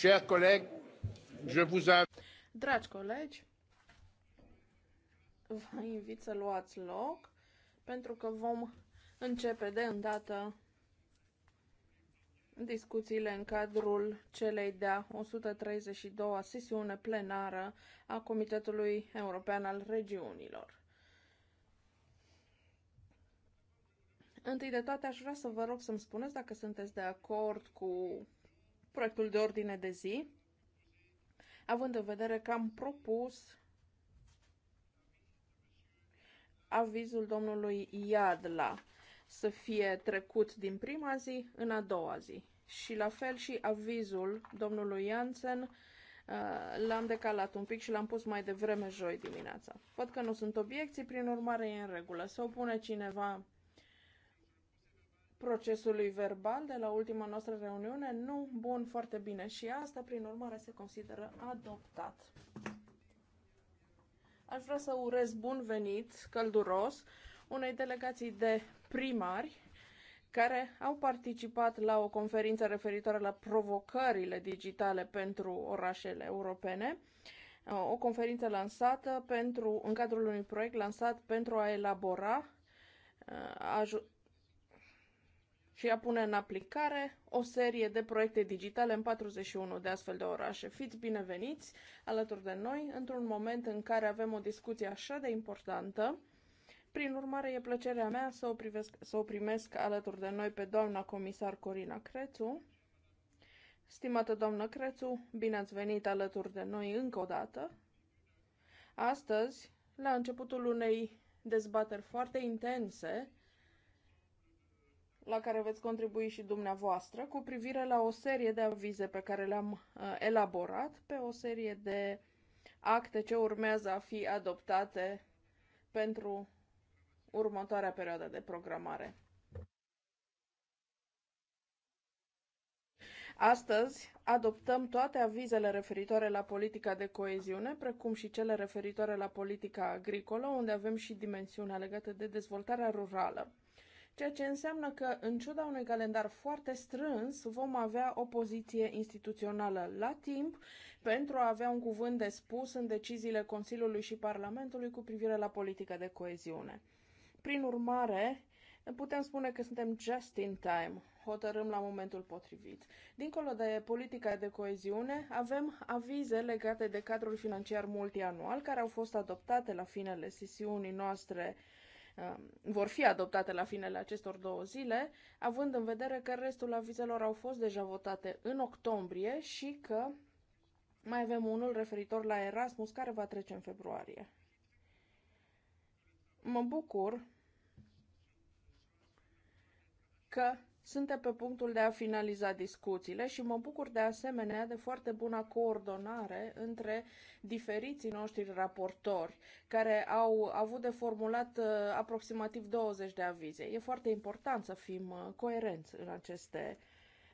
Chers collègues, je vous invite. Dragi colegi, vă invit să luați loc pentru că vom începe de îndată discuțiile în cadrul celei de-a 132-a sesiune plenară a Comitetului European al Regiunilor. Întâi de toate aș vrea să vă rog să-mi spuneți dacă sunteți de acord cu proiectul de ordine de zi, având în vedere că am propus avizul domnului Iadla să fie trecut din prima zi în a doua zi. Și la fel și avizul domnului Jansen uh, l-am decalat un pic și l-am pus mai devreme joi dimineața. Văd că nu sunt obiecții, prin urmare e în regulă. Să opune cineva procesului verbal de la ultima noastră reuniune? Nu? Bun, foarte bine. Și asta, prin urmare, se consideră adoptat. Aș vrea să urez bun venit, călduros, unei delegații de primari care au participat la o conferință referitoare la provocările digitale pentru orașele europene, o conferință lansată pentru, în cadrul unui proiect lansat pentru a elabora și a pune în aplicare o serie de proiecte digitale în 41 de astfel de orașe. Fiți bineveniți alături de noi într-un moment în care avem o discuție așa de importantă. Prin urmare, e plăcerea mea să o, privesc, să o primesc alături de noi pe doamna comisar Corina Crețu. Stimată doamnă Crețu, bine ați venit alături de noi încă o dată. Astăzi, la începutul unei dezbateri foarte intense, la care veți contribui și dumneavoastră cu privire la o serie de avize pe care le-am uh, elaborat, pe o serie de acte ce urmează a fi adoptate pentru următoarea perioadă de programare. Astăzi adoptăm toate avizele referitoare la politica de coeziune, precum și cele referitoare la politica agricolă, unde avem și dimensiunea legată de dezvoltarea rurală ceea ce înseamnă că, în ciuda unui calendar foarte strâns, vom avea o poziție instituțională la timp pentru a avea un cuvânt de spus în deciziile Consiliului și Parlamentului cu privire la politica de coeziune. Prin urmare, putem spune că suntem just in time, hotărâm la momentul potrivit. Dincolo de politica de coeziune, avem avize legate de cadrul financiar multianual care au fost adoptate la finele sesiunii noastre uh, Um, vor fi adoptate la finele acestor două zile, având în vedere că restul avizelor au fost deja votate în octombrie și că mai avem unul referitor la Erasmus care va trece în februarie. Mă bucur că suntem pe punctul de a finaliza discuțiile și mă bucur de asemenea de foarte bună coordonare între diferiții noștri raportori care au avut de formulat uh, aproximativ 20 de avize. E foarte important să fim uh, coerenți în aceste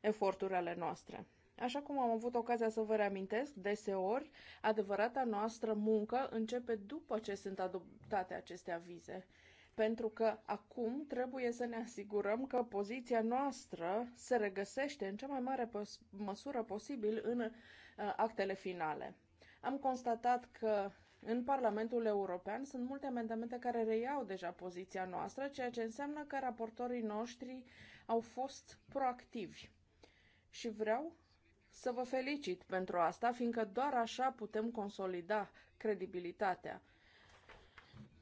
eforturi ale noastre. Așa cum am avut ocazia să vă reamintesc, deseori, adevărata noastră muncă începe după ce sunt adoptate aceste avize pentru că acum trebuie să ne asigurăm că poziția noastră se regăsește în cea mai mare pos- măsură posibil în uh, actele finale. Am constatat că în Parlamentul European sunt multe amendamente care reiau deja poziția noastră, ceea ce înseamnă că raportorii noștri au fost proactivi. Și vreau să vă felicit pentru asta, fiindcă doar așa putem consolida credibilitatea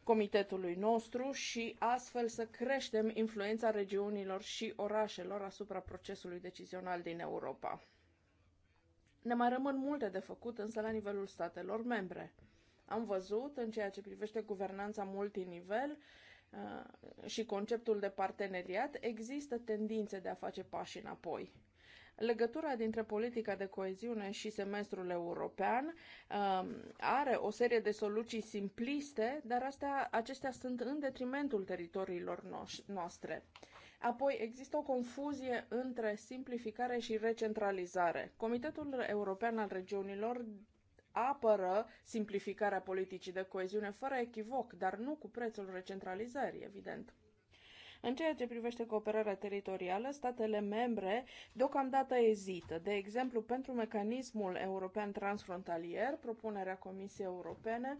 comitetului nostru și astfel să creștem influența regiunilor și orașelor asupra procesului decizional din Europa. Ne mai rămân multe de făcut, însă la nivelul statelor membre. Am văzut, în ceea ce privește guvernanța multinivel uh, și conceptul de parteneriat, există tendințe de a face pași înapoi. Legătura dintre politica de coeziune și semestrul european um, are o serie de soluții simpliste, dar astea, acestea sunt în detrimentul teritoriilor noastre. Apoi există o confuzie între simplificare și recentralizare. Comitetul European al Regiunilor apără simplificarea politicii de coeziune fără echivoc, dar nu cu prețul recentralizării, evident. În ceea ce privește cooperarea teritorială, statele membre deocamdată ezită. De exemplu, pentru mecanismul european transfrontalier, propunerea Comisiei Europene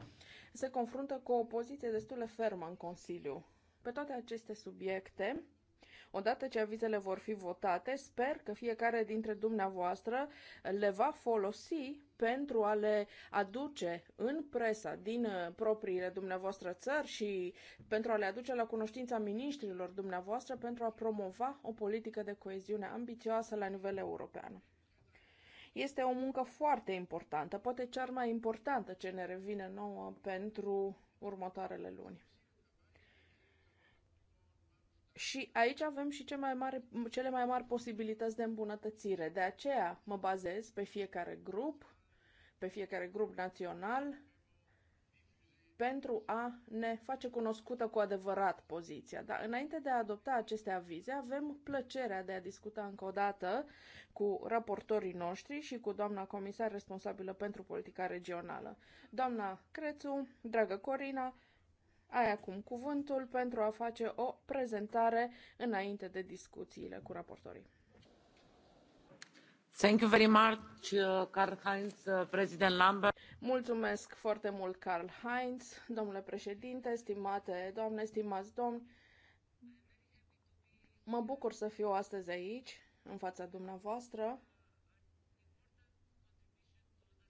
se confruntă cu o poziție destul de fermă în Consiliu. Pe toate aceste subiecte, Odată ce avizele vor fi votate, sper că fiecare dintre dumneavoastră le va folosi pentru a le aduce în presa din uh, propriile dumneavoastră țări și pentru a le aduce la cunoștința miniștrilor dumneavoastră pentru a promova o politică de coeziune ambițioasă la nivel european. Este o muncă foarte importantă, poate cea mai importantă ce ne revine nouă pentru următoarele luni. Și aici avem și cele mai, mari, cele mai mari posibilități de îmbunătățire. De aceea mă bazez pe fiecare grup, pe fiecare grup național, pentru a ne face cunoscută cu adevărat poziția. Dar înainte de a adopta aceste avize, avem plăcerea de a discuta încă o dată cu raportorii noștri și cu doamna comisar responsabilă pentru politica regională. Doamna Crețu, dragă Corina, ai acum cuvântul pentru a face o prezentare înainte de discuțiile cu raportorii. Thank you very much, uh, Karl-Heinz, uh, President Lambert. Mulțumesc foarte mult, Karl-Heinz, domnule președinte, stimate doamne, stimați domni. Mă bucur să fiu astăzi aici, în fața dumneavoastră,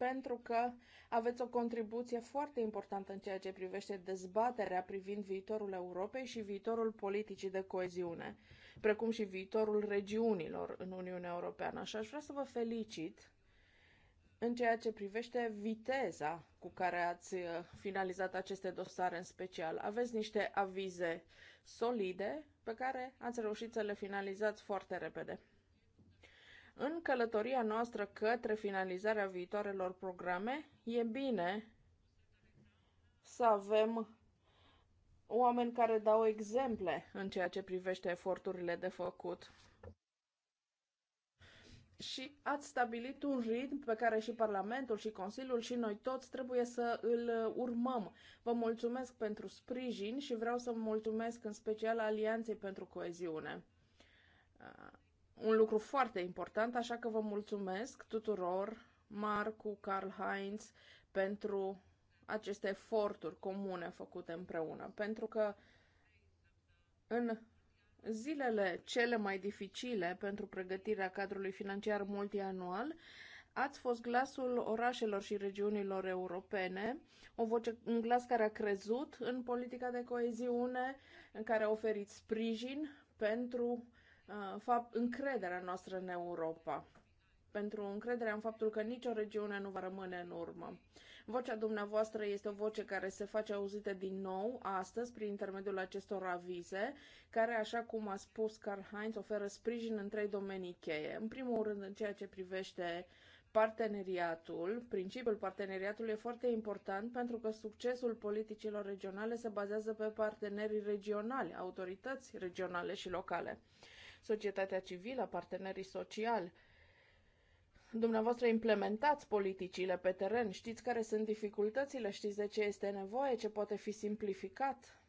pentru că aveți o contribuție foarte importantă în ceea ce privește dezbaterea privind viitorul Europei și viitorul politicii de coeziune, precum și viitorul regiunilor în Uniunea Europeană. Și aș vrea să vă felicit în ceea ce privește viteza cu care ați uh, finalizat aceste dosare în special. Aveți niște avize solide pe care ați reușit să le finalizați foarte repede. În călătoria noastră către finalizarea viitoarelor programe, e bine să avem oameni care dau exemple în ceea ce privește eforturile de făcut. Și ați stabilit un ritm pe care și Parlamentul, și Consiliul, și noi toți trebuie să îl urmăm. Vă mulțumesc pentru sprijin și vreau să mulțumesc în special Alianței pentru Coeziune un lucru foarte important, așa că vă mulțumesc tuturor, Marcu, Karl Heinz, pentru aceste eforturi comune făcute împreună, pentru că în zilele cele mai dificile pentru pregătirea cadrului financiar multianual, ați fost glasul orașelor și regiunilor europene, o voce, un glas care a crezut în politica de coeziune, în care a oferit sprijin pentru Uh, fapt, încrederea noastră în Europa pentru încrederea în faptul că nicio regiune nu va rămâne în urmă. Vocea dumneavoastră este o voce care se face auzită din nou astăzi prin intermediul acestor avize, care, așa cum a spus Karl Heinz, oferă sprijin în trei domenii cheie. În primul rând, în ceea ce privește parteneriatul, principiul parteneriatului e foarte important pentru că succesul politicilor regionale se bazează pe partenerii regionali, autorități regionale și locale societatea civilă, partenerii sociali. Dumneavoastră implementați politicile pe teren, știți care sunt dificultățile, știți de ce este nevoie, ce poate fi simplificat.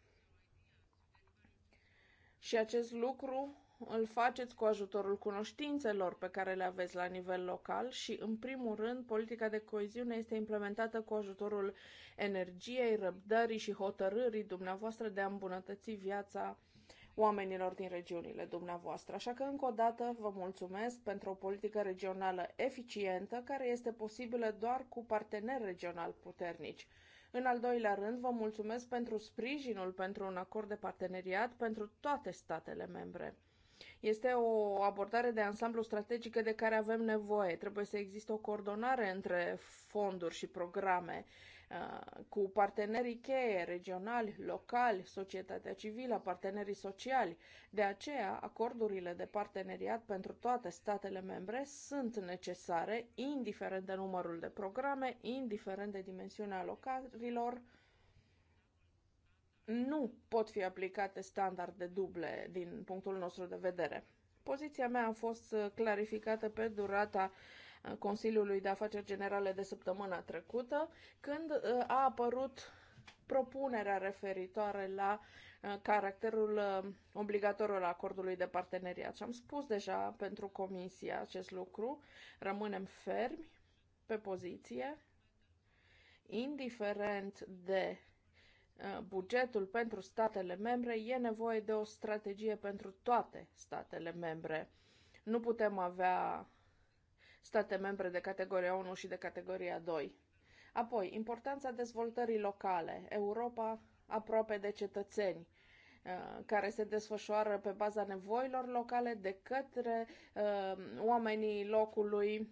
Și acest lucru îl faceți cu ajutorul cunoștințelor pe care le aveți la nivel local și, în primul rând, politica de coeziune este implementată cu ajutorul energiei, răbdării și hotărârii dumneavoastră de a îmbunătăți viața oamenilor din regiunile dumneavoastră. Așa că, încă o dată, vă mulțumesc pentru o politică regională eficientă, care este posibilă doar cu parteneri regional puternici. În al doilea rând, vă mulțumesc pentru sprijinul pentru un acord de parteneriat pentru toate statele membre. Este o abordare de ansamblu strategică de care avem nevoie. Trebuie să existe o coordonare între fonduri și programe Uh, cu partenerii cheie, regionali, locali, societatea civilă, partenerii sociali. De aceea, acordurile de parteneriat pentru toate statele membre sunt necesare, indiferent de numărul de programe, indiferent de dimensiunea localilor. Nu pot fi aplicate standarde duble din punctul nostru de vedere. Poziția mea a fost uh, clarificată pe durata uh, Consiliului de Afaceri Generale de săptămâna trecută, când uh, a apărut propunerea referitoare la uh, caracterul uh, obligatoriu al acordului de parteneriat. Și am spus deja pentru comisia acest lucru, rămânem fermi pe poziție, indiferent de bugetul pentru statele membre, e nevoie de o strategie pentru toate statele membre. Nu putem avea state membre de categoria 1 și de categoria 2. Apoi, importanța dezvoltării locale. Europa aproape de cetățeni uh, care se desfășoară pe baza nevoilor locale de către uh, oamenii locului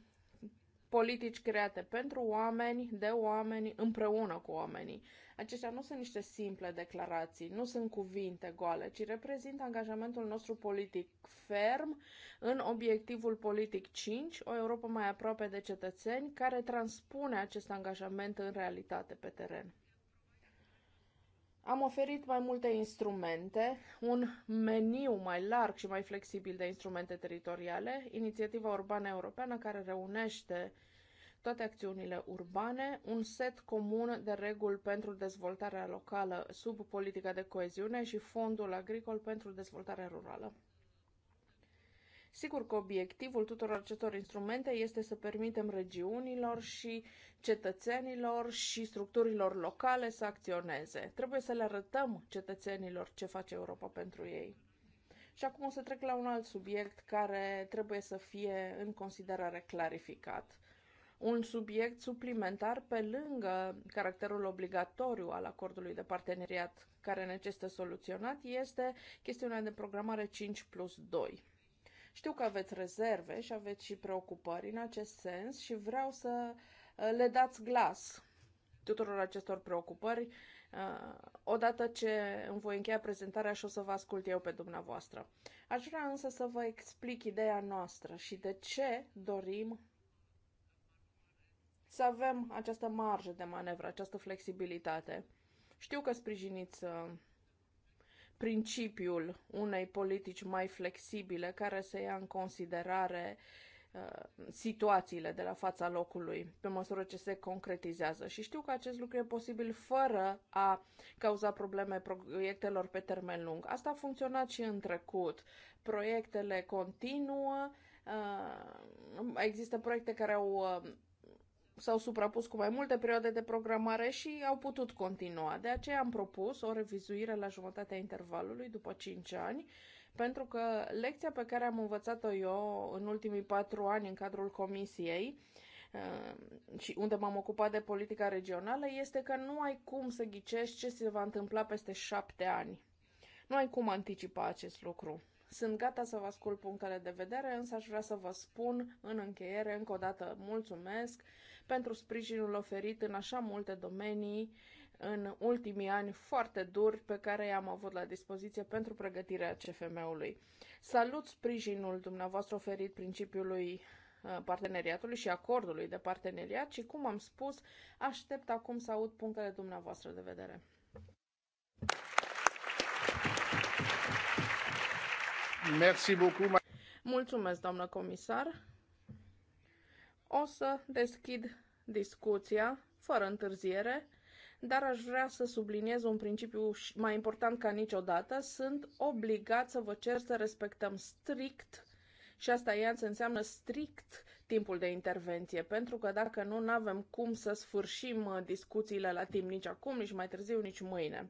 politici create pentru oameni, de oameni, împreună cu oamenii. Acestea nu sunt niște simple declarații, nu sunt cuvinte goale, ci reprezintă angajamentul nostru politic ferm în obiectivul politic 5, o Europa mai aproape de cetățeni, care transpune acest angajament în realitate pe teren. Am oferit mai multe instrumente, un meniu mai larg și mai flexibil de instrumente teritoriale, inițiativa urbană europeană care reunește toate acțiunile urbane, un set comun de reguli pentru dezvoltarea locală sub politica de coeziune și fondul agricol pentru dezvoltarea rurală. Sigur că obiectivul tuturor acestor instrumente este să permitem regiunilor și cetățenilor și structurilor locale să acționeze. Trebuie să le arătăm cetățenilor ce face Europa pentru ei. Și acum o să trec la un alt subiect care trebuie să fie în considerare clarificat. Un subiect suplimentar pe lângă caracterul obligatoriu al acordului de parteneriat care necesită soluționat este chestiunea de programare 5 plus 2. Știu că aveți rezerve și aveți și preocupări în acest sens și vreau să uh, le dați glas tuturor acestor preocupări uh, odată ce îmi voi încheia prezentarea și o să vă ascult eu pe dumneavoastră. Aș vrea însă să vă explic ideea noastră și de ce dorim să avem această marjă de manevră, această flexibilitate. Știu că sprijiniți uh, principiul unei politici mai flexibile care să ia în considerare uh, situațiile de la fața locului pe măsură ce se concretizează. Și știu că acest lucru e posibil fără a cauza probleme proiectelor pe termen lung. Asta a funcționat și în trecut. Proiectele continuă, uh, există proiecte care au uh, s-au suprapus cu mai multe perioade de programare și au putut continua. De aceea am propus o revizuire la jumătatea intervalului după 5 ani, pentru că lecția pe care am învățat-o eu în ultimii 4 ani în cadrul comisiei uh, și unde m-am ocupat de politica regională este că nu ai cum să ghicești ce se va întâmpla peste 7 ani. Nu ai cum anticipa acest lucru. Sunt gata să vă ascult punctele de vedere, însă aș vrea să vă spun în încheiere încă o dată mulțumesc pentru sprijinul oferit în așa multe domenii în ultimii ani foarte duri pe care i-am avut la dispoziție pentru pregătirea CFM-ului. Salut sprijinul dumneavoastră oferit principiului uh, parteneriatului și acordului de parteneriat și, cum am spus, aștept acum să aud punctele dumneavoastră de vedere. beaucoup. Mulțumesc, doamnă comisar. O să deschid discuția fără întârziere, dar aș vrea să subliniez un principiu mai important ca niciodată. Sunt obligat să vă cer să respectăm strict și asta ea înseamnă strict timpul de intervenție, pentru că dacă nu, nu avem cum să sfârșim uh, discuțiile la timp nici acum, nici mai târziu, nici mâine.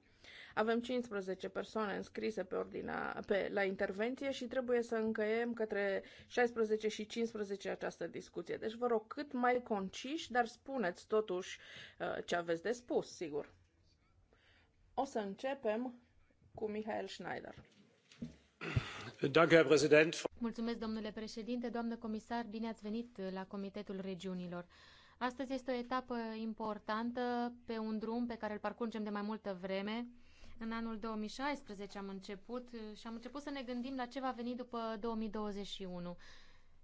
Avem 15 persoane înscrise pe ordinea, pe, la intervenție și trebuie să încăiem către 16 și 15 această discuție. Deci vă rog cât mai conciși, dar spuneți totuși uh, ce aveți de spus, sigur. O să începem cu Michael Schneider. Mulțumesc, domnule președinte, doamnă comisar, bine ați venit la Comitetul Regiunilor. Astăzi este o etapă importantă pe un drum pe care îl parcurgem de mai multă vreme în anul 2016 am început uh, și am început să ne gândim la ce va veni după 2021.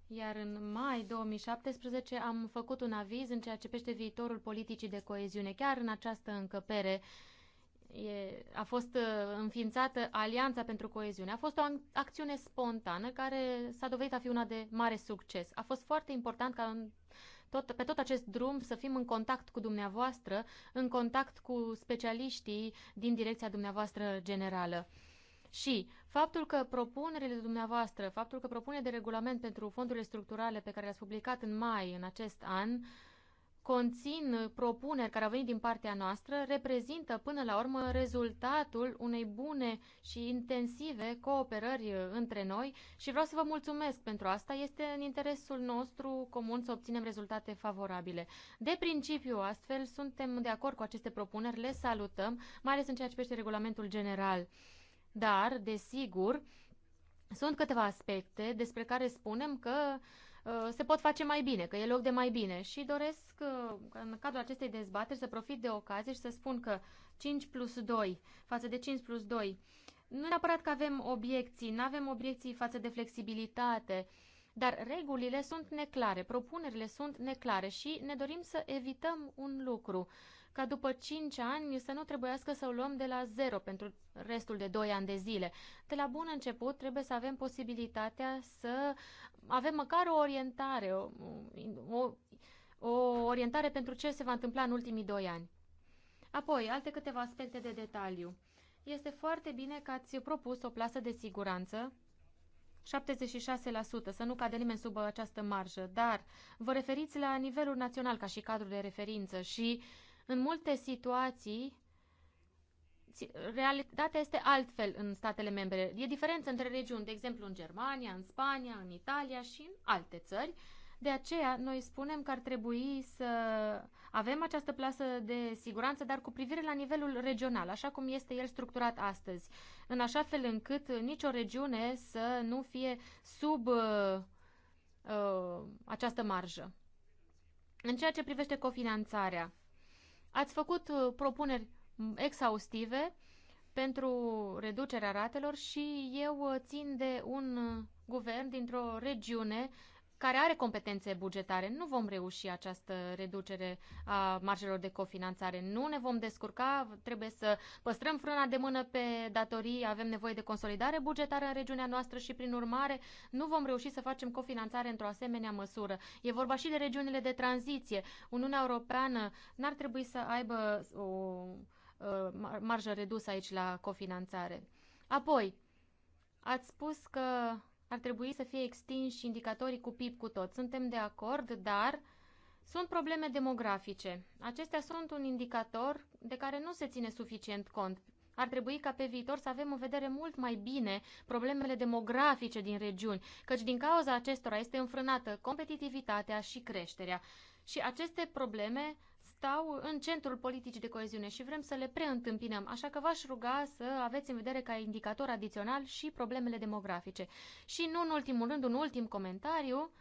Iar în mai 2017 am făcut un aviz în ceea ce pește viitorul politicii de coeziune. Chiar în această încăpere e, a fost uh, înființată Alianța pentru Coeziune. A fost o acțiune spontană care s-a dovedit a fi una de mare succes. A fost foarte important ca în tot, pe tot acest drum să fim în contact cu dumneavoastră, în contact cu specialiștii din direcția dumneavoastră generală. Și faptul că propunerile dumneavoastră, faptul că propune de regulament pentru fondurile structurale pe care le-ați publicat în mai în acest an, uh, conțin propuneri care au venit din partea noastră reprezintă până la urmă rezultatul unei bune și intensive cooperări între noi și vreau să vă mulțumesc pentru asta. Este în interesul nostru comun să obținem rezultate favorabile. De principiu, astfel, suntem de acord cu aceste propuneri, le salutăm, mai ales în ceea ce privește regulamentul general. Dar, desigur, sunt câteva aspecte despre care spunem că uh, Uh, se pot face mai bine, că e loc de mai bine. Și doresc, uh, în cadrul acestei dezbateri, să profit de ocazie și să spun că 5 plus 2 față de 5 plus 2, nu neapărat că avem obiecții, nu avem obiecții față de flexibilitate, dar regulile sunt neclare, propunerile sunt neclare și ne dorim să evităm un lucru. Uh, ca după 5 ani să nu trebuiască să o luăm de la zero pentru restul de 2 ani de zile. De la bun început trebuie să avem posibilitatea să avem măcar o orientare, o, o, o orientare pentru ce se va întâmpla în ultimii 2 ani. Apoi, alte câteva aspecte de detaliu. Este foarte bine că ați propus o plasă de siguranță 76%, să nu cade nimeni sub această marjă, dar vă referiți la nivelul național ca și cadru de referință și uh, în multe situații, realitatea este altfel în statele membre. E diferență între regiuni, de exemplu în Germania, în Spania, în Italia și în alte țări. De aceea, noi spunem că ar trebui să avem această plasă de siguranță, dar cu privire la nivelul regional, așa cum este el structurat astăzi, în așa fel încât nicio regiune să nu fie sub uh, uh, această marjă. În ceea ce privește cofinanțarea, Ați făcut uh, propuneri mm, exhaustive pentru reducerea ratelor și eu uh, țin de un uh, guvern dintr-o regiune care are competențe bugetare, nu vom reuși această reducere a marjelor de cofinanțare. Nu ne vom descurca, trebuie să păstrăm frâna de mână pe datorii, avem nevoie de consolidare bugetară în regiunea noastră și, prin urmare, nu vom reuși să facem cofinanțare într-o asemenea măsură. E vorba și de regiunile de tranziție. Uniunea Europeană n-ar trebui să aibă o uh, marjă redusă aici la cofinanțare. Apoi, ați spus că ar trebui să fie extinși indicatorii cu PIB cu tot. Suntem de acord, dar sunt probleme demografice. Acestea sunt un indicator de care nu se ține suficient cont. Ar trebui ca pe viitor să avem în vedere mult mai bine problemele demografice din regiuni, căci din cauza acestora este înfrânată competitivitatea și creșterea. Și aceste probleme stau în centrul politicii de coeziune și vrem să le preîntâmpinăm, așa că v-aș ruga să aveți în vedere ca indicator adițional și problemele demografice. Și nu în ultimul rând, un ultim comentariu,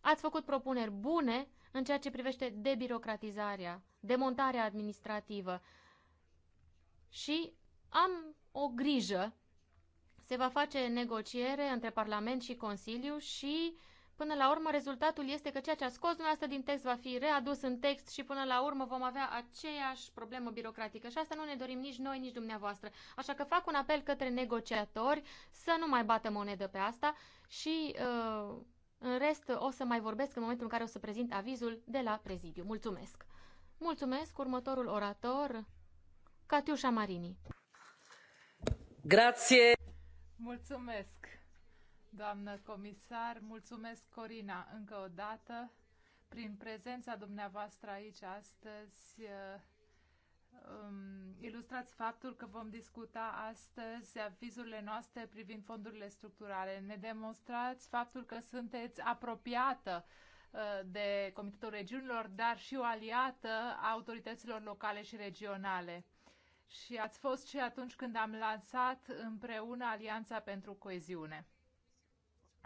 ați făcut propuneri bune în ceea ce privește debirocratizarea, demontarea administrativă și am o grijă se va face negociere între Parlament și Consiliu și uh, Până la urmă, rezultatul este că ceea ce a scos dumneavoastră din text va fi readus în text și până la urmă vom avea aceeași problemă birocratică. Și asta nu ne dorim nici noi, nici dumneavoastră. Așa că fac un apel către negociatori să nu mai bată monedă pe asta și uh, în rest o să mai vorbesc în momentul în care o să prezint avizul de la prezidiu. Mulțumesc! Mulțumesc, următorul orator, Catiușa Marini. Grație! Mulțumesc! doamnă comisar. Mulțumesc, Corina, încă o dată. Prin prezența dumneavoastră aici astăzi, uh, um, ilustrați faptul că vom discuta astăzi avizurile noastre privind fondurile structurale. Ne demonstrați faptul că sunteți apropiată uh, de Comitetul Regiunilor, dar și o aliată a autorităților locale și regionale. Și ați fost și atunci când am lansat împreună Alianța pentru Coeziune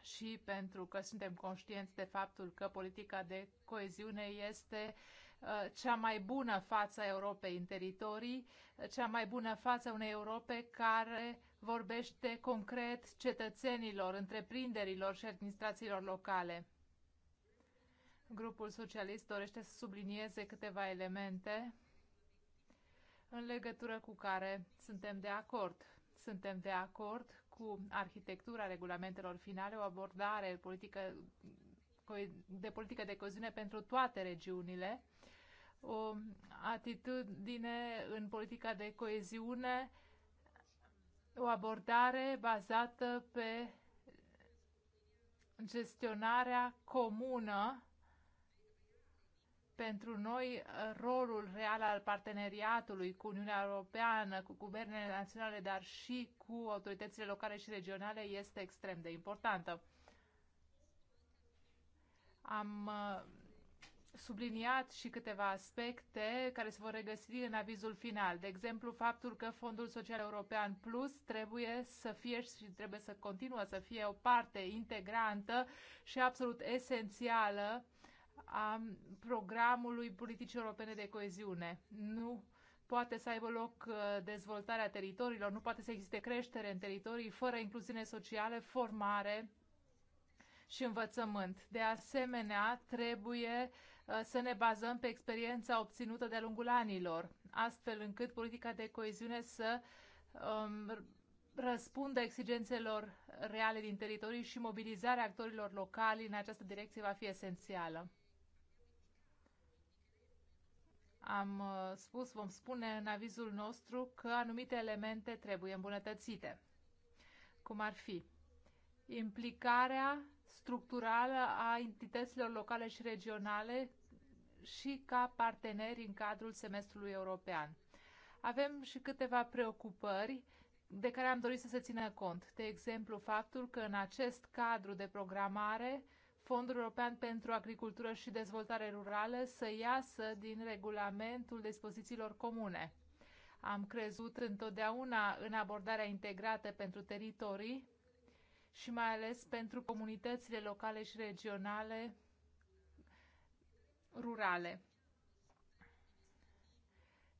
și pentru că suntem conștienți de faptul că politica de coeziune este uh, cea mai bună a Europei în teritorii, uh, cea mai bună față unei Europe care vorbește concret cetățenilor, întreprinderilor și administrațiilor locale. Grupul Socialist dorește să sublinieze câteva elemente în legătură cu care suntem de acord. Suntem de acord cu arhitectura regulamentelor finale, o abordare politică, de politică de coziune pentru toate regiunile, o atitudine în politica de coeziune, o abordare bazată pe gestionarea comună pentru noi uh, rolul real al parteneriatului cu Uniunea Europeană, cu guvernele naționale, dar și cu autoritățile locale și regionale este extrem de importantă. Am uh, subliniat și câteva aspecte care se vor regăsi în avizul final. De exemplu, faptul că Fondul Social European Plus trebuie să fie și trebuie să continuă să fie o parte integrantă și absolut esențială a programului politicii europene de coeziune. Nu poate să aibă loc uh, dezvoltarea teritoriilor, nu poate să existe creștere în teritorii fără incluziune socială, formare și învățământ. De asemenea, trebuie uh, să ne bazăm pe experiența obținută de-a lungul anilor, astfel încât politica de coeziune să um, răspundă exigențelor reale din teritorii și mobilizarea actorilor locali în această direcție va fi esențială. Am uh, spus, vom spune în avizul nostru că anumite elemente trebuie îmbunătățite. Cum ar fi implicarea structurală a entităților locale și regionale și ca parteneri în cadrul semestrului european. Avem și câteva preocupări de care am dorit să se țină cont. De exemplu, faptul că în acest cadru de programare Fondul European pentru Agricultură și Dezvoltare Rurală să iasă din regulamentul dispozițiilor comune. Am crezut întotdeauna în abordarea integrată pentru teritorii și mai ales pentru comunitățile locale și regionale rurale.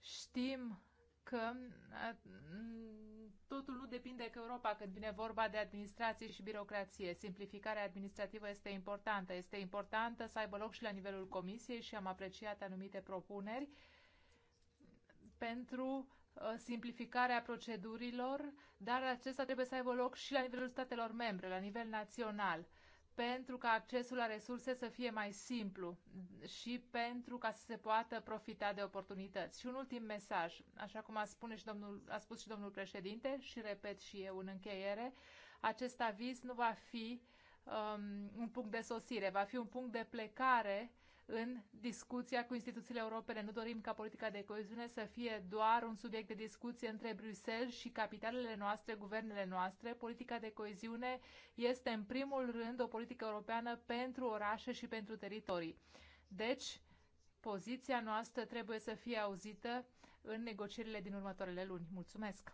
Știm că totul nu depinde că Europa când vine vorba de administrație și birocrație. Simplificarea administrativă este importantă. Este importantă să aibă loc și la nivelul Comisiei și am apreciat anumite propuneri pentru uh, simplificarea procedurilor, dar acesta trebuie să aibă loc și la nivelul statelor membre, la nivel național pentru ca accesul la resurse să fie mai simplu și pentru ca să se poată profita de oportunități. Și un ultim mesaj, așa cum a, spune și domnul, a spus și domnul președinte și repet și eu în încheiere, acest aviz nu va fi um, un punct de sosire, va fi un punct de plecare în discuția cu instituțiile europene. Nu dorim ca politica de coeziune să fie doar un subiect de discuție între Bruxelles și capitalele noastre, guvernele noastre. Politica de coeziune este în primul rând o politică europeană pentru orașe și pentru teritorii. Deci, poziția noastră trebuie să fie auzită în negocierile din următoarele luni. Mulțumesc!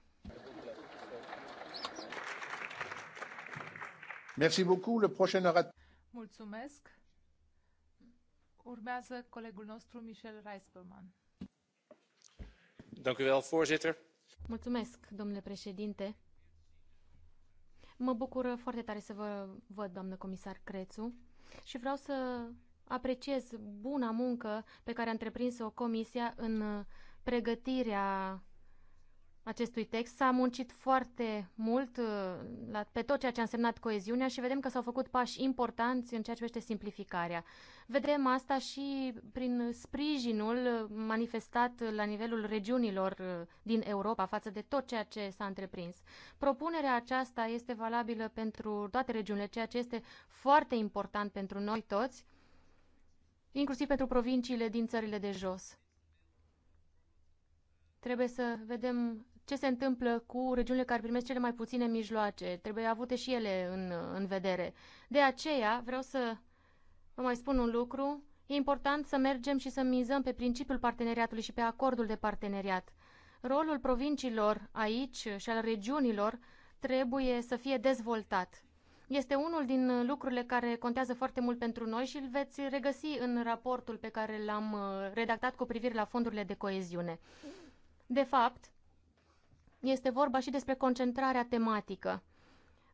Merci beaucoup. Le prochain orateur. Mulțumesc. Urmează colegul nostru, Michel Reisperman. Mulțumesc, domnule președinte. Mă bucur foarte tare să vă văd, doamnă comisar Crețu, și vreau să apreciez buna muncă pe care a întreprins-o comisia în pregătirea acestui text. S-a muncit foarte mult uh, la, pe tot ceea ce a însemnat coeziunea și vedem că s-au făcut pași importanți în ceea ce privește simplificarea. Vedem asta și prin sprijinul uh, manifestat la nivelul regiunilor uh, din Europa față de tot ceea ce s-a întreprins. Propunerea aceasta este valabilă pentru toate regiunile, ceea ce este foarte important pentru noi toți, inclusiv pentru provinciile din țările de jos trebuie să vedem ce se întâmplă cu regiunile care primesc cele mai puține mijloace. Trebuie avute și ele în, în vedere. De aceea vreau să vă mai spun un lucru. E important să mergem și să mizăm pe principiul parteneriatului și pe acordul de parteneriat. Rolul provinciilor aici și al regiunilor trebuie să fie dezvoltat. Este unul din lucrurile care contează foarte mult pentru noi și îl veți regăsi în raportul pe care l-am uh, redactat cu privire la fondurile de coeziune. De fapt, este vorba și despre concentrarea tematică.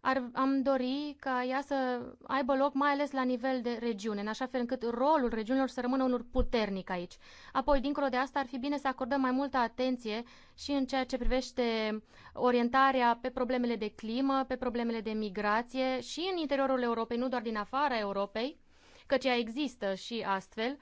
Ar, am dori ca ea să aibă loc mai ales la nivel de regiune, în așa fel încât rolul regiunilor să rămână unul puternic aici. Apoi, dincolo de asta, ar fi bine să acordăm mai multă atenție și în ceea ce privește orientarea pe problemele de climă, pe problemele de migrație și în interiorul Europei, nu doar din afara Europei, căci ea există și astfel.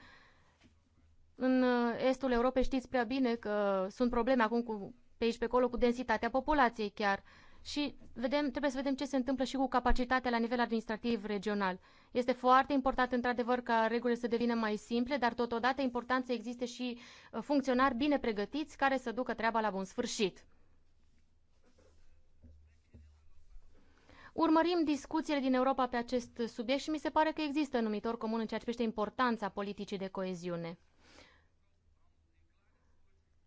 În uh, estul Europei știți prea bine că sunt probleme acum cu pe aici pe acolo cu densitatea populației chiar. Și vedem, trebuie să vedem ce se întâmplă și cu capacitatea la nivel administrativ regional. Este foarte important, într-adevăr, ca regulile să devină mai simple, dar totodată important să existe și uh, funcționari bine pregătiți care să ducă treaba la bun sfârșit. Urmărim discuțiile din Europa pe acest subiect și mi se pare că există numitor comun în ceea ce privește importanța politicii de coeziune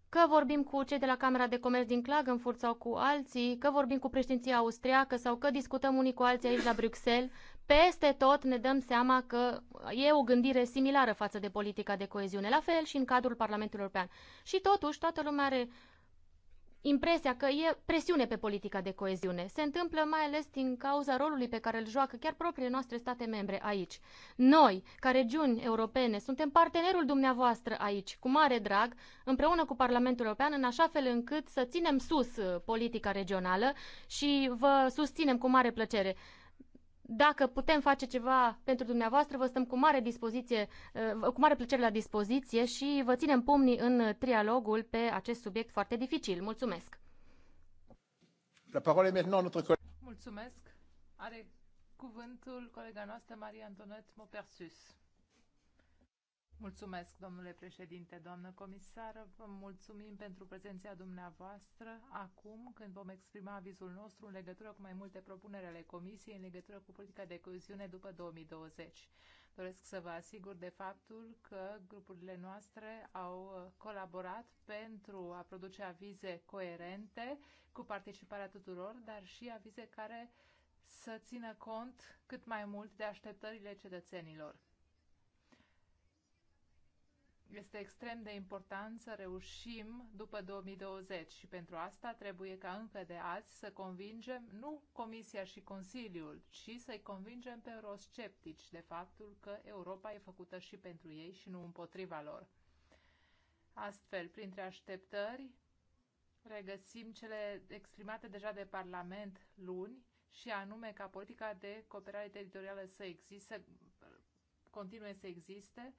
că vorbim cu cei de la Camera de Comerț din Klagenfurt sau cu alții, că vorbim cu președinția austriacă sau că discutăm unii cu alții aici la Bruxelles, peste tot ne dăm seama că e o gândire similară față de politica de coeziune, la fel și în cadrul Parlamentului European. Și totuși, toată lumea are impresia că e presiune pe politica de coeziune. Se întâmplă mai ales din cauza rolului pe care îl joacă chiar propriile noastre state membre aici. Noi, ca regiuni europene, suntem partenerul dumneavoastră aici, cu mare drag, împreună cu Parlamentul European, în așa fel încât să ținem sus uh, politica regională și vă susținem cu mare plăcere. Dacă putem face ceva pentru dumneavoastră, vă stăm cu mare, dispoziție, uh, cu mare plăcere la dispoziție și vă ținem pumnii în trialogul pe acest subiect foarte dificil. Mulțumesc! La parole maintenant notre collègue. Mulțumesc! Are cuvântul colega noastră Maria Antonet Mopersus. Mulțumesc, domnule președinte, doamnă comisară. Vă mulțumim pentru prezența dumneavoastră acum, când vom exprima avizul nostru în legătură cu mai multe propuneri ale Comisiei în legătură cu politica de coeziune după 2020. Doresc să vă asigur de faptul că grupurile noastre au uh, colaborat pentru a produce avize coerente cu participarea tuturor, dar și avize care să țină cont cât mai mult de așteptările cetățenilor. Este extrem de important să reușim după 2020 și pentru asta trebuie ca încă de azi să convingem nu Comisia și Consiliul, ci să-i convingem pe eurosceptici de faptul că Europa e făcută și pentru ei și nu împotriva lor. Astfel, printre așteptări, regăsim cele exprimate deja de Parlament luni și anume ca politica de cooperare teritorială să existe, continue să existe,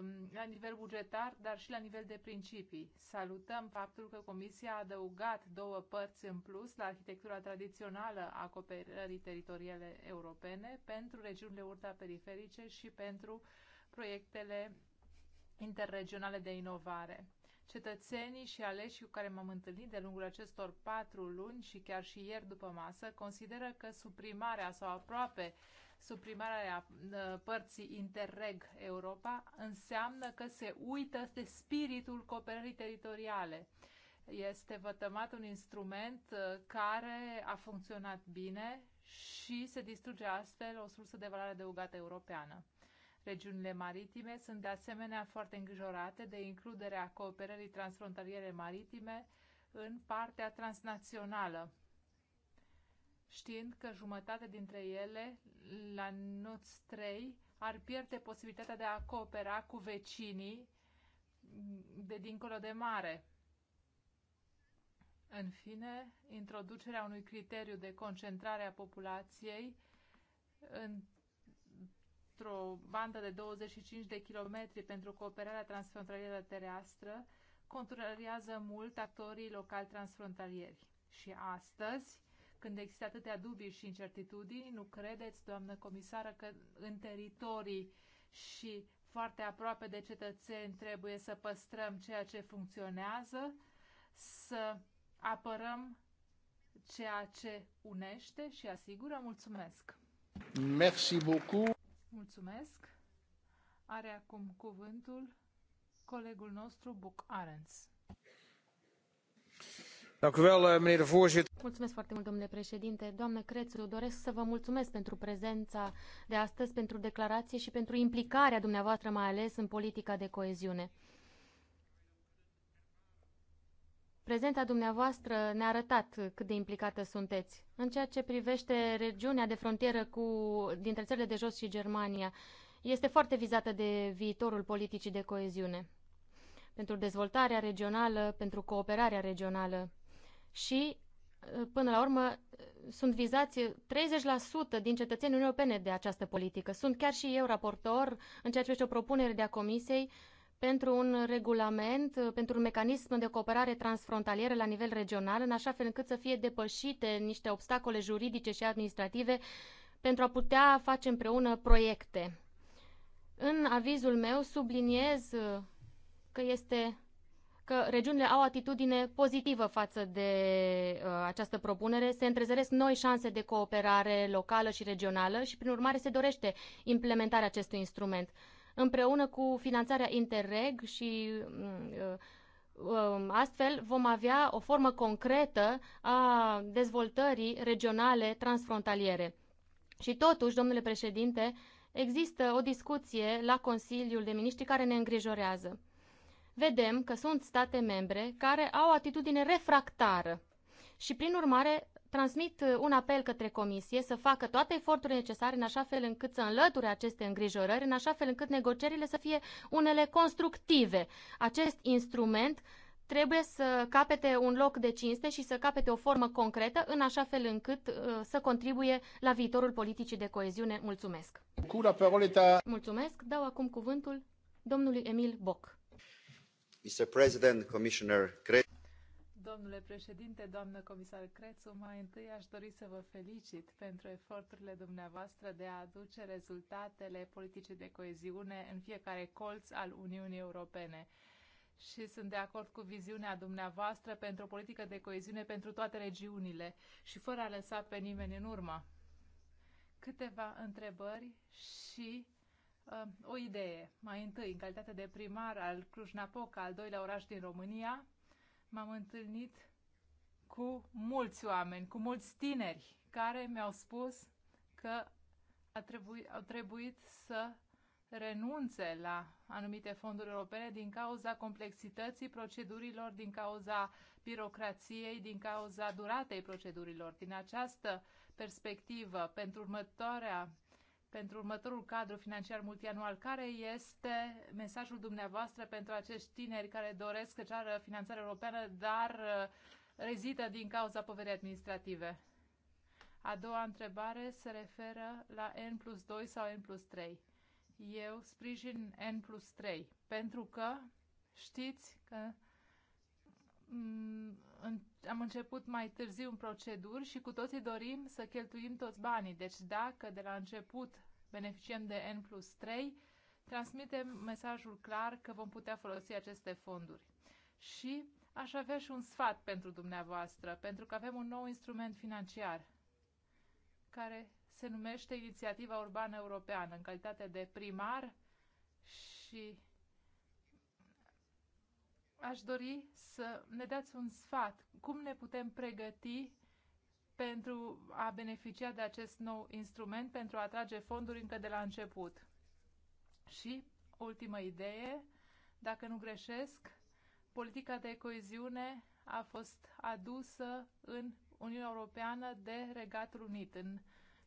Um, la nivel bugetar, dar și la nivel de principii. Salutăm faptul că Comisia a adăugat două părți în plus la arhitectura tradițională a cooperării teritoriale europene pentru regiunile periferice și pentru proiectele interregionale de inovare. Cetățenii și aleșii cu care m-am întâlnit de lungul acestor patru luni și chiar și ieri după masă consideră că suprimarea sau aproape suprimarea uh, părții Interreg Europa înseamnă că se uită de spiritul cooperării teritoriale. Este vătămat un instrument uh, care a funcționat bine și se distruge astfel o sursă de valoare adăugată europeană. Regiunile maritime sunt de asemenea foarte îngrijorate de includerea cooperării transfrontaliere maritime în partea transnațională, știind că jumătate dintre ele la NOTS 3 ar pierde posibilitatea de a coopera cu vecinii de dincolo de mare. În fine, introducerea unui criteriu de concentrare a populației într-o bandă de 25 de kilometri pentru cooperarea transfrontalieră terestră, contrariază mult actorii locali transfrontalieri. Și astăzi, când există atâtea dubii și incertitudini, nu credeți, doamnă comisară, că în teritorii și foarte aproape de cetățeni trebuie să păstrăm ceea ce funcționează, să apărăm ceea ce unește și asigură? Mulțumesc! Merci beaucoup! Mulțumesc! Are acum cuvântul colegul nostru Buc Arens. Eh, mulțumesc foarte mult, domnule președinte. Doamnă Crețu, doresc să vă mulțumesc pentru prezența de astăzi, pentru declarație și pentru implicarea dumneavoastră, mai ales în politica de coeziune. Prezența dumneavoastră ne-a arătat cât de implicată sunteți. În ceea ce privește regiunea de frontieră cu, dintre țările de jos și Germania, este foarte vizată de viitorul politicii de coeziune pentru dezvoltarea regională, pentru cooperarea regională și, uh, până la urmă, uh, sunt vizați 30% din cetățenii Uniunii Europene de această politică. Sunt chiar și eu raportor în ceea ce este o propunere de a Comisiei pentru un regulament, uh, pentru un mecanism de cooperare transfrontalieră la nivel regional, în așa fel încât să fie depășite niște obstacole juridice și administrative pentru a putea face împreună proiecte. În avizul meu subliniez că este că regiunile au atitudine pozitivă față de uh, această propunere, se întrezăresc noi șanse de cooperare locală și regională și, prin urmare, se dorește implementarea acestui instrument. Împreună cu finanțarea Interreg și mm, uh, uh, astfel vom avea o formă concretă a dezvoltării regionale transfrontaliere. Și totuși, domnule președinte, există o discuție la Consiliul de Miniștri care ne îngrijorează vedem că sunt state membre care au o atitudine refractară și, prin urmare, transmit uh, un apel către Comisie să facă toate eforturile necesare în așa fel încât să înlăture aceste îngrijorări, în așa fel încât negocierile să fie unele constructive. Acest instrument trebuie să capete un loc de cinste și să capete o formă concretă, în așa fel încât uh, să contribuie la viitorul politicii de coeziune. Mulțumesc! Mulțumesc! Dau acum cuvântul domnului Emil Boc. Domnule președinte, doamnă comisar Crețu, mai întâi aș dori să vă felicit pentru eforturile dumneavoastră de a aduce rezultatele politicii de coeziune în fiecare colț al Uniunii Europene. Și sunt de acord cu viziunea dumneavoastră pentru o politică de coeziune pentru toate regiunile și fără a lăsa pe nimeni în urmă. Câteva întrebări și Um, o idee. Mai întâi, în calitate de primar al Cluj-Napoca, al doilea oraș din România, m-am întâlnit cu mulți oameni, cu mulți tineri care mi-au spus că a trebuit, au trebuit să renunțe la anumite fonduri europene din cauza complexității procedurilor, din cauza birocrației, din cauza duratei procedurilor. Din această perspectivă, pentru următoarea pentru următorul cadru financiar multianual. Care este mesajul dumneavoastră pentru acești tineri care doresc să ceară finanțare europeană, dar uh, rezită din cauza poverii administrative? A doua întrebare se referă la N plus 2 sau N plus 3. Eu sprijin N plus 3 pentru că știți că Mm, am început mai târziu în proceduri și cu toții dorim să cheltuim toți banii. Deci dacă de la început beneficiem de N plus 3, transmitem mesajul clar că vom putea folosi aceste fonduri. Și aș avea și un sfat pentru dumneavoastră, pentru că avem un nou instrument financiar care se numește Inițiativa Urbană Europeană. În calitate de primar și aș dori să ne dați un sfat. Cum ne putem pregăti pentru a beneficia de acest nou instrument, pentru a atrage fonduri încă de la început? Și, ultimă idee, dacă nu greșesc, politica de coeziune a fost adusă în Uniunea Europeană de Regatul Unit în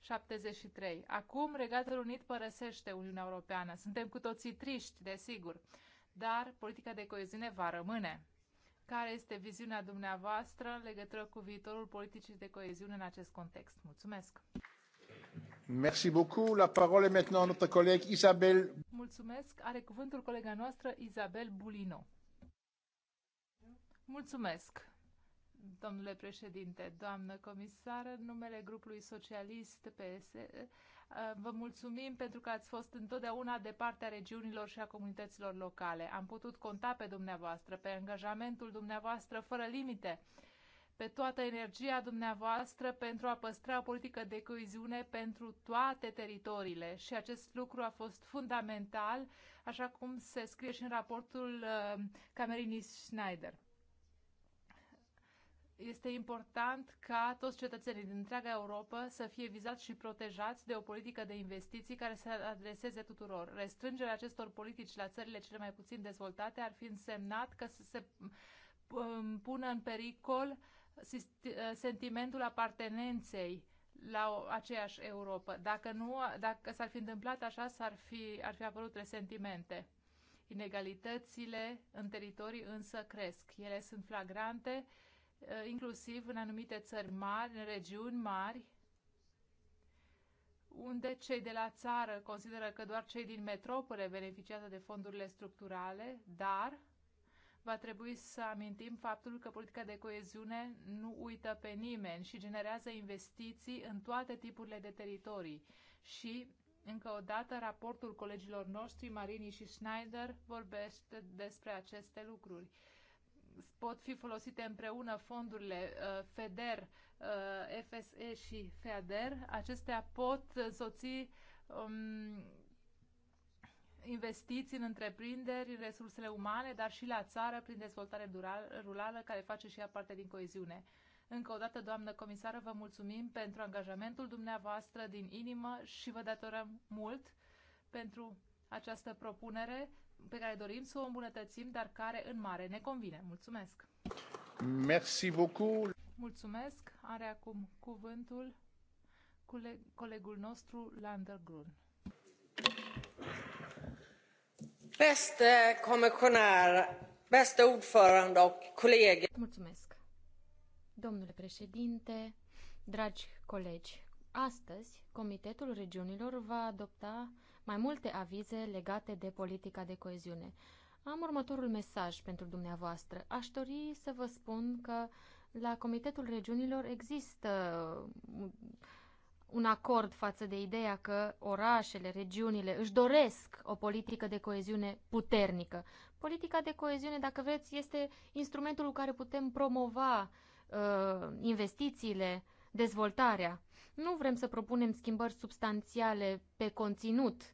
73. Acum Regatul Unit părăsește Uniunea Europeană. Suntem cu toții triști, desigur dar politica de coeziune va rămâne. Care este viziunea dumneavoastră în legătură cu viitorul politicii de coeziune în acest context? Mulțumesc! Merci beaucoup. La parole est maintenant à notre collègue Isabelle. Mulțumesc. Are cuvântul colega noastră Isabel Bulino. Mulțumesc. Domnule președinte, doamnă comisară, numele grupului socialist PS Uh, vă mulțumim pentru că ați fost întotdeauna de partea regiunilor și a comunităților locale. Am putut conta pe dumneavoastră, pe angajamentul dumneavoastră fără limite, pe toată energia dumneavoastră pentru a păstra o politică de coeziune pentru toate teritoriile și acest lucru a fost fundamental, așa cum se scrie și în raportul uh, Camerinis Schneider este important ca toți cetățenii din întreaga Europa să fie vizați și protejați de o politică de investiții care să adreseze tuturor. Restrângerea acestor politici la țările cele mai puțin dezvoltate ar fi însemnat că să se um, pună în pericol sentimentul apartenenței la aceeași Europa. Dacă, nu, dacă s-ar fi întâmplat așa, s-ar fi, ar fi apărut resentimente. Inegalitățile în teritorii însă cresc. Ele sunt flagrante Eh, inclusiv în anumite țări mari, în regiuni mari, unde cei de la țară consideră că doar cei din metropole beneficiază de fondurile structurale, dar va trebui să amintim faptul că politica de coeziune nu uită pe nimeni și generează investiții în toate tipurile de teritorii. Și, încă o dată, raportul colegilor noștri, Marini și Schneider, vorbește despre aceste lucruri pot fi folosite împreună fondurile uh, FEDER, uh, FSE și FEADER. Acestea pot soți um, investiții în întreprinderi, în resursele umane, dar și la țară prin dezvoltare rurală, care face și ea parte din coeziune. Încă o dată, doamnă comisară, vă mulțumim pentru angajamentul dumneavoastră din inimă și vă datorăm mult pentru această propunere pe care dorim să o îmbunătățim, dar care în mare ne convine. Mulțumesc! Merci beaucoup! Mulțumesc! Are acum cuvântul colegul nostru, Lander Grun. Beste comisionar, beste ordförande och kollegor. Mulțumesc! Domnule președinte, dragi colegi, astăzi Comitetul Regiunilor va adopta mai multe avize legate de politica de coeziune. Am următorul mesaj pentru dumneavoastră. Aș dori să vă spun că la Comitetul Regiunilor există un acord față de ideea că orașele, regiunile își doresc o politică de coeziune puternică. Politica de coeziune, dacă vreți, este instrumentul cu care putem promova uh, investițiile, dezvoltarea. Nu vrem să propunem schimbări substanțiale pe conținut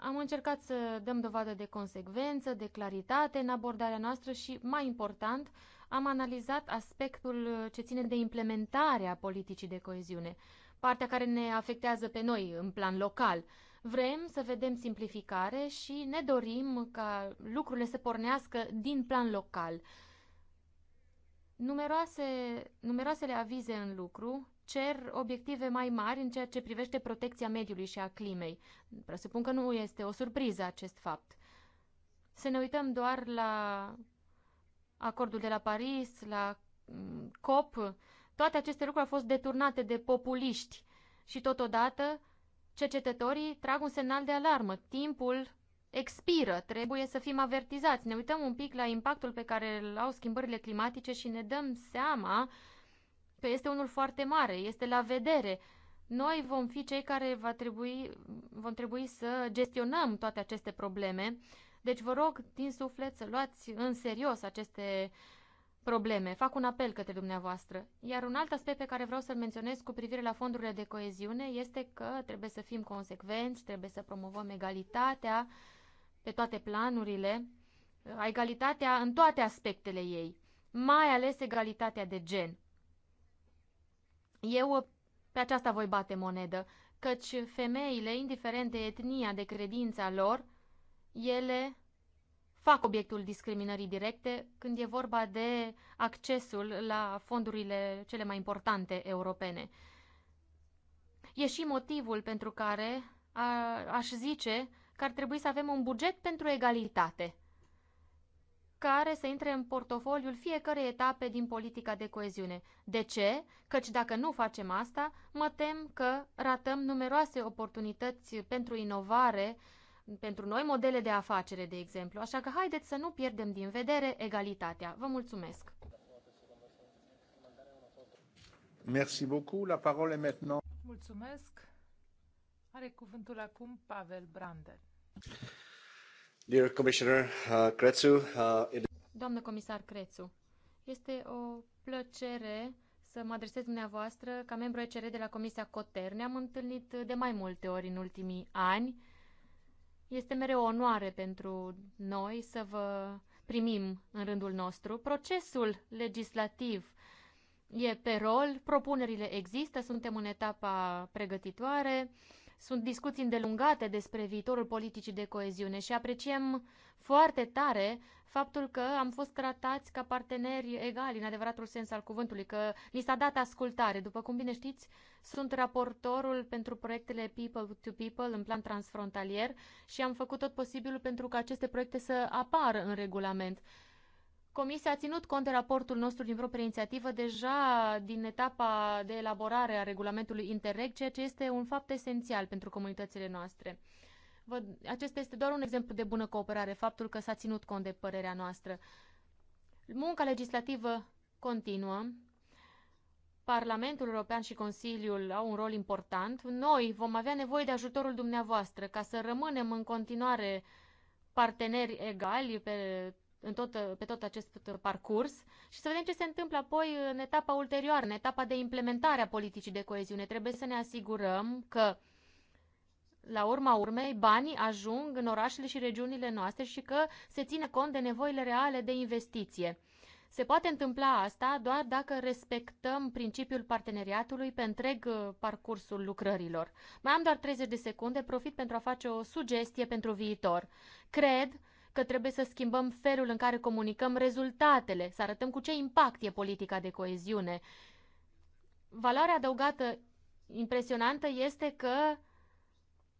am încercat să dăm dovadă de consecvență, de claritate în abordarea noastră și, mai important, am analizat aspectul ce ține de implementarea politicii de coeziune, partea care ne afectează pe noi în plan local. Vrem să vedem simplificare și ne dorim ca lucrurile să pornească din plan local. Numeroase, numeroasele avize în lucru cer obiective mai mari în ceea ce privește protecția mediului și a climei. Presupun că nu este o surpriză acest fapt. Să ne uităm doar la acordul de la Paris, la mm, COP, toate aceste lucruri au fost deturnate de populiști și totodată cercetătorii trag un semnal de alarmă. Timpul expiră, trebuie să fim avertizați. Ne uităm un pic la impactul pe care îl au schimbările climatice și ne dăm seama uh, Păi este unul foarte mare, este la vedere. Noi vom fi cei care va trebui, vom trebui să gestionăm toate aceste probleme. Deci vă rog din suflet să luați în serios aceste probleme. Fac un apel către dumneavoastră. Iar un alt aspect pe care vreau să-l menționez cu privire la fondurile de coeziune este că trebuie să fim consecvenți, trebuie să promovăm egalitatea pe toate planurile, egalitatea în toate aspectele ei, mai ales egalitatea de gen. Eu pe aceasta voi bate monedă, căci femeile, indiferent de etnia, de credința lor, ele fac obiectul discriminării directe când e vorba de accesul la fondurile cele mai importante europene. E și motivul pentru care a, aș zice că ar trebui să avem un buget pentru egalitate – care să intre în portofoliul fiecărei etape din politica de coeziune. De ce? Căci dacă nu facem asta, mă tem că ratăm numeroase oportunități pentru inovare, pentru noi modele de afacere, de exemplu. Așa că haideți să nu pierdem din vedere egalitatea. Vă mulțumesc! Merci beaucoup. La parole est maintenant. Mulțumesc. Are cuvântul acum Pavel Brandel. Uh, uh, Doamnă comisar Crețu, este o plăcere să mă adresez dumneavoastră ca membru ECR de la Comisia Coter. Ne-am întâlnit de mai multe ori în ultimii ani. Este mereu o onoare pentru noi să vă primim în rândul nostru. Procesul legislativ e pe rol, propunerile există, suntem în etapa pregătitoare. Sunt discuții îndelungate despre viitorul politicii de coeziune și apreciem foarte tare faptul că am fost tratați ca parteneri egali, în adevăratul sens al cuvântului, că ni s-a dat ascultare. După cum bine știți, sunt raportorul pentru proiectele People to People în plan transfrontalier și am făcut tot posibilul pentru ca aceste proiecte să apară în regulament. Comisia a ținut cont de raportul nostru din propria inițiativă deja din etapa de elaborare a regulamentului Interreg, ceea ce este un fapt esențial pentru comunitățile noastre. Vă, acesta este doar un exemplu de bună cooperare, faptul că s-a ținut cont de părerea noastră. Munca legislativă continuă. Parlamentul European și Consiliul au un rol important. Noi vom avea nevoie de ajutorul dumneavoastră ca să rămânem în continuare parteneri egali pe în tot, pe tot acest parcurs și să vedem ce se întâmplă apoi în etapa ulterioară, în etapa de implementare a politicii de coeziune. Trebuie să ne asigurăm că, la urma urmei, banii ajung în orașele și regiunile noastre și că se ține cont de nevoile reale de investiție. Se poate întâmpla asta doar dacă respectăm principiul parteneriatului pe întreg uh, parcursul lucrărilor. Mai am doar 30 de secunde, profit pentru a face o sugestie pentru viitor. Cred că trebuie să schimbăm felul în care comunicăm rezultatele, să arătăm cu ce impact e politica de coeziune. Valoarea adăugată impresionantă este că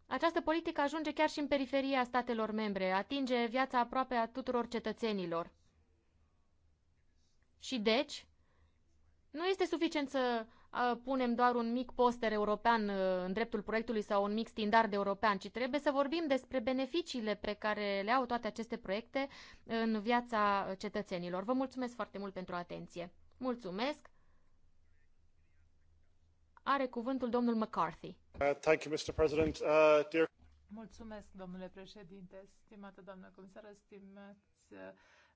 această politică ajunge chiar și în periferia statelor membre, atinge viața aproape a tuturor cetățenilor. Și deci, nu este suficient să punem doar un mic poster european uh, în dreptul proiectului sau un mic standard european, ci trebuie să vorbim despre beneficiile pe care le au toate aceste proiecte uh, în viața cetățenilor. Vă mulțumesc foarte mult pentru atenție. Mulțumesc! Are cuvântul domnul McCarthy. Uh, thank you, Mr. President. Uh, dear... Mulțumesc, domnule președinte, stimată doamnă comisară, stimați uh,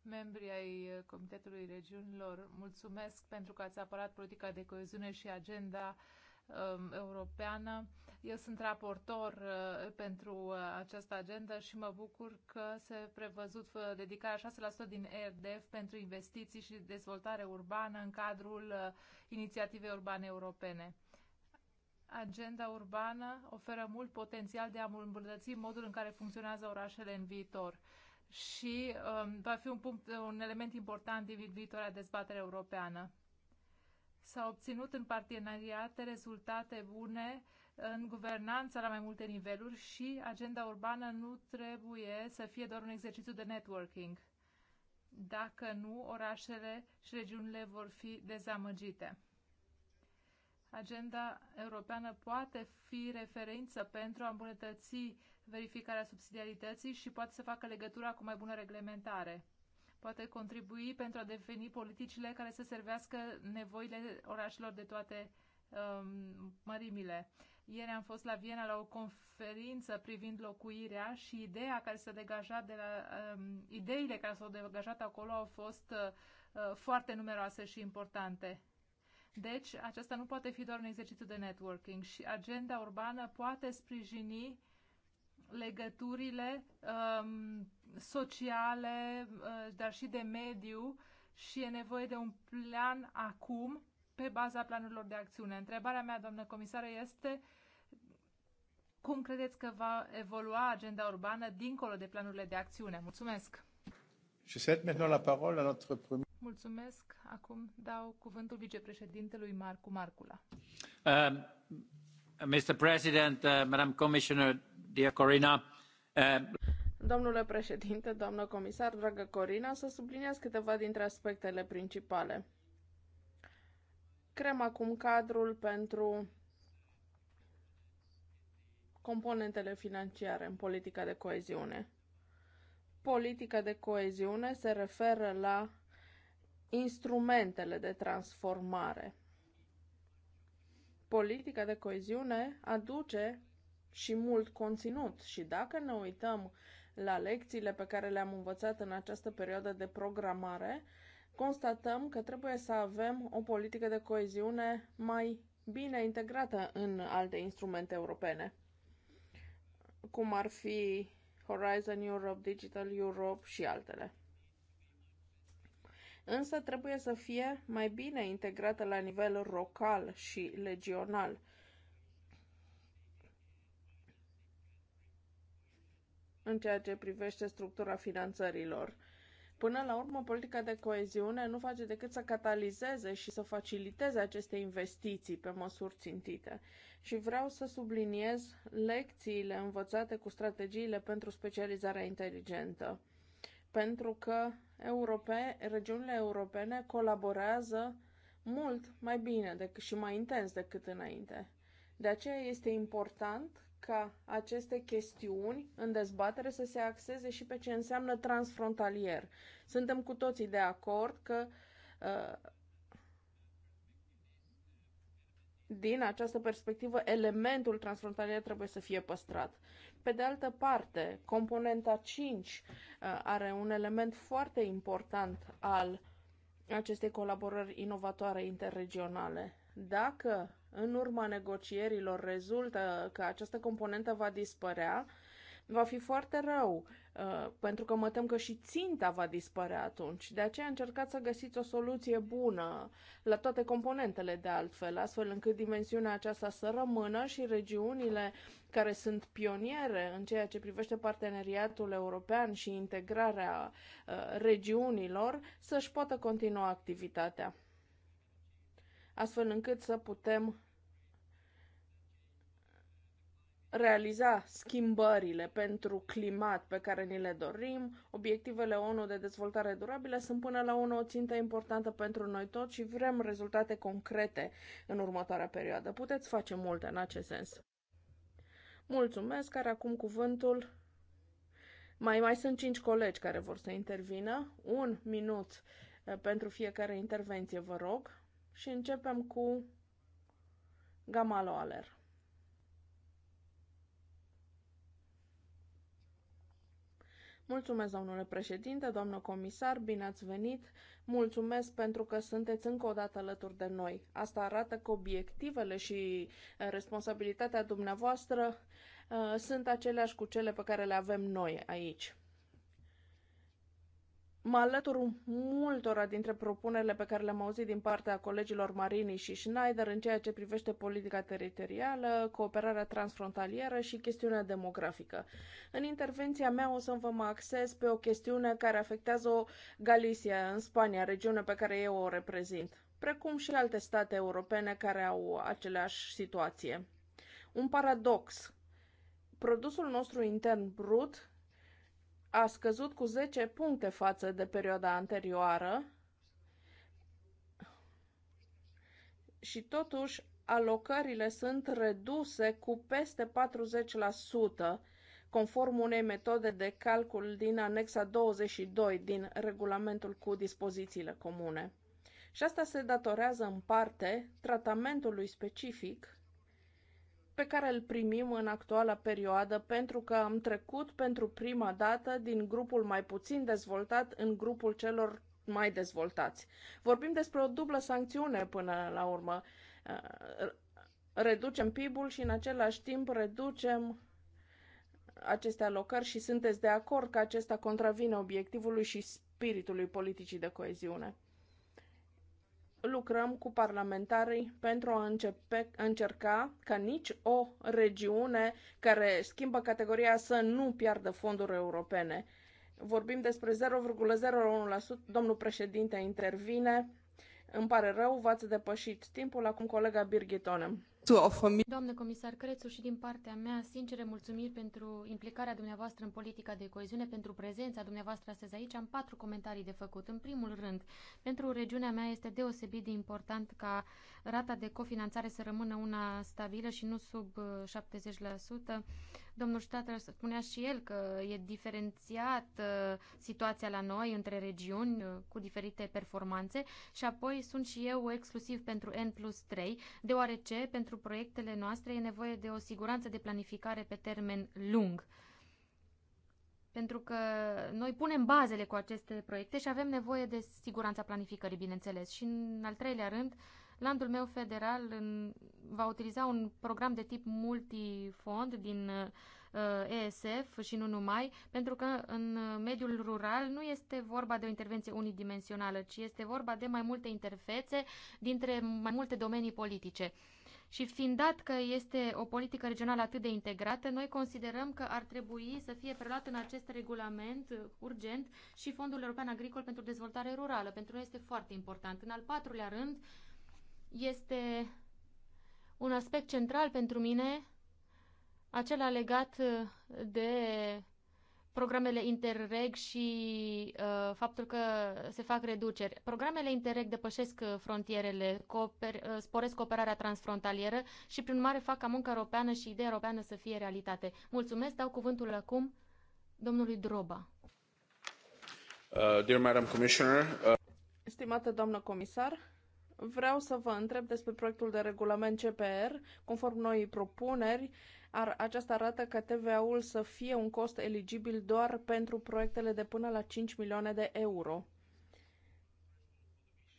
membrii ai uh, Comitetului Regiunilor. Mulțumesc pentru că ați apărat politica de coeziune și agenda um, europeană. Eu sunt raportor uh, pentru uh, această agenda și mă bucur că se prevăzut uh, dedicarea 6% din ERDF pentru investiții și dezvoltare urbană în cadrul uh, inițiativei urbane europene. Agenda urbană oferă mult potențial de a îmbunătăți modul în care funcționează orașele în viitor și um, va fi un, punct, un element important din viitoarea dezbatere europeană. S-au obținut în parteneriate rezultate bune în guvernanța la mai multe niveluri și agenda urbană nu trebuie să fie doar un exercițiu de networking. Dacă nu, orașele și regiunile vor fi dezamăgite. Agenda europeană poate fi referință pentru a îmbunătăți verificarea subsidiarității și poate să facă legătura cu mai bună reglementare. Poate contribui pentru a defini politicile care să servească nevoile orașelor de toate um, mărimile. Ieri am fost la Viena la o conferință privind locuirea și ideea care s-a degajat de la, um, ideile care s-au degajat acolo au fost uh, uh foarte numeroase și importante. Deci, aceasta nu poate fi doar un exercițiu de networking și agenda urbană poate sprijini legăturile um, sociale, uh, dar și de mediu și e nevoie de un plan acum pe baza planurilor de acțiune. Întrebarea mea, doamnă comisară, este cum credeți că va evolua agenda urbană dincolo de planurile de acțiune? Mulțumesc! Je cède maintenant la parole à notre premier... Mulțumesc. Acum dau cuvântul vicepreședintelui Marcu Marcula. Uh, um, Mr. President, uh, Madam Commissioner, Uh, Domnule președinte, doamnă comisar, dragă Corina, să subliniez câteva dintre aspectele principale. Creăm acum cadrul pentru componentele financiare în politica de coeziune. Politica de coeziune se referă la instrumentele de transformare. Politica de coeziune aduce și mult conținut. Și dacă ne uităm la lecțiile pe care le-am învățat în această perioadă de programare, constatăm că trebuie să avem o politică de coeziune mai bine integrată în alte instrumente europene, cum ar fi Horizon Europe, Digital Europe și altele. Însă trebuie să fie mai bine integrată la nivel local și regional în ceea ce privește structura finanțărilor. Până la urmă, politica de coeziune nu face decât să catalizeze și să faciliteze aceste investiții pe măsuri țintite. Și vreau să subliniez lecțiile învățate cu strategiile pentru specializarea inteligentă. Pentru că europe, regiunile europene colaborează mult mai bine decât, și mai intens decât înainte. De aceea este important ca aceste chestiuni în dezbatere să se axeze și pe ce înseamnă transfrontalier. Suntem cu toții de acord că uh, din această perspectivă, elementul transfrontalier trebuie să fie păstrat. Pe de altă parte, componenta 5 uh, are un element foarte important al acestei colaborări inovatoare interregionale. Dacă în urma negocierilor rezultă că această componentă va dispărea, va fi foarte rău, uh, pentru că mă tem că și ținta va dispărea atunci. De aceea încercați să găsiți o soluție bună la toate componentele de altfel, astfel încât dimensiunea aceasta să rămână și regiunile care sunt pioniere în ceea ce privește parteneriatul european și integrarea uh, regiunilor să-și poată continua activitatea astfel încât să putem realiza schimbările pentru climat pe care ni le dorim. Obiectivele ONU de dezvoltare durabilă sunt până la una o țintă importantă pentru noi toți și vrem rezultate concrete în următoarea perioadă. Puteți face multe în acest sens. Mulțumesc, care acum cuvântul. Mai, mai sunt cinci colegi care vor să intervină. Un minut eh, pentru fiecare intervenție, vă rog și începem cu gamaloaler. Mulțumesc, domnule președinte, doamnă comisar, bine ați venit. Mulțumesc pentru că sunteți încă o dată alături de noi. Asta arată că obiectivele și uh, responsabilitatea dumneavoastră uh, sunt aceleași cu cele pe care le avem noi aici. Mă alătur multora dintre propunerile pe care le-am auzit din partea colegilor Marini și Schneider în ceea ce privește politica teritorială, cooperarea transfrontalieră și chestiunea demografică. În intervenția mea o să vă mă acces pe o chestiune care afectează o Galicia în Spania, regiune pe care eu o reprezint, precum și alte state europene care au aceleași situație. Un paradox. Produsul nostru intern brut a scăzut cu 10 puncte față de perioada anterioară și totuși alocările sunt reduse cu peste 40% conform unei metode de calcul din anexa 22 din regulamentul cu dispozițiile comune. Și asta se datorează în parte tratamentului specific pe care îl primim în actuala perioadă pentru că am trecut pentru prima dată din grupul mai puțin dezvoltat în grupul celor mai dezvoltați. Vorbim despre o dublă sancțiune până la urmă. Uh, reducem PIB-ul și în același timp reducem aceste alocări și sunteți de acord că acesta contravine obiectivului și spiritului politicii de coeziune lucrăm cu parlamentarii pentru a, începe, a încerca ca nici o regiune care schimbă categoria să nu piardă fonduri europene. Vorbim despre 0,01%, domnul președinte intervine. Îmi pare rău, v-ați depășit timpul, acum colega Birgitonem. Doamnă comisar Crețu și din partea mea, sincere mulțumiri pentru implicarea dumneavoastră în politica de coeziune, pentru prezența dumneavoastră astăzi aici. Am patru comentarii de făcut. În primul rând, pentru regiunea mea este deosebit de important ca rata de cofinanțare să rămână una stabilă și nu sub 70%. Uh, Domnul Stadler spunea și el că e diferențiat uh, situația la noi între regiuni uh, cu diferite performanțe și apoi sunt și eu exclusiv pentru N plus 3, deoarece pentru pentru proiectele noastre e nevoie de o siguranță de planificare pe termen lung. Pentru că noi punem bazele cu aceste proiecte și avem nevoie de siguranța planificării, bineînțeles. Și în al treilea rând, landul meu federal în, va utiliza un program de tip multifond din uh, ESF și nu numai, pentru că în mediul rural nu este vorba de o intervenție unidimensională, ci este vorba de mai multe interfețe dintre mai multe domenii politice. Uh, și fiind dat că este o politică regională atât de integrată, noi considerăm că ar trebui să fie preluat în acest regulament urgent și Fondul European Agricol pentru Dezvoltare Rurală. Pentru noi este foarte important. În al patrulea rând, este un aspect central pentru mine, acela legat de programele Interreg și uh, faptul că se fac reduceri. Programele Interreg depășesc uh, frontierele, cooper, uh, sporesc cooperarea transfrontalieră și, prin urmare, fac ca munca europeană și ideea europeană să fie realitate. Mulțumesc, dau cuvântul acum domnului Droba. Uh, dear Madam Commissioner, uh... Stimată doamnă comisar, vreau să vă întreb despre proiectul de regulament CPR, conform noii propuneri, uh, ar, aceasta arată că TVA-ul să fie un cost eligibil doar pentru proiectele de până la 5 milioane de euro.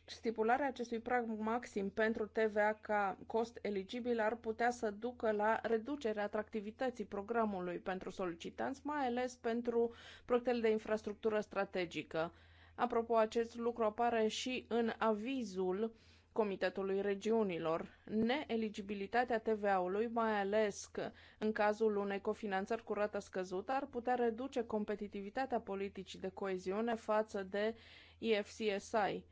Stipularea acestui prag maxim pentru TVA ca cost eligibil ar putea să ducă la reducerea atractivității programului pentru solicitanți, mai ales pentru proiectele de infrastructură strategică. Apropo, acest lucru apare și în avizul Comitetului Regiunilor. Neeligibilitatea TVA-ului, mai ales în cazul unei cofinanțări cu rată scăzută, ar putea reduce competitivitatea politicii de coeziune față de EFCSI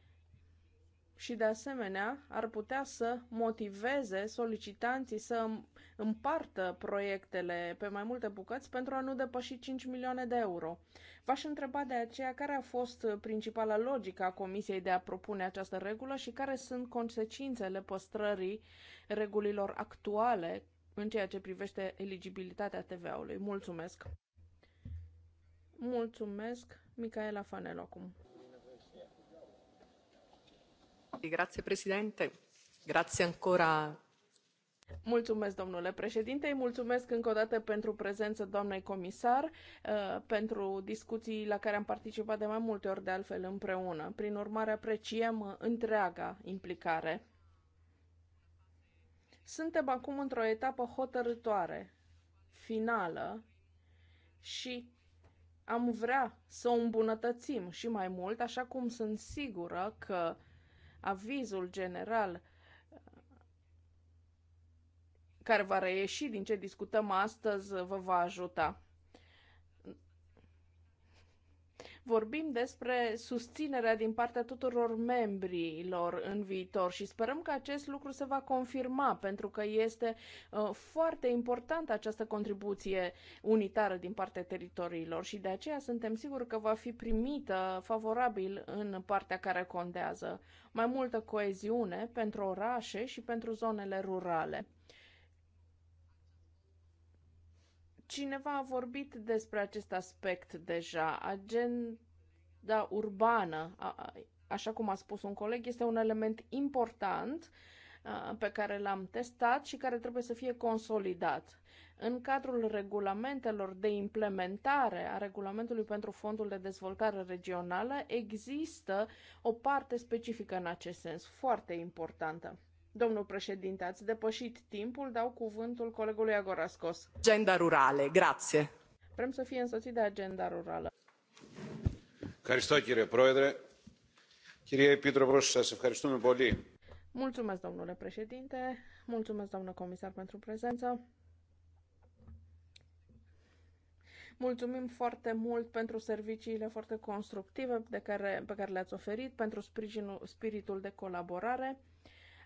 și, de asemenea, ar putea să motiveze solicitanții să împartă proiectele pe mai multe bucăți pentru a nu depăși 5 milioane de euro. V-aș întreba de aceea care a fost principala logică a Comisiei de a propune această regulă și care sunt consecințele păstrării regulilor actuale în ceea ce privește eligibilitatea TVA-ului. Mulțumesc! Mulțumesc, Micaela Fanel, acum. Mulțumesc, domnule președinte, îi mulțumesc încă o dată pentru prezență, doamnei comisar, uh, pentru discuții la care am participat de mai multe ori de altfel împreună. Prin urmare, apreciem întreaga implicare. Suntem acum într-o etapă hotărătoare, finală și am vrea să o îmbunătățim și mai mult, așa cum sunt sigură că avizul general care va reieși din ce discutăm astăzi vă va ajuta. Vorbim despre susținerea din partea tuturor membrilor în viitor și sperăm că acest lucru se va confirma, pentru că este uh, foarte importantă această contribuție unitară din partea teritoriilor și de aceea suntem siguri că va fi primită favorabil în partea care contează. Mai multă coeziune pentru orașe și pentru zonele rurale. Cineva a vorbit despre acest aspect deja. Agenda urbană, așa cum a spus un coleg, este un element important pe care l-am testat și care trebuie să fie consolidat. În cadrul regulamentelor de implementare a regulamentului pentru fondul de dezvoltare regională există o parte specifică în acest sens, foarte importantă. Domnul președinte, ați depășit timpul, dau cuvântul colegului Agorascos. Agenda rurale, grație. Vrem să fie însoțit de agenda rurală. Ευχαριστώ κύριε Πρόεδρε. Κύριε Επίτροπο, σας ευχαριστούμε boli. Mulțumesc, domnule președinte. Mulțumesc, doamnă comisar, pentru prezență. Mulțumim foarte mult pentru serviciile foarte constructive de care, pe care le-ați oferit, pentru sprijinul, spiritul de colaborare.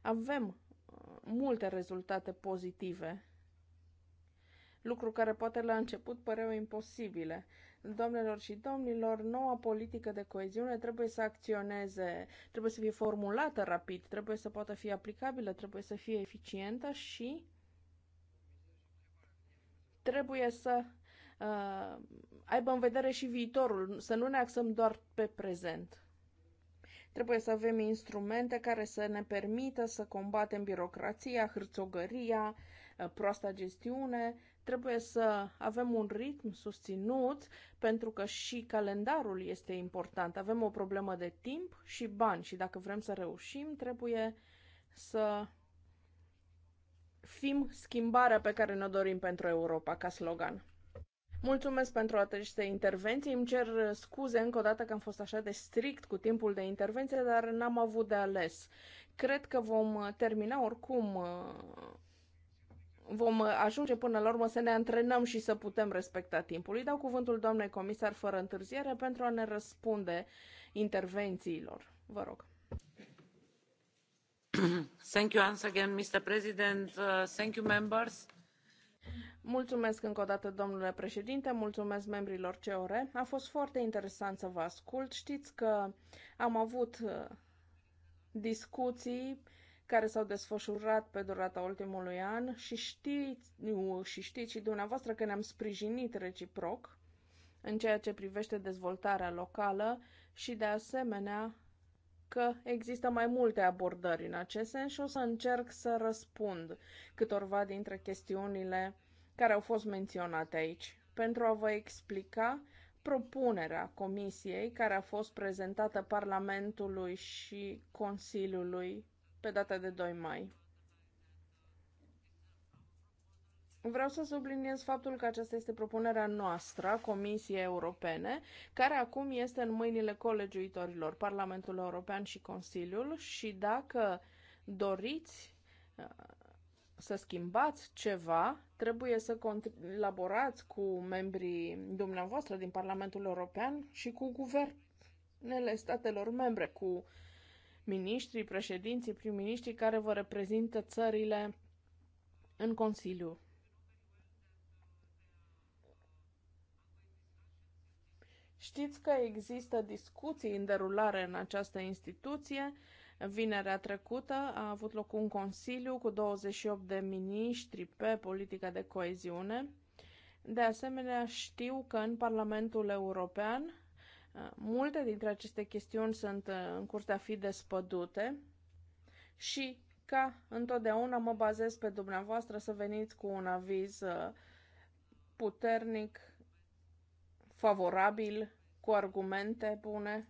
Avem uh, multe rezultate pozitive lucru care poate la început păreau imposibile. Doamnelor și domnilor, noua politică de coeziune trebuie să acționeze, trebuie să fie formulată rapid, trebuie să poată fi aplicabilă, trebuie să fie eficientă și trebuie să uh, aibă în vedere și viitorul, să nu ne axăm doar pe prezent. Trebuie să avem instrumente care să ne permită să combatem birocrația, hârțogăria, ă, proasta gestiune. Trebuie să avem un ritm susținut pentru că și calendarul este important. Avem o problemă de timp și bani și dacă vrem să reușim, trebuie să fim schimbarea pe care ne dorim pentru Europa ca slogan. Mulțumesc pentru aceste intervenții. Îmi cer scuze încă o dată că am fost așa de strict cu timpul de intervenție, dar n-am avut de ales. Cred că vom termina oricum. Vom ajunge până la urmă să ne antrenăm și să putem respecta timpul. Îi dau cuvântul doamnei comisar fără întârziere pentru a ne răspunde intervențiilor. Vă rog. Thank you once again, Mr. President. Uh, thank you, members. Mulțumesc încă o dată, domnule președinte, mulțumesc membrilor COR. A fost foarte interesant să vă ascult. Știți că am avut uh, discuții care s-au desfășurat pe durata ultimului an și știți, și știți și dumneavoastră că ne-am sprijinit reciproc în ceea ce privește dezvoltarea locală și de asemenea că există mai multe abordări în acest sens și o să încerc să răspund câtorva dintre chestiunile care au fost menționate aici, pentru a vă explica propunerea Comisiei care a fost prezentată Parlamentului și Consiliului pe data de 2 mai. Vreau să subliniez faptul că aceasta este propunerea noastră Comisiei Europene, care acum este în mâinile colegiuitorilor, Parlamentul European și Consiliul și dacă doriți să schimbați ceva, trebuie să colaborați cu membrii dumneavoastră din Parlamentul European și cu guvernele statelor membre, cu miniștrii, președinții, prim-miniștrii care vă reprezintă țările în Consiliu. Știți că există discuții în derulare în această instituție Vinerea trecută a avut loc un consiliu cu 28 de miniștri pe politica de coeziune. De asemenea, știu că în Parlamentul European multe dintre aceste chestiuni sunt în curs de a fi despădute și, ca întotdeauna, mă bazez pe dumneavoastră să veniți cu un aviz puternic, favorabil, cu argumente bune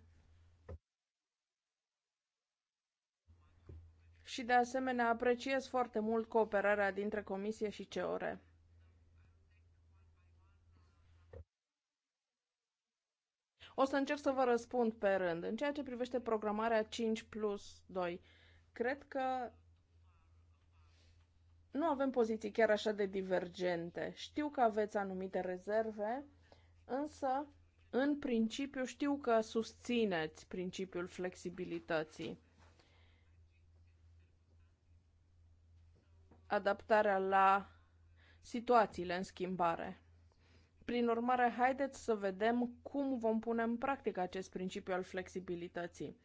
și de asemenea apreciez foarte mult cooperarea dintre Comisie și COR. O să încerc să vă răspund pe rând. În ceea ce privește programarea 5 plus 2, cred că nu avem poziții chiar așa de divergente. Știu că aveți anumite rezerve, însă, în principiu, știu că susțineți principiul flexibilității. adaptarea la situațiile în schimbare. Prin urmare, haideți să vedem cum vom pune în practică acest principiu al flexibilității.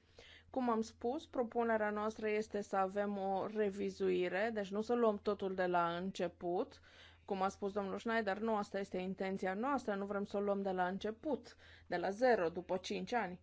Cum am spus, propunerea noastră este să avem o revizuire, deci nu să luăm totul de la început. Cum a spus domnul Schneider, nu asta este intenția noastră, nu vrem să o luăm de la început, de la zero, după 5 ani.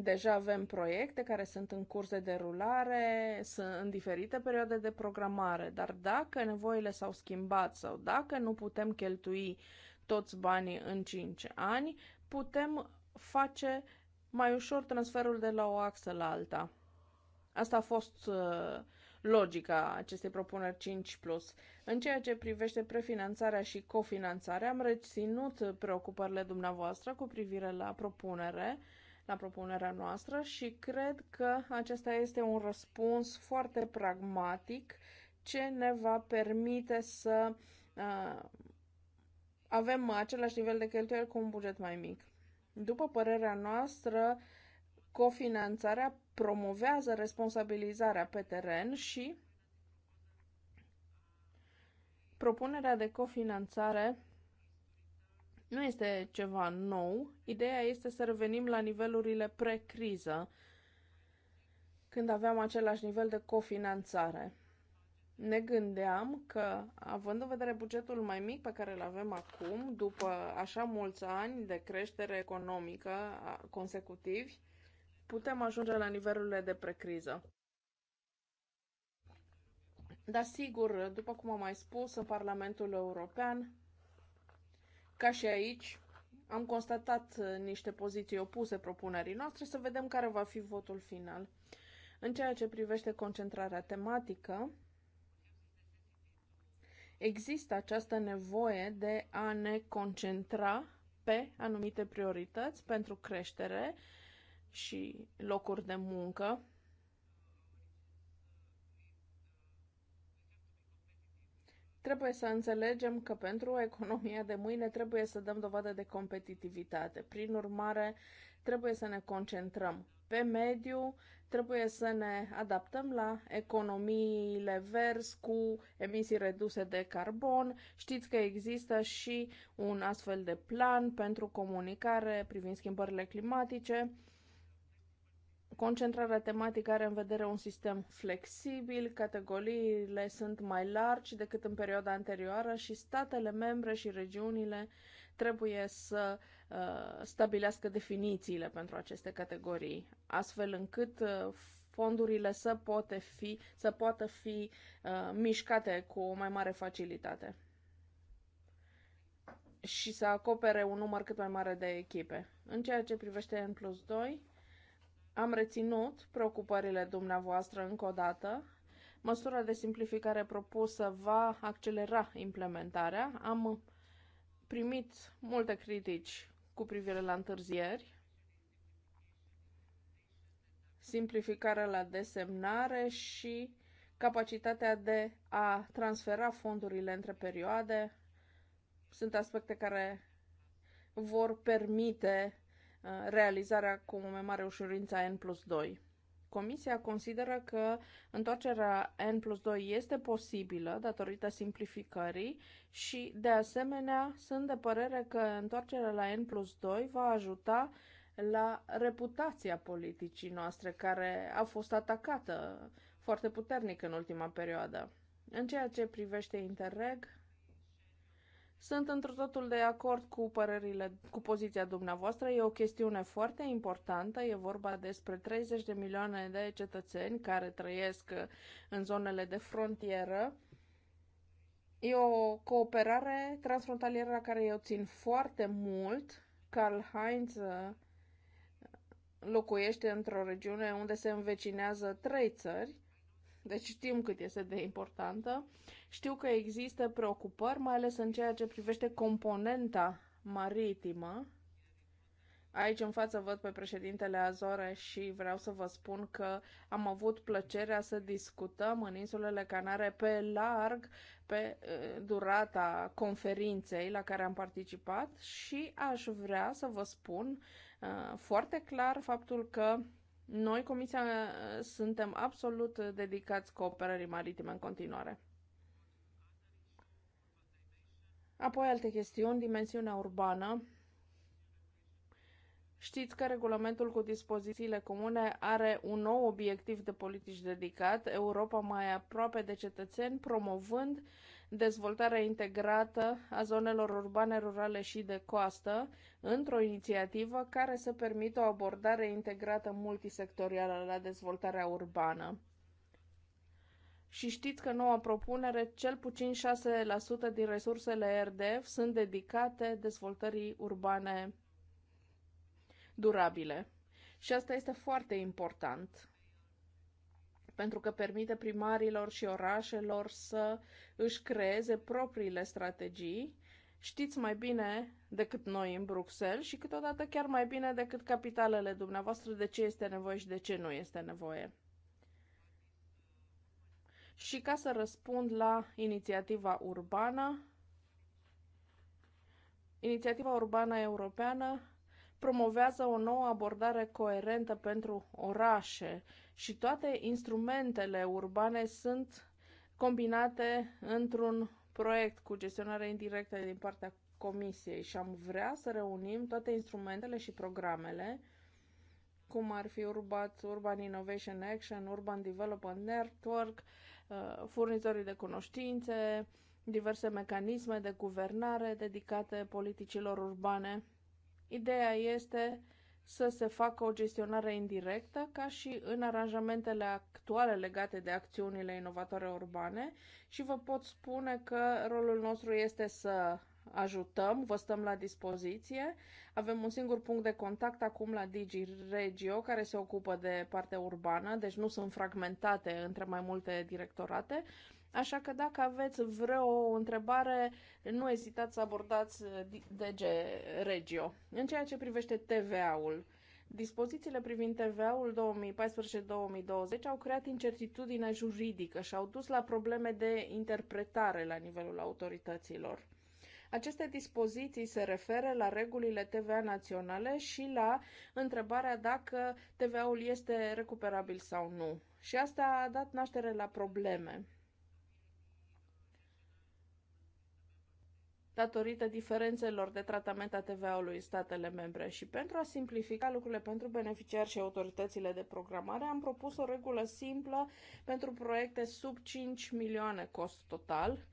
Deja avem proiecte care sunt în curs de derulare, sunt în diferite perioade de programare, dar dacă nevoile s-au schimbat sau dacă nu putem cheltui toți banii în 5 ani, putem face mai ușor transferul de la o axă la alta. Asta a fost uh, logica acestei propuneri 5 plus. În ceea ce privește prefinanțarea și cofinanțarea, am reținut preocupările dumneavoastră cu privire la propunere. Uh, la propunerea noastră și cred că acesta este un răspuns foarte pragmatic ce ne va permite să uh, avem același nivel de cheltuieli cu un buget mai mic. După părerea noastră, cofinanțarea promovează responsabilizarea pe teren și propunerea de cofinanțare nu este ceva nou, ideea este să revenim la nivelurile pre-criză, când aveam același nivel de cofinanțare. Ne gândeam că, având în vedere bugetul mai mic pe care îl avem acum, după așa mulți ani de creștere economică consecutivi, putem ajunge la nivelurile de precriză. Dar sigur, după cum am mai spus, în Parlamentul European ca și aici, am constatat uh, niște poziții opuse propunerii noastre, să vedem care va fi votul final. În ceea ce privește concentrarea tematică, există această nevoie de a ne concentra pe anumite priorități pentru creștere și locuri de muncă, Trebuie să înțelegem că pentru economia de mâine trebuie să dăm dovadă de competitivitate. Prin urmare, trebuie să ne concentrăm pe mediu, trebuie să ne adaptăm la economiile verzi cu emisii reduse de carbon. Știți că există și un astfel de plan pentru comunicare privind schimbările climatice. Concentrarea tematică are în vedere un sistem flexibil, categoriile sunt mai largi decât în perioada anterioară și statele membre și regiunile trebuie să uh, stabilească definițiile pentru aceste categorii, astfel încât uh, fondurile să, poate fi, să poată fi uh, mișcate cu o mai mare facilitate și să acopere un număr cât mai mare de echipe. În ceea ce privește N plus 2, am reținut preocupările dumneavoastră încă o dată. Măsura de simplificare propusă va accelera implementarea. Am primit multe critici cu privire la întârzieri, simplificarea la desemnare și capacitatea de a transfera fondurile între perioade. Sunt aspecte care vor permite Uh, realizarea cu mai mare ușurință a N plus 2. Comisia consideră că întoarcerea N plus 2 este posibilă datorită simplificării și, de asemenea, sunt de părere că întoarcerea la N plus 2 va ajuta la reputația politicii noastre, care a fost atacată foarte puternic în ultima perioadă. În ceea ce privește Interreg, sunt într totul de acord cu părerile, cu poziția dumneavoastră. E o chestiune foarte importantă. E vorba despre 30 de milioane de cetățeni care trăiesc uh, în zonele de frontieră. E o cooperare transfrontalieră la care eu țin foarte mult. Karl Heinz uh, locuiește într-o regiune unde se învecinează trei țări deci știm cât este de importantă. Știu că există preocupări, mai ales în ceea ce privește componenta maritimă. Aici în față văd pe președintele Azore și vreau să vă spun că am avut plăcerea să discutăm în insulele Canare pe larg pe eh, durata conferinței la care am participat și aș vrea să vă spun eh, foarte clar faptul că noi, Comisia, suntem absolut dedicați cooperării maritime în continuare. Apoi alte chestiuni, dimensiunea urbană. Știți că regulamentul cu dispozițiile comune are un nou obiectiv de politici dedicat, Europa mai aproape de cetățeni, promovând dezvoltarea integrată a zonelor urbane, rurale și de coastă într-o inițiativă care să permită o abordare integrată multisectorială la dezvoltarea urbană. Și știți că noua propunere, cel puțin 6% din resursele RDF sunt dedicate dezvoltării urbane durabile. Și asta este foarte important pentru că permite primarilor și orașelor să își creeze propriile strategii, știți mai bine decât noi în Bruxelles și câteodată chiar mai bine decât capitalele dumneavoastră de ce este nevoie și de ce nu este nevoie. Și ca să răspund la inițiativa urbană, inițiativa urbană europeană promovează o nouă abordare coerentă pentru orașe și toate instrumentele urbane sunt combinate într-un proiect cu gestionare indirectă din partea Comisiei și am vrea să reunim toate instrumentele și programele, cum ar fi Urbat, Urban Innovation Action, Urban Development Network, uh, furnizorii de cunoștințe, diverse mecanisme de guvernare dedicate politicilor urbane Ideea este să se facă o gestionare indirectă, ca și în aranjamentele actuale legate de acțiunile inovatoare urbane și vă pot spune că rolul nostru este să ajutăm, vă stăm la dispoziție. Avem un singur punct de contact acum la Digi Regio care se ocupă de partea urbană, deci nu sunt fragmentate între mai multe directorate Așa că dacă aveți vreo întrebare, nu ezitați să abordați uh, DG Regio. În ceea ce privește TVA-ul, Dispozițiile privind TVA-ul 2014-2020 au creat incertitudine juridică și au dus la probleme de interpretare la nivelul autorităților. Aceste dispoziții se referă la regulile TVA naționale și la întrebarea dacă TVA-ul este recuperabil sau nu. Și asta a dat naștere la probleme. datorită diferențelor de tratament a TVA-ului în statele membre și pentru a simplifica lucrurile pentru beneficiari și autoritățile de programare, am propus o regulă simplă pentru proiecte sub 5 milioane cost total,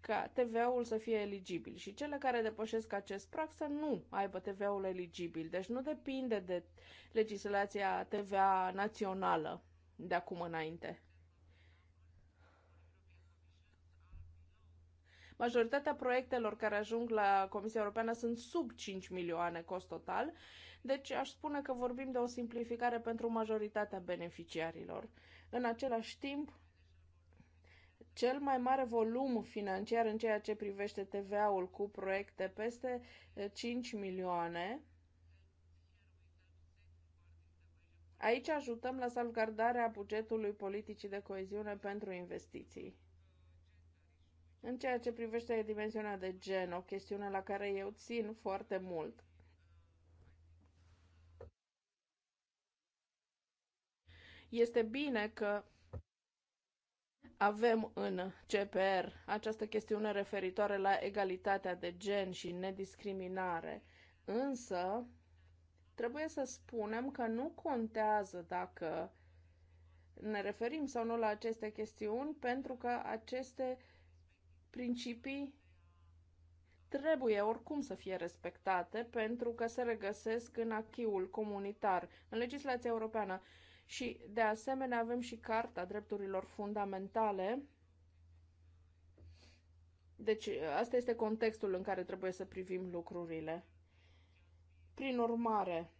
ca TVA-ul să fie eligibil și cele care depășesc acest prag să nu aibă TVA-ul eligibil. Deci nu depinde de legislația TVA națională de acum înainte. Majoritatea proiectelor care ajung la Comisia Europeană sunt sub 5 milioane cost total, deci aș spune că vorbim de o simplificare pentru majoritatea beneficiarilor. În același timp, cel mai mare volum financiar în ceea ce privește TVA-ul cu proiecte peste 5 milioane. Aici ajutăm la salvgardarea bugetului politicii de coeziune pentru investiții. În ceea ce privește dimensiunea de gen, o chestiune la care eu țin foarte mult, este bine că avem în CPR această chestiune referitoare la egalitatea de gen și nediscriminare, însă trebuie să spunem că nu contează dacă ne referim sau nu la aceste chestiuni, pentru că aceste principii trebuie oricum să fie respectate pentru că se regăsesc în achiul comunitar, în legislația europeană. Și de asemenea avem și Carta Drepturilor Fundamentale. Deci asta este contextul în care trebuie să privim lucrurile. Prin urmare,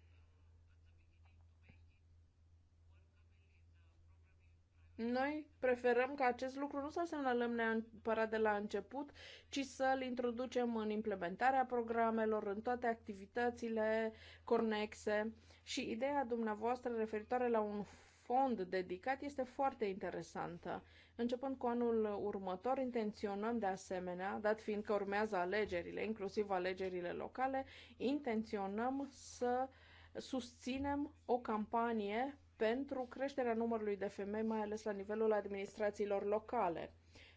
Noi preferăm ca acest lucru nu să se semnalăm neapărat de la început, ci să-l introducem în implementarea programelor, în toate activitățile conexe și ideea dumneavoastră referitoare la un fond dedicat este foarte interesantă. Începând cu anul următor, intenționăm de asemenea, dat fiind că urmează alegerile, inclusiv alegerile locale, intenționăm să susținem o campanie pentru creșterea numărului de femei, mai ales la nivelul administrațiilor locale,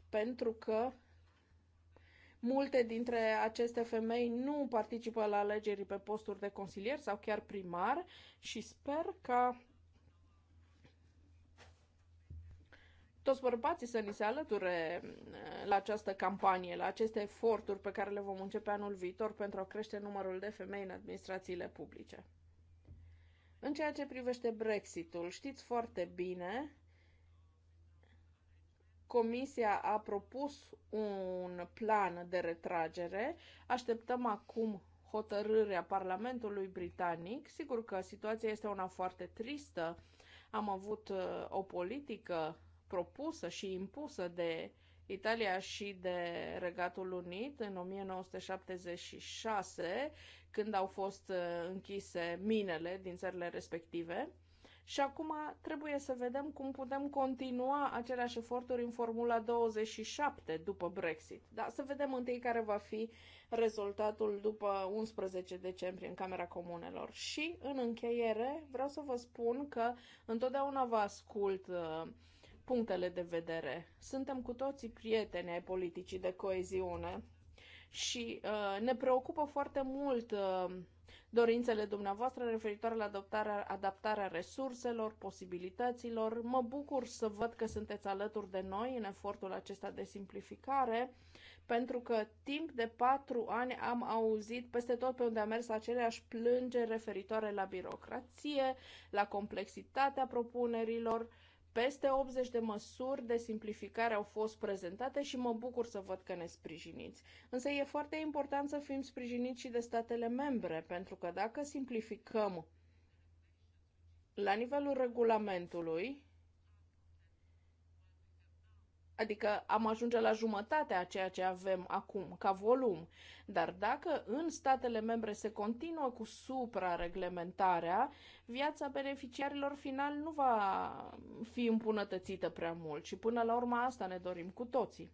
pentru că multe dintre aceste femei nu participă la alegerii pe posturi de consilier sau chiar primar și sper ca toți bărbații să ni se alăture eh, la această campanie, la aceste eforturi pe care le vom începe anul viitor pentru a crește numărul de femei în administrațiile publice. În ceea ce privește Brexitul, știți foarte bine, Comisia a propus un plan de retragere. Așteptăm acum hotărârea Parlamentului Britanic. Sigur că situația este una foarte tristă. Am avut uh, o politică propusă și impusă de Italia și de Regatul Unit în 1976, când au fost uh, închise minele din țările respective. Și acum trebuie să vedem cum putem continua aceleași eforturi în Formula 27 după Brexit. Dar să vedem întâi care va fi rezultatul după 11 decembrie în Camera Comunelor. Și în încheiere vreau să vă spun că întotdeauna vă ascult uh, punctele de vedere. Suntem cu toții prieteni ai politicii de coeziune și uh, ne preocupă foarte mult uh, dorințele dumneavoastră referitoare la adoptarea, adaptarea resurselor, posibilităților. Mă bucur să văd că sunteți alături de noi în efortul acesta de simplificare, pentru că timp de patru ani am auzit peste tot pe unde am mers aceleași plângeri referitoare la birocrație, la complexitatea propunerilor peste 80 de măsuri de simplificare au fost prezentate și mă bucur să văd că ne sprijiniți. Însă e foarte important să fim sprijiniți și de statele membre, pentru că dacă simplificăm la nivelul regulamentului, Adică am ajunge la jumătatea a ceea ce avem acum, ca volum. Dar dacă în statele membre se continuă cu suprareglementarea, viața beneficiarilor final nu va fi îmbunătățită prea mult și până la urmă asta ne dorim cu toții.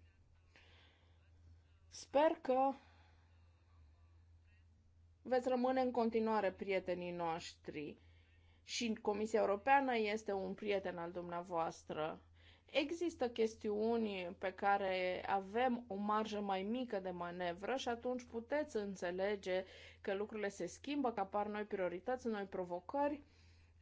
Sper că veți rămâne în continuare prietenii noștri și Comisia Europeană este un prieten al dumneavoastră Există chestiuni pe care avem o marjă mai mică de manevră și atunci puteți înțelege că lucrurile se schimbă, că apar noi priorități, noi provocări.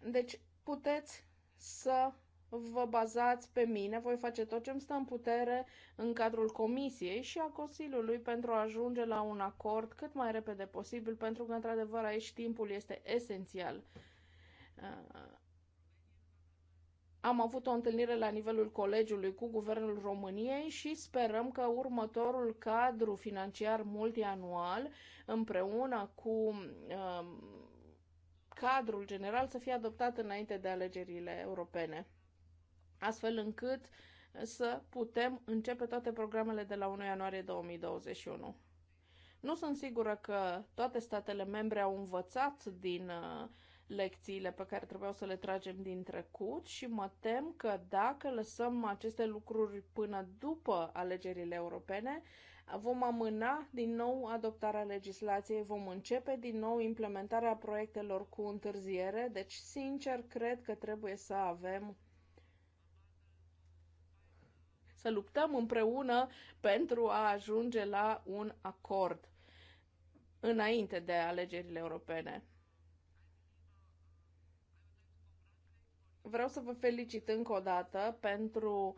Deci puteți să vă bazați pe mine, voi face tot ce îmi stă în putere în cadrul comisiei și a Consiliului pentru a ajunge la un acord cât mai repede posibil, pentru că, într-adevăr, aici timpul este esențial. Am avut o întâlnire la nivelul colegiului cu Guvernul României și sperăm că următorul cadru financiar multianual, împreună cu uh, cadrul general, să fie adoptat înainte de alegerile europene, astfel încât să putem începe toate programele de la 1 ianuarie 2021. Nu sunt sigură că toate statele membre au învățat din uh, lecțiile pe care trebuiau să le tragem din trecut și mă tem că dacă lăsăm aceste lucruri până după alegerile europene, vom amâna din nou adoptarea legislației, vom începe din nou implementarea proiectelor cu întârziere, deci sincer cred că trebuie să avem să luptăm împreună pentru a ajunge la un acord înainte de alegerile europene. Vreau să vă felicit încă o dată pentru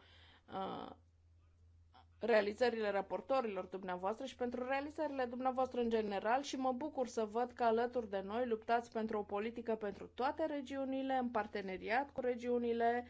uh, realizările raportorilor dumneavoastră și pentru realizările dumneavoastră în general și mă bucur să văd că alături de noi luptați pentru o politică pentru toate regiunile, în parteneriat cu regiunile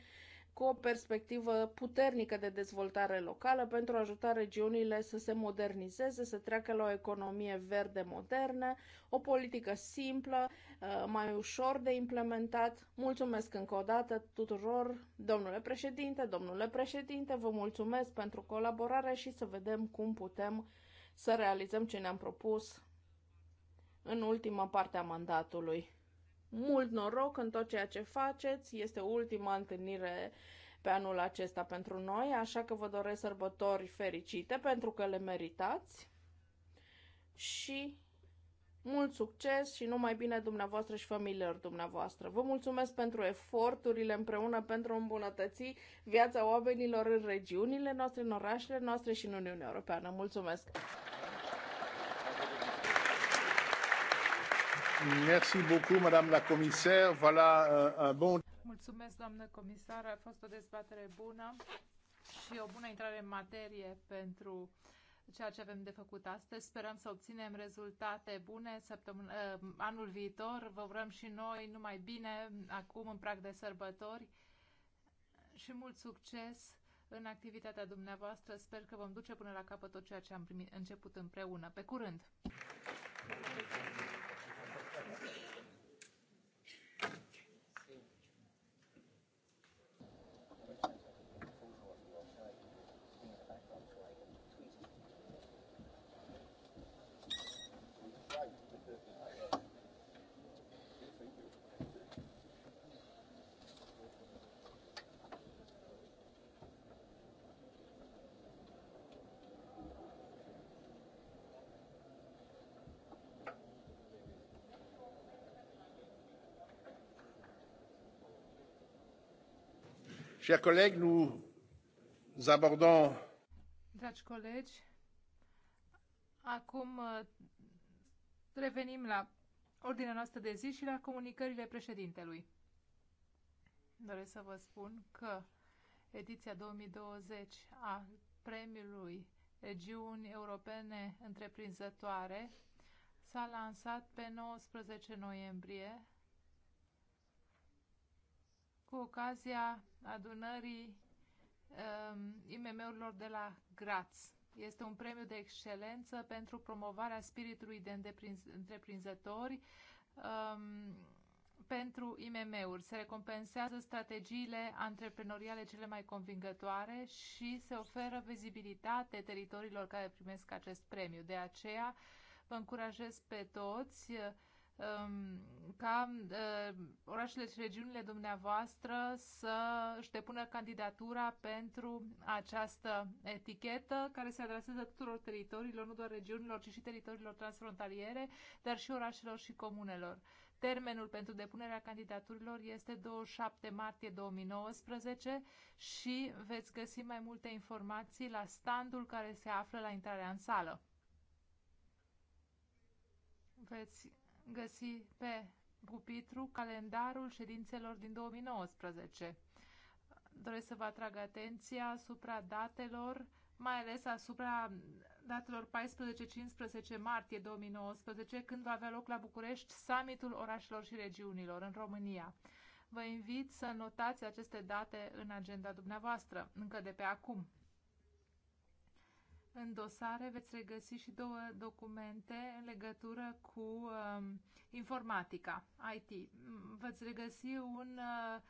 cu o perspectivă puternică de dezvoltare locală pentru a ajuta regiunile să se modernizeze, să treacă la o economie verde modernă, o politică simplă, uh, mai ușor de implementat. Mulțumesc încă o dată tuturor, domnule președinte, domnule președinte, vă mulțumesc pentru colaborare și să vedem cum putem să realizăm ce ne-am propus în ultima parte a mandatului mult noroc în tot ceea ce faceți. Este ultima întâlnire pe anul acesta pentru noi, așa că vă doresc sărbători fericite pentru că le meritați și mult succes și numai bine dumneavoastră și familiilor dumneavoastră. Vă mulțumesc pentru eforturile împreună pentru a îmbunătăți viața oamenilor în regiunile noastre, în orașele noastre și în Uniunea Europeană. Mulțumesc! Euh, Mulțumesc, doamnă comisar. A fost o dezbatere bună și o bună intrare în materie pentru ceea ce avem de făcut astăzi. Sperăm să obținem rezultate bune săptămână, uh, anul viitor. Vă urăm și noi numai bine acum în prag de sărbători și mult succes în activitatea dumneavoastră. Sper că vom duce până la capăt tot ceea ce am primit, început împreună. Pe curând! Chers collègues, nous abordons. Dragi colegi, acum uh, revenim la ordinea noastră de zi și la comunicările președintelui. Doresc să vă spun că ediția 2020 a premiului Regiuni Europene Întreprinzătoare s-a lansat pe 19 noiembrie cu ocazia adunării um, IMM-urilor de la Graz. Este un premiu de excelență pentru promovarea spiritului de întreprinzători um, pentru IMM-uri. Se recompensează strategiile antreprenoriale cele mai convingătoare și se oferă vizibilitate teritoriilor care primesc acest premiu. De aceea vă încurajez pe toți uh, Um, ca uh, orașele și regiunile dumneavoastră să își depună candidatura pentru această etichetă care se adresează tuturor teritoriilor, nu doar regiunilor, ci și teritoriilor transfrontaliere, dar și orașelor și comunelor. Termenul pentru depunerea candidaturilor este 27 martie 2019 și veți găsi mai multe informații la standul care se află la intrarea în sală. Veți găsi pe pupitru calendarul ședințelor din 2019. Doresc să vă atrag atenția asupra datelor, mai ales asupra datelor 14-15 martie 2019, când va avea loc la București summitul orașelor și regiunilor în România. Vă invit să notați aceste date în agenda dumneavoastră, încă de pe acum. În dosare veți regăsi și două documente în legătură cu um, informatica, IT. Veți regăsi un uh,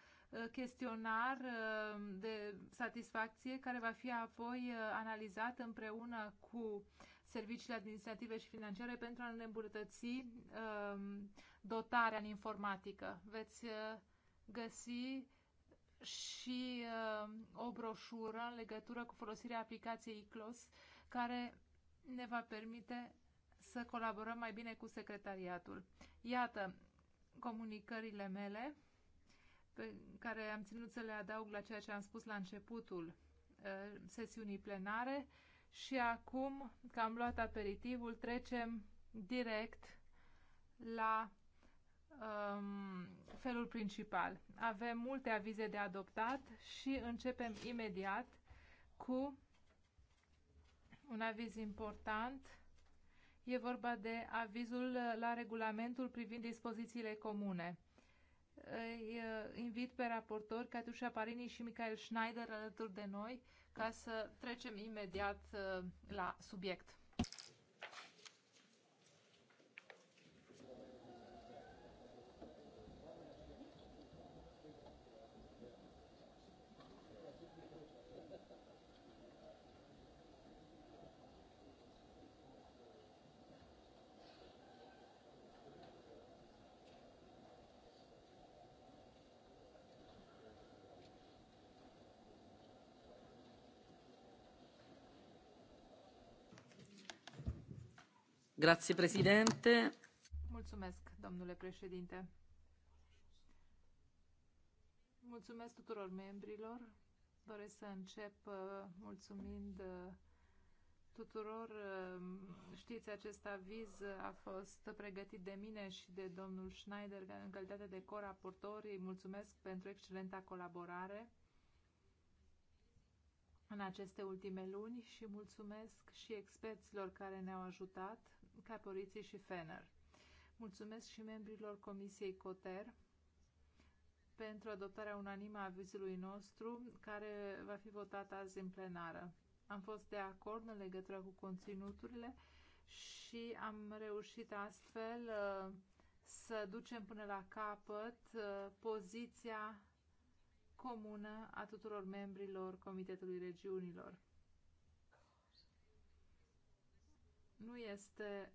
chestionar um, de satisfacție care va fi apoi uh, analizat împreună cu serviciile administrative și financiare pentru a ne îmbunătăți um, dotarea în informatică. Veți uh, găsi și uh, o broșură în legătură cu folosirea aplicației ICLOS care ne va permite să colaborăm mai bine cu secretariatul. Iată comunicările mele pe care am ținut să le adaug la ceea ce am spus la începutul uh, sesiunii plenare și acum că am luat aperitivul trecem direct la um, felul principal. Avem multe avize de adoptat și începem imediat cu un aviz important. E vorba de avizul la regulamentul privind dispozițiile comune. Îi uh, invit pe raportori Catușa Parini și Michael Schneider alături de noi ca să trecem imediat uh, la subiect. Mulțumesc, domnule președinte. Mulțumesc tuturor membrilor. Doresc să încep uh, mulțumind uh, tuturor. Um, știți, acest aviz a fost pregătit de mine și de domnul Schneider în calitate de coraportor. Îi mulțumesc pentru excelenta colaborare în aceste ultime luni și mulțumesc și experților care ne-au ajutat Caporiții și Fener. Mulțumesc și membrilor Comisiei COTER pentru adoptarea unanimă a avizului nostru, care va fi votat azi în plenară. Am fost de acord în legătură cu conținuturile și am reușit astfel uh, să ducem până la capăt uh, poziția comună a tuturor membrilor Comitetului Regiunilor. nu este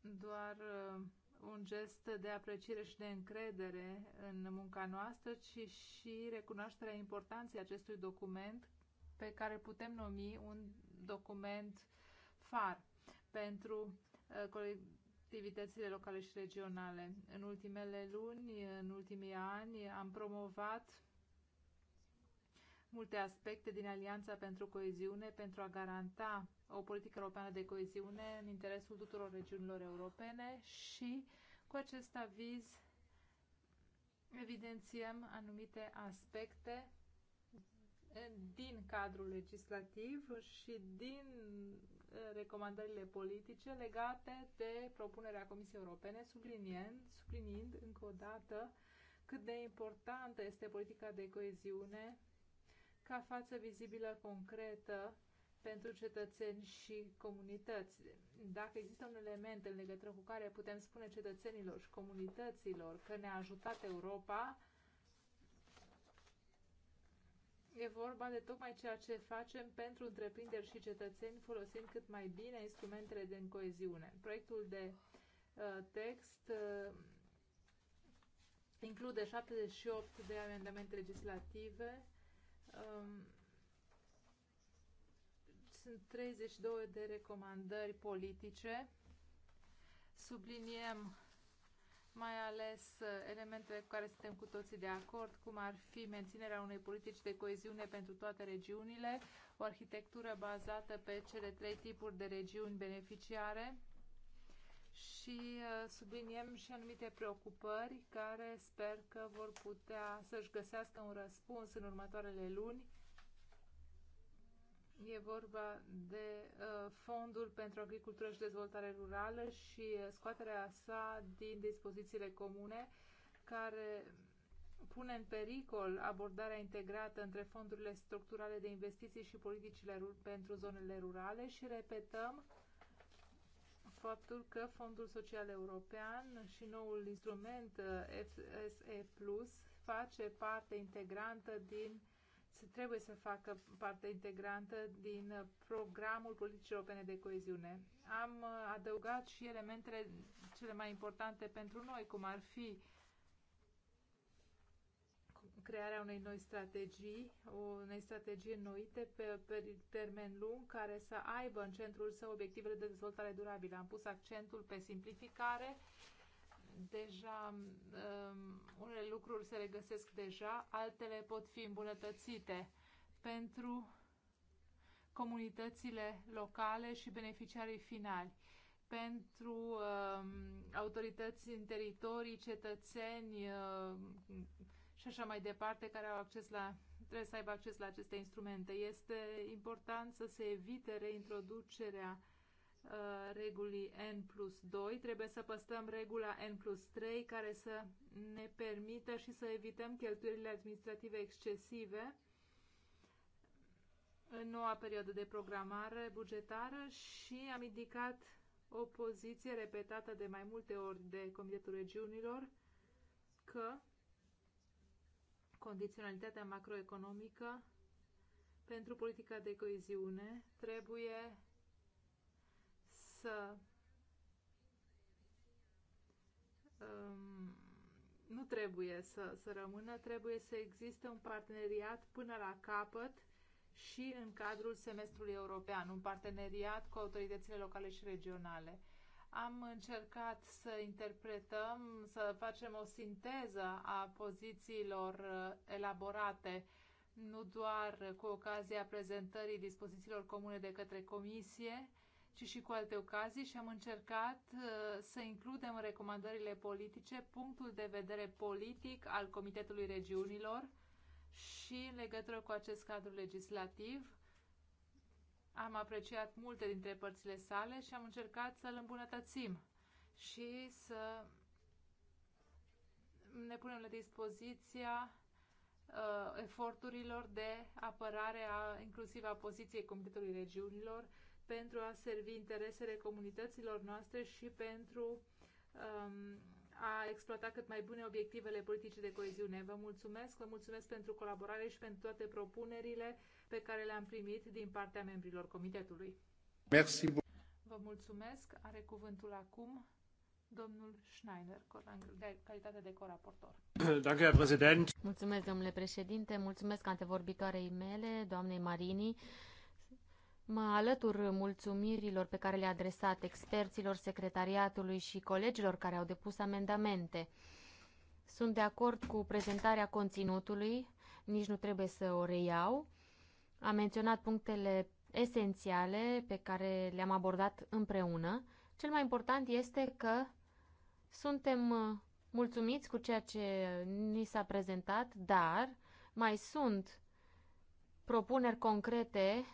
doar uh, un gest de apreciere și de încredere în munca noastră, ci și recunoașterea importanței acestui document pe care putem numi un document far pentru uh, colectivitățile locale și regionale. În ultimele luni, în ultimii ani, am promovat multe aspecte din Alianța pentru Coeziune pentru a garanta o politică europeană de coeziune în interesul tuturor regiunilor europene și cu acest aviz evidențiem anumite aspecte din cadrul legislativ și din uh, recomandările politice legate de propunerea Comisiei Europene, subliniind, subliniind încă o dată cât de importantă este politica de coeziune ca față vizibilă, concretă pentru cetățeni și comunități. Dacă există un element în legătură cu care putem spune cetățenilor și comunităților că ne-a ajutat Europa, E vorba de tocmai ceea ce facem pentru întreprinderi și cetățeni, folosind cât mai bine instrumentele din coeziune. Proiectul de uh, text uh, include 78 de amendamente legislative Um, sunt 32 de recomandări politice. Subliniem mai ales elementele cu care suntem cu toții de acord, cum ar fi menținerea unei politici de coeziune pentru toate regiunile, o arhitectură bazată pe cele trei tipuri de regiuni beneficiare, și uh, subliniem și anumite preocupări care sper că vor putea să-și găsească un răspuns în următoarele luni. E vorba de uh, Fondul pentru Agricultură și Dezvoltare Rurală și uh, scoaterea sa din dispozițiile comune care pune în pericol abordarea integrată între fondurile structurale de investiții și politicile pentru zonele rurale și repetăm faptul că Fondul Social European și noul instrument eh, FSE Plus face parte integrantă din trebuie să facă parte integrantă din programul politicii europene de coeziune. Am eh, adăugat și elementele cele mai importante pentru noi, cum ar fi crearea unei noi strategii, unei strategii noite pe, pe termen lung care să aibă în centrul său obiectivele de dezvoltare durabilă. Am pus accentul pe simplificare, deja um, unele lucruri se regăsesc deja, altele pot fi îmbunătățite pentru comunitățile locale și beneficiarii finali pentru uh, autorități în teritorii, cetățeni, uh, și așa mai departe, care au acces la, trebuie să aibă acces la aceste instrumente. Este important să se evite reintroducerea uh, regulii N plus 2. Trebuie să păstrăm regula N plus 3 care să ne permită și să evităm cheltuielile administrative excesive în noua perioadă de programare bugetară și am indicat o poziție repetată de mai multe ori de Comitetul Regiunilor că condiționalitatea macroeconomică pentru politica de coeziune trebuie să um, nu trebuie să, să rămână, trebuie să existe un parteneriat până la capăt și în cadrul semestrului european, un parteneriat cu autoritățile locale și regionale. Am încercat să interpretăm, să facem o sinteză a pozițiilor uh, elaborate nu doar cu ocazia prezentării dispozițiilor comune de către Comisie, ci și cu alte ocazii și am încercat uh, să includem în recomandările politice punctul de vedere politic al Comitetului Regiunilor și în legătură cu acest cadru legislativ am apreciat multe dintre părțile sale și am încercat să-l îmbunătățim și să ne punem la dispoziția uh, eforturilor de apărare a, inclusiv a poziției Comitetului Regiunilor pentru a servi interesele comunităților noastre și pentru um, a exploata cât mai bune obiectivele politicii de coeziune. Vă mulțumesc, vă mulțumesc pentru colaborare și pentru toate propunerile pe care le-am primit din partea membrilor comitetului. Merci. Vă mulțumesc. Are cuvântul acum domnul Schneider, în calitate de coraportor. Mulțumesc, domnule președinte. Mulțumesc antevorbitoarei mele, doamnei Marini. Mă alătur mulțumirilor pe care le-a adresat experților, secretariatului și colegilor care au depus amendamente. Sunt de acord cu prezentarea conținutului, nici nu trebuie să o reiau. Am menționat punctele esențiale pe care le-am abordat împreună. Cel mai important este că suntem uh, mulțumiți cu ceea ce ni s-a prezentat, dar mai sunt propuneri concrete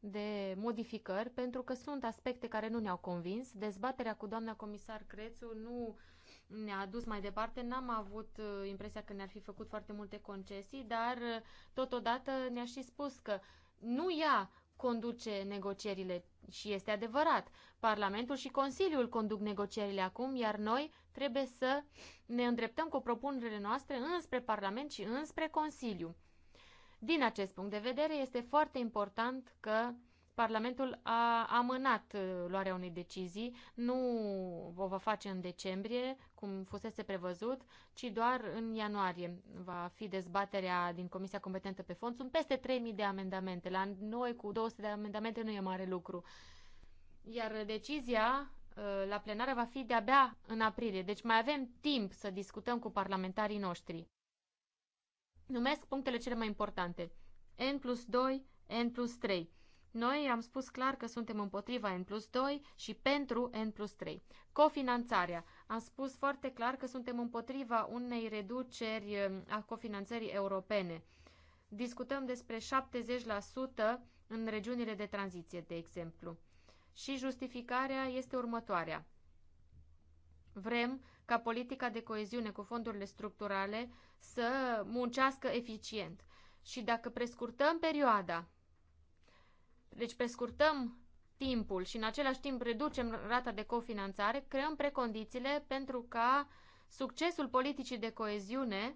de modificări, pentru că sunt aspecte care nu ne-au convins. Dezbaterea cu doamna comisar Crețu nu ne-a dus mai departe. N-am avut uh, impresia că ne-ar fi făcut foarte multe concesii, dar uh, totodată ne-a și spus că nu ea conduce negocierile și este adevărat. Parlamentul și Consiliul conduc negocierile acum, iar noi trebuie să ne îndreptăm cu propunerile noastre înspre Parlament și înspre Consiliu. Din acest punct de vedere, este foarte important că Parlamentul a amânat uh, luarea unei decizii, nu o va face în decembrie, cum fusese prevăzut, ci doar în ianuarie va fi dezbaterea din Comisia Competentă pe Fond. Sunt peste 3.000 de amendamente. La noi cu 200 de amendamente nu e mare lucru. Iar decizia uh, la plenară va fi de-abia în aprilie, deci mai avem timp să discutăm cu parlamentarii noștri. Numesc punctele cele mai importante. N plus 2, N plus 3 noi am spus clar că suntem împotriva N plus 2 și pentru N plus 3. Cofinanțarea. Am spus foarte clar că suntem împotriva unei reduceri a cofinanțării europene. Discutăm despre 70% în regiunile de tranziție, de exemplu. Și justificarea este următoarea. Vrem ca politica de coeziune cu fondurile structurale să muncească eficient. Și dacă prescurtăm perioada deci prescurtăm timpul și în același timp reducem rata de cofinanțare, creăm precondițiile pentru ca succesul politicii de coeziune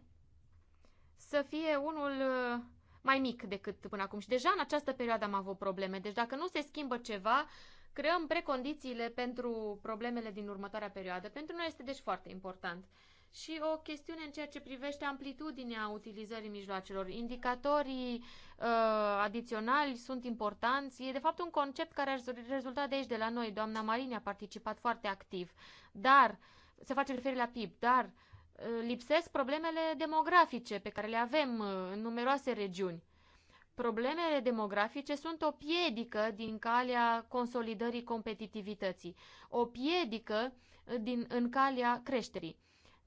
să fie unul uh, mai mic decât până acum. Și deja în această perioadă am avut probleme. Deci dacă nu se schimbă ceva, creăm precondițiile pentru problemele din următoarea perioadă. Pentru noi este deci foarte important și o chestiune în ceea ce privește amplitudinea utilizării mijloacelor. Indicatorii uh, adiționali sunt importanți. E de fapt un concept care a rezulta de aici, de la noi. Doamna Marini a participat foarte activ, dar se face referire la PIB, dar uh, lipsesc problemele demografice pe care le avem uh, în numeroase regiuni. Problemele demografice sunt o piedică din calea consolidării competitivității, o piedică din, în calea creșterii.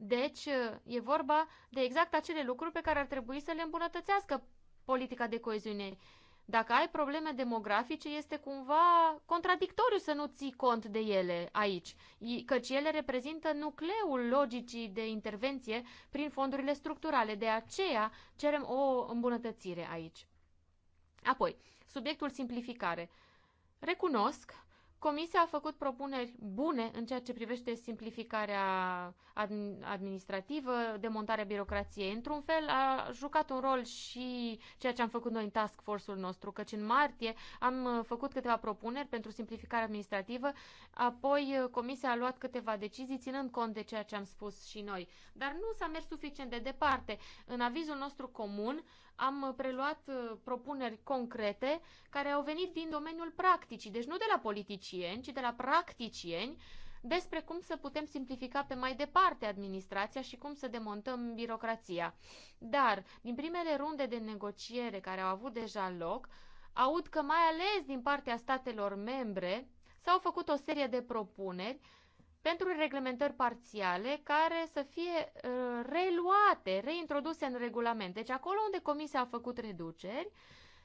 Deci, uh, e vorba de exact acele lucruri pe care ar trebui să le îmbunătățească politica de coeziune. Dacă ai probleme demografice, este cumva contradictoriu să nu ții cont de ele aici, căci ele reprezintă nucleul logicii de intervenție prin fondurile structurale. De aceea cerem o îmbunătățire aici. Apoi, subiectul simplificare. Recunosc Comisia a făcut propuneri bune în ceea ce privește simplificarea administrativă, demontarea birocrației. Într-un fel, a jucat un rol și ceea ce am făcut noi în task force-ul nostru, căci în martie am uh, făcut câteva propuneri pentru simplificarea administrativă, apoi uh, Comisia a luat câteva decizii ținând cont de ceea ce am spus și noi. Dar nu s-a mers suficient de departe. În avizul nostru comun am uh, preluat uh, propuneri concrete care au venit din domeniul practicii, deci nu de la politicieni, ci de la practicieni, despre cum să putem simplifica pe mai departe administrația și cum să demontăm birocrația. Dar, din primele runde de negociere care au avut deja loc, aud că mai ales din partea statelor membre s-au făcut o serie de propuneri pentru reglementări parțiale care să fie uh, reluate, reintroduse în regulament. Deci acolo unde Comisia a făcut reduceri,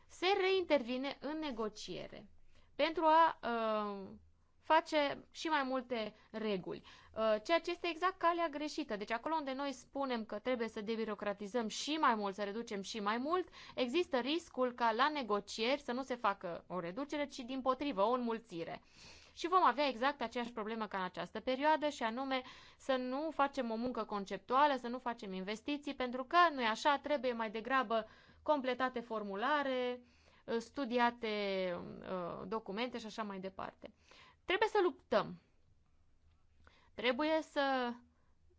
se reintervine în negociere pentru a uh, face și mai multe reguli. Uh, ceea ce este exact calea greșită. Deci acolo unde noi spunem că trebuie să debirocratizăm și mai mult, să reducem și mai mult, există riscul ca la negocieri să nu se facă o reducere, ci din potrivă o înmulțire. Uh, și vom avea exact aceeași problemă ca în această perioadă și anume să nu facem o muncă conceptuală, să nu facem investiții, pentru că, nu așa, trebuie mai degrabă completate formulare, uh, studiate uh, documente și așa mai departe. Trebuie să luptăm. Trebuie să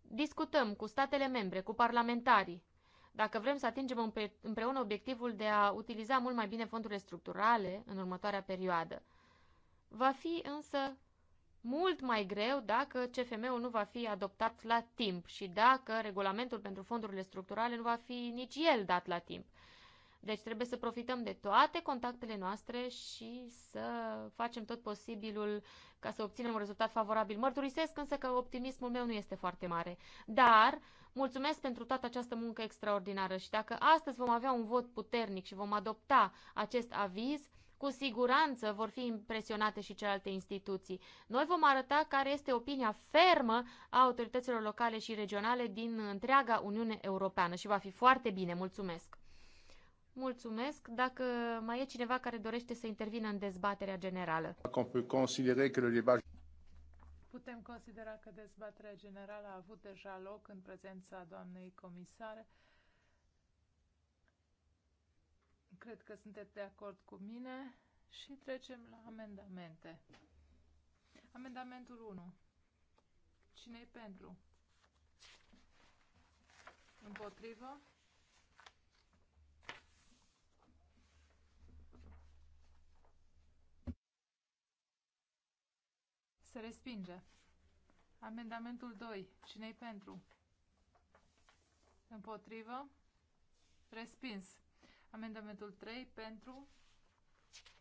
discutăm cu statele membre, cu parlamentarii, dacă vrem să atingem împreună obiectivul de a utiliza mult mai bine fondurile structurale în următoarea perioadă. Va fi însă mult mai greu dacă CFM-ul nu va fi adoptat la timp și dacă regulamentul pentru fondurile structurale nu va fi nici el dat la timp. Deci trebuie să profităm de toate contactele noastre și să facem tot posibilul ca să obținem un rezultat favorabil. Mărturisesc însă că optimismul meu nu este foarte mare. Dar mulțumesc pentru toată această muncă extraordinară și dacă astăzi vom avea un vot puternic și vom adopta acest aviz, cu siguranță vor fi impresionate și celelalte instituții. Noi vom arăta care este opinia fermă a autorităților locale și regionale din întreaga Uniune Europeană și va fi foarte bine. Mulțumesc! Mulțumesc. Dacă mai e cineva care dorește să intervină în dezbaterea generală. Putem considera că dezbaterea generală a avut deja loc în prezența doamnei comisare. cred că sunteți de acord cu mine și trecem la amendamente. Amendamentul 1. cine e pentru? Împotrivă? Se respinge. Amendamentul 2. cine e pentru? Împotrivă? Respins. Amendamentul 3 pentru,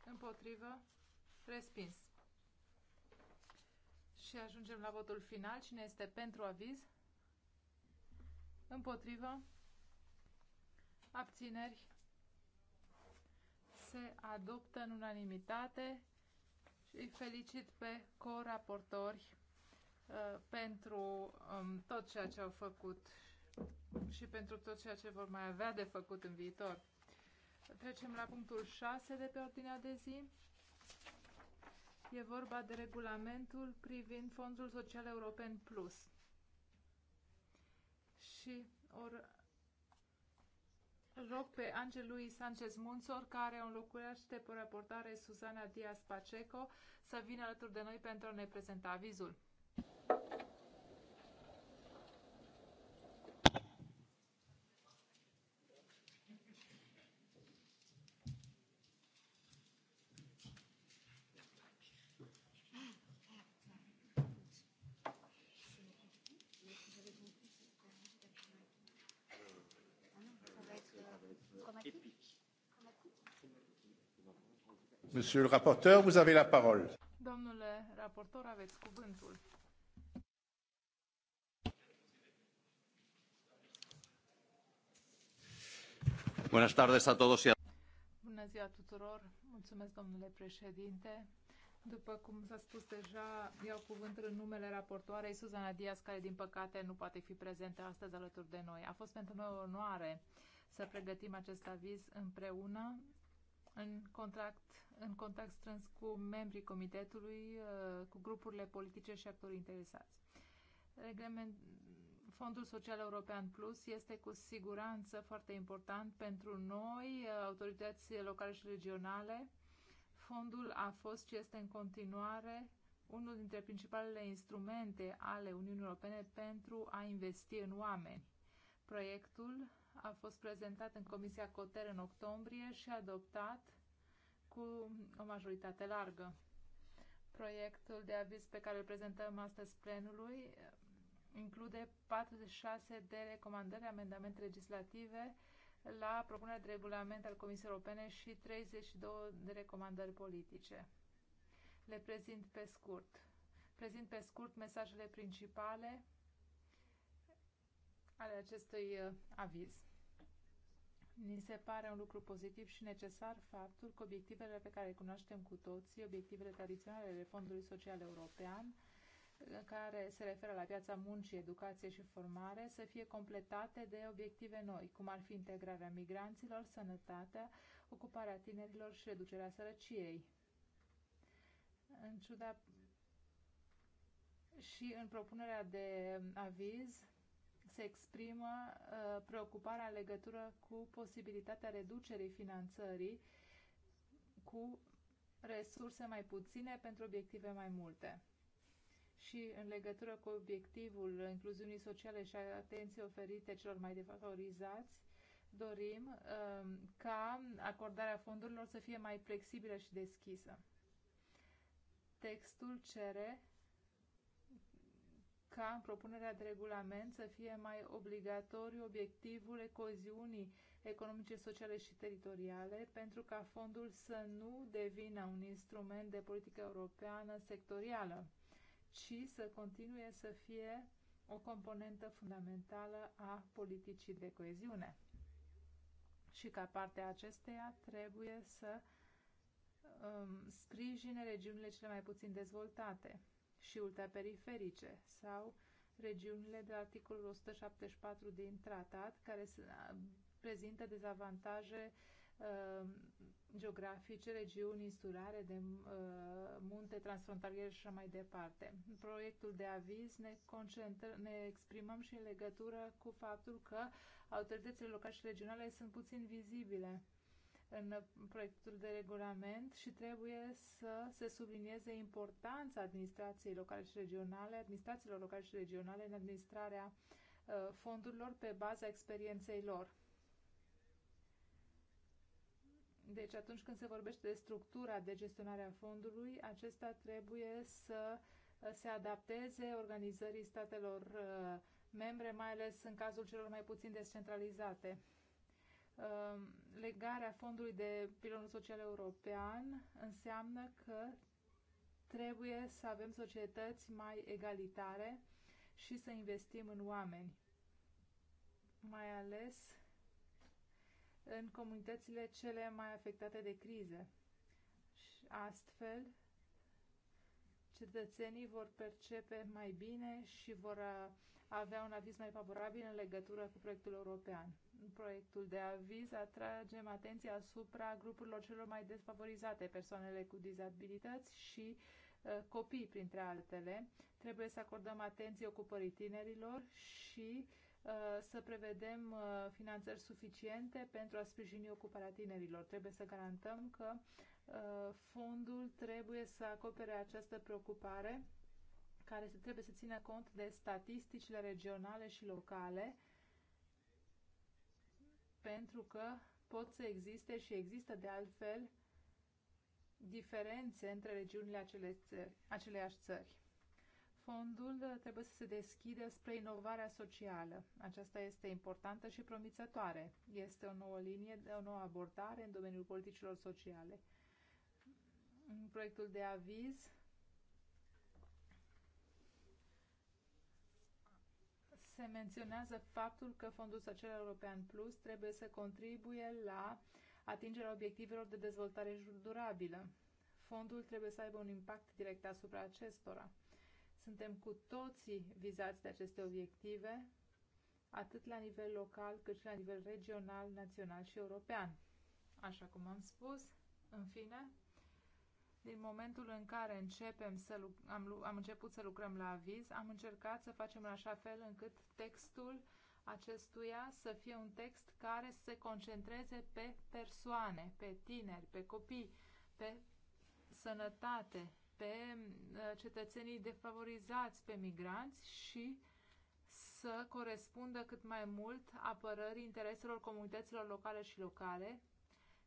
împotrivă, respins. Și ajungem la votul final. Cine este pentru aviz? Împotrivă, abțineri, se adoptă în unanimitate și îi felicit pe coraportori uh, pentru um, tot ceea ce au făcut și pentru tot ceea ce vor mai avea de făcut în viitor. Trecem la punctul 6 de pe ordinea de zi. E vorba de regulamentul privind Fondul Social European Plus. Și or, rog pe Angelui Sanchez Munțor, care o înlocuiește pe raportare Suzana Diaz Paceco, să vină alături de noi pentru a ne prezenta avizul. Monsieur le rapporteur, vous avez la parole. Domnule raportor, aveți cuvântul. Buenas tardes a todos y a... Bună ziua tuturor. Mulțumesc, domnule președinte. După cum s-a spus deja, iau cuvântul în numele raportoarei Suzana Diaz, care din păcate nu poate fi prezentă astăzi alături de noi. A fost pentru noi o onoare să pregătim acest aviz împreună în, contract, în contact strâns cu membrii comitetului, uh, cu grupurile politice și actorii interesați. Reglement, Fondul Social European Plus este cu siguranță foarte important pentru noi, uh, autorități locale și regionale. Fondul a fost și este în continuare unul dintre principalele instrumente ale Uniunii Europene pentru a investi în oameni. Proiectul a fost prezentat în Comisia Coter în octombrie și adoptat cu o majoritate largă. Proiectul de aviz pe care îl prezentăm astăzi plenului eh, include 46 de recomandări, amendamente legislative la propunerea de regulament al Comisiei Europene și 32 de recomandări politice. Le prezint pe scurt. Prezint pe scurt mesajele principale ale acestui uh, aviz. Ni se pare un lucru pozitiv și necesar faptul că obiectivele pe care le cunoaștem cu toții, obiectivele tradiționale ale Fondului Social European, uh, care se referă la piața muncii, educație și formare, să fie completate de obiective noi, cum ar fi integrarea migranților, sănătatea, ocuparea tinerilor și reducerea sărăciei. În ciuda și în propunerea de aviz, se exprimă uh, preocuparea în legătură cu posibilitatea reducerii finanțării cu resurse mai puține pentru obiective mai multe. Și în legătură cu obiectivul incluziunii sociale și atenției oferite celor mai defavorizați, dorim uh, ca acordarea fondurilor să fie mai flexibilă și deschisă. Textul cere ca în propunerea de regulament să fie mai obligatoriu obiectivul coeziunii economice, sociale și teritoriale, pentru ca fondul să nu devină un instrument de politică europeană sectorială, ci să continue să fie o componentă fundamentală a politicii de coeziune. Și ca parte a acesteia trebuie să um, sprijine regiunile cele mai puțin dezvoltate și ultraperiferice sau regiunile de articolul 174 din tratat, care prezintă dezavantaje ă, geografice, regiuni insulare de ă, munte transfrontaliere și așa mai departe. În proiectul de aviz ne, ne exprimăm și în legătură cu faptul că autoritățile locale și regionale sunt puțin vizibile în proiectul de regulament și trebuie să se sublinieze importanța administrației locale și regionale, administrațiilor locale și regionale în administrarea uh, fondurilor pe baza experienței lor. Deci atunci când se vorbește de structura de gestionare a fondului, acesta trebuie să uh, se adapteze organizării statelor uh, membre, mai ales în cazul celor mai puțin descentralizate. Um, legarea fondului de pilonul social european înseamnă că trebuie să avem societăți mai egalitare și să investim în oameni, mai ales în comunitățile cele mai afectate de crize. Și astfel, cetățenii vor percepe mai bine și vor uh, avea un aviz mai favorabil în legătură cu proiectul european proiectul de aviz atragem atenția asupra grupurilor celor mai desfavorizate, persoanele cu dizabilități și uh, copii, printre altele. Trebuie să acordăm atenție ocupării tinerilor și uh, să prevedem uh, finanțări suficiente pentru a sprijini ocuparea tinerilor. Trebuie să garantăm că fondul trebuie să acopere această preocupare care trebuie să țină cont de statisticile regionale și locale pentru că pot să existe și există de altfel diferențe între regiunile acele țări, aceleiași țări. Fondul trebuie să se deschidă spre inovarea socială. Aceasta este importantă și promițătoare. Este o nouă linie, o nouă abordare în domeniul politicilor sociale. În proiectul de aviz se menționează faptul că Fondul Social European Plus trebuie să contribuie la atingerea obiectivelor de dezvoltare durabilă. Fondul trebuie să aibă un impact direct asupra acestora. Suntem cu toții vizați de aceste obiective, atât la nivel local, cât și la nivel regional, național și european. Așa cum am spus, în fine, din momentul în care începem să am, am început să lucrăm la aviz, am încercat să facem în așa fel încât textul acestuia să fie un text care să se concentreze pe persoane, pe tineri, pe copii, pe sănătate, pe uh, cetățenii defavorizați, pe migranți și să corespundă cât mai mult apărării intereselor comunităților locale și locale,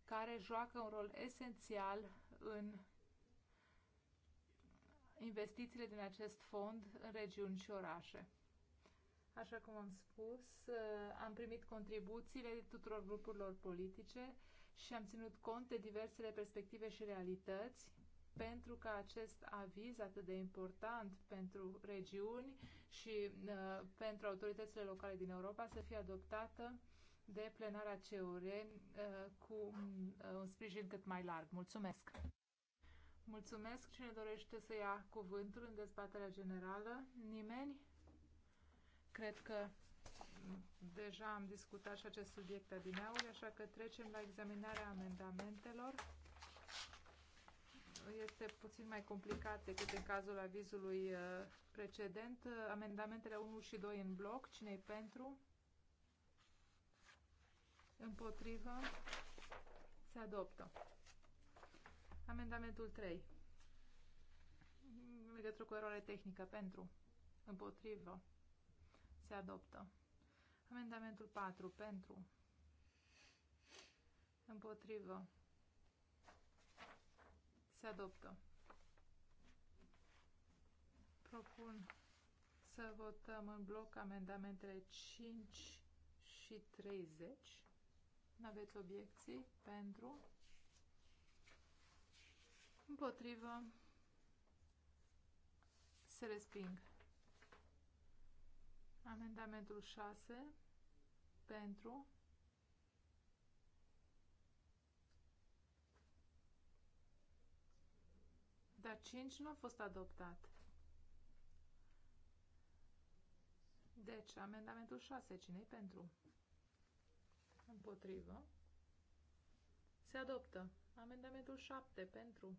care joacă un rol esențial în investițiile din acest fond în regiuni și orașe. Așa cum am spus, uh, am primit contribuțiile tuturor grupurilor politice și am ținut cont de diversele perspective și realități pentru ca acest aviz atât de important pentru regiuni și uh, pentru autoritățile locale din Europa să fie adoptată de plenarea CEUR uh, cu uh, un sprijin cât mai larg. Mulțumesc! Mulțumesc. Cine dorește să ia cuvântul în dezbaterea generală? Nimeni? Cred că deja am discutat și acest subiect adineauri, așa că trecem la examinarea amendamentelor. Este puțin mai complicat decât în cazul avizului uh, precedent. Amendamentele 1 și 2 în bloc. cine pentru? Împotrivă? Se adoptă. Amendamentul 3. În legătură cu eroare tehnică. Pentru. Împotrivă. Se adoptă. Amendamentul 4. Pentru. Împotrivă. Se adoptă. Propun să votăm în bloc amendamentele 5 și 30. Nu aveți obiecții? Pentru împotrivă, se resping. Amendamentul 6 pentru Dar 5 nu a fost adoptat. Deci, amendamentul 6, cine i pentru? Împotrivă. Se adoptă. Amendamentul 7, pentru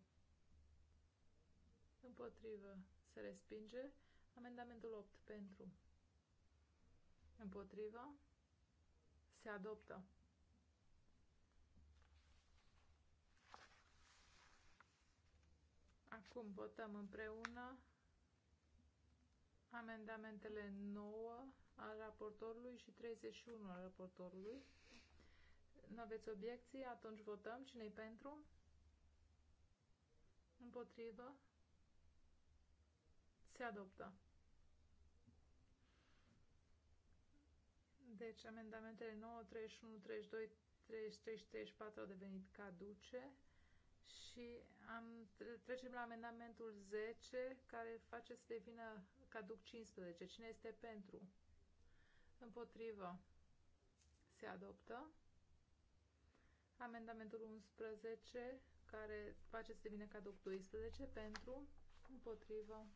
împotrivă, se respinge. Amendamentul 8 pentru, împotrivă, se adoptă. Acum votăm împreună amendamentele 9 al raportorului și 31 al raportorului. Nu aveți obiecții? Atunci votăm. Cine-i pentru? Împotrivă? Se adoptă. Deci, amendamentele 9, 31, 32, 33 și 34 au devenit caduce și am, trecem la amendamentul 10, care face să devină caduc 15. Cine este pentru? Împotrivă. Se adoptă. Amendamentul 11, care face să devină caduc 12, pentru, împotrivă,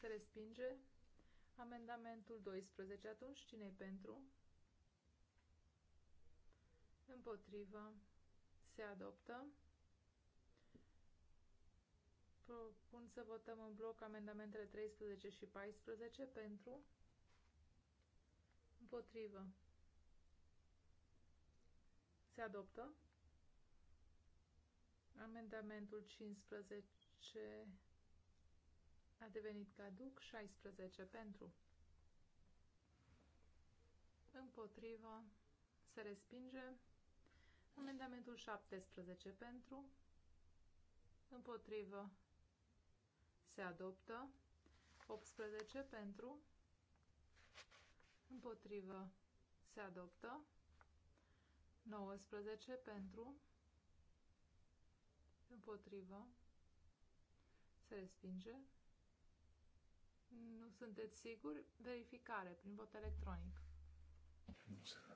se respinge. Amendamentul 12. Atunci cine e pentru? Împotrivă. Se adoptă. Propun să votăm în bloc amendamentele 13 și 14 pentru. Împotrivă. Se adoptă. Amendamentul 15 a devenit caduc 16 pentru Împotriva se respinge amendamentul 17 pentru împotrivă se adoptă 18 pentru împotrivă se adoptă 19 pentru împotrivă se respinge nu sunteți siguri? Verificare prin vot electronic. 19.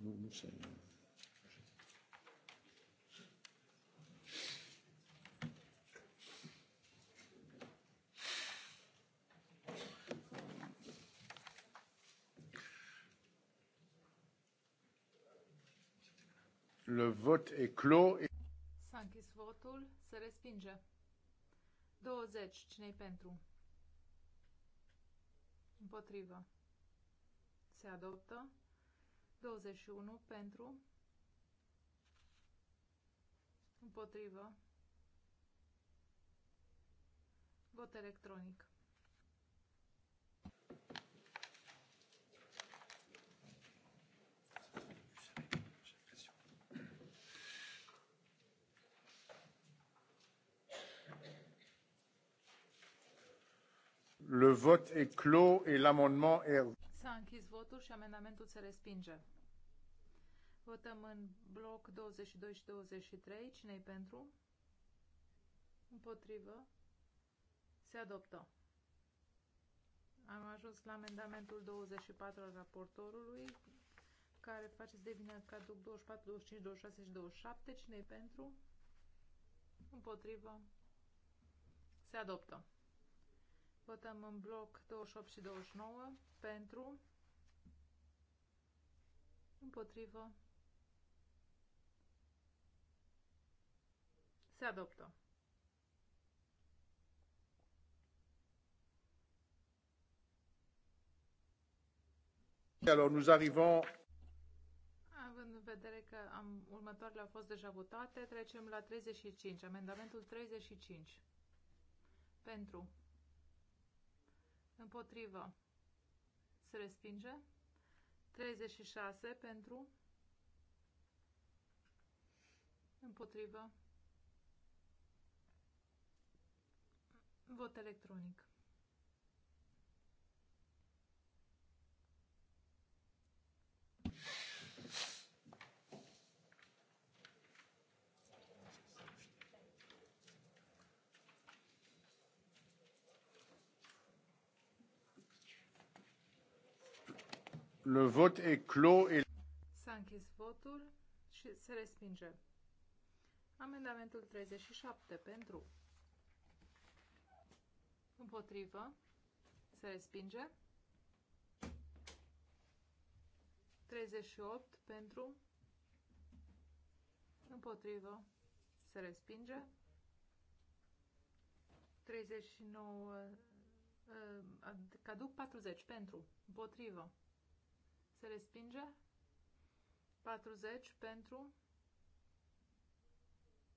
Nu, nu se. Le vote est clos. Et... votul, se respinge. 20. Cine-i pentru? Împotrivă. Se adoptă. 21. Pentru. Împotrivă. Vot electronic. Le vot est clos et l'amendement est... S-a închis votul și amendamentul se respinge. Votăm în bloc 22 și 23. cine pentru? Împotrivă. Se adoptă. Am ajuns la amendamentul 24 al raportorului, care face să devină caduc 24, 25, 26 și 27. cine pentru? Împotrivă. Se adoptă. Votăm în bloc 28 și 29 pentru, împotrivă, se adoptă. Alors nous arrivons Având în vedere că am, următoarele au fost deja votate, trecem la 35, amendamentul 35. Pentru împotrivă, se respinge. 36 pentru, împotrivă, vot electronic. Le vot e clos et... S-a închis votul și se respinge. Amendamentul 37 pentru. Împotrivă. Se respinge. 38 pentru. Împotrivă. Se respinge. 39 uh, caduc 40 pentru. Împotrivă. Se respinge. 40 pentru.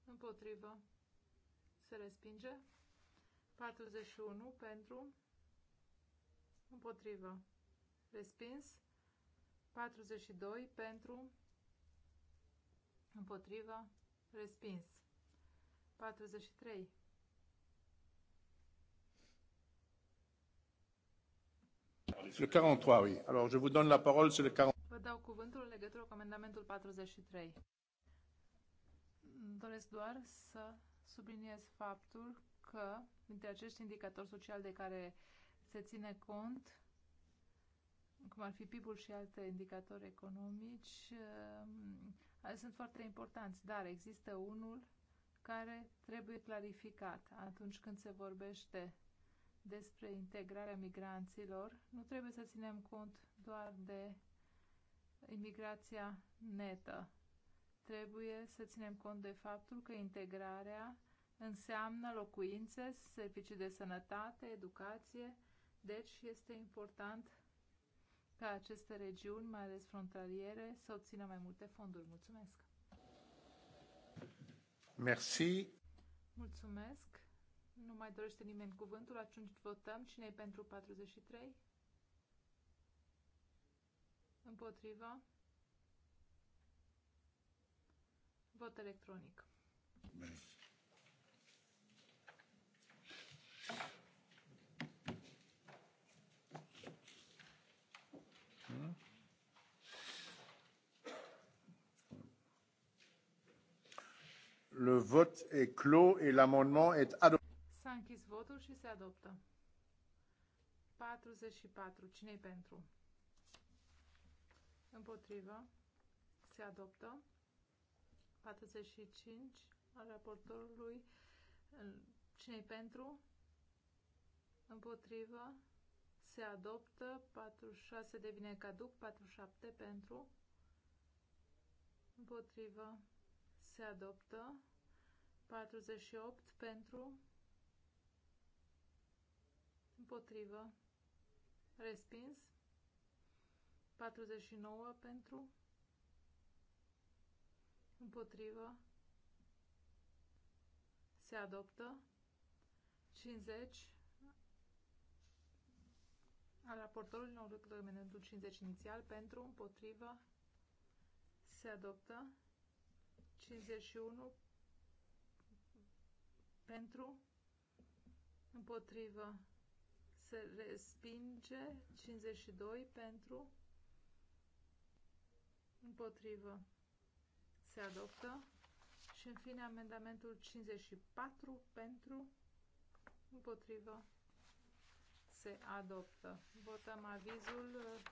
Împotrivă. Se respinge. 41 pentru. Împotrivă. Respins. 42 pentru. Împotrivă. Respins. 43 Le 43, oui. Alors, je vous donne la parole sur le 43. Vă dau cuvântul în legătură cu amendamentul 43. Doresc doar să subliniez faptul că dintre acești indicatori sociali de care se ține cont, cum ar fi PIB-ul și alte indicatori economici, ehm, sunt foarte importanți, dar există unul care trebuie clarificat atunci când se vorbește despre integrarea migranților, nu trebuie să ținem cont doar de imigrația netă. Trebuie să ținem cont de faptul că integrarea înseamnă locuințe, servicii de sănătate, educație, deci este important ca aceste regiuni, mai ales frontaliere, să obțină mai multe fonduri. Mulțumesc! Merci! Mulțumesc! Nu mai dorește nimeni cuvântul, atunci votăm. cine e pentru 43? Împotriva? Vot electronic. Bine. Le vote est clos et l'amendement est adopté închis votul și se adoptă. 44. Cine-i pentru? Împotrivă. Se adoptă. 45 al raportorului. Cine-i pentru? Împotrivă. Se adoptă. 46 devine caduc. 47 pentru. Împotrivă. Se adoptă. 48 pentru împotrivă, respins, 49 pentru, împotrivă, se adoptă, 50 al raportorului nou documentul 50 inițial pentru, împotrivă, se adoptă, 51 pentru, împotrivă, se respinge 52 pentru împotrivă se adoptă și în fine amendamentul 54 pentru împotrivă se adoptă. Votăm avizul uh,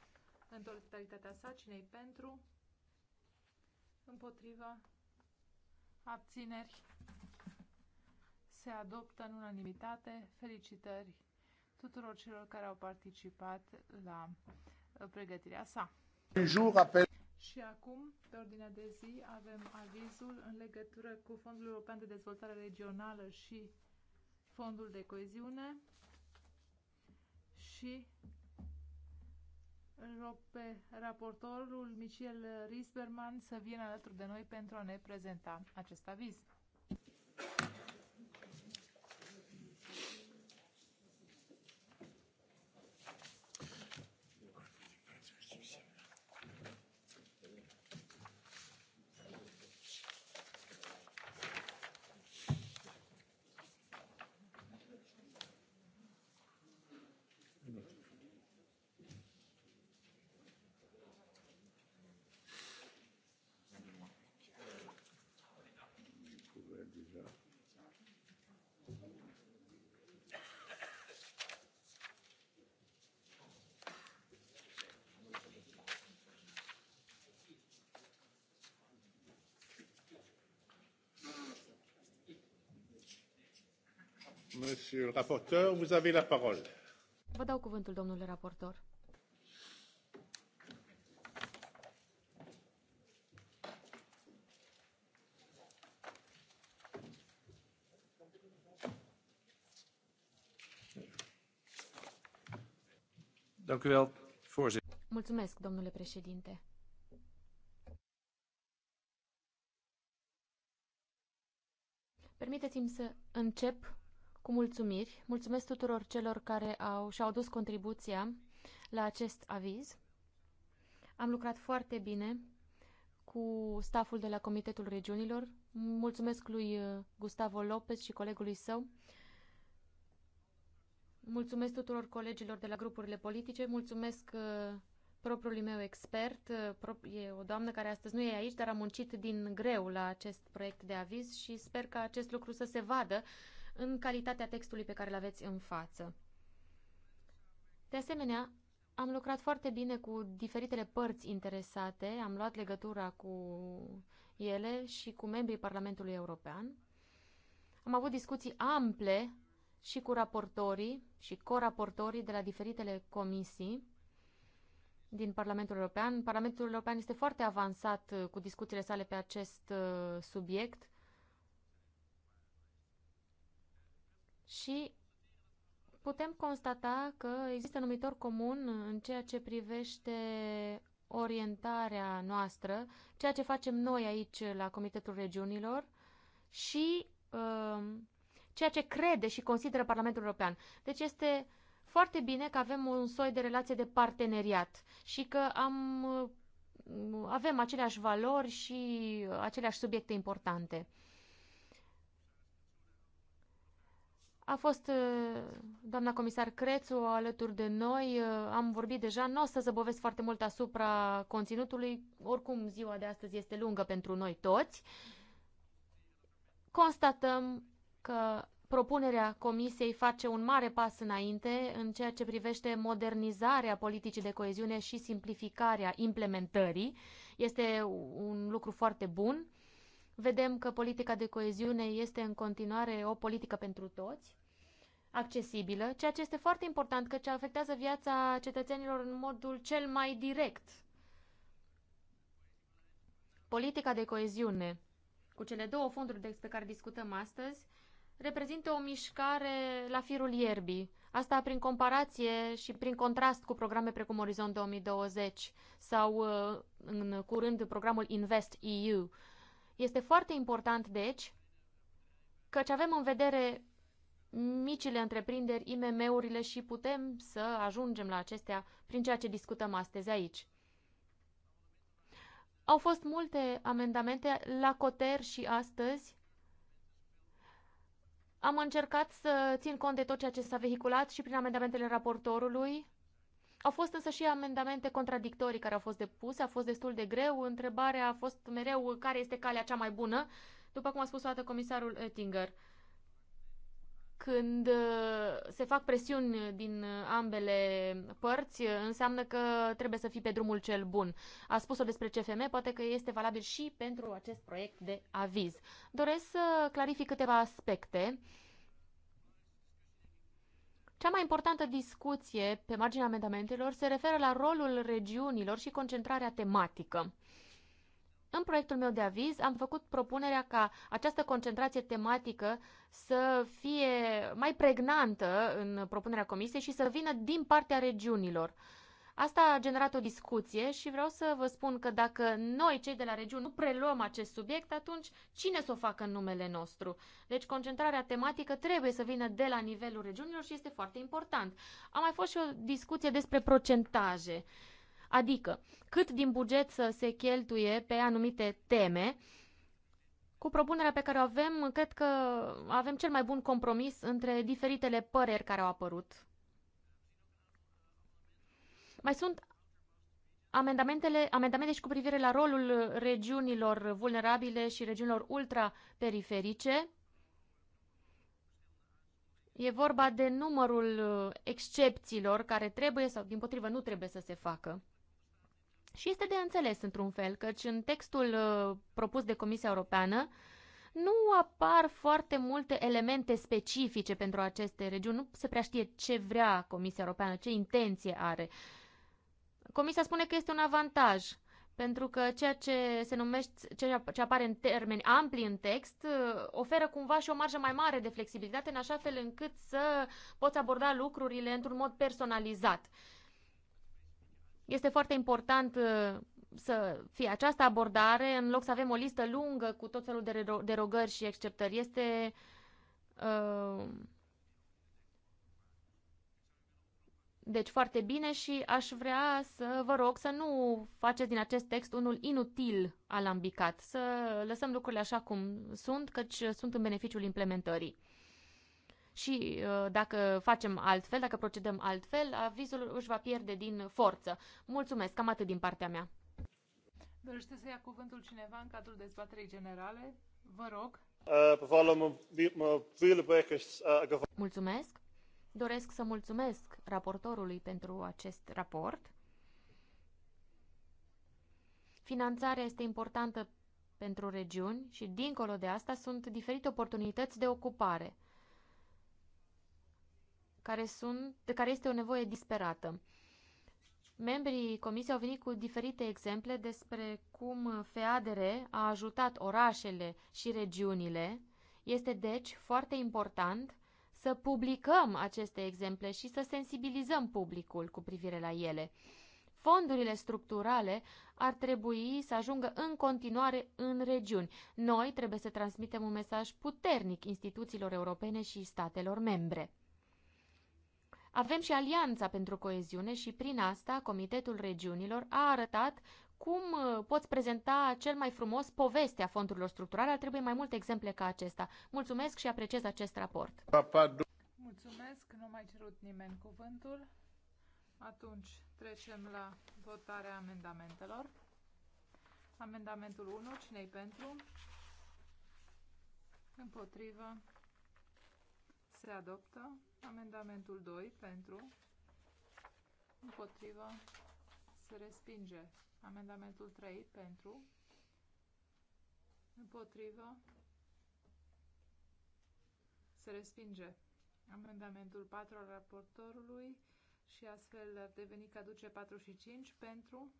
în totalitatea sa. cine pentru? Împotriva? Abțineri? Se adoptă în unanimitate. Felicitări! tuturor celor care au participat la uh, pregătirea sa. Și acum, pe ordinea de zi, avem avizul în legătură cu Fondul European de Dezvoltare Regională și Fondul de Coeziune și rog pe raportorul Michel Risberman să vină alături de noi pentru a ne prezenta acest aviz. Monsieur le rapporteur, vous avez la parole. Vă dau cuvântul, domnule raportor. Mulțumesc, domnule președinte. Permiteți-mi să încep cu mulțumiri. Mulțumesc tuturor celor care au, și-au dus contribuția la acest aviz. Am lucrat foarte bine cu staful de la Comitetul Regiunilor. Mulțumesc lui uh, Gustavo Lopez și colegului său. Mulțumesc tuturor colegilor de la grupurile politice. Mulțumesc uh, propriului meu expert. Uh, e o doamnă care astăzi nu e aici, dar a muncit din greu la acest proiect de aviz și sper că acest lucru să se vadă în calitatea textului pe care îl aveți în față. De asemenea, am lucrat foarte bine cu diferitele părți interesate, am luat legătura cu ele și cu membrii Parlamentului European. Am avut discuții ample și cu raportorii și coraportorii de la diferitele comisii din Parlamentul European. Parlamentul European este foarte avansat cu discuțiile sale pe acest uh, subiect și putem constata că există numitor comun în ceea ce privește orientarea noastră, ceea ce facem noi aici la Comitetul Regiunilor și uh, ceea ce crede și consideră Parlamentul European. Deci este foarte bine că avem un soi de relație de parteneriat și că am, um, avem aceleași valori și aceleași subiecte importante. A fost uh, doamna comisar Crețu alături de noi, uh, am vorbit deja, nu o să zăbovesc foarte mult asupra conținutului, oricum ziua de astăzi este lungă pentru noi toți. Constatăm că propunerea Comisiei face un mare pas înainte în ceea ce privește modernizarea politicii de coeziune și simplificarea implementării. Este un lucru foarte bun. Vedem că politica de coeziune este în continuare o politică pentru toți accesibilă, ceea ce este foarte important, că ce afectează viața cetățenilor în modul cel mai direct. Politica de coeziune, cu cele două fonduri despre care discutăm astăzi, reprezintă o mișcare la firul ierbii. Asta prin comparație și prin contrast cu programe precum Orizont 2020 sau, uh, în curând, programul Invest EU. Este foarte important, deci, căci avem în vedere micile întreprinderi, IMM-urile și putem să ajungem la acestea prin ceea ce discutăm astăzi aici. Au fost multe amendamente la Coter și astăzi. Am încercat să țin cont de tot ceea ce s-a vehiculat și prin amendamentele raportorului. Au fost însă și amendamente contradictorii care au fost depuse, a fost destul de greu, întrebarea a fost mereu care este calea cea mai bună, după cum a spus o dată comisarul Oettinger când uh, se fac presiuni din uh, ambele părți, uh, înseamnă că trebuie să fii pe drumul cel bun. A spus-o despre CFM, poate că este valabil și pentru acest proiect de aviz. Doresc să clarific câteva aspecte. Cea mai importantă discuție pe marginea amendamentelor se referă la rolul regiunilor și concentrarea tematică. În proiectul meu de aviz am făcut propunerea ca această concentrație tematică să fie mai pregnantă în propunerea comisiei și să vină din partea regiunilor. Asta a generat o discuție și vreau să vă spun că dacă noi, cei de la regiuni, nu preluăm acest subiect, atunci cine să o facă în numele nostru? Deci concentrarea tematică trebuie să vină de la nivelul regiunilor și este foarte important. A mai fost și o discuție despre procentaje. Adică, cât din buget să se cheltuie pe anumite teme, cu propunerea pe care o avem, cred că avem cel mai bun compromis între diferitele păreri care au apărut. Mai sunt amendamentele, amendamente și cu privire la rolul regiunilor vulnerabile și regiunilor ultraperiferice. E vorba de numărul excepțiilor care trebuie sau, din potrivă, nu trebuie să se facă. Și este de înțeles, într-un fel, căci în textul uh, propus de Comisia Europeană nu apar foarte multe elemente specifice pentru aceste regiuni. Nu se prea știe ce vrea Comisia Europeană, ce intenție are. Comisia spune că este un avantaj, pentru că ceea ce se numește, ceea ce apare în termeni ampli în text, uh, oferă cumva și o marjă mai mare de flexibilitate, în așa fel încât să poți aborda lucrurile într-un mod personalizat. Este foarte important uh, să fie această abordare, în loc să avem o listă lungă cu tot felul de derogări și exceptări. Este uh, deci foarte bine și aș vrea să vă rog să nu faceți din acest text unul inutil alambicat, să lăsăm lucrurile așa cum sunt, căci sunt în beneficiul implementării. Și uh, dacă facem altfel, dacă procedăm altfel, avizul își va pierde din forță. Mulțumesc, cam atât din partea mea. Dorește să ia cuvântul cineva în cadrul dezbaterii generale? Vă rog. Mulțumesc. Doresc să mulțumesc raportorului pentru acest raport. Finanțarea este importantă pentru regiuni și, dincolo de asta, sunt diferite oportunități de ocupare care sunt, de care este o nevoie disperată. Membrii comisiei au venit cu diferite exemple despre cum FEADR a ajutat orașele și regiunile. Este deci foarte important să publicăm aceste exemple și să sensibilizăm publicul cu privire la ele. Fondurile structurale ar trebui să ajungă în continuare în regiuni. Noi trebuie să transmitem un mesaj puternic instituțiilor europene și statelor membre. Avem și Alianța pentru Coeziune și prin asta Comitetul Regiunilor a arătat cum uh, poți prezenta cel mai frumos povestea fondurilor structurale. Ar trebui mai multe exemple ca acesta. Mulțumesc și apreciez acest raport. Mulțumesc, nu mai cerut nimeni cuvântul. Atunci trecem la votarea amendamentelor. Amendamentul 1, cine-i pentru? Împotrivă. Se adoptă. Amendamentul 2 pentru, împotrivă, se respinge. Amendamentul 3 pentru, împotrivă, se respinge. Amendamentul 4 al raportorului și astfel ar deveni caduce 4 și 5 pentru,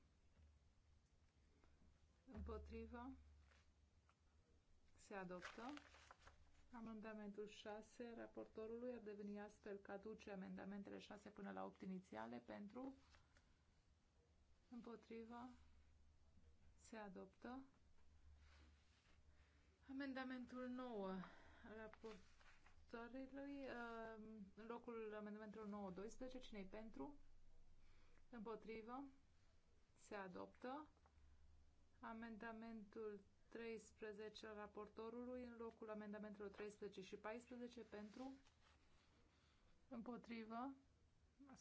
împotrivă, se adoptă. Amendamentul 6, raportorului ar deveni astfel caduce amendamentele 6 până la 8 inițiale pentru împotriva se adoptă. Amendamentul 9, raportorului, uh, în locul amendamentului 9, 12, cine pentru? Împotrivă se adoptă. Amendamentul 13 al raportorului în locul amendamentelor 13 și 14 pentru împotrivă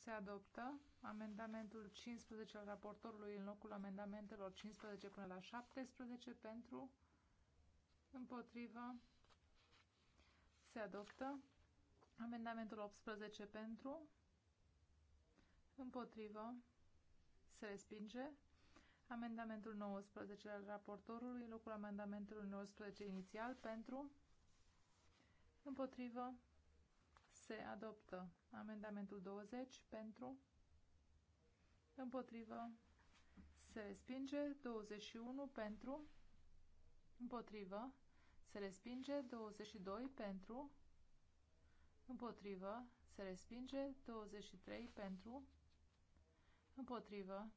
se adoptă amendamentul 15 al raportorului în locul amendamentelor 15 până la 17 pentru împotrivă se adoptă amendamentul 18 pentru împotrivă se respinge Amendamentul 19 al raportorului, în locul amendamentului 19 inițial, pentru, împotrivă, se adoptă. Amendamentul 20, pentru, împotrivă, se respinge. 21, pentru, împotrivă, se respinge. 22, pentru, împotrivă, se respinge. 23, pentru, împotrivă,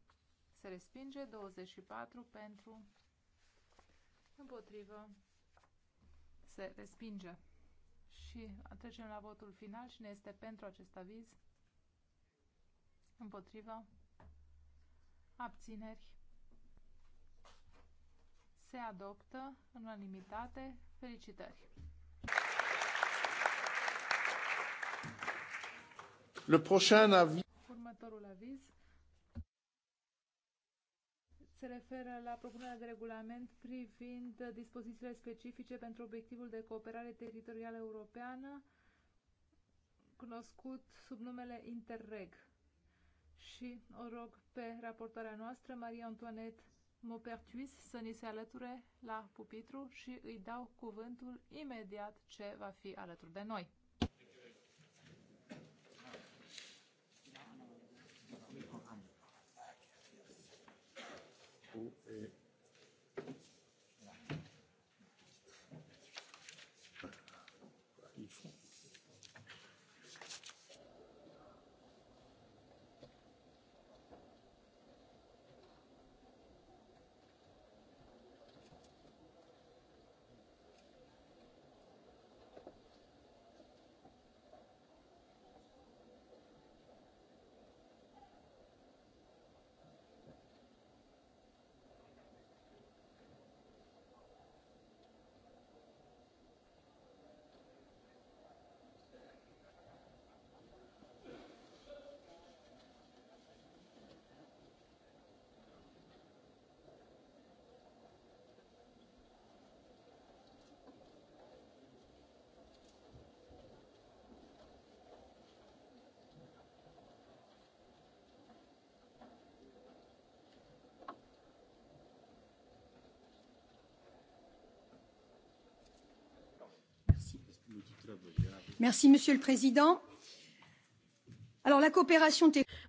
se respinge, 24 pentru, împotrivă, se respinge. Și trecem la votul final. Cine este pentru acest aviz? Împotrivă, abțineri, se adoptă în unanimitate. Felicitări! Le prochain avis. Următorul aviz se referă la propunerea de regulament privind dispozițiile specifice pentru obiectivul de cooperare teritorială europeană, cunoscut sub numele Interreg. Și o rog pe raportoarea noastră, Maria Antoinette Maupertuis, să ni se alăture la pupitru și îi dau cuvântul imediat ce va fi alături de noi. cu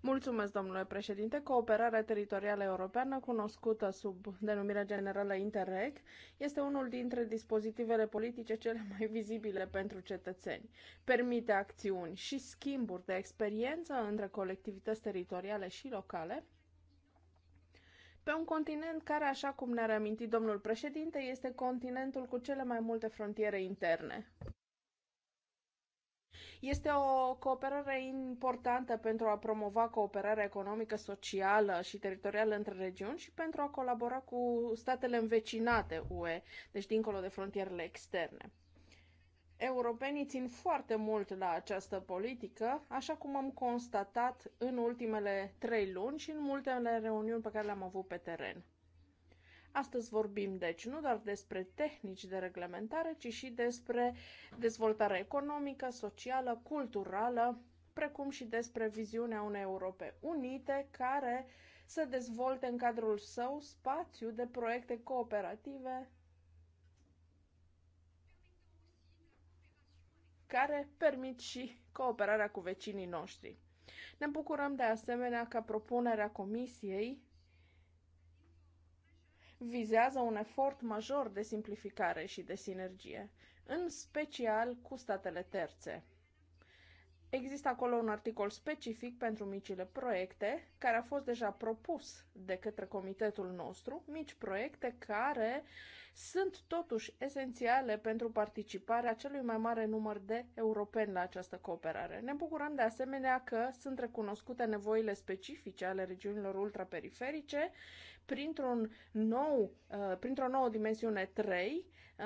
Mulțumesc, domnule președinte. Cooperarea teritorială europeană, cunoscută sub denumirea generală Interreg, este unul dintre dispozitivele politice cele mai vizibile pentru cetățeni. Permite acțiuni și schimburi de experiență între colectivități teritoriale și locale, pe un continent care, așa cum ne-a reamintit domnul președinte, este continentul cu cele mai multe frontiere interne. Este o cooperare importantă pentru a promova cooperarea economică, socială și teritorială între regiuni și pentru a colabora cu statele învecinate UE, deci dincolo de frontierele externe. Europenii țin foarte mult la această politică, așa cum am constatat în ultimele trei luni și în multele reuniuni pe care le-am avut pe teren. Astăzi vorbim, deci, nu doar despre tehnici de reglementare, ci și despre dezvoltare economică, socială, culturală, precum și despre viziunea unei Europe unite care să dezvolte în cadrul său spațiu de proiecte cooperative care permit și cooperarea cu vecinii noștri. Ne bucurăm de asemenea că propunerea Comisiei vizează un efort major de simplificare și de sinergie, în special cu statele terțe. Există acolo un articol specific pentru micile proiecte, care a fost deja propus de către comitetul nostru, mici proiecte care sunt totuși esențiale pentru participarea celui mai mare număr de europeni la această cooperare. Ne bucurăm de asemenea că sunt recunoscute nevoile specifice ale regiunilor ultraperiferice printr-un nou, uh, printr-o nouă dimensiune 3,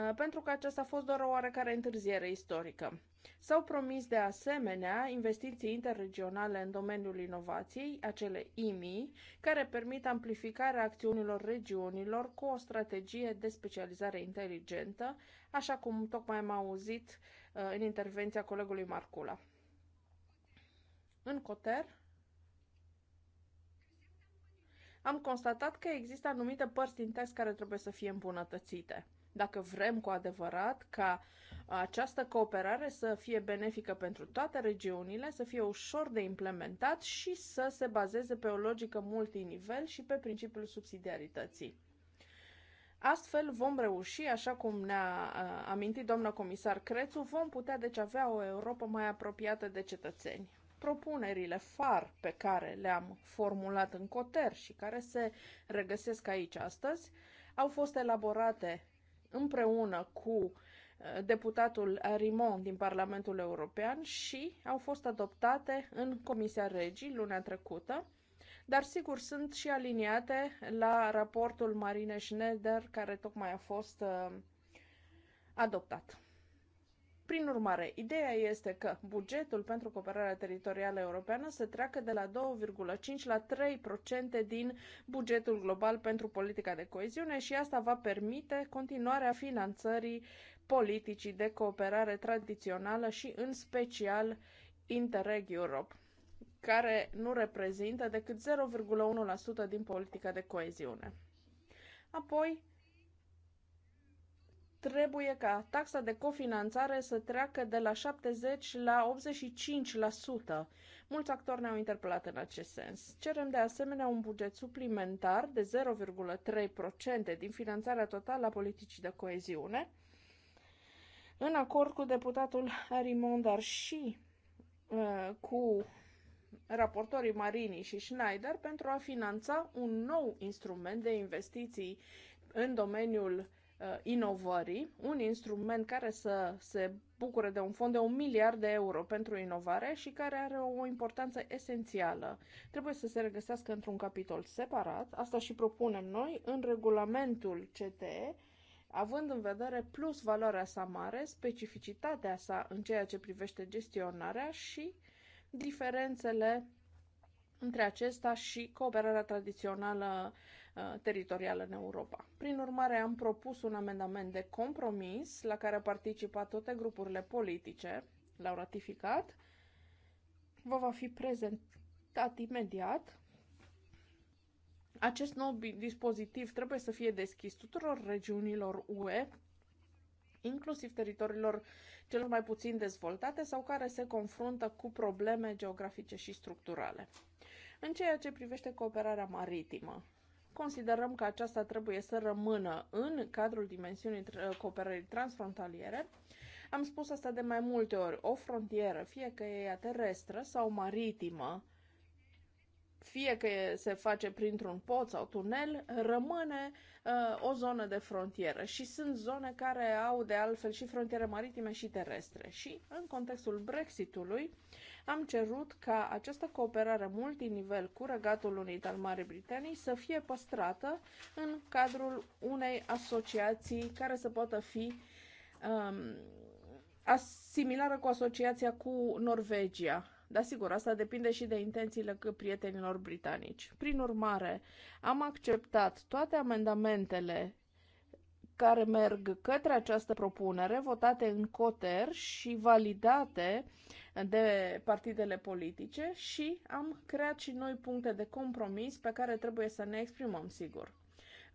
uh, pentru că aceasta a fost doar o oarecare întârziere istorică. S-au promis de asemenea investiții interregionale în domeniul inovației, acele IMI, care permit amplificarea acțiunilor regiunilor cu o strategie de specializare inteligentă, așa cum tocmai am auzit uh, în intervenția colegului Marcula. În Coter, am constatat că există anumite părți din text care trebuie să fie îmbunătățite. Dacă vrem cu adevărat ca această cooperare să fie benefică pentru toate regiunile, să fie ușor de implementat și să se bazeze pe o logică multinivel și pe principiul subsidiarității. Astfel vom reuși, așa cum ne-a amintit doamna comisar Crețu, vom putea deci avea o Europa mai apropiată de cetățeni propunerile far pe care le-am formulat în coter și care se regăsesc aici astăzi au fost elaborate împreună cu uh, deputatul Rimon din Parlamentul European și au fost adoptate în Comisia Regii luna trecută, dar sigur sunt și aliniate la raportul Marine Schneider care tocmai a fost uh, adoptat. Prin urmare, ideea este că bugetul pentru cooperarea teritorială europeană să treacă de la 2,5 la 3% din bugetul global pentru politica de coeziune și asta va permite continuarea finanțării politicii de cooperare tradițională și în special Interreg Europe care nu reprezintă decât 0,1% din politica de coeziune. Apoi, trebuie ca taxa de cofinanțare să treacă de la 70 la 85%. Mulți actori ne-au interpelat în acest sens. Cerem de asemenea un buget suplimentar de 0,3% din finanțarea totală a politicii de coeziune, în acord cu deputatul Arimond, dar și uh, cu raportorii Marini și Schneider pentru a finanța un nou instrument de investiții în domeniul Uh, inovării, un instrument care să se bucure de un fond de un miliard de euro pentru inovare și care are o importanță esențială. Trebuie să se regăsească într-un capitol separat, asta și propunem noi în regulamentul CTE, având în vedere plus valoarea sa mare, specificitatea sa în ceea ce privește gestionarea și diferențele între acesta și cooperarea tradițională Uh, teritorială în Europa. Prin urmare, am propus un amendament de compromis la care au participat toate grupurile politice, l-au ratificat, vă va fi prezentat imediat. Acest nou dispozitiv trebuie să fie deschis tuturor regiunilor UE, inclusiv teritoriilor cel mai puțin dezvoltate sau care se confruntă cu probleme geografice și structurale. În ceea ce privește cooperarea maritimă, Considerăm că aceasta trebuie să rămână în cadrul dimensiunii uh, cooperării transfrontaliere. Am spus asta de mai multe ori. O frontieră, fie că e terestră sau maritimă, fie că se face printr-un pod sau tunel, rămâne uh, o zonă de frontieră și sunt zone care au de altfel și frontiere maritime și terestre. Și în contextul Brexitului am cerut ca această cooperare multinivel cu Regatul Unit al Marii Britanii să fie păstrată în cadrul unei asociații care să poată fi um, similară cu asociația cu Norvegia. Dar sigur, asta depinde și de intențiile prietenilor britanici. Prin urmare, am acceptat toate amendamentele care merg către această propunere, votate în COTER și validate uh, de partidele politice și am creat și noi puncte de compromis pe care trebuie să ne exprimăm, sigur.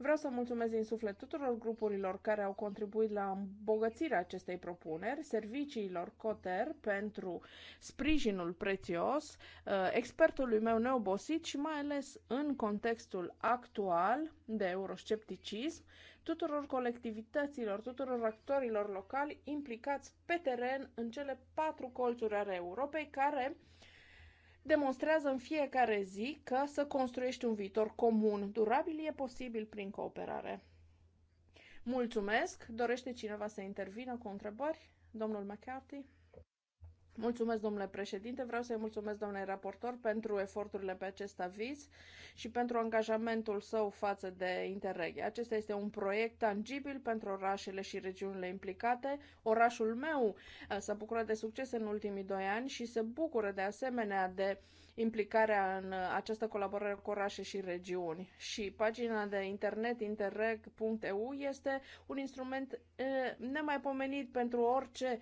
Vreau să mulțumesc din suflet tuturor grupurilor care au contribuit la îmbogățirea acestei propuneri, serviciilor COTER pentru sprijinul prețios, uh, expertului meu neobosit și mai ales în contextul actual de euroscepticism, tuturor colectivităților, tuturor actorilor locali implicați pe teren în cele patru colțuri ale Europei care demonstrează în fiecare zi că să construiești un viitor comun durabil e posibil prin cooperare. Mulțumesc! Dorește cineva să intervină cu întrebări? Domnul McCarthy? Mulțumesc, domnule președinte. Vreau să-i mulțumesc, domnule raportor, pentru eforturile pe acest aviz și pentru angajamentul său față de Interreg. Acesta este un proiect tangibil pentru orașele și regiunile implicate. Orașul meu eh, s-a bucurat de succes în ultimii doi ani și se bucură de asemenea de uh, implicarea în această colaborare cu orașe și regiuni. Și pagina de internet interreg.eu este un instrument nemaipomenit pentru orice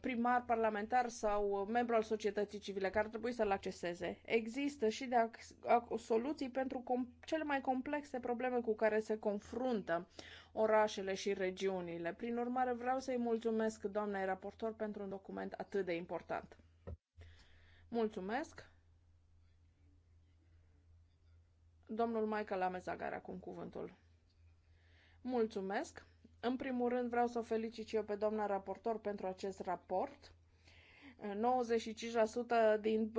primar, parlamentar sau membru al societății civile care ar trebui să-l acceseze. Există și de soluții pentru cele mai complexe probleme cu care se confruntă orașele și regiunile. Prin urmare, vreau să-i mulțumesc doamnei raportor pentru un document atât de important. Mulțumesc! Domnul Michael Amezag are acum cuvântul. Mulțumesc! În primul rând vreau să o felicit și eu pe doamna raportor pentru acest raport. 95% din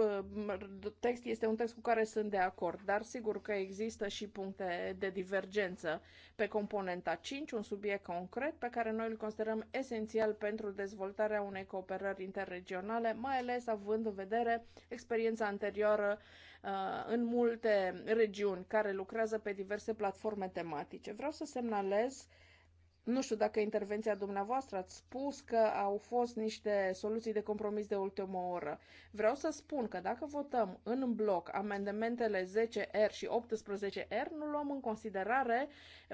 text este un text cu care sunt de acord, dar sigur că există și puncte de divergență pe componenta 5, un subiect concret pe care noi îl considerăm esențial pentru dezvoltarea unei cooperări interregionale, mai ales având în vedere experiența anterioară Uh, în multe regiuni care lucrează pe diverse platforme tematice. Vreau să semnalez nu știu dacă intervenția dumneavoastră ați spus că au fost niște soluții de compromis de ultimă oră. Vreau să spun că dacă votăm în bloc amendamentele 10R și 18R, nu luăm în considerare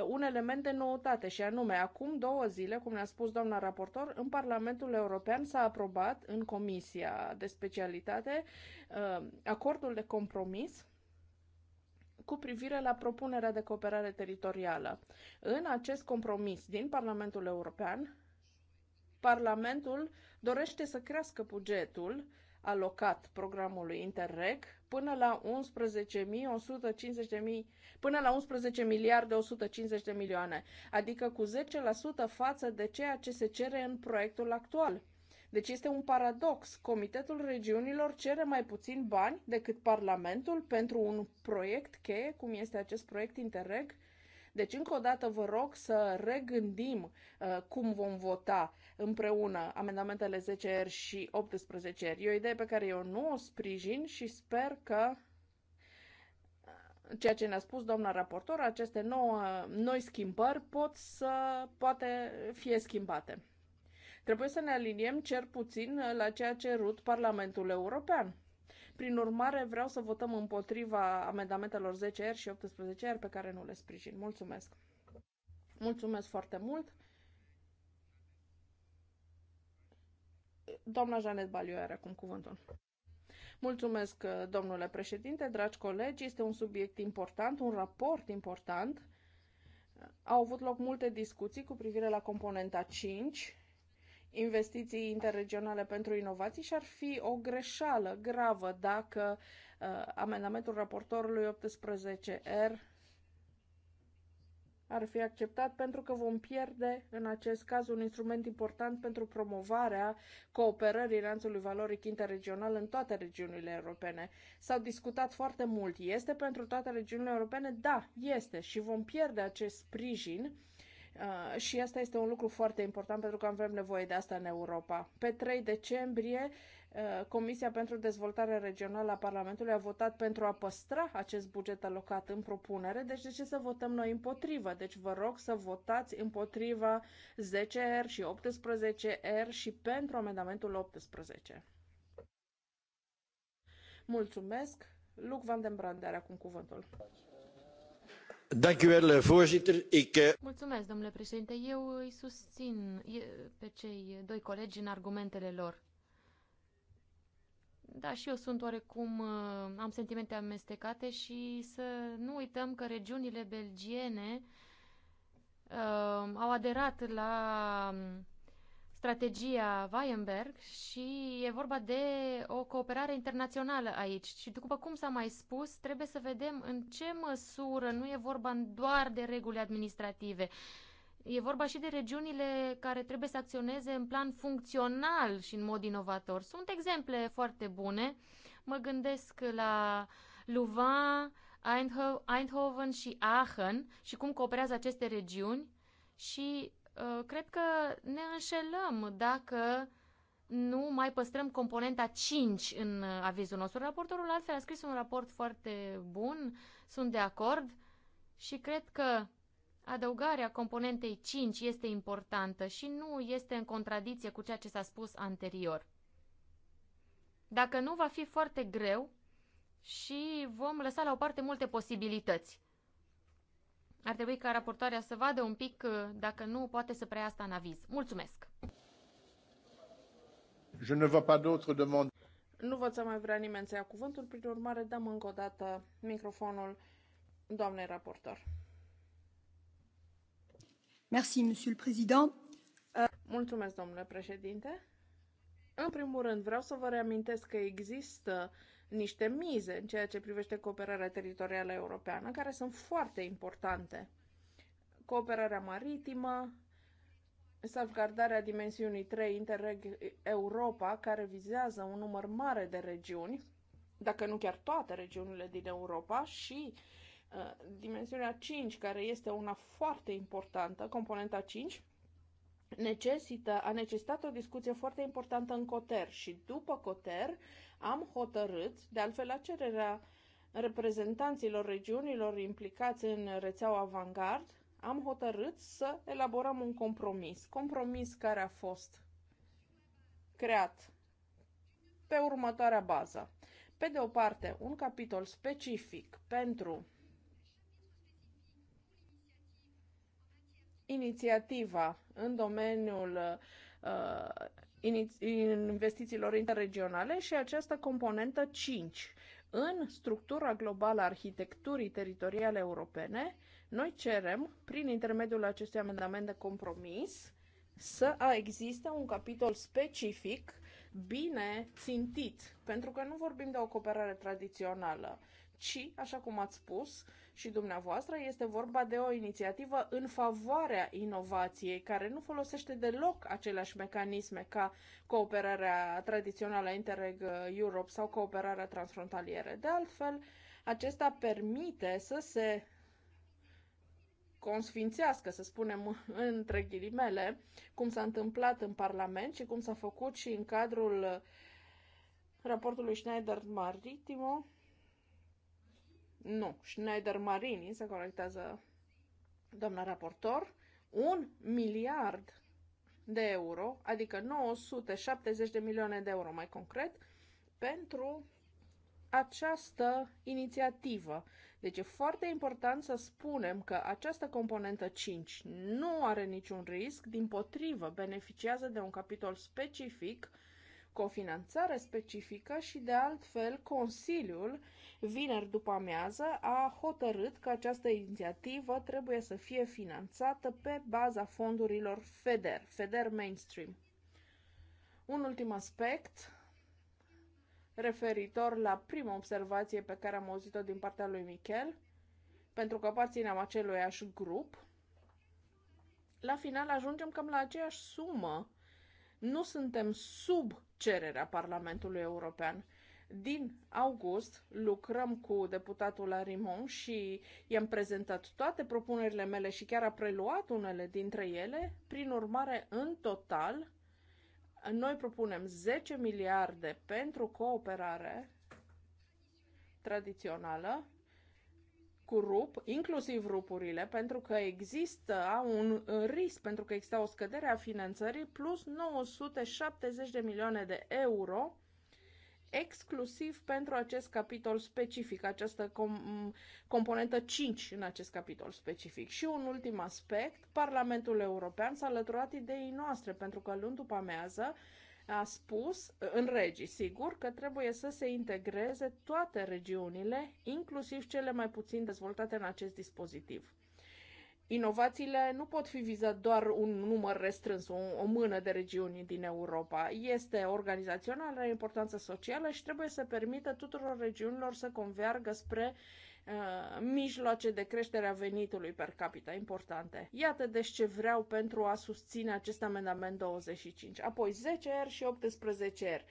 un element de noutate și anume, acum două zile, cum ne-a spus doamna raportor, în Parlamentul European s-a aprobat în Comisia de Specialitate uh, acordul de compromis cu privire la propunerea de cooperare teritorială. În acest compromis din Parlamentul European, Parlamentul dorește să crească bugetul alocat programului Interreg până la 11.150.000 până la 11 miliarde 150 de milioane, adică cu 10% față de ceea ce se cere în proiectul actual. Deci este un paradox. Comitetul regiunilor cere mai puțin bani decât Parlamentul pentru un proiect cheie, cum este acest proiect Interreg, deci, încă o dată, vă rog să regândim uh, cum vom vota împreună amendamentele 10R și 18R. E o idee pe care eu nu o sprijin și sper că uh, ceea ce ne-a spus doamna raportor, aceste nouă, noi schimbări pot să poate fie schimbate. Trebuie să ne aliniem cer puțin uh, la ceea ce cerut Parlamentul European. Prin urmare, vreau să votăm împotriva amendamentelor 10R și 18R pe care nu le sprijin. Mulțumesc! Mulțumesc foarte mult! Doamna Janet Baliu are acum cuvântul. Mulțumesc, uh, domnule președinte, dragi colegi. Este un subiect important, un raport important. Au avut loc multe discuții cu privire la componenta 5 investiții interregionale pentru inovații și ar fi o greșeală gravă dacă uh, amendamentul raportorului 18R ar fi acceptat pentru că vom pierde în acest caz un instrument important pentru promovarea cooperării lanțului valoric interregional în toate regiunile europene. S-au discutat foarte mult. Este pentru toate regiunile europene? Da, este și vom pierde acest sprijin Uh, și asta este un lucru foarte important pentru că avem nevoie de asta în Europa. Pe 3 decembrie, uh, Comisia pentru Dezvoltare Regională a Parlamentului a votat pentru a păstra acest buget alocat în propunere, deci de ce să votăm noi împotrivă? Deci vă rog să votați împotriva 10R și 18R și pentru amendamentul 18. Mulțumesc! Luc Van den Brand are acum cuvântul. Eh, eh, Mulțumesc, domnule președinte. Eu îi susțin pe cei doi colegi în argumentele lor. Da, și eu sunt oarecum, eh, am sentimente amestecate și să nu uităm că regiunile belgiene uh, au aderat la strategia Weinberg și e vorba de o cooperare internațională aici. Și după cum s-a mai spus, trebuie să vedem în ce măsură nu e vorba doar de reguli administrative. E vorba și de regiunile care trebuie să acționeze în plan funcțional și în mod inovator. Sunt exemple foarte bune. Mă gândesc la Louvain, Eindhoven și Aachen și cum cooperează aceste regiuni și Uh, cred că ne înșelăm dacă nu mai păstrăm componenta 5 în uh, avizul nostru. Raportorul altfel a scris un raport foarte bun, sunt de acord și cred că adăugarea componentei 5 este importantă și nu este în contradicție cu ceea ce s-a spus anterior. Dacă nu, va fi foarte greu și vom lăsa la o parte multe posibilități. Ar trebui ca raportoarea să vadă un pic uh, dacă nu poate să preia asta în aviz. Mulțumesc! Je ne vois pas d'autres demandes. Nu văd să mai vrea nimeni să ia cuvântul, prin urmare dăm încă o dată microfonul doamnei raportor. Merci, monsieur le président. Mulțumesc, domnule președinte. În primul rând, vreau să vă reamintesc că există uh, niște mize în ceea ce privește cooperarea teritorială europeană, care sunt foarte importante. Cooperarea maritimă, salvgardarea dimensiunii 3 Interreg Europa, care vizează un număr mare de regiuni, dacă nu chiar toate regiunile din Europa, și uh, dimensiunea 5, care este una foarte importantă, componenta 5, necesită, a necesitat o discuție foarte importantă în Coter și după Coter am hotărât, de altfel la cererea reprezentanților regiunilor implicați în rețeaua Vanguard, am hotărât să elaborăm un compromis. Compromis care a fost creat pe următoarea bază. Pe de o parte, un capitol specific pentru inițiativa în domeniul uh, investițiilor interregionale și această componentă 5. În structura globală a arhitecturii teritoriale europene, noi cerem, prin intermediul acestui amendament de compromis, să existe un capitol specific bine țintit, pentru că nu vorbim de o cooperare tradițională, ci, așa cum ați spus, și dumneavoastră, este vorba de o inițiativă în favoarea inovației, care nu folosește deloc aceleași mecanisme ca cooperarea tradițională Interreg uh, Europe sau cooperarea transfrontalieră. De altfel, acesta permite să se consfințească, să spunem între ghilimele, cum s-a întâmplat în Parlament și cum s-a făcut și în cadrul uh, raportului Schneider Maritimo, nu, Schneider Marini, se corectează doamna raportor, un miliard de euro, adică 970 de milioane de euro mai concret, pentru această inițiativă. Deci e foarte important să spunem că această componentă 5 nu are niciun risc, din potrivă beneficiază de un capitol specific finanțare specifică și de altfel Consiliul vineri după amiază a hotărât că această inițiativă trebuie să fie finanțată pe baza fondurilor FEDER, FEDER Mainstream. Un ultim aspect referitor la prima observație pe care am auzit-o din partea lui Michel, pentru că aparținem aceluiași grup, la final ajungem cam la aceeași sumă nu suntem sub cererea Parlamentului European. Din august lucrăm cu deputatul Arimon și i-am prezentat toate propunerile mele și chiar a preluat unele dintre ele. Prin urmare, în total, noi propunem 10 miliarde pentru cooperare tradițională cu rup, inclusiv rupurile, pentru că există un risc, pentru că există o scădere a finanțării, plus 970 de milioane de euro exclusiv pentru acest capitol specific, această com- componentă 5 în acest capitol specific. Și un ultim aspect, Parlamentul European s-a alăturat ideii noastre, pentru că luni după amează a spus, în regii, sigur, că trebuie să se integreze toate regiunile, inclusiv cele mai puțin dezvoltate în acest dispozitiv. Inovațiile nu pot fi vizate doar un număr restrâns, o, o mână de regiuni din Europa. Este organizațională, are importanță socială și trebuie să permită tuturor regiunilor să convergă spre uh, Uh, mijloace de creștere a venitului per capita importante. Iată deci ce vreau pentru a susține acest amendament 25. Apoi 10R și 18R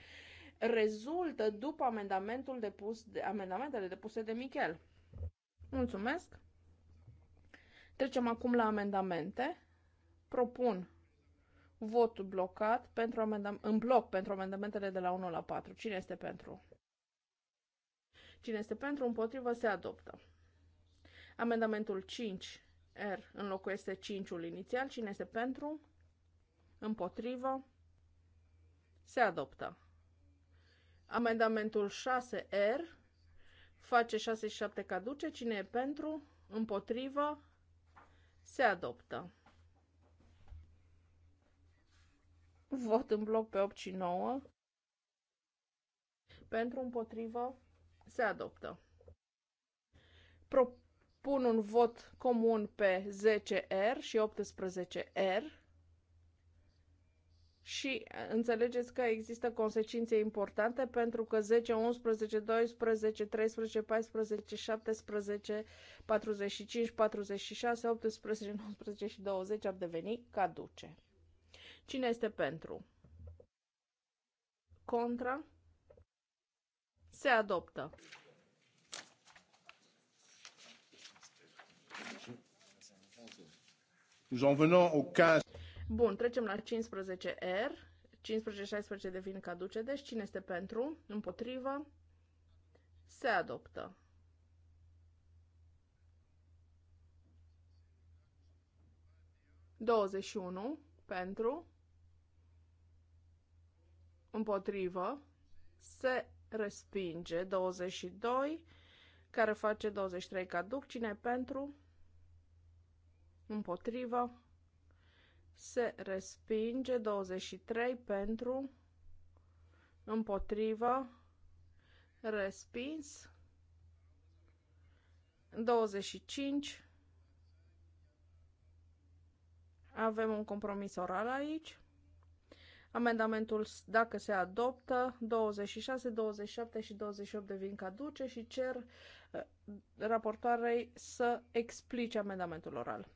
rezultă după amendamentul depus de, amendamentele depuse de Michel. Mulțumesc! Trecem acum la amendamente. Propun votul blocat pentru amendam- în bloc pentru amendamentele de la 1 la 4. Cine este pentru? Cine este pentru, împotrivă, se adoptă. Amendamentul 5, R, înlocuiește 5-ul inițial. Cine este pentru, împotrivă, se adoptă. Amendamentul 6, R, face 6 și 7 caduce. Cine e pentru, împotrivă, se adoptă. Vot în bloc pe 8 și 9. Pentru împotrivă se adoptă. Propun un vot comun pe 10R și 18R și înțelegeți că există consecințe importante pentru că 10, 11, 12, 13, 14, 17, 45, 46, 18, 19 și 20 ar deveni caduce. Cine este pentru? Contra? Se adoptă. Bun, trecem la 15R. 15-16 devin caduce, deci cine este pentru, împotrivă, se adoptă. Douăzeci unu pentru, împotrivă, se respinge 22, care face 23 caduc. Cine pentru? Împotrivă. Se respinge 23 pentru. Împotrivă. Respins. 25. Avem un compromis oral aici. Amendamentul, dacă se adoptă, 26, 27 și 28 devin caduce și cer uh, raportoarei să explice amendamentul oral.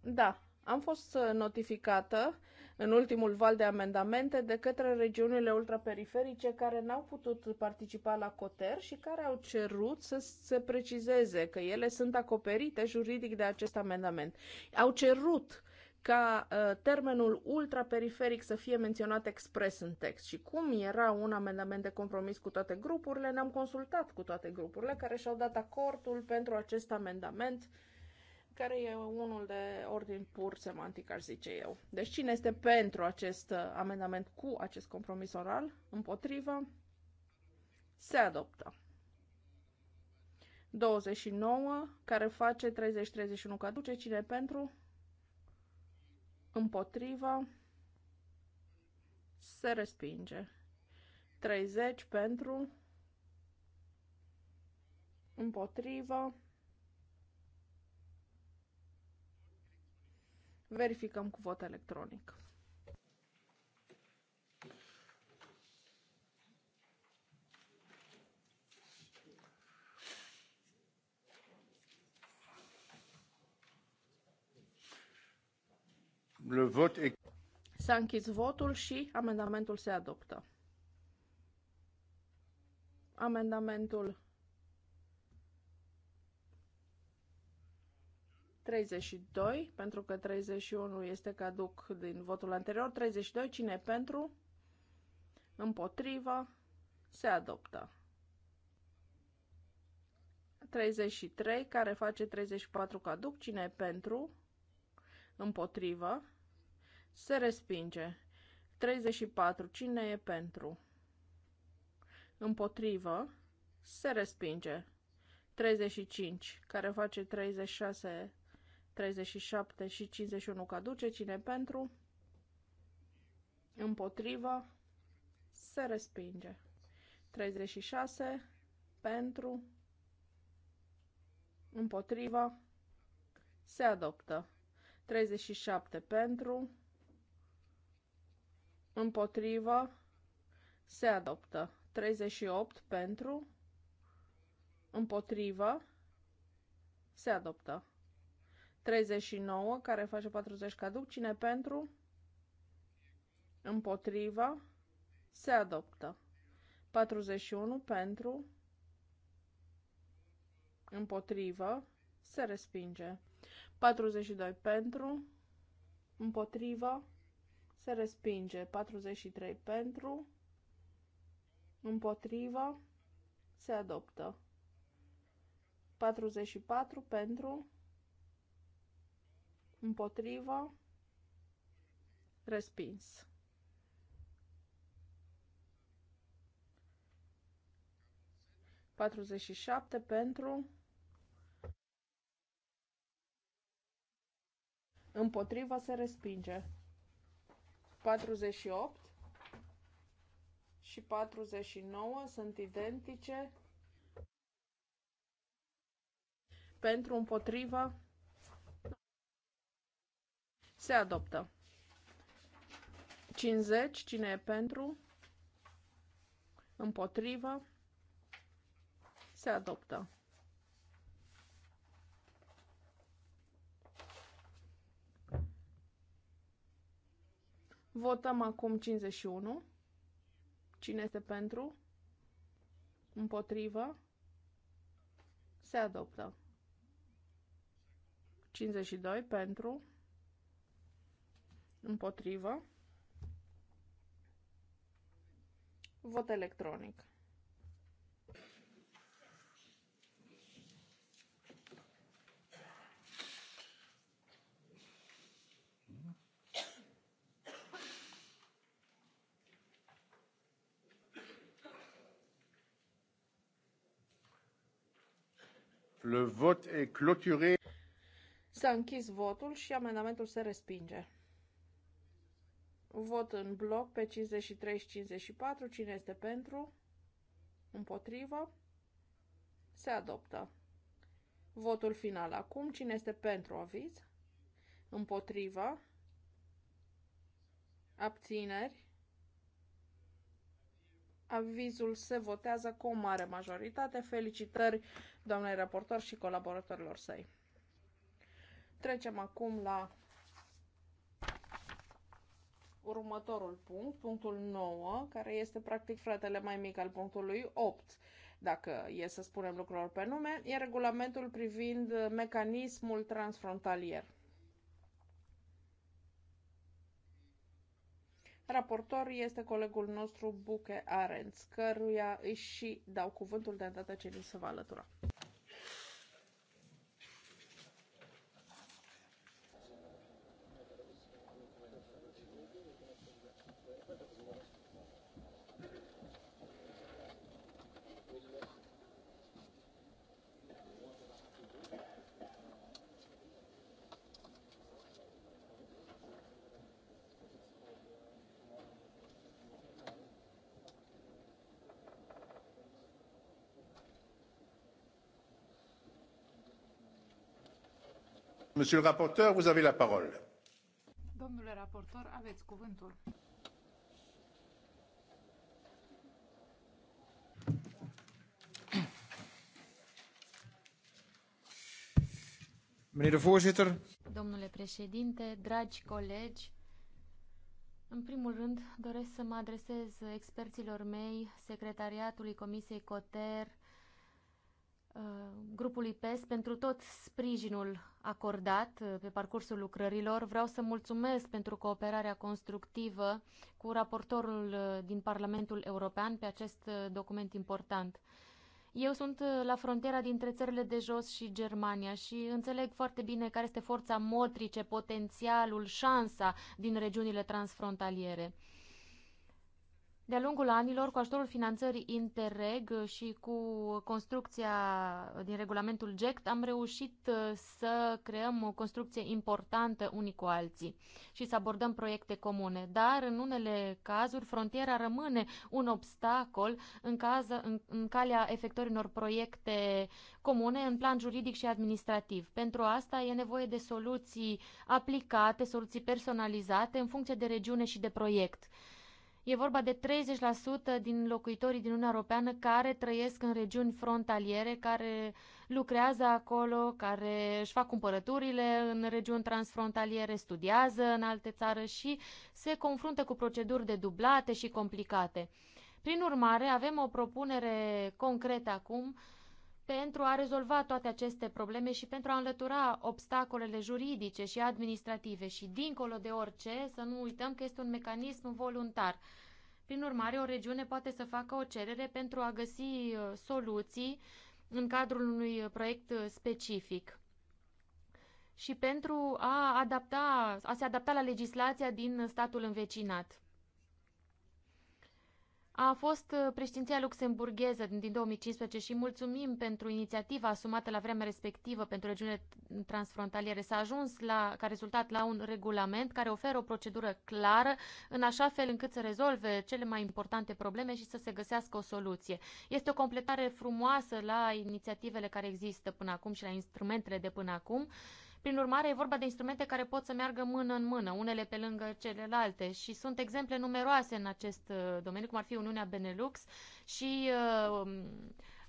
Da, am fost uh, notificată în ultimul val de amendamente de către regiunile ultraperiferice care n-au putut participa la COTER și care au cerut să se precizeze că ele sunt acoperite juridic de acest amendament. Au cerut ca uh, termenul ultraperiferic să fie menționat expres în text. Și cum era un amendament de compromis cu toate grupurile, ne-am consultat cu toate grupurile care și-au dat acordul pentru acest amendament, care e unul de ordin pur semantic, aș zice eu. Deci cine este pentru acest uh, amendament cu acest compromis oral, împotrivă, se adoptă. 29, care face 30-31 caduce, cine pentru? împotrivă, se respinge. 30 pentru, împotrivă, verificăm cu vot electronic. Le vot est... S-a închis votul și amendamentul se adoptă. Amendamentul 32, pentru că 31 este caduc din votul anterior. 32, cine pentru? Împotrivă? Se adoptă. 33, care face 34 caduc, cine pentru? Împotrivă. Se respinge. 34. Cine e pentru? Împotrivă. Se respinge. 35. Care face 36, 37 și 51 caduce. Cine e pentru? Împotrivă. Se respinge. 36. Pentru. Împotrivă. Se adoptă. 37 pentru, împotrivă, se adoptă. 38 pentru, împotrivă, se adoptă. 39, care face 40 caduc, cine pentru, împotrivă, se adoptă. 41 pentru, împotrivă, se respinge. 42 pentru, împotrivă, se respinge. 43 pentru, împotrivă, se adoptă. 44 pentru, împotrivă, respins. Patruzeci și șapte pentru Împotriva se respinge. 48 și 49 sunt identice. Pentru împotriva se adoptă. 50, cine e pentru? Împotriva se adoptă. Votăm acum 51. Cine este pentru? Împotrivă? Se adoptă. 52 pentru? Împotrivă? Vot electronic. Le vot est clôturé. S-a închis votul și amendamentul se respinge. Vot în bloc pe 53 și 54. Cine este pentru? Împotrivă? Se adoptă. Votul final acum. Cine este pentru aviz? Împotrivă? Abțineri? Avizul se votează cu o mare majoritate. Felicitări doamnei raportor și colaboratorilor săi. Trecem acum la următorul punct, punctul 9, care este practic fratele mai mic al punctului 8, dacă e să spunem lucrurilor pe nume, e regulamentul privind mecanismul transfrontalier. Raportor este colegul nostru Buche Arenț, căruia îi și dau cuvântul de data ce li se va alătura. Monsieur le rapporteur, vous avez la parole. Domnule raportor, aveți cuvântul. Meneer de voorzitter. Domnule președinte, dragi colegi, în primul rând doresc să mă adresez experților mei, secretariatului Comisiei COTER, Uh, grupului PES pentru tot sprijinul acordat uh, pe parcursul lucrărilor. Vreau să mulțumesc pentru cooperarea constructivă cu raportorul uh, din Parlamentul European pe acest document important. Eu sunt la frontiera dintre țările de jos și Germania și înțeleg foarte bine care este forța motrice, potențialul, șansa din regiunile transfrontaliere. De-a lungul anilor, cu ajutorul finanțării Interreg și cu construcția din regulamentul GECT, am reușit uh, să creăm o construcție importantă unii cu alții și să abordăm proiecte comune. Dar, în unele cazuri, frontiera rămâne un obstacol în, cază, în, în calea efectorilor proiecte comune în plan juridic și administrativ. Pentru asta e nevoie de soluții aplicate, soluții personalizate în funcție de regiune și de proiect. E vorba de 30% din locuitorii din Uniunea Europeană care trăiesc în regiuni frontaliere, care lucrează acolo, care își fac cumpărăturile în regiuni transfrontaliere, studiază în alte țară și se confruntă cu proceduri de dublate și complicate. Prin urmare, avem o propunere concretă acum uh, pentru a rezolva toate aceste probleme și pentru a înlătura obstacolele juridice și administrative și, dincolo de orice, să nu uităm că este un mecanism voluntar. Prin urmare, o regiune poate să facă o cerere pentru a găsi uh, soluții în cadrul unui proiect specific și pentru a, adapta, a se adapta la legislația din statul învecinat. A fost uh, președinția luxemburgheză din 2015 și mulțumim pentru inițiativa asumată la vremea respectivă pentru regiunile transfrontaliere. S-a ajuns la, ca rezultat la un regulament care oferă o procedură clară în așa fel încât să rezolve cele mai importante probleme și să se găsească o soluție. Este o completare frumoasă la inițiativele care există până acum și la instrumentele de până acum. Prin urmare, e vorba de instrumente care pot să meargă mână în mână, unele pe lângă celelalte și sunt exemple numeroase în acest uh, domeniu, cum ar fi Uniunea Benelux și uh,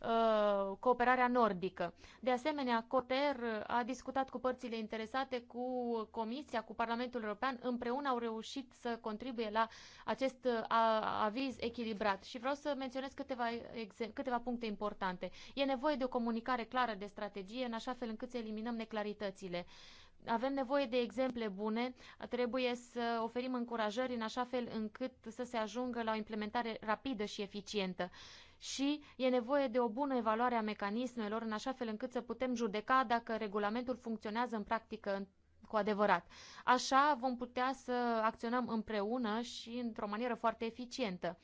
Uh, cooperarea nordică. De asemenea, Coter a discutat cu părțile interesate, cu Comisia, cu Parlamentul European. Împreună au reușit să contribuie la acest uh, aviz echilibrat. Și vreau să menționez câteva, câteva puncte importante. E nevoie de o comunicare clară de strategie, în așa fel încât să eliminăm neclaritățile avem nevoie de exemple bune, trebuie să oferim încurajări în așa fel încât să se ajungă la o implementare rapidă și eficientă și e nevoie de o bună evaluare a mecanismelor în așa fel încât să putem judeca dacă regulamentul funcționează în practică cu adevărat. Așa vom putea să acționăm împreună și într-o manieră foarte eficientă.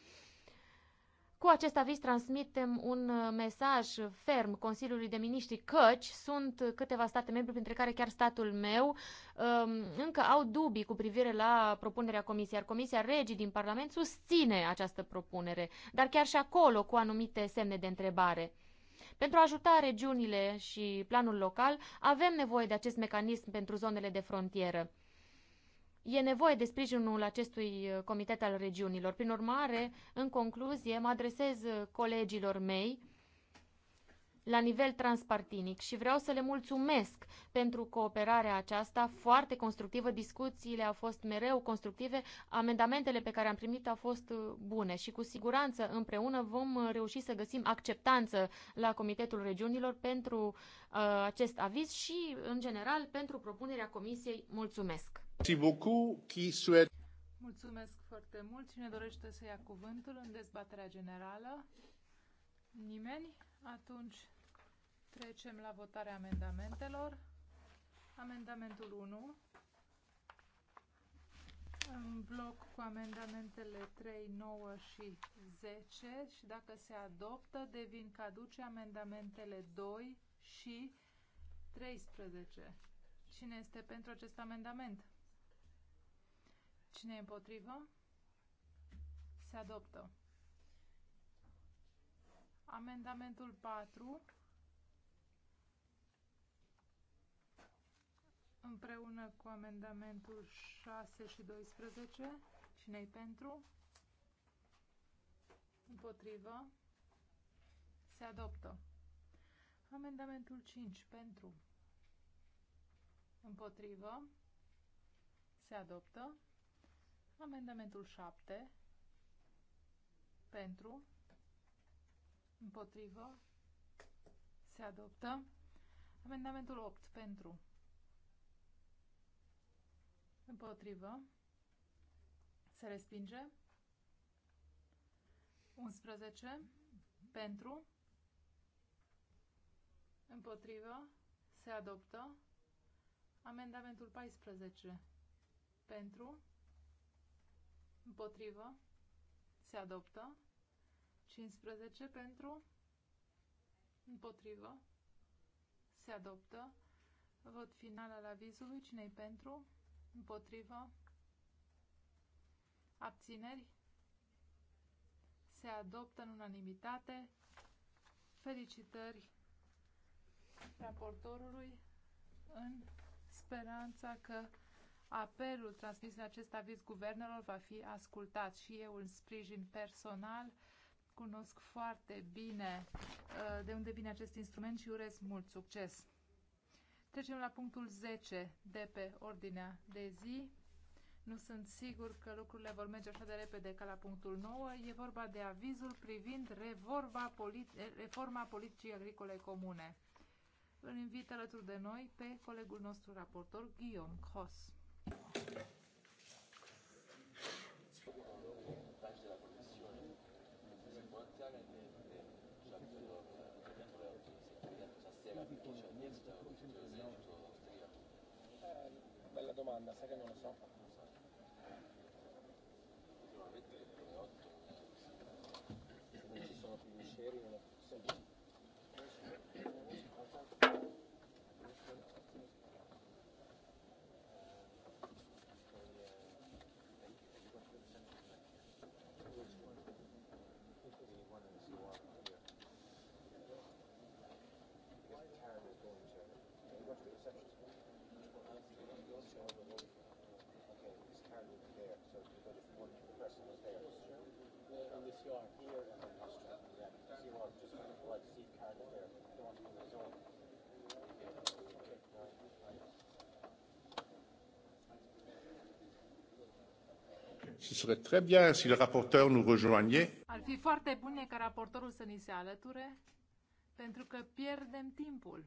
Cu acest aviz transmitem un uh, mesaj ferm Consiliului de Miniștri căci sunt câteva state membre, printre care chiar statul meu, um, încă au dubii cu privire la propunerea Comisiei, iar Comisia Regii din Parlament susține această propunere, dar chiar și acolo cu anumite semne de întrebare. Pentru a ajuta regiunile și planul local, avem nevoie de acest mecanism pentru zonele de frontieră. E nevoie de sprijinul acestui uh, comitet al regiunilor. Prin urmare, în concluzie, mă adresez uh, colegilor mei la nivel transpartinic și vreau să le mulțumesc pentru cooperarea aceasta foarte constructivă. Discuțiile au fost mereu constructive, amendamentele pe care am primit au fost uh, bune și cu siguranță împreună vom uh, reuși să găsim acceptanță la Comitetul Regiunilor pentru uh, acest aviz și, în general, pentru propunerea Comisiei. Mulțumesc! Mulțumesc foarte mult. Cine dorește să ia cuvântul în dezbaterea generală? Nimeni? Atunci Trecem la votarea amendamentelor. Amendamentul 1 în bloc cu amendamentele 3, 9 și 10 și dacă se adoptă devin caduce amendamentele 2 și 13. Cine este pentru acest amendament? Cine e împotrivă? Se adoptă. Amendamentul 4 împreună cu amendamentul 6 și 12. cine pentru? Împotrivă. Se adoptă. Amendamentul 5 pentru. Împotrivă. Se adoptă. Amendamentul 7 pentru. Împotrivă. Se adoptă. Amendamentul 8 pentru. Împotrivă. Se respinge. 11. Pentru. Împotrivă. Se adoptă. Amendamentul 14. Pentru. Împotrivă. Se adoptă. 15. Pentru. Împotrivă. Se adoptă. Vot final al avizului. Cine-i pentru? Împotrivă. Abțineri. Se adoptă în unanimitate. Felicitări raportorului în speranța că apelul transmis în acest aviz guvernelor va fi ascultat și eu în sprijin personal cunosc foarte bine uh, de unde vine acest instrument și urez mult succes. Trecem la punctul 10 de pe ordinea de zi. Nu sunt sigur că lucrurile vor merge așa de repede ca la punctul 9. E vorba de avizul privind revorba polit- reforma politicii agricole comune. Îl invit alături de noi pe colegul nostru raportor, Guillaume Cos. domanda, sai che non lo so. Se non ci sono più misceri, non è semplice. Ce serait très bien si le rapporteur nous rejoignait. Ar fi foarte bine ca raportorul să ni se alăture, pentru că pierdem timpul.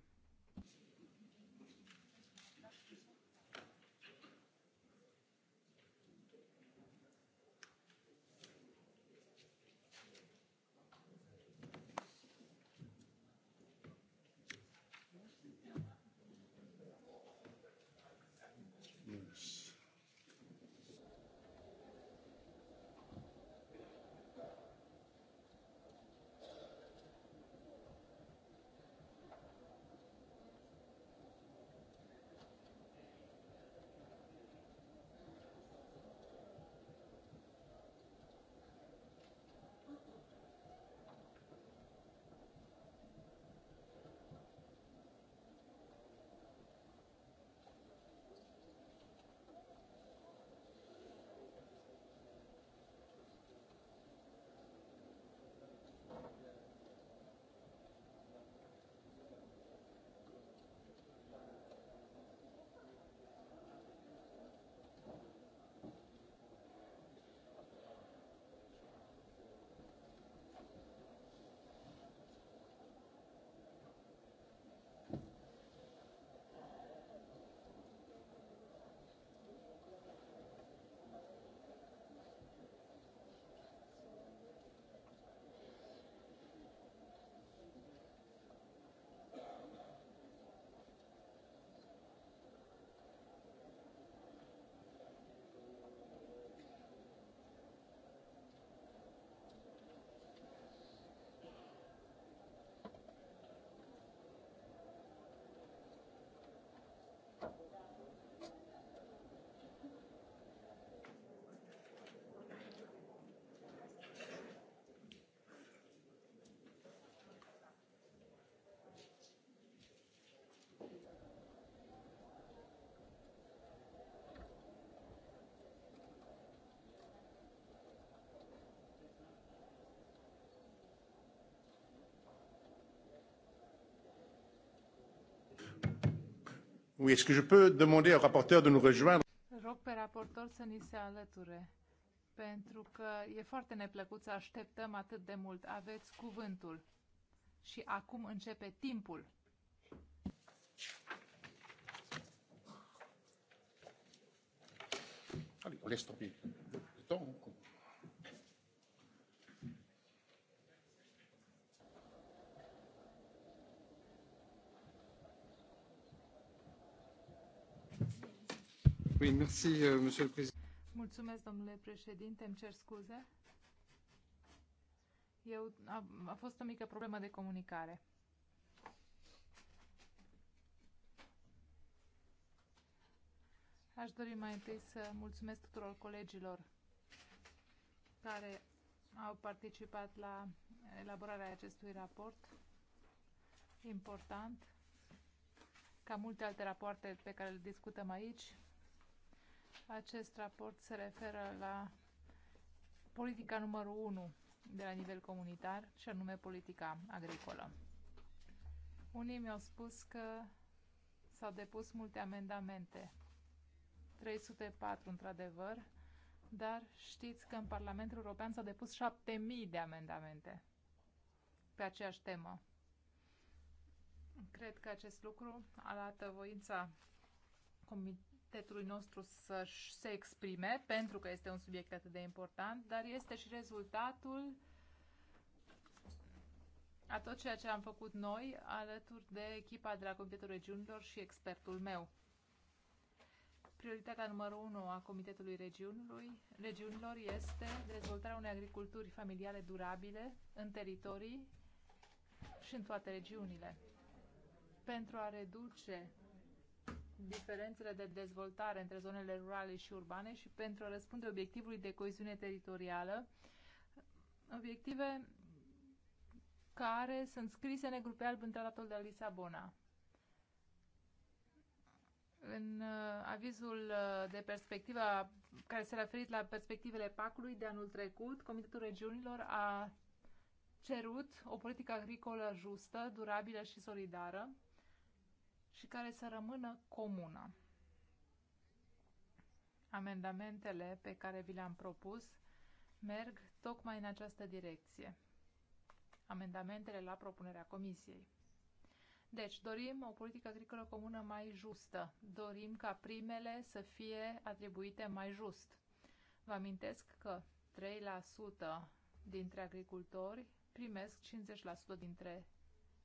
Oui, est-ce que je peux demander au rapporteur de nous rejoindre? Rog pe raportor să ni se alăture, pentru că e foarte neplăcut să așteptăm atât de mult. Aveți cuvântul. Și acum începe timpul. Allez, on laisse tomber le temps. Euh, mulțumesc, domnule președinte, îmi cer scuze. Eu, a, a fost o mică problemă de comunicare. Aș dori mai întâi să mulțumesc tuturor colegilor care au participat la elaborarea acestui raport important, ca multe alte rapoarte pe care le discutăm aici. Acest raport se referă la politica numărul 1 de la nivel comunitar și anume politica agricolă. Unii mi-au spus că s-au depus multe amendamente. 304 într-adevăr, dar știți că în Parlamentul European s-au depus 7000 de amendamente pe aceeași temă. Cred că acest lucru arată voința comit comitetului nostru să se exprime, pentru că este un subiect atât de important, dar este și rezultatul a tot ceea ce am făcut noi alături de echipa de la Comitetul Regiunilor și expertul meu. Prioritatea numărul 1 a Comitetului Regiunului, Regiunilor este dezvoltarea unei agriculturi familiale durabile în teritorii și în toate regiunile. Pentru a reduce diferențele de dezvoltare între zonele rurale și urbane și pentru a răspunde obiectivului de coeziune teritorială, obiective care sunt scrise negru pe alb în tratatul de Lisabona. În uh, avizul uh, de perspectivă care s-a referit la perspectivele PAC-ului de anul trecut, Comitetul Regiunilor a cerut o politică agricolă justă, durabilă și solidară, și care să rămână comună. Amendamentele pe care vi le-am propus merg tocmai în această direcție. Amendamentele la propunerea Comisiei. Deci, dorim o politică agricolă comună mai justă. Dorim ca primele să fie atribuite mai just. Vă amintesc că 3% dintre agricultori primesc 50% dintre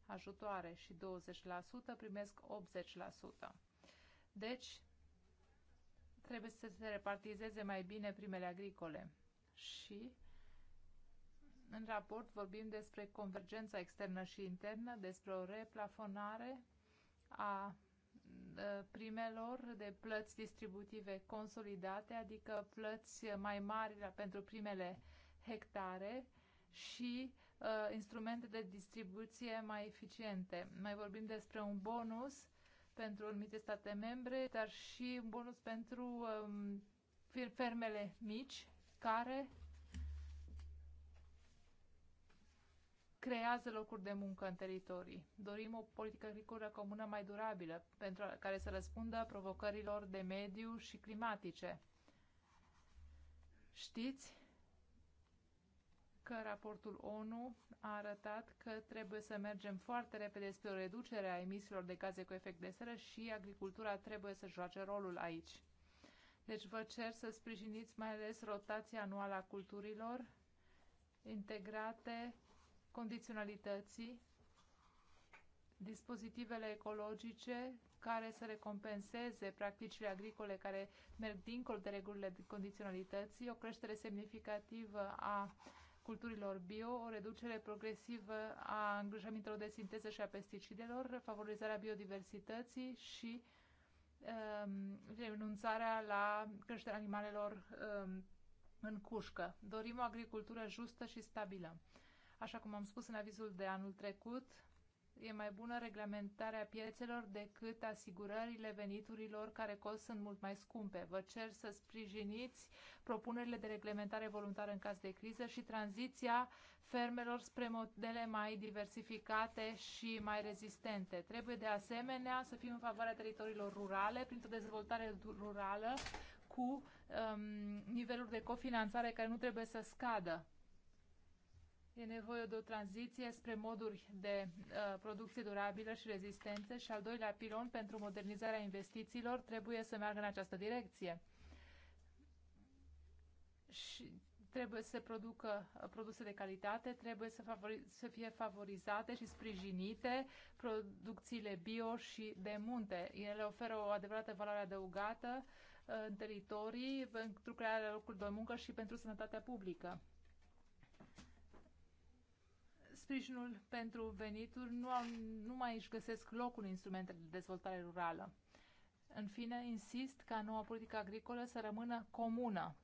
ajutoare și 20% primesc 80%. Deci, trebuie să se repartizeze mai bine primele agricole. Și în raport vorbim despre convergența externă și internă, despre o replafonare a primelor de plăți distributive consolidate, adică plăți mai mari pentru primele hectare și Uh, instrumente de distribuție mai eficiente. Mai vorbim despre un bonus pentru anumite state membre, dar și un bonus pentru um, fermele mici care creează locuri de muncă în teritorii. Dorim o politică agricolă comună mai durabilă, pentru care să răspundă provocărilor de mediu și climatice. Știți că raportul ONU a arătat că trebuie să mergem foarte repede spre o reducere a emisiilor de gaze cu efect de seră și agricultura trebuie să joace rolul aici. Deci vă cer să sprijiniți mai ales rotația anuală a culturilor integrate condiționalității, dispozitivele ecologice care să recompenseze practicile agricole care merg dincolo de regulile condiționalității, o creștere semnificativă a culturilor bio, o reducere progresivă a îngrijămintelor de sinteză și a pesticidelor, favorizarea biodiversității și um, renunțarea la creșterea animalelor um, în cușcă. Dorim o agricultură justă și stabilă. Așa cum am spus în avizul de anul trecut, e mai bună reglementarea piețelor decât asigurările veniturilor care cost sunt mult mai scumpe. Vă cer să sprijiniți propunerile de reglementare voluntară în caz de criză și tranziția fermelor spre modele mai diversificate și mai rezistente. Trebuie de asemenea să fim în favoarea teritoriilor rurale printr-o dezvoltare rurală cu um, niveluri de cofinanțare care nu trebuie să scadă E nevoie de o tranziție spre moduri de uh, producție durabilă și rezistente și al doilea pilon pentru modernizarea investițiilor trebuie să meargă în această direcție. Și trebuie să se producă uh, produse de calitate, trebuie să, favori- să fie favorizate și sprijinite producțiile bio și de munte. Ele oferă o adevărată valoare adăugată uh, în teritorii pentru crearea locurilor de muncă și pentru sănătatea publică sprijinul pentru venituri nu, au, nu mai își găsesc locul în instrumentele de dezvoltare rurală. În fine, insist ca noua politică agricolă să rămână comună.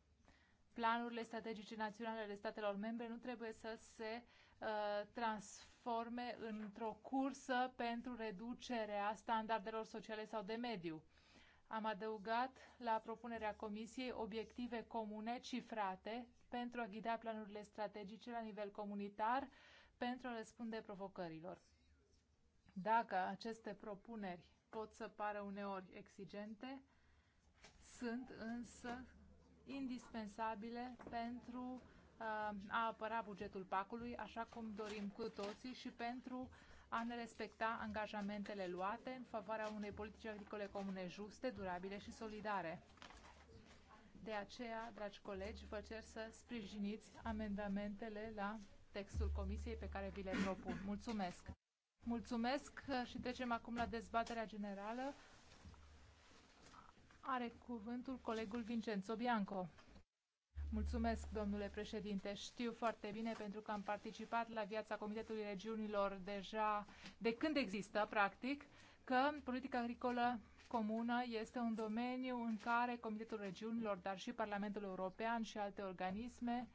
Planurile strategice naționale ale statelor membre nu trebuie să se uh, transforme într-o cursă pentru reducerea standardelor sociale sau de mediu. Am adăugat la propunerea Comisiei obiective comune cifrate pentru a ghida planurile strategice la nivel comunitar pentru a răspunde provocărilor. Dacă aceste propuneri pot să pară uneori exigente, sunt însă indispensabile pentru uh, a apăra bugetul pacului, așa cum dorim cu toții, și pentru a ne respecta angajamentele luate în favoarea unei politici agricole comune juste, durabile și solidare. De aceea, dragi colegi, vă cer să sprijiniți amendamentele la textul comisiei pe care vi le propun. Mulțumesc! Mulțumesc și trecem acum la dezbaterea generală. Are cuvântul colegul Vincenzo Bianco. Mulțumesc, domnule președinte. Știu foarte bine pentru că am participat la viața Comitetului Regiunilor deja de când există, practic, că politica agricolă comună este un domeniu în care Comitetul Regiunilor, dar și Parlamentul European și alte organisme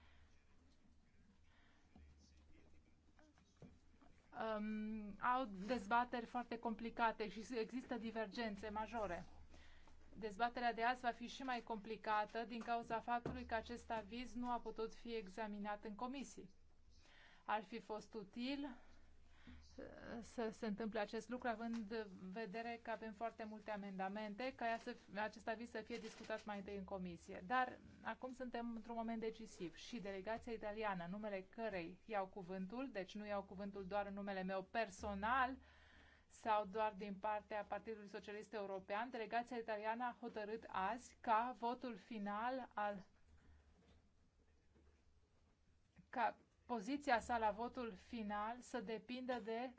um, au dezbateri foarte complicate și există divergențe majore. Dezbaterea de azi va fi și mai complicată din cauza faptului că acest aviz nu a putut fi examinat în comisii. Ar fi fost util să se întâmple acest lucru, având în vedere că avem foarte multe amendamente, ca să, acest aviz să fie discutat mai întâi în comisie. Dar acum suntem într-un moment decisiv și delegația italiană, numele cărei iau cuvântul, deci nu iau cuvântul doar în numele meu personal sau doar din partea Partidului Socialist European, delegația italiană a hotărât azi ca votul final al ca poziția sa la votul final să depindă de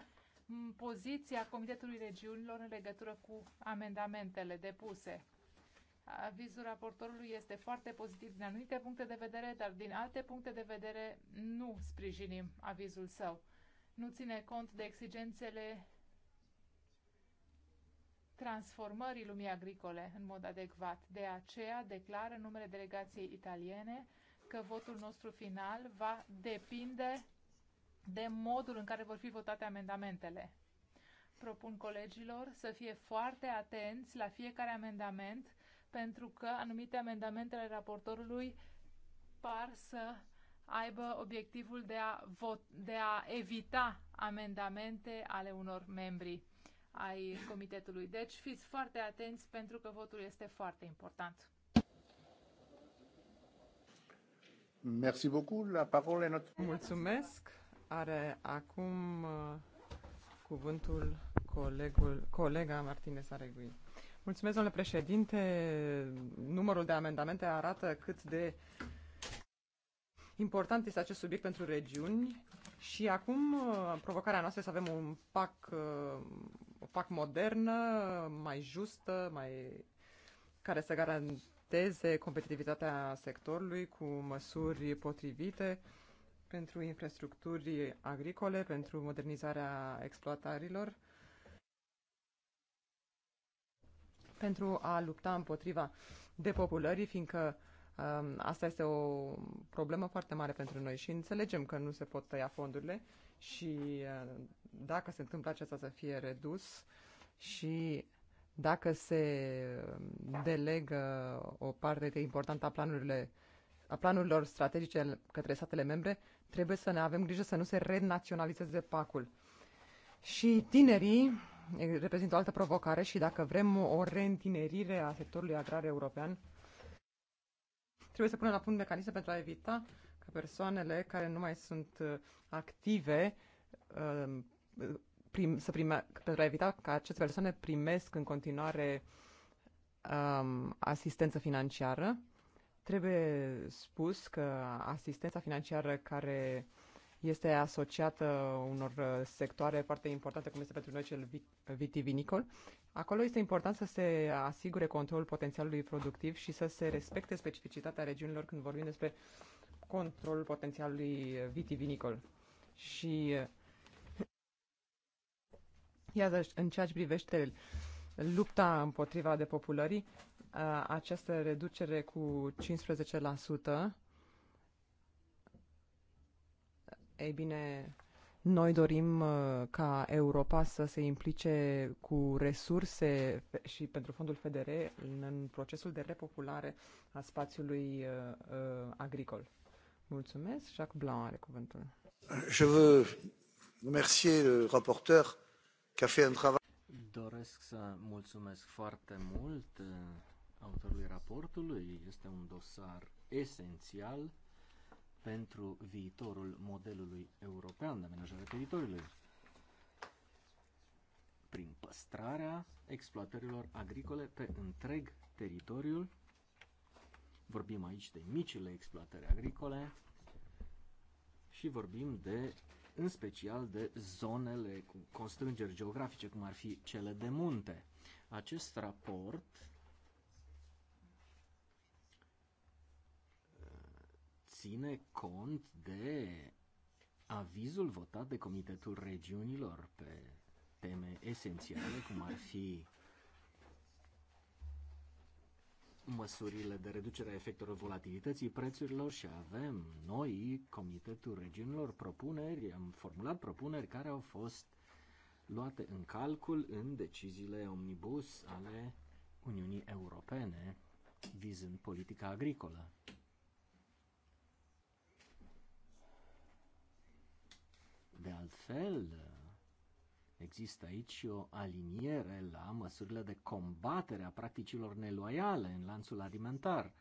poziția Comitetului Regiunilor în legătură cu amendamentele depuse. Avizul raportorului este foarte pozitiv din anumite puncte de vedere, dar din alte puncte de vedere nu sprijinim avizul său. Nu ține cont de exigențele transformării lumii agricole în mod adecvat. De aceea declară numele delegației italiene că votul nostru final va depinde de modul în care vor fi votate amendamentele. Propun colegilor să fie foarte atenți la fiecare amendament, pentru că anumite amendamente raportorului par să aibă obiectivul de a, vot, de a evita amendamente ale unor membri ai comitetului. Deci fiți foarte atenți pentru că votul este foarte important. Merci beaucoup. La parole est notre... Mulțumesc. Are acum uh, cuvântul colegul, colega Martinez Aregui. Mulțumesc, domnule președinte. Numărul de amendamente arată cât de important este acest subiect pentru regiuni și acum uh, provocarea noastră este să avem un pac, un uh, o pac modernă, mai justă, mai care să garanteze afecteze competitivitatea sectorului cu măsuri potrivite pentru infrastructuri agricole, pentru modernizarea exploatărilor, pentru a lupta împotriva depopulării, fiindcă um, asta este o problemă foarte mare pentru noi și înțelegem că nu se pot tăia fondurile și uh, dacă se întâmplă aceasta să fie redus și dacă se delegă o parte importantă a planurile a planurilor strategice către statele membre, trebuie să ne avem grijă să nu se renaționalizeze pacul. Și tinerii reprezintă o altă provocare și dacă vrem o reîntinerire a sectorului agrar european, trebuie să punem la punct mecanisme pentru a evita că persoanele care nu mai sunt uh, active uh, prim, să prime, pentru a evita ca aceste persoane primesc în continuare um, asistență financiară. Trebuie spus că asistența financiară care este asociată unor uh, sectoare foarte importante, cum este pentru noi cel vitivinicol. Acolo este important să se asigure controlul potențialului productiv și să se respecte specificitatea regiunilor când vorbim despre controlul potențialului vitivinicol. Și uh, Iată, în ceea ce privește lupta împotriva depopulării, această reducere cu 15%, ei bine, noi dorim ca Europa să se implice cu resurse și pentru fondul FDR în procesul de repopulare a spațiului agricol. Mulțumesc. Jacques Blanc are cuvântul. Je veux remercier le rapporteur Doresc să mulțumesc foarte mult uh, autorului raportului. Este un dosar esențial pentru viitorul modelului european de amenajare teritoriului prin păstrarea exploatărilor agricole pe întreg teritoriul. Vorbim aici de micile exploatări agricole și vorbim de în special de zonele cu constrângeri geografice, cum ar fi cele de munte. Acest raport uh, ține cont de avizul votat de Comitetul Regiunilor pe teme esențiale, cum ar fi măsurile de reducere a efectelor volatilității prețurilor și avem noi, Comitetul Regiunilor, propuneri, am formulat propuneri care au fost luate în calcul în deciziile omnibus ale Uniunii Europene vizând politica agricolă. De altfel, Există aici și o aliniere la măsurile de combatere a practicilor neloiale în lanțul alimentar.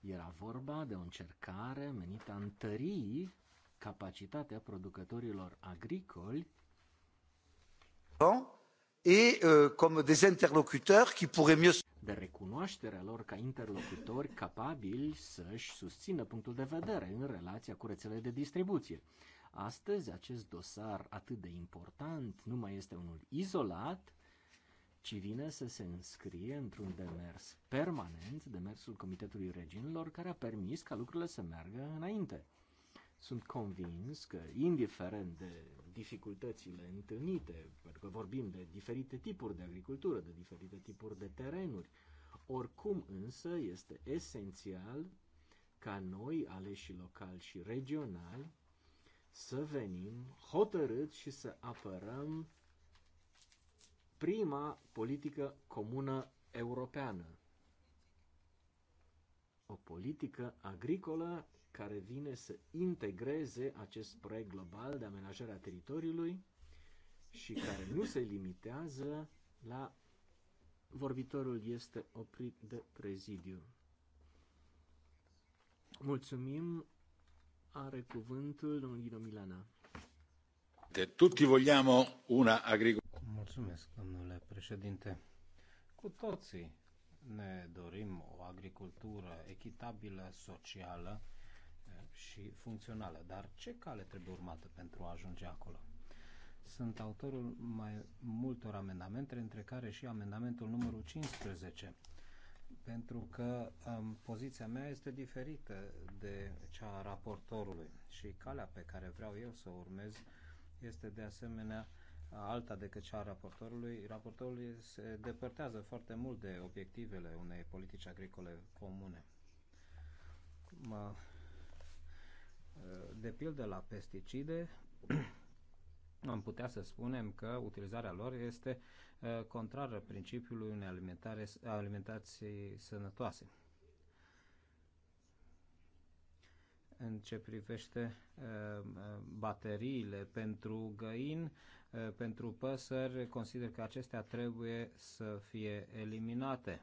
Era vorba de o încercare menită a întări capacitatea producătorilor agricoli et euh, comme des interlocuteurs qui pourraient mieux de recunoașterea lor ca interlocutori capabili să-și susțină punctul de vedere în relația cu rețelele de distribuție. Astăzi, acest dosar atât de important nu mai este unul izolat, ci vine să se înscrie într-un demers permanent, demersul Comitetului Reginilor, care a permis ca lucrurile să meargă înainte. Sunt convins că, indiferent de dificultățile întâlnite, pentru că vorbim de diferite tipuri de agricultură, de diferite tipuri de terenuri. Oricum însă este esențial ca noi, aleși locali și regionali, să venim hotărât și să apărăm prima politică comună europeană. O politică agricolă care vine să integreze acest proiect global de amenajare a teritoriului și care nu se limitează la vorbitorul este oprit de prezidiu. Mulțumim. Are cuvântul domnul Ghino Milana. De tutti vogliamo una agricoltura. Mulțumesc, domnule președinte. Cu toții ne dorim o agricultură echitabilă, socială și funcțională. Dar ce cale trebuie urmată pentru a ajunge acolo? Sunt autorul mai multor amendamente, între care și amendamentul numărul 15, pentru că um, poziția mea este diferită de cea a raportorului și calea pe care vreau eu să o urmez este de asemenea alta decât cea a raportorului. Raportorul se depărtează foarte mult de obiectivele unei politici agricole comune. Mă de pildă la pesticide, am putea să spunem că utilizarea lor este uh, contrară principiului unei alimentații sănătoase. În ce privește uh, bateriile pentru găini, uh, pentru păsări, consider că acestea trebuie să fie eliminate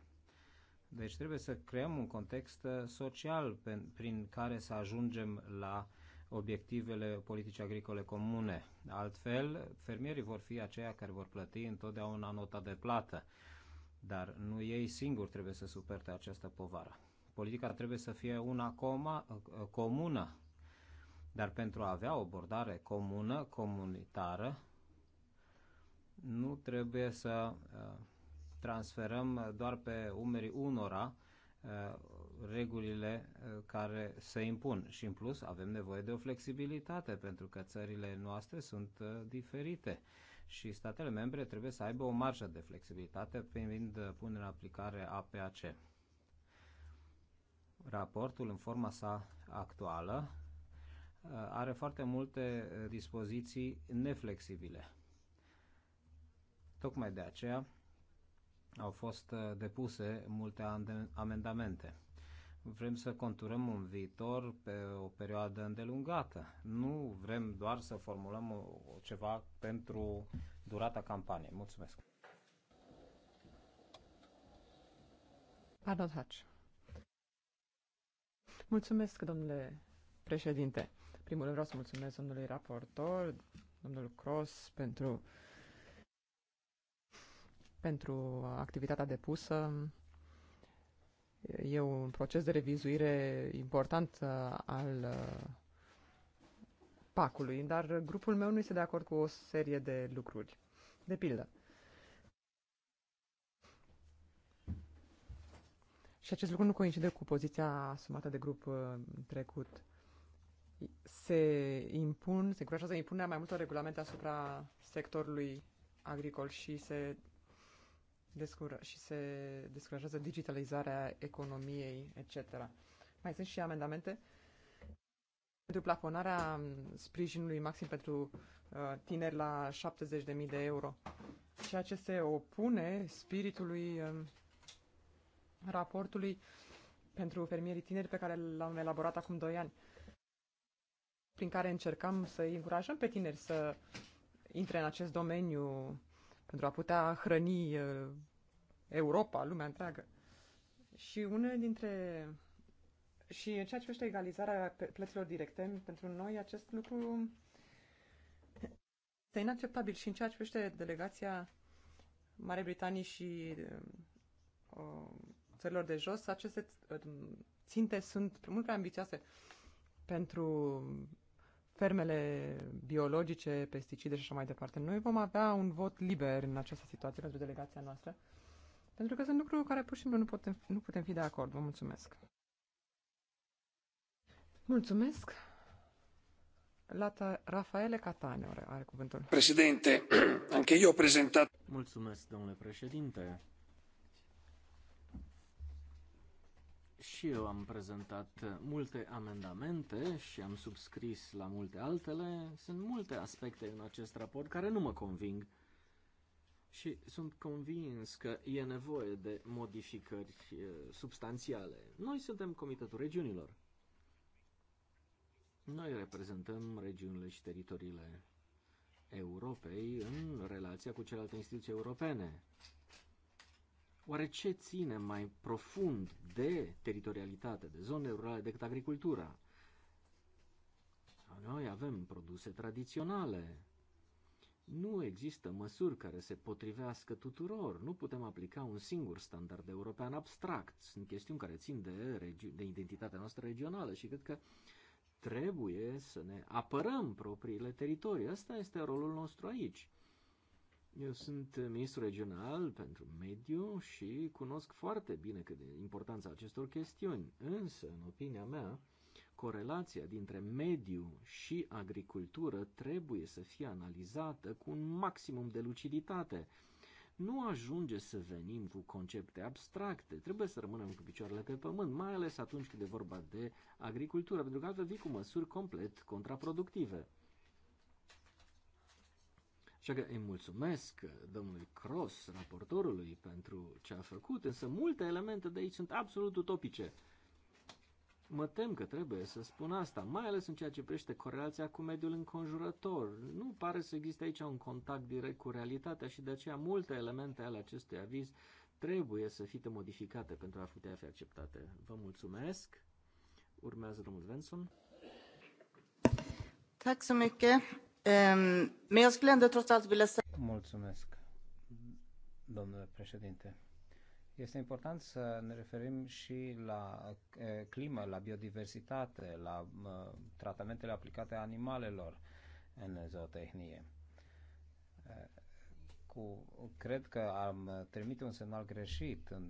deci trebuie să creăm un context uh, social prin care să ajungem la obiectivele politice agricole comune. Altfel, fermierii vor fi aceia care vor plăti întotdeauna nota de plată, dar nu ei singuri trebuie să superte această povară. Politica trebuie să fie una coma, uh, comună, dar pentru a avea o abordare comună, comunitară, nu trebuie să uh, transferăm uh, doar pe umerii unora uh, regulile uh, care se impun și în plus avem nevoie de o flexibilitate pentru că țările noastre sunt diferite și statele membre trebuie să aibă o marjă de flexibilitate privind punerea în aplicare a PAC. Raportul în forma sa actuală are foarte multe dispoziții neflexibile. Tocmai de aceea au fost uh, depuse multe amendamente. Vrem să conturăm un viitor pe o perioadă îndelungată. Nu vrem doar să formulăm ceva pentru durata campaniei. Mulțumesc! Arnold Hatch. Mulțumesc, domnule președinte. Primul rând vreau să mulțumesc domnului raportor, domnul Cross, pentru uh, pentru activitatea depusă. E un proces de revizuire important uh, al uh, pacului, dar grupul meu nu este de acord cu o serie de lucruri. De pildă. Și acest lucru nu coincide cu poziția asumată de grup uh, în trecut. Se impun, se încurajează impunerea mai multor regulamente asupra sectorului agricol și se descura- și se descurajează digitalizarea economiei, etc. Mai sunt și amendamente pentru plafonarea sprijinului maxim pentru uh, tineri la 70.000 de euro, ceea ce se opune spiritului uh, raportului pentru fermierii tineri pe care l-am elaborat acum 2 ani, prin care încercam să îi încurajăm pe tineri să intre în acest domeniu pentru a putea hrăni uh, Europa, lumea întreagă. Și unele dintre... Și în ceea ce privește egalizarea plăților directe, pentru noi acest lucru este inacceptabil. Și în ceea ce privește delegația Marii Britanii și uh, țărilor de jos, aceste uh, ținte sunt mult prea ambițioase pentru fermele biologice, pesticide și așa mai departe. Noi vom avea un vot liber în această situație pentru delegația noastră pentru că sunt lucruri care pur și simplu nu putem, nu putem fi de acord. Vă mulțumesc. Mulțumesc. Lata Rafaele Catane are cuvântul. Președinte, anche eu prezentat... Mulțumesc, domnule președinte. Și eu am prezentat multe amendamente și am subscris la multe altele. Sunt multe aspecte în acest raport care nu mă conving și sunt convins că e nevoie de modificări substanțiale. Noi suntem Comitetul Regiunilor. Noi reprezentăm regiunile și teritoriile Europei în relația cu celelalte instituții europene. Oare ce ține mai profund de teritorialitate, de zone rurale, decât agricultura? Noi avem produse tradiționale, nu există măsuri care se potrivească tuturor. Nu putem aplica un singur standard european abstract. Sunt chestiuni care țin de, de identitatea noastră regională și cred că trebuie să ne apărăm propriile teritorii. Asta este rolul nostru aici. Eu sunt ministru regional pentru mediu și cunosc foarte bine cât de importanța acestor chestiuni. Însă, în opinia mea, corelația dintre mediu și agricultură trebuie să fie analizată cu un maximum de luciditate. Nu ajunge să venim cu concepte abstracte, trebuie să rămânem cu picioarele pe pământ, mai ales atunci când e vorba de agricultură, pentru că altfel vii cu măsuri complet contraproductive. Așa că îi mulțumesc domnului Cross, raportorului, pentru ce a făcut, însă multe elemente de aici sunt absolut utopice. Mă tem că trebuie să spun asta, mai ales în ceea ce privește corelația cu mediul înconjurător. Nu pare să existe aici un contact direct cu realitatea și de aceea multe elemente ale acestui aviz trebuie să fie modificate pentru a putea fi acceptate. Vă mulțumesc. Urmează domnul Venson. Ehm, mulțumesc, domnule președinte. Este important să ne referim și la eh, climă, la biodiversitate, la tratamentele aplicate animalelor în zootehnie. Eh, cu, cred că am trimit un semnal greșit în,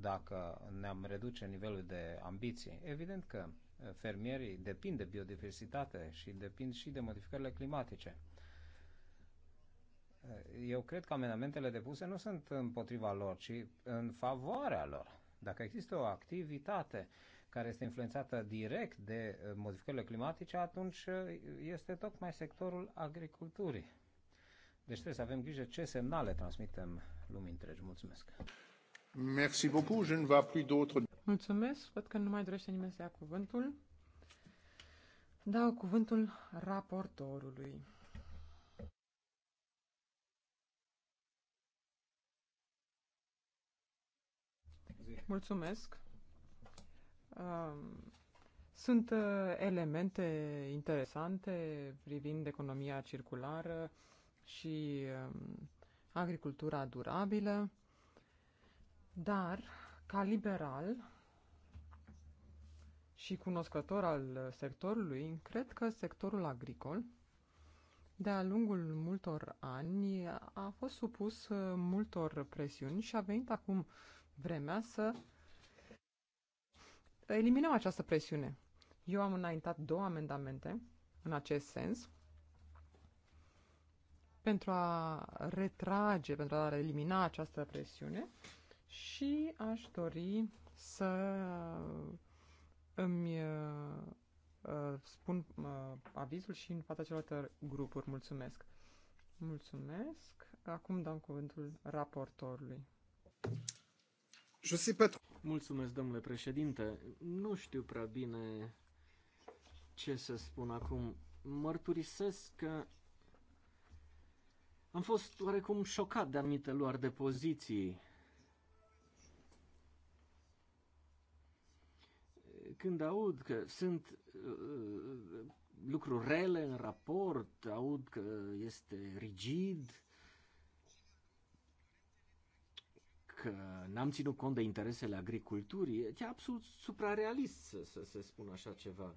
dacă ne-am reduce nivelul de ambiție. Evident că eh, fermierii depind de biodiversitate și depind și de modificările climatice. Eu cred că amendamentele depuse nu sunt împotriva lor, ci în favoarea lor. Dacă există o activitate care este influențată direct de uh, modificările climatice, atunci uh, este tocmai sectorul agriculturii. Deci trebuie să avem grijă ce semnale transmitem lumii întregi. Mulțumesc! Merci beaucoup. Je ne vais plus d'autres. Mulțumesc. Văd că nu mai dorește nimeni să ia cuvântul. Dau cuvântul raportorului. Mulțumesc. Um, sunt uh, elemente interesante privind economia circulară și um, agricultura durabilă, dar ca liberal și cunoscător al sectorului, cred că sectorul agricol de-a lungul multor ani a fost supus uh, multor presiuni și a venit acum vremea să eliminăm această presiune. Eu am înaintat două amendamente în acest sens pentru a retrage, pentru a elimina această presiune și aș dori să îmi uh, uh spun uh, avizul și în fața celorlalte grupuri. Mulțumesc! Mulțumesc! Acum dăm cuvântul raportorului. Je sais pas Mulțumesc, domnule președinte. Nu știu prea bine ce să spun acum. Mărturisesc că am fost oarecum șocat de anumite luări de poziții. Când aud că sunt uh, lucruri rele în raport, aud că este rigid, că n-am ținut cont de interesele agriculturii, e absolut suprarealist să, să se spună așa ceva.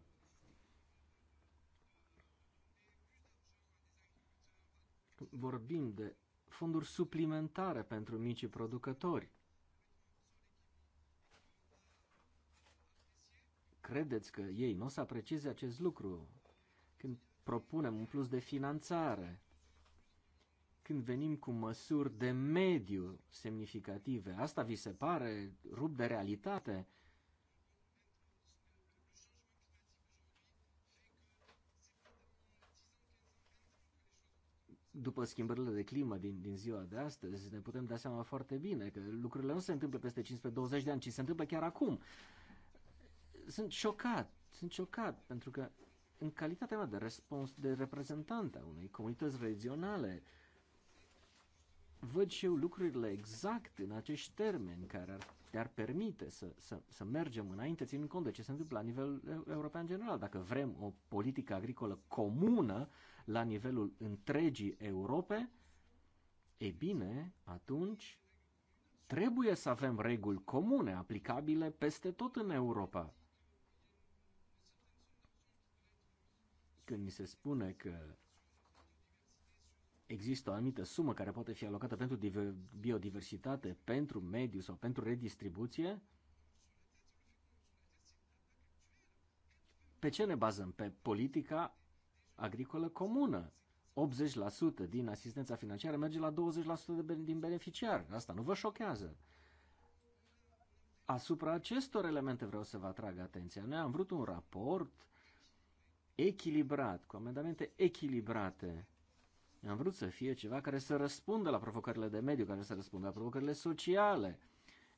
Vorbim de fonduri suplimentare pentru micii producători. Credeți că ei nu o să aprecieze acest lucru când propunem un plus de finanțare? când venim cu măsuri de mediu semnificative. Asta vi se pare rup de realitate? După schimbările de climă din, din ziua de astăzi, ne putem da seama foarte bine că lucrurile nu se întâmplă peste 15-20 de ani, ci se întâmplă chiar acum. Sunt șocat, sunt șocat, pentru că în calitatea mea de, respons, de reprezentant a unei comunități regionale, uh, văd și eu lucrurile exact în acești termeni care ar, te-ar permite să, să, să mergem înainte, ținând cont de ce se întâmplă la nivel european general. Dacă vrem o politică agricolă comună la nivelul întregii Europe, e bine, atunci trebuie să avem reguli comune aplicabile peste tot în Europa. Când mi se spune că există o anumită sumă care poate fi alocată pentru biodiversitate, pentru mediu sau pentru redistribuție, pe ce ne bazăm? Pe politica agricolă comună. 80% din asistența financiară merge la 20% din beneficiar. Asta nu vă șochează. Asupra acestor elemente vreau să vă atrag atenția. Noi am vrut un raport echilibrat, cu amendamente echilibrate am vrut să fie ceva care să răspundă la provocările de mediu, care să răspundă la provocările sociale,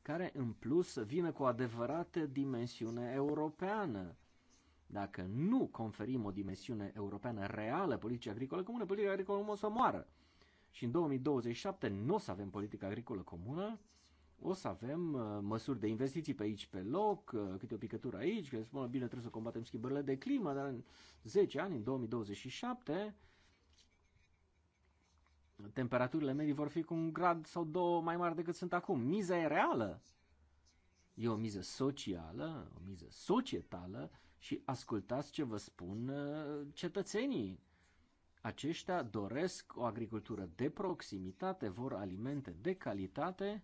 care în plus să vină cu o adevărată dimensiune europeană. Dacă nu conferim o dimensiune europeană reală politicii agricole comune, politica agricolă comună o să moară. Și în 2027 nu o să avem politică agricolă comună, o să avem uh, măsuri de investiții pe aici, pe loc, uh, câte o picătură aici, că spun, bine, trebuie să combatem schimbările de climă, dar în 10 ani, în 2027, temperaturile medii vor fi cu un grad sau două mai mari decât sunt acum. Miza e reală. E o miză socială, o miză societală și ascultați ce vă spun uh, cetățenii. Aceștia doresc o agricultură de proximitate, vor alimente de calitate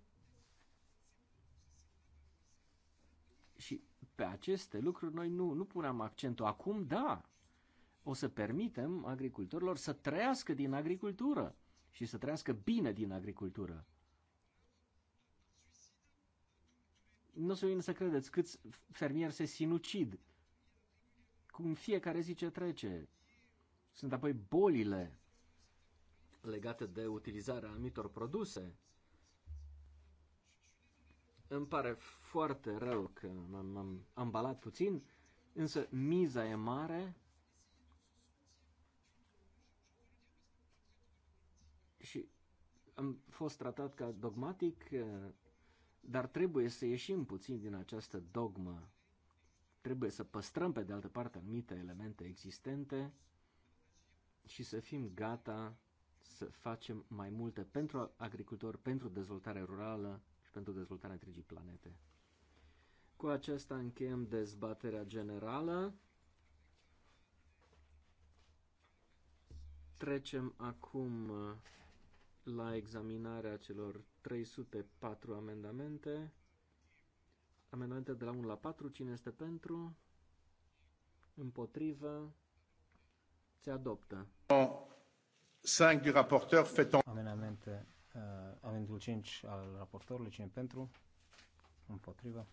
și pe aceste lucruri noi nu, nu puneam accentul. Acum, da, o să permitem agricultorilor să trăiască din agricultură și să trăiască bine din agricultură. Nu o să vină să credeți câți fermieri se sinucid, cum fiecare zi ce trece. Sunt apoi bolile legate de utilizarea anumitor produse. Îmi pare foarte rău că m-am ambalat puțin, însă miza e mare și am fost tratat ca dogmatic, eh, dar trebuie să ieșim puțin din această dogmă. Trebuie să păstrăm, pe de altă parte, anumite elemente existente și să fim gata să facem mai multe pentru agricultori, pentru dezvoltare rurală și pentru dezvoltarea întregii planete. Cu aceasta încheiem dezbaterea generală. Trecem acum eh, la examinarea celor 304 amendamente. Amendamente de la 1 la 4. Cine este pentru? Împotrivă? Se adoptă. Amendamente, uh, amendul 5 al raportorului. Cine pentru? Împotrivă?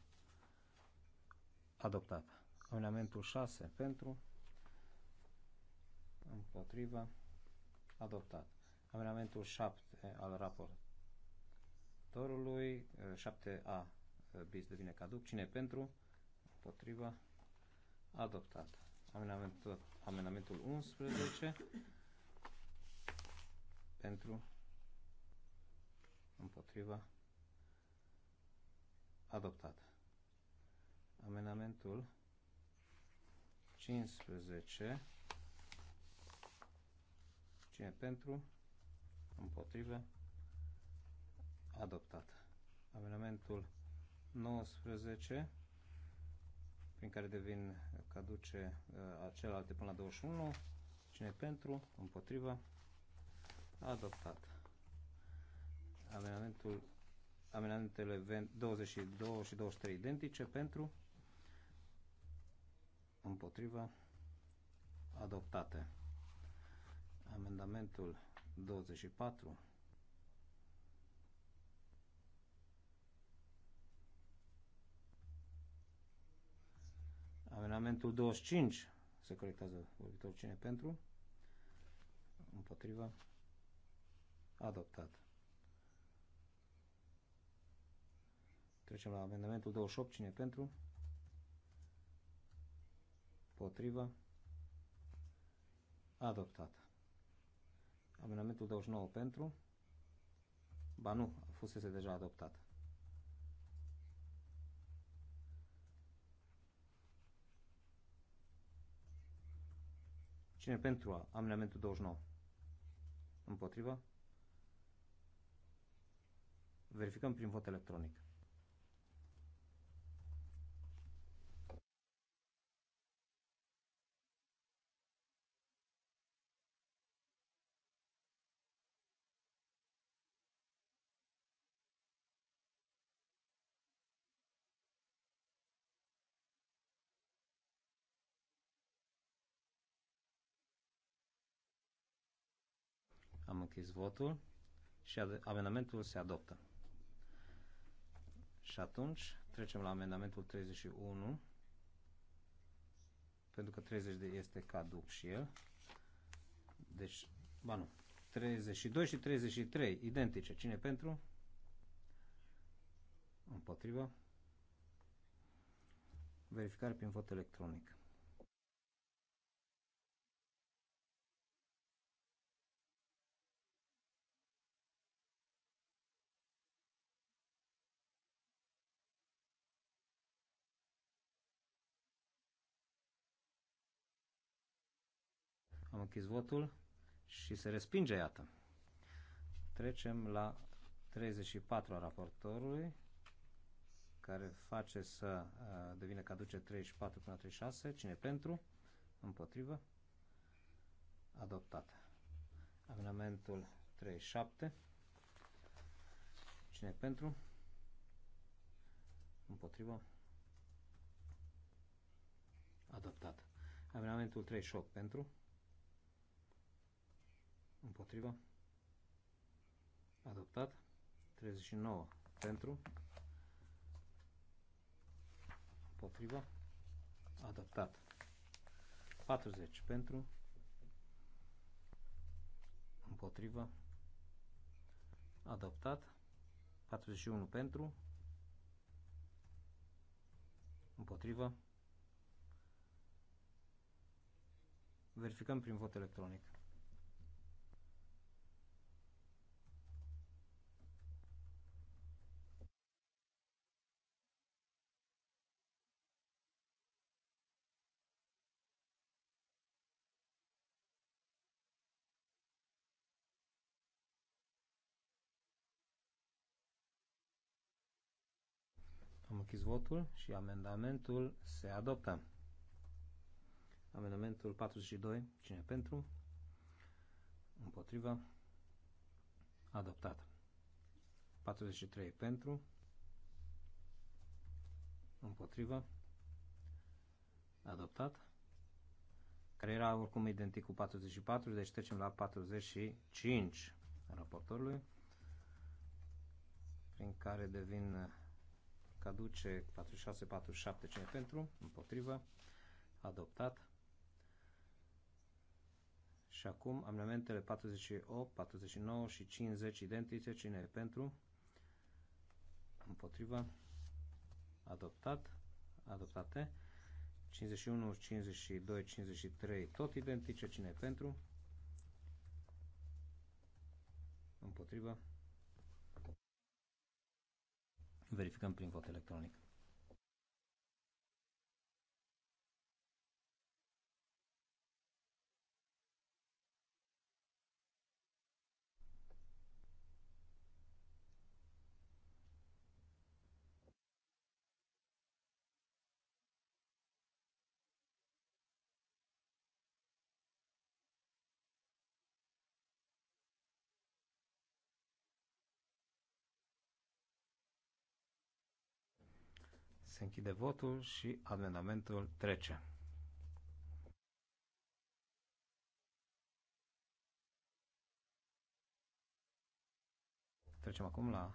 Adoptat. Amendamentul 6 pentru? Împotrivă? Adoptat. Amendamentul 7 al raportorului, 7A bis devine caduc. Cine pentru? Împotriva? Adoptat. Amendamentul, amendamentul 11 pentru împotriva adoptat. Amendamentul 15 cine pentru împotrivă, adoptat. Amendamentul 19, prin care devin caduce uh, celelalte până la 21, cine pentru, împotrivă, adoptat. Amendamentul, amendamentele 22 și 23 identice pentru, împotrivă, adoptate. Amendamentul 24. Amendamentul 25 se corectează vorbitor cine pentru, împotriva, adoptat. Trecem la amendamentul 28, cine pentru, Potriva. adoptat. Amendamentul 29 pentru. Ba nu, fusese deja adoptat. Cine pentru amenamentul 29? Împotrivă? Verificăm prin vot electronic. Am închis votul și amendamentul se adoptă. Și atunci trecem la amendamentul 31, pentru că 30 de este caduc și el. Deci, ba nu, 32 și 33, identice. Cine pentru? Împotrivă. Verificare prin vot electronic. închis votul și se respinge, iată. Trecem la 34 a raportorului, care face să uh, devină caduce 34 până 36. Cine pentru? Împotrivă? Adoptat. Amendamentul 37. Cine pentru? Împotrivă? Adoptat. Amendamentul 38 pentru? Împotriva. Adoptat. 39 pentru. Împotriva. Adoptat. 40 pentru. Împotriva. Adoptat. 41 pentru. Împotriva. Verificăm prin vot electronic. închis votul și amendamentul se adoptă. Amendamentul 42, cine pentru? Împotriva. Adoptat. 43 pentru. Împotriva. Adoptat. Care era oricum identic cu 44, deci trecem la 45 raportorului, prin care devin caduce 46, 47, cine pentru, împotrivă, adoptat. Și acum amendamentele 48, 49 și 50 identice, cine e pentru, împotrivă, adoptat, adoptate. 51, 52, 53, tot identice, cine e pentru, împotrivă, Verificăm prin vot electronic. Se închide votul și amendamentul trece. Trecem acum la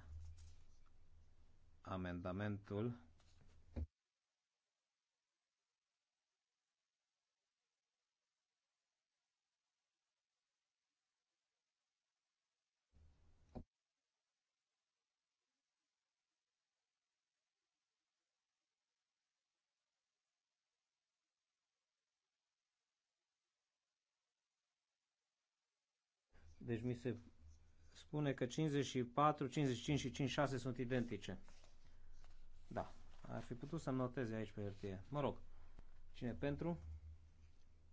amendamentul Deci mi se spune că 54, 55 și 56 sunt identice. Da. Ar fi putut să-mi noteze aici pe hârtie. Mă rog. Cine pentru?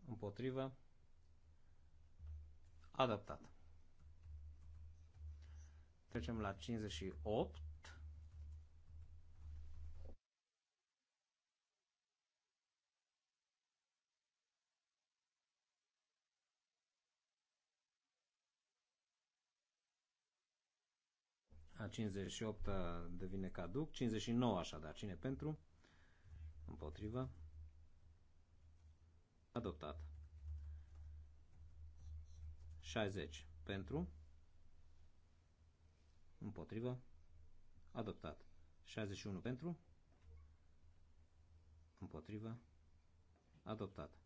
Împotrivă? Adaptat. Trecem la 58. 58 uh, devine caduc, 59 așadar, cine pentru? Împotrivă. Adoptat. 60 pentru. Împotrivă. Adoptat. 61 pentru. Împotrivă. Adoptat.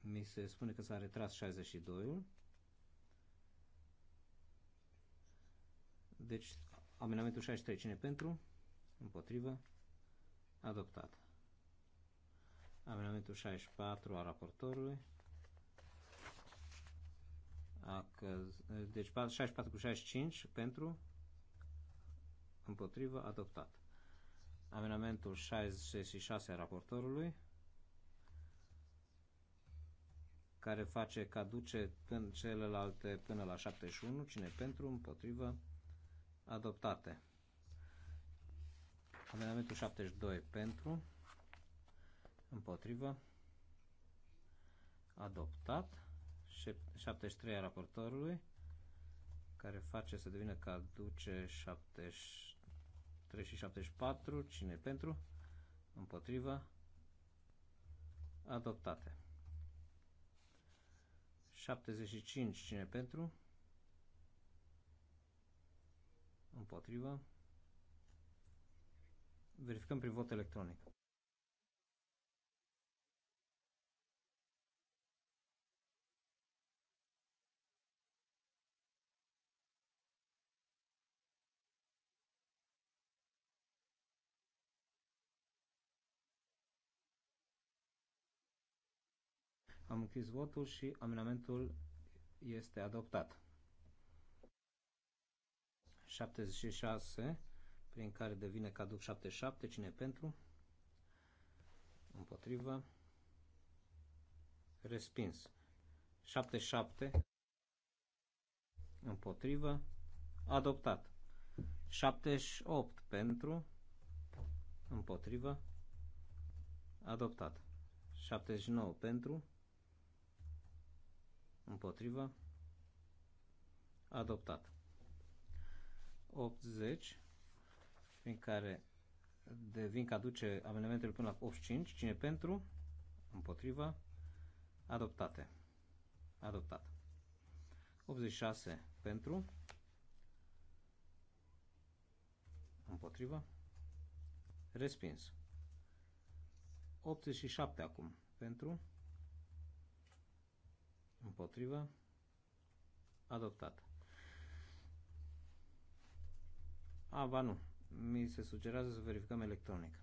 Mi se spune că s-a retras 62-ul. Deci, amenamentul 63, cine pentru? Împotrivă. Adoptat. Amenamentul 64 a raportorului. A Deci 64 cu 65 pentru, împotrivă, adoptat. Amenamentul 66 a raportorului, care face caduce celelalte până la 71, cine pentru, împotrivă, adoptate. Amendamentul 72 pentru, împotrivă, adoptat. 73 a raportorului, care face să devină caduce 73 și 74, cine pentru, împotrivă, adoptate. 75, cine pentru, împotrivă. Verificăm prin vot electronic. Am închis votul și amenamentul este adoptat. 76, prin care devine caduc 77, cine pentru? Împotrivă. Respins. 77, împotrivă. Adoptat. 78 pentru, împotrivă. Adoptat. 79 pentru, împotrivă. Adoptat. 80, prin care devin că aduce amendamentele până la 85. Cine pentru? Împotriva? Adoptate. Adoptat. 86 pentru. Împotriva? Respins. 87 acum. Pentru. Împotriva. Adoptat. A, ba nu. Mi se sugerează să verificăm electronic.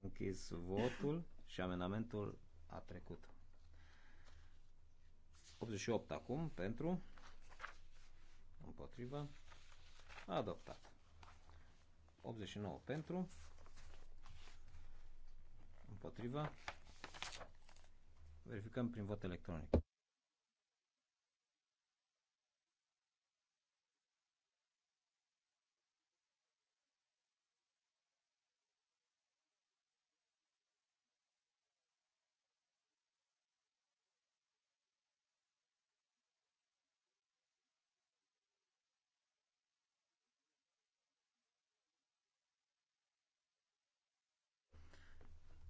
închis votul și amendamentul a trecut. 88 acum pentru împotriva adoptat. 89 pentru împotriva verificăm prin vot electronic.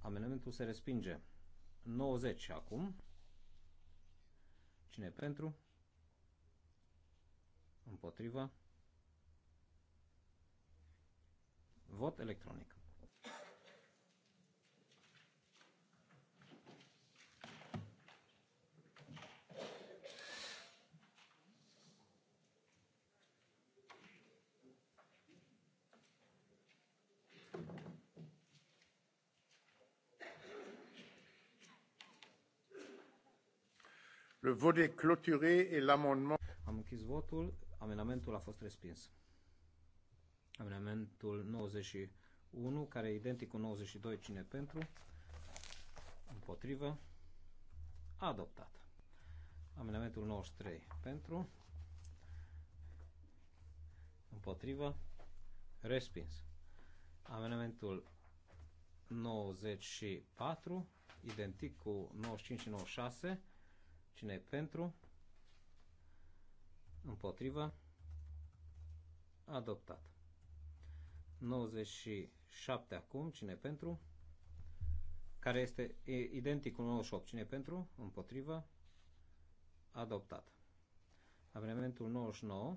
Amendamentul se respinge. 90 acum. Cine pentru? Împotrivă. Vot electronic. Le vot est clôturé et l'amendement... Am închis votul, amendamentul a fost respins. Amendamentul 91, care e identic cu 92, cine pentru? Împotrivă. Adoptat. Amendamentul 93, pentru? Împotrivă. Respins. Amendamentul 94, identic cu 95 și 96, Cine e pentru? Împotrivă? Adoptat. 97 acum. Cine e pentru? Care este identic cu 98. Cine e pentru? Împotrivă? Adoptat. Amendamentul 99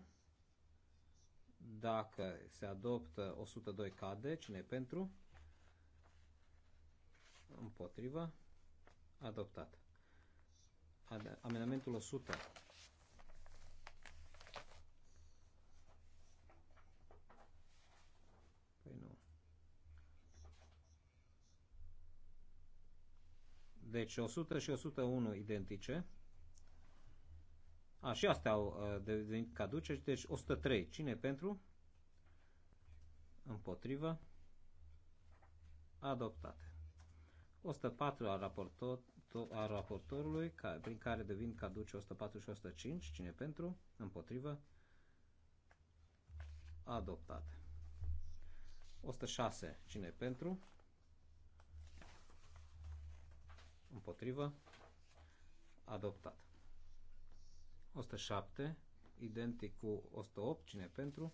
dacă se adoptă 102 cade, cine e pentru? Împotriva? Adoptat amendamentul 100. Păi nu. Deci 100 și 101 identice. A, și astea au uh, devenit caduce, deci 103. Cine pentru? Împotrivă. Adoptate. 104 a raportor, a raportorului, ca, prin care devin caduce 104 și 105, cine pentru, împotrivă, adoptate. 106, cine pentru, împotrivă, adoptat. 107, identic cu 108, cine pentru,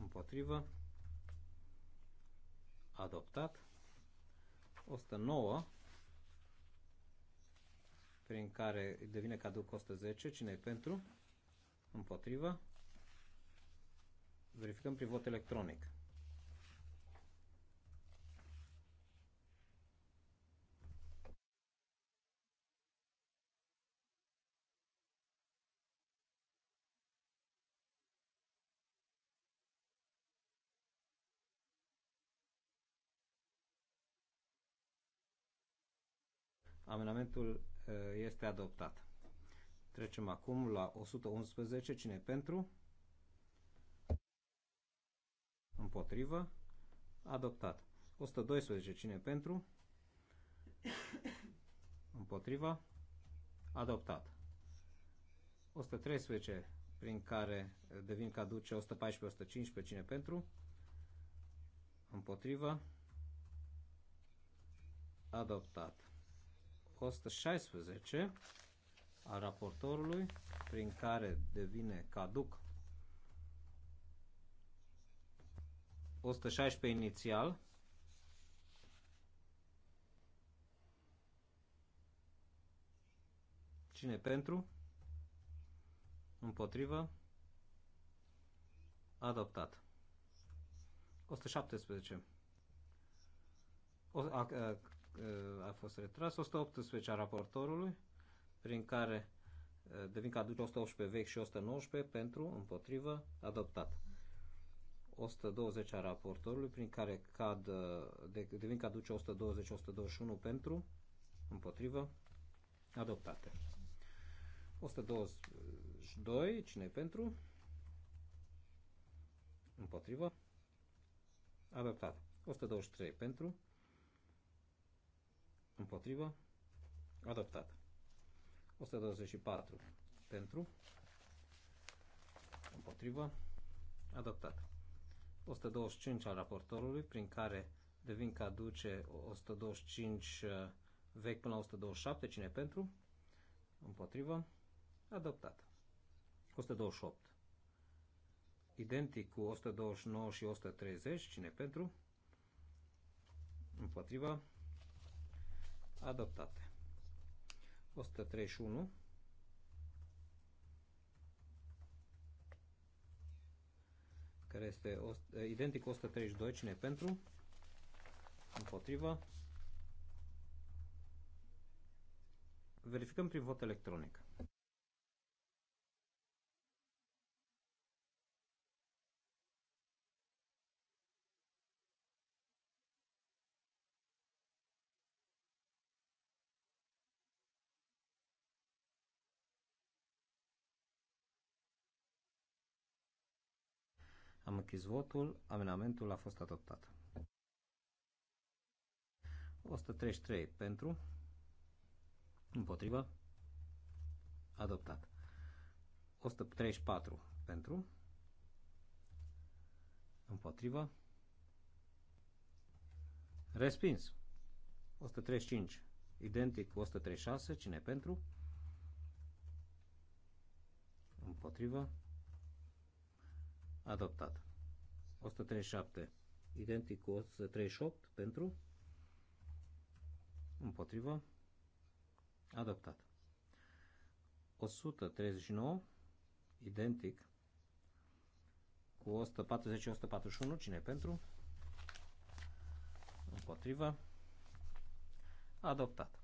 împotrivă, adoptat. 109 prin care devine cadou caduc 110. Cine e pentru? Împotrivă. Verificăm prin vot electronic. Amendamentul eh, este adoptat. Trecem acum la 111. Cine pentru? Împotrivă. Adoptat. 112. Cine pentru? Împotrivă? Adoptat. 113 prin care eh, devin caduce 114-115 cine pentru? Împotrivă? Adoptat. 16 al raportorului, prin care devine caduc 116 inițial, Cine pentru? Împotrivă? Adoptat. 117. O, a, a, Uh, a fost retras, 118 a raportorului, prin care uh, devin caduce 118 vechi și 119 pentru, împotrivă, adoptat. 120 a raportorului, prin care cad, uh, devin caduce 120-121 pentru, împotrivă, adoptate. 122, cine pentru? Împotrivă, adoptat. 123 pentru, împotrivă, adoptat. 124 pentru, împotrivă, adoptat. 125 al raportorului, prin care devin caduce 125 uh, vechi până la 127, cine pentru, împotrivă, adoptat. 128. Identic cu 129 și 130, cine pentru, împotriva, adoptate. 131 care este identic 132, cine pentru, împotrivă. Verificăm prin vot electronic. Am închis votul. amenamentul a fost adoptat. 133 pentru. Împotrivă. Adoptat. 134 pentru. Împotrivă. Respins. 135. Identic cu 136. Cine pentru? Împotrivă. Adoptat. 137. Identic cu 138 pentru. Împotrivă. Adoptat. 139. Identic cu 140-141. Cine pentru? Împotrivă. Adoptat.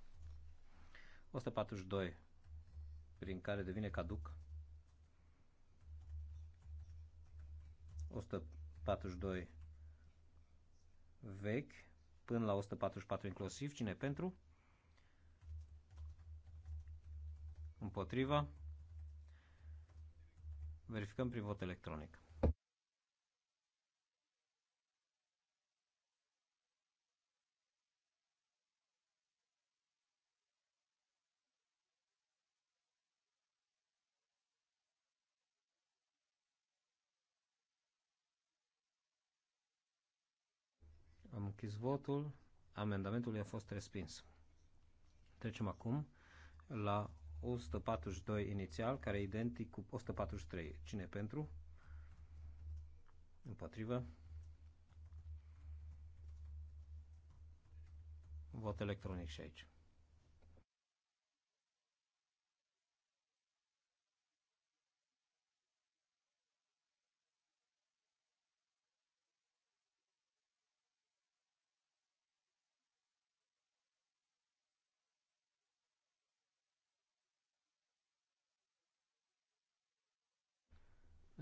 142 prin care devine caduc 100 142 vechi până la 144 inclusiv. Cine pentru? Împotriva. Verificăm prin vot electronic. închis votul. Amendamentul a fost respins. Trecem acum la 142 inițial, care e identic cu 143. Cine pentru? Împotrivă. Vot electronic și aici.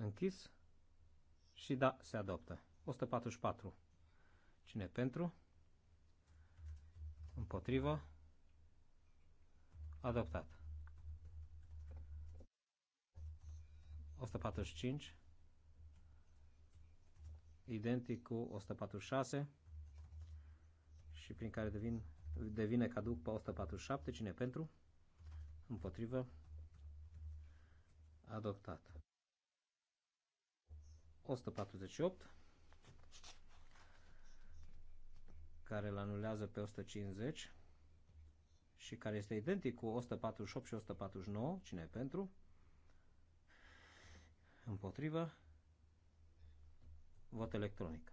închis și da, se adoptă. 144. Cine pentru? Împotrivă? Adoptat. 145. Identic cu 146 și prin care devin, devine caduc pe 147. Cine pentru? Împotrivă? Adoptat. 148 care îl anulează pe 150 și care este identic cu 148 și 149, cine e pentru? Împotrivă, vot electronic.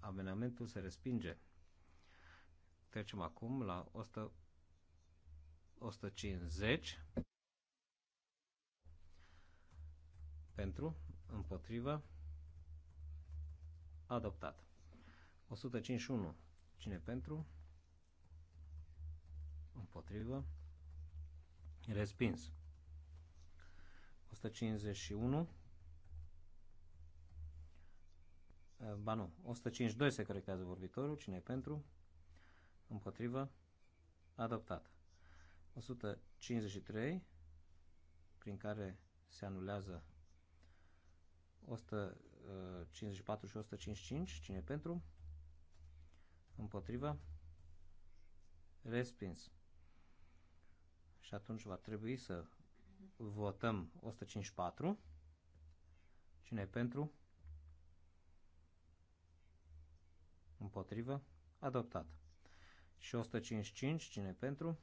Amenamentul se respinge. Trecem acum la 100, 150. Pentru, împotrivă, adoptat. 151. Cine pentru? Împotrivă. Respins. 151 Eh, ba nu, 152 se corectează vorbitorul. Cine e pentru? Împotrivă? Adoptat. 153, prin care se anulează 154 și 155. Cine e pentru? Împotrivă? Respins. Și atunci va trebui să votăm 154. Cine e pentru? Împotrivă. Adoptat. Și 155, cine pentru?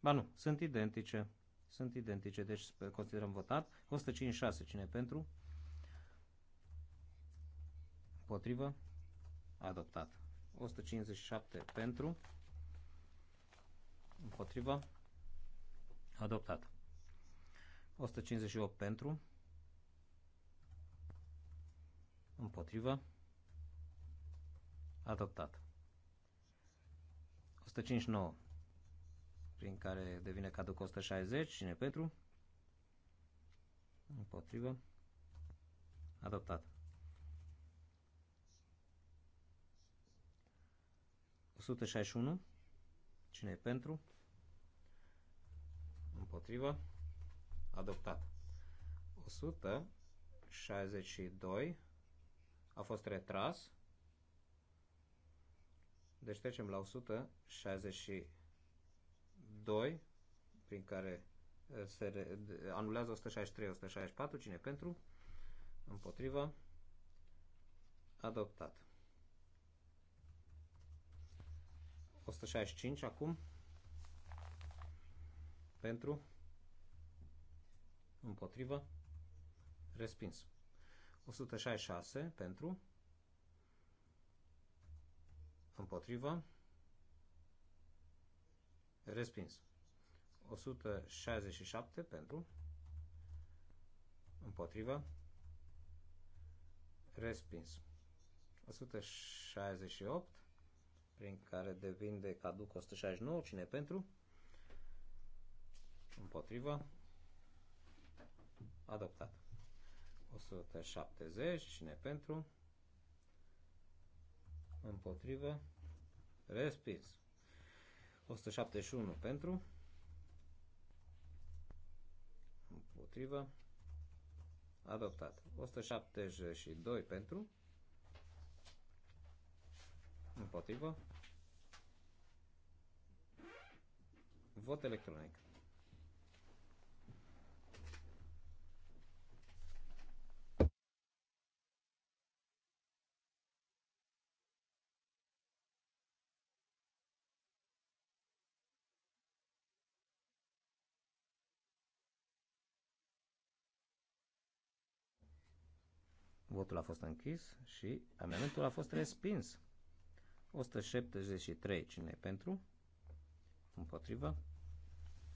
Ba nu, sunt identice. Sunt identice, deci considerăm votat. 156, cine pentru? Împotrivă. Adoptat. 157 pentru. Împotrivă. Adoptat. 158 pentru. Împotrivă. Adoptat. 159, prin care devine caduc 160. Cine pentru? Împotrivă. Adoptat. 161. Cine e pentru? Împotrivă. Adoptat. 162 a fost retras. Deci trecem la 162, prin care uh, se anulează 163, 164, cine pentru, împotrivă, adoptat. 165 acum, pentru, împotrivă, respins. 166 pentru, împotrivă, respins. 167 pentru, împotrivă, respins. 168, prin care devin de caduc 169, cine pentru? Împotrivă, adoptat. 170, cine pentru? împotrivă, respins. 171 pentru, împotrivă, adoptat. 172 pentru, împotrivă, vot electronic. Votul a fost închis și amendamentul a fost respins. 173 cine e pentru? Împotrivă?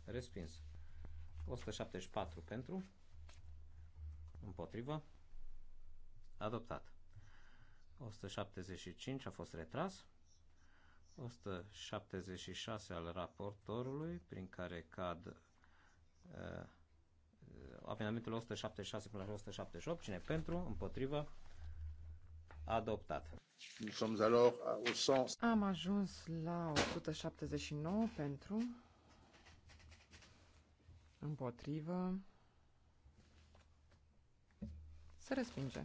Respins. 174 pentru? Împotrivă? Adoptat. 175 a fost retras. 176 al raportorului, prin care cad uh, amendamentul 176 până la 178. Cine pentru? Împotrivă? Adoptat. Am ajuns la 179 pentru, împotrivă, se respinge.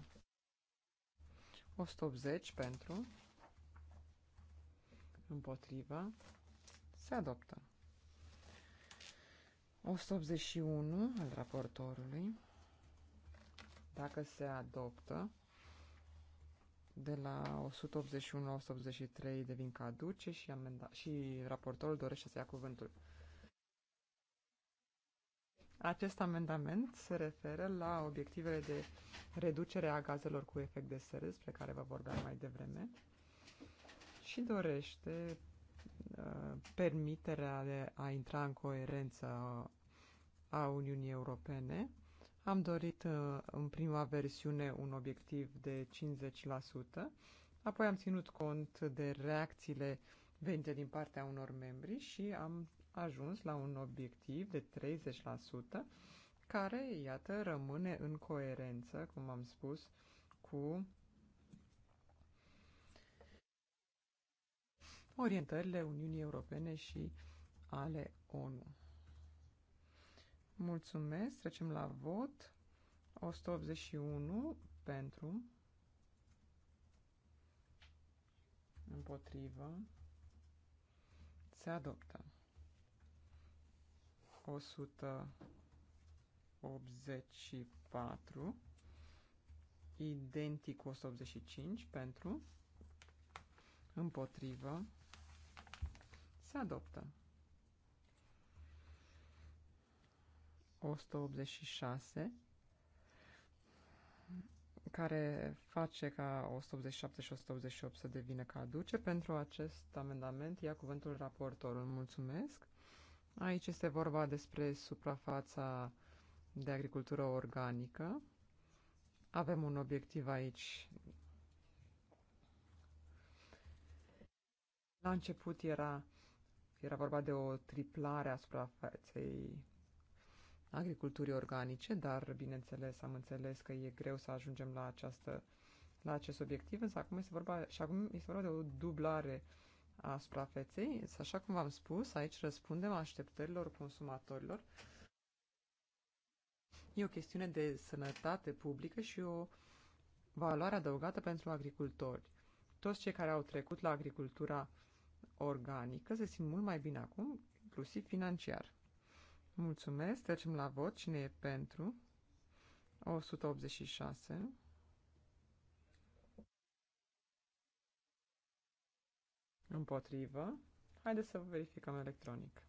180 pentru, împotrivă, se adoptă. 181 al raportorului, dacă se adoptă, de la 181 la 183 devin caduce și, amenda și raportorul dorește să ia cuvântul. Acest amendament se referă la obiectivele de reducere a gazelor cu efect de seră, despre care vă vorbeam mai devreme, și dorește permiterea de a intra în coerență a Uniunii Europene. Am dorit uh, în prima versiune un obiectiv de 50%, apoi am ținut cont de reacțiile venite din partea unor membri și am ajuns la un obiectiv de 30%, care, iată, rămâne în coerență, cum am spus, cu orientările Uniunii Europene și ale ONU. Mulțumesc, trecem la vot. 181 pentru, împotrivă, se adoptă. 184 identic 185 pentru împotrivă se adoptă. 186 care face ca 187 și 188 să devină caduce. Pentru acest amendament ia cuvântul raportorul. Mulțumesc. Aici este vorba despre suprafața de agricultură organică. Avem un obiectiv aici. La început era era vorba de o triplare a suprafeței agriculturii organice, dar, bineînțeles, am înțeles că e greu să ajungem la, această, la acest obiectiv, însă acum este vorba, și acum este vorba de o dublare a suprafeței. Așa cum v-am spus, aici răspundem așteptărilor consumatorilor. E o chestiune de sănătate publică și o valoare adăugată pentru agricultori. Toți cei care au trecut la agricultura organică, se simt mult mai bine acum, inclusiv financiar. Mulțumesc, trecem la vot. Cine e pentru? 186. Împotrivă. Haideți să verificăm electronic.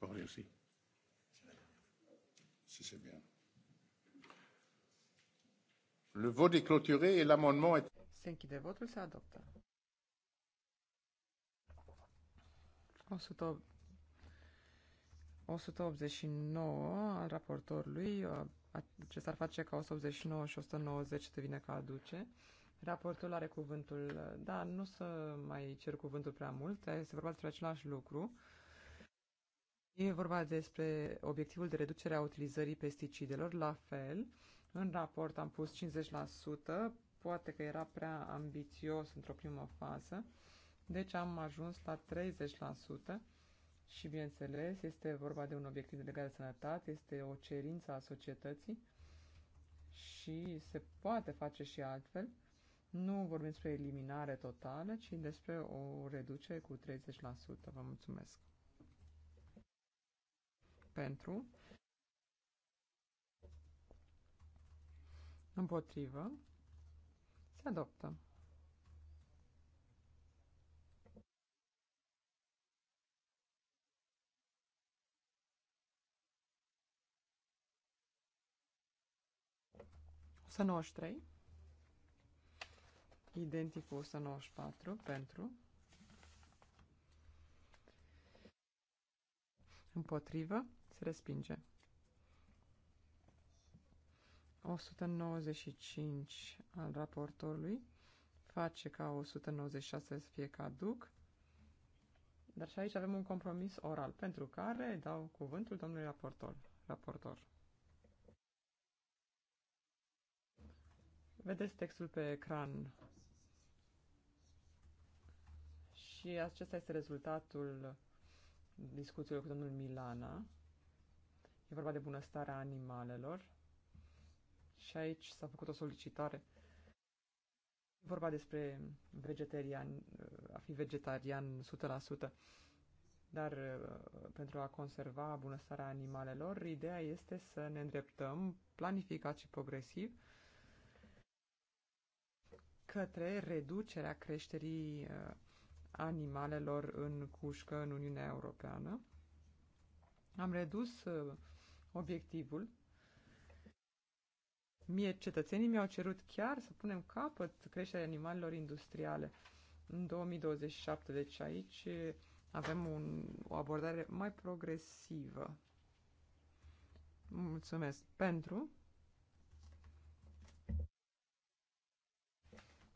Parlez aussi. Si c'est bien. Le vote est clôturé et l'amendement est... Se închide votul, se adoptă. 189 al raportorului, ce s-ar face ca 189 și 190 devine aduce. Raportul are cuvântul, da, nu să mai cer cuvântul prea mult, este vorba despre același lucru. E vorba despre obiectivul de reducere a utilizării pesticidelor. La fel, în raport am pus 50%, poate că era prea ambițios într-o primă fază, deci am ajuns la 30% și, bineînțeles, este vorba de un obiectiv de legat de sănătate, este o cerință a societății și se poate face și altfel. Nu vorbim despre eliminare totală, ci despre o reducere cu 30%. Vă mulțumesc! pentru, împotrivă, se adoptă. Să 93 identic cu patru. pentru împotrivă se respinge. 195 al raportorului face ca 196 să fie caduc. Dar și aici avem un compromis oral, pentru care dau cuvântul domnului raportor. raportor. Vedeți textul pe ecran. Și acesta este rezultatul discuțiilor cu domnul Milana. E vorba de bunăstarea animalelor. Și aici s-a făcut o solicitare. E vorba despre vegetarian, a fi vegetarian 100%. Dar uh, pentru a conserva bunăstarea animalelor, ideea este să ne îndreptăm planificat și progresiv către reducerea creșterii uh, animalelor în cușcă în Uniunea Europeană. Am redus uh, obiectivul. Mie, cetățenii mi-au cerut chiar să punem capăt creșterii animalelor industriale în 2027. Deci aici avem un, o abordare mai progresivă. Mulțumesc pentru.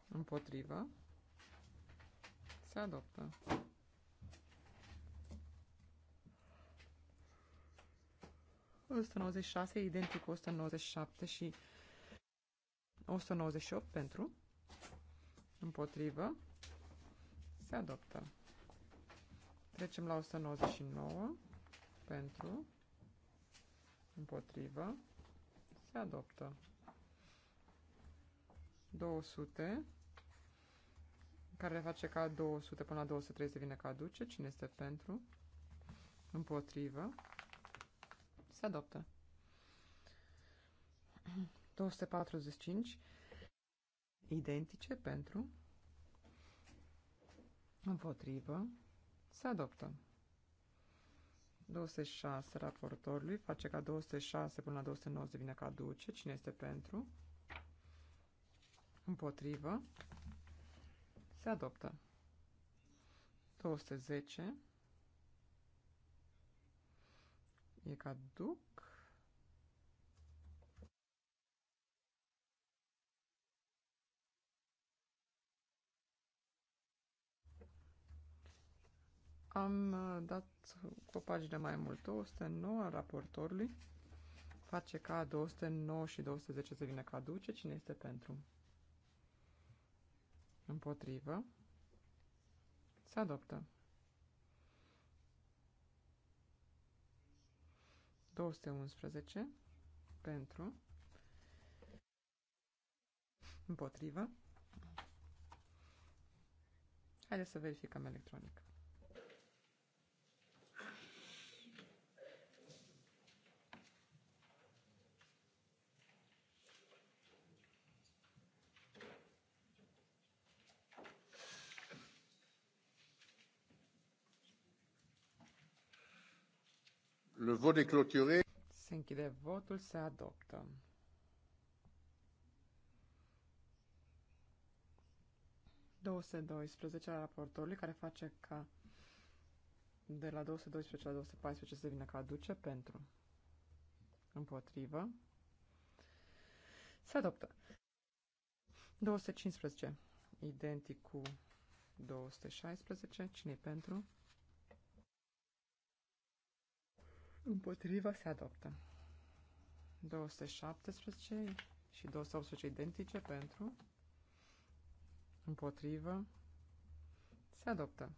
Împotrivă. Se adoptă. 196, identic cu 197 și 198 pentru, împotrivă, se adoptă. Trecem la 199 pentru, împotrivă, se adoptă. 200, care face ca 200 până la 230 devine caduce. Cine este pentru? Împotrivă. Se adoptă. 245 identice pentru împotrivă se adoptă. 206 raportorului face ca 206 până la 209 devine caduce. Cine este pentru? Împotrivă. Se adoptă. 210 E caduc. Am uh, dat cu o pagină mai mult, 209 al raportorului. Face ca 209 și 210 să vină caduce. Cine este pentru? Împotrivă. Se adoptă. 211 pentru împotrivă. Haideți să verificăm electronic. Le vot est clôturé. Se închide votul, se adoptă. al raportorului care face ca de la 212 la 214 se vină ca aduce pentru împotrivă. Se adoptă. 215 identic cu 216. Cine e pentru? Împotriva se adoptă. 217 și 218 identice pentru. Împotrivă se adoptă.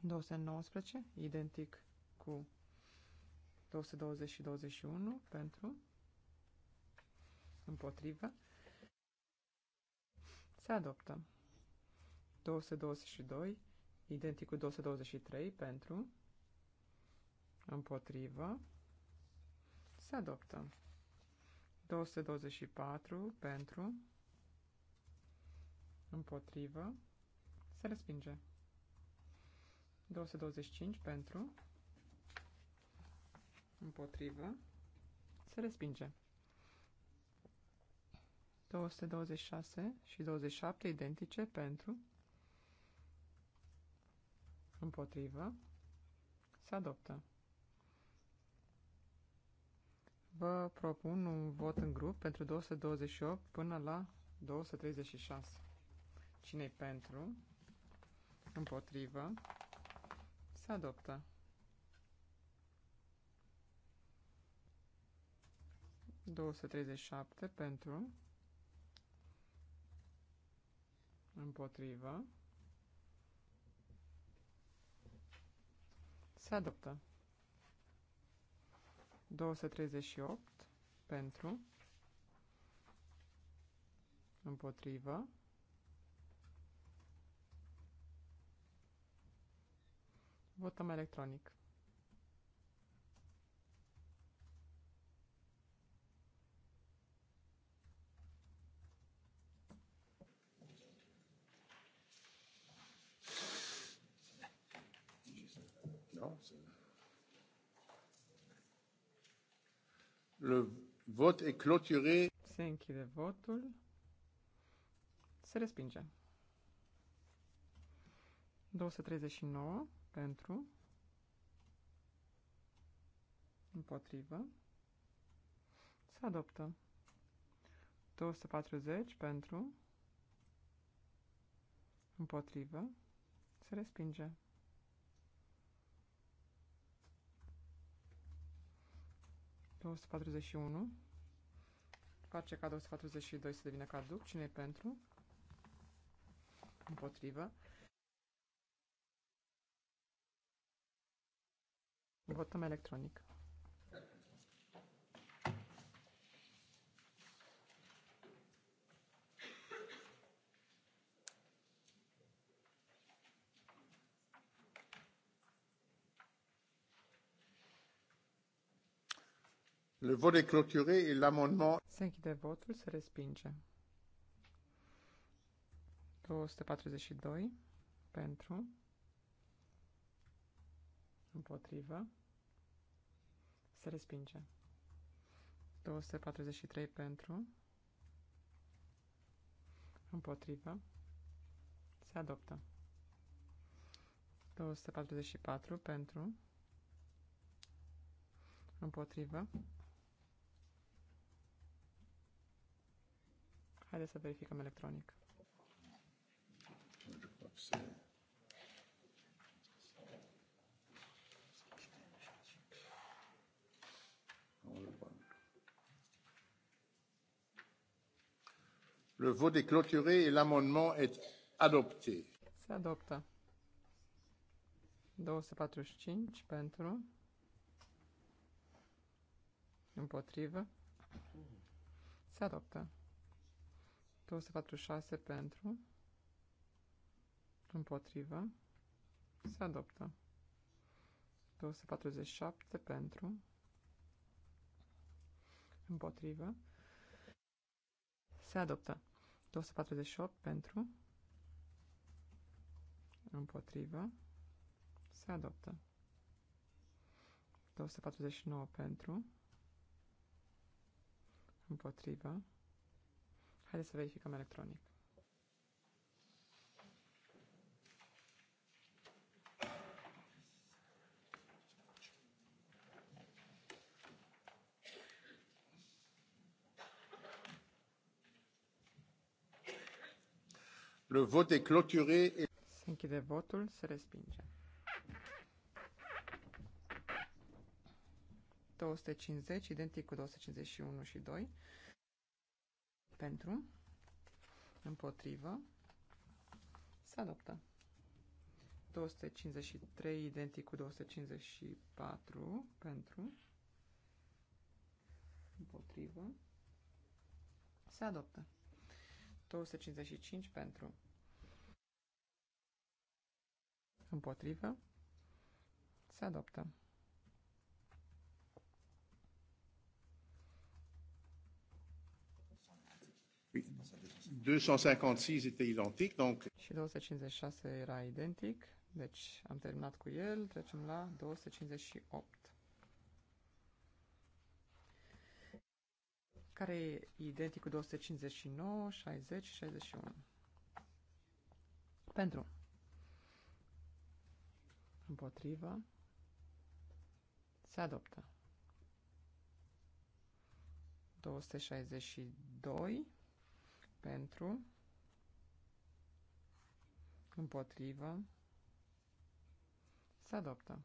219 identic cu 220 și 21 pentru. Împotrivă se adoptă. 222 identic cu 223 pentru Împotrivă. Se adoptă. 224 pentru. Împotrivă. Se respinge. 225 pentru. Împotrivă. Se respinge. 226 și 27 identice pentru. Împotrivă. Se adoptă. vă propun un vot în grup pentru 228 până la 236. Cine-i pentru? Împotrivă? Se adoptă. treizeci pentru, împotrivă, se adoptă. 238 pentru, împotrivă, votăm electronic. Le vot est clôturé. Se închide votul. Se respinge. 239 pentru. Împotrivă. Se adoptă. 240 pentru. Împotrivă. Se respinge. 241. Face ca 242 să devină caduc. cine e pentru? Împotrivă. Votăm electronic. Le vot est clôturé et l'amendement... Se închide votul, se respinge. 242 pentru, împotrivă, se respinge. 243 pentru, împotrivă, se adoptă. 244 pentru, împotrivă, Haideți să verificăm electronic. Le vot est clôturé et l'amendement est adopté. Se adoptă. 245 pentru. Împotrivă. Se adoptă. 246 pentru, împotrivă, se adoptă. 247 pentru, împotrivă, se adoptă. 248 pentru, împotrivă, se adoptă. 249 pentru, împotrivă, Haideți să verificăm electronic. Le vot est clôturé. Et... Se închide votul, se respinge. 250, identic cu 251 și 2 pentru, împotrivă, se adoptă. 253 identic cu 254 pentru, împotrivă, se adoptă. 255 pentru, împotrivă, se adoptă. 256 était identique, donc... Și 256 era identic, deci am terminat cu el, trecem la 258. Care e identic cu 259, 60 și 61. Pentru. Împotrivă. Se adoptă. 262 pentru, împotrivă, se adoptă.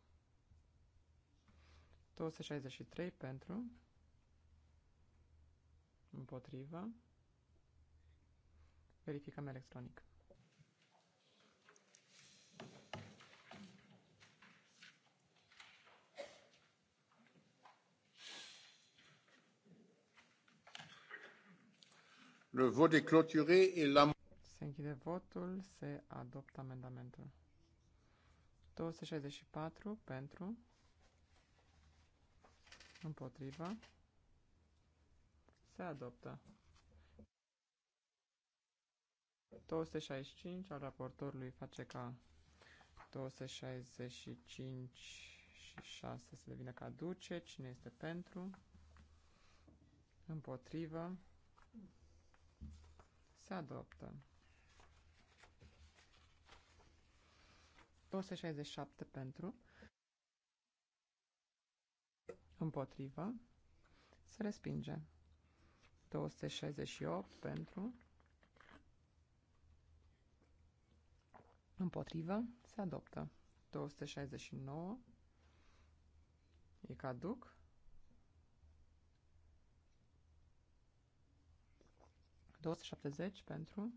263 pentru, împotrivă, verificăm electronic. Le est clôturé et la... Se închide votul, se adoptă amendamentul. 264 pentru, împotriva, se adoptă. 265 al raportorului face ca 265 și 6 să devină caduce. Cine este pentru? Împotrivă. Se adoptă. 267 pentru. Împotrivă. Se respinge. 268 pentru. Împotrivă. Se adoptă. 269. E caduc. 270 pentru,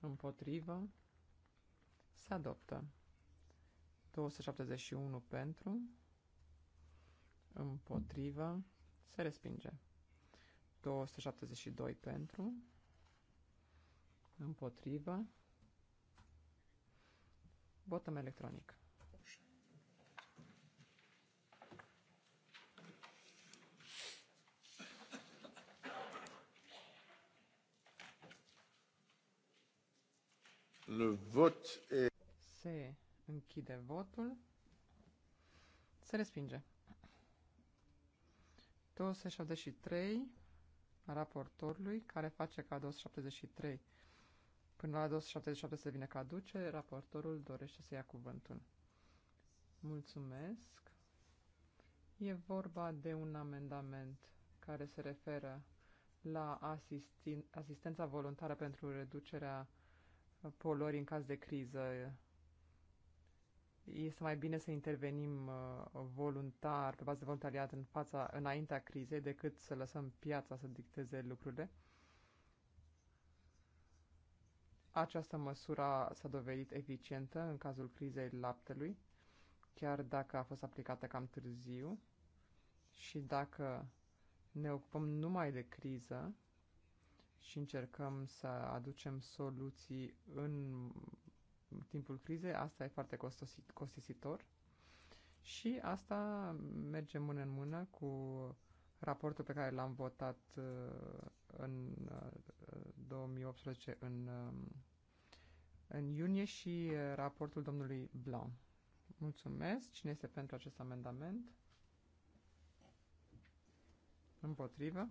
împotrivă, se adoptă. 271 pentru, împotrivă, se respinge. 272 pentru, împotrivă, votăm electronic. Le vot e... Se închide votul. Se respinge. 273 raportorului, care face ca 273 până la 277 se vine caduce, raportorul dorește să ia cuvântul. Mulțumesc. E vorba de un amendament care se referă la asisten- asistența voluntară pentru reducerea poluării în caz de criză. Este mai bine să intervenim uh, voluntar, pe bază de voluntariat, în fața, înaintea crizei, decât să lăsăm piața să dicteze lucrurile. Această măsură s-a dovedit eficientă în cazul crizei laptelui, chiar dacă a fost aplicată cam târziu și dacă ne ocupăm numai de criză, și încercăm să aducem soluții în timpul crizei, asta e foarte costisitor și asta merge mână în mână cu raportul pe care l-am votat uh, în 2018 uh, în, um, în iunie și uh, raportul domnului Blanc. Mulțumesc. Cine este pentru acest amendament? Împotrivă.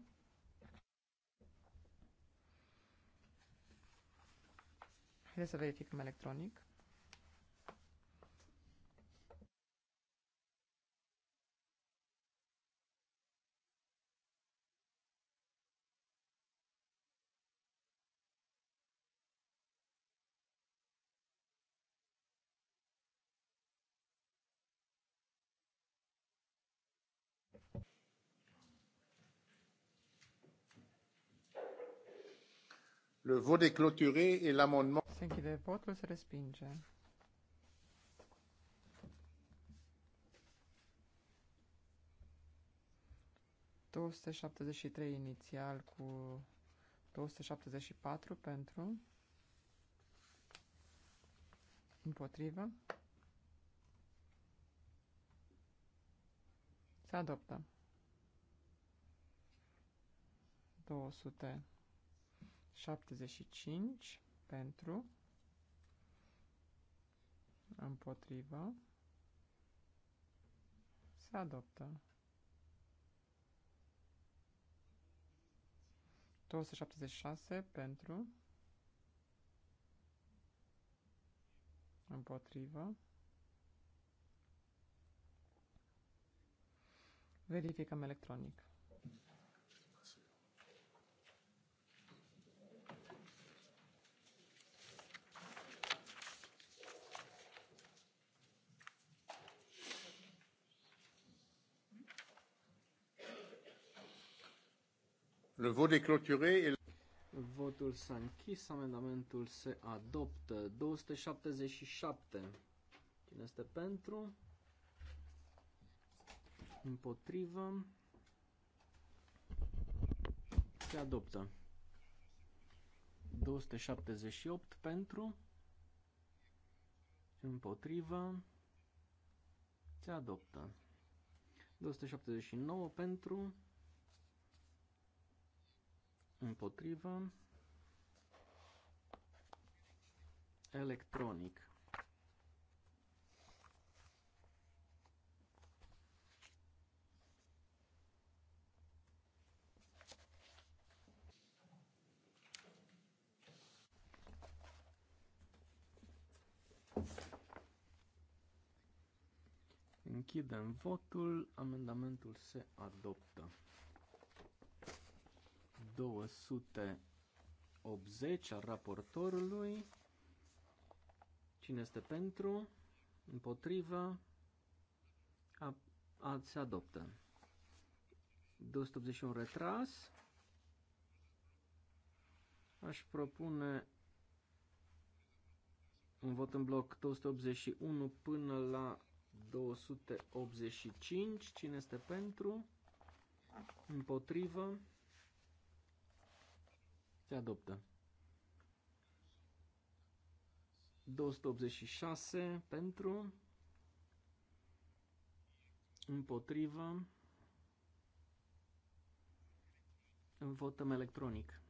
Haideți să verificăm electronic. Le vote est clôturé et l'amendement... Se închide votul, se respinge. ...273 inițial cu 274 pentru, împotrivă, se adoptă. 200 75 pentru, împotrivă, se adoptă. 276 pentru, împotrivă. Verificăm electronic. Le est clôturé et... Votul s-a închis, amendamentul se adoptă. 277. Cine este pentru? Împotrivă. Se adoptă. 278 pentru. Împotrivă. Se adoptă. 279 pentru împotrivă, electronic. Închidem votul, amendamentul se adoptă. 280 al raportorului. Cine este pentru? Împotrivă? A, a, se adoptă. 281 retras. Aș propune un vot în bloc 281 până la 285. Cine este pentru? Împotrivă? Se adoptă. 286 pentru, împotrivă, votăm electronic.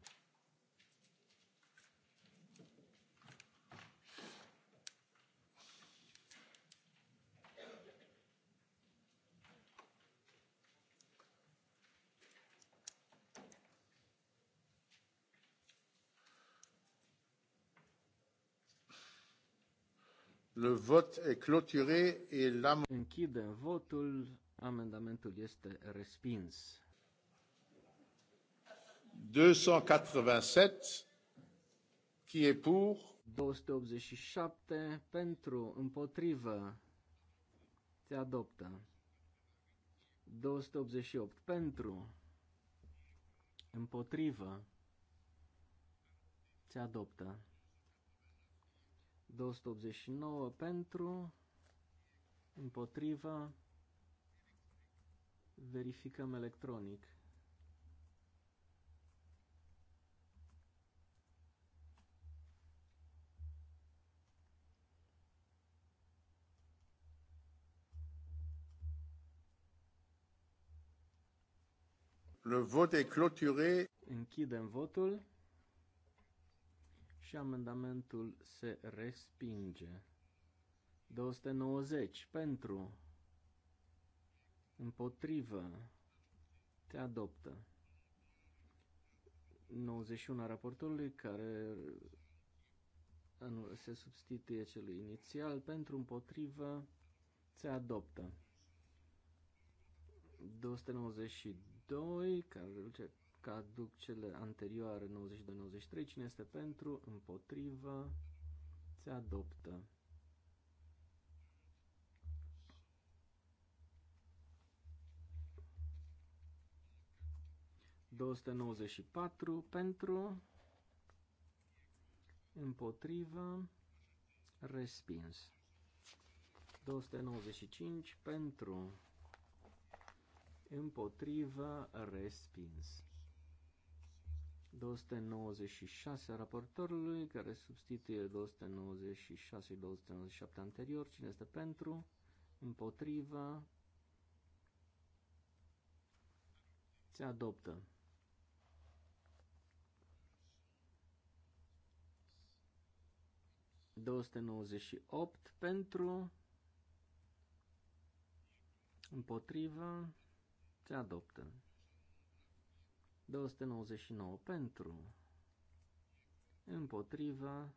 Le vot est clôturé et l'am... Închidem votul. Amendamentul este respins. 287 qui est pour 287 pentru împotrivă se adoptă 288 pentru împotrivă se adoptă 289 pentru, împotriva, verificăm electronic. Le vot est clôturé. Închidem votul și amendamentul se respinge. 290 pentru, împotrivă, te adoptă. 91 a raportului care se substituie celui inițial pentru împotrivă se adoptă. 292 care caduc cele anterioare 92-93. Cine este pentru? Împotrivă. Se adoptă. patru pentru împotrivă respins 295 pentru împotrivă respins 296 a raportorului, care substituie 296 și 297 anterior. Cine este pentru? Împotriva? Se adoptă. opt pentru împotriva se adoptă. 299 pentru, împotriva,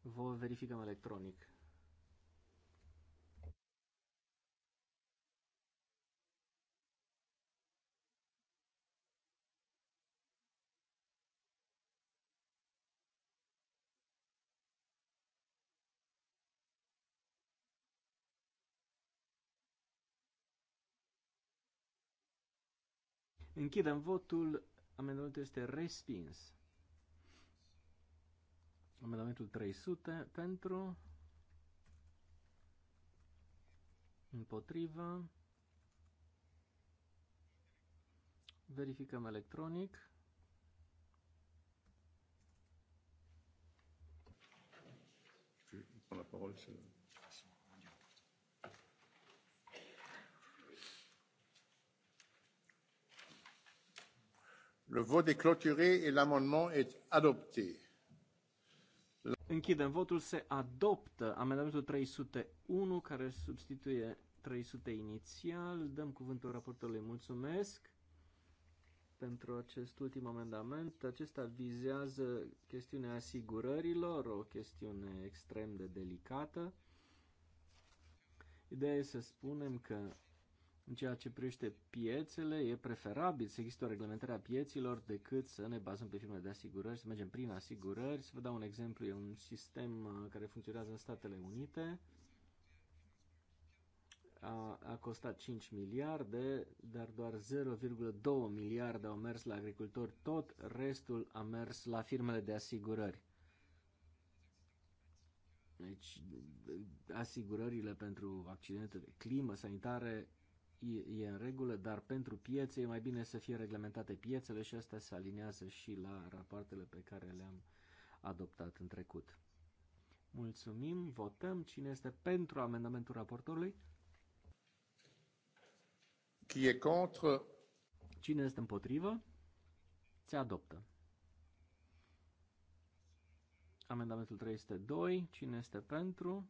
vă verificăm electronic. Închidem votul. Amendamentul este respins. Amendamentul 300 pentru, Împotrivă. verificăm electronic. La parole, c'est Închidem votul, se adoptă amendamentul 301 care substituie 300 inițial. Dăm cuvântul raportorului. Mulțumesc pentru acest ultim amendament. Acesta vizează chestiunea asigurărilor, o chestiune extrem de delicată. Ideea e să spunem că în ceea ce privește piețele, e preferabil să există o reglementare a pieților decât să ne bazăm pe firme de asigurări, să mergem prin asigurări. Să vă dau un exemplu, e un sistem uh, care funcționează în Statele Unite. A, a costat 5 miliarde, dar doar 0,2 miliarde au mers la agricultori, tot restul a mers la firmele de asigurări. Deci, asigurările pentru accidente de climă, sanitare, e în regulă, dar pentru piețe e mai bine să fie reglementate piețele și asta se alinează și la rapoartele pe care le-am adoptat în trecut. Mulțumim, votăm. Cine este pentru amendamentul raportorului? Qui est contre? Cine este împotrivă? Se adoptă. Amendamentul 302. Cine este pentru?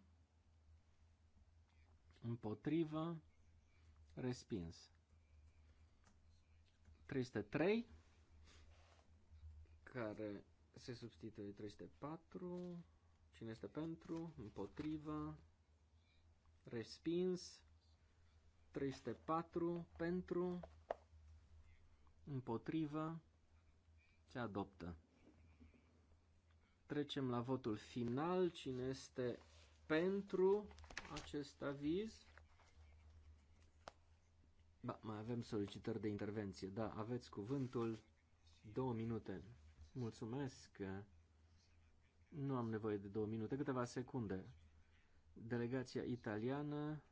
Împotrivă? Respins. 303 care se substituie 304. Cine este pentru? Împotriva. Respins. 304 pentru. Împotriva. Se adoptă. Trecem la votul final. Cine este pentru acest aviz? Ba, mai avem solicitări de intervenție. Da, aveți cuvântul. Două minute. Mulțumesc. Nu am nevoie de două minute, câteva secunde. Delegația italiană,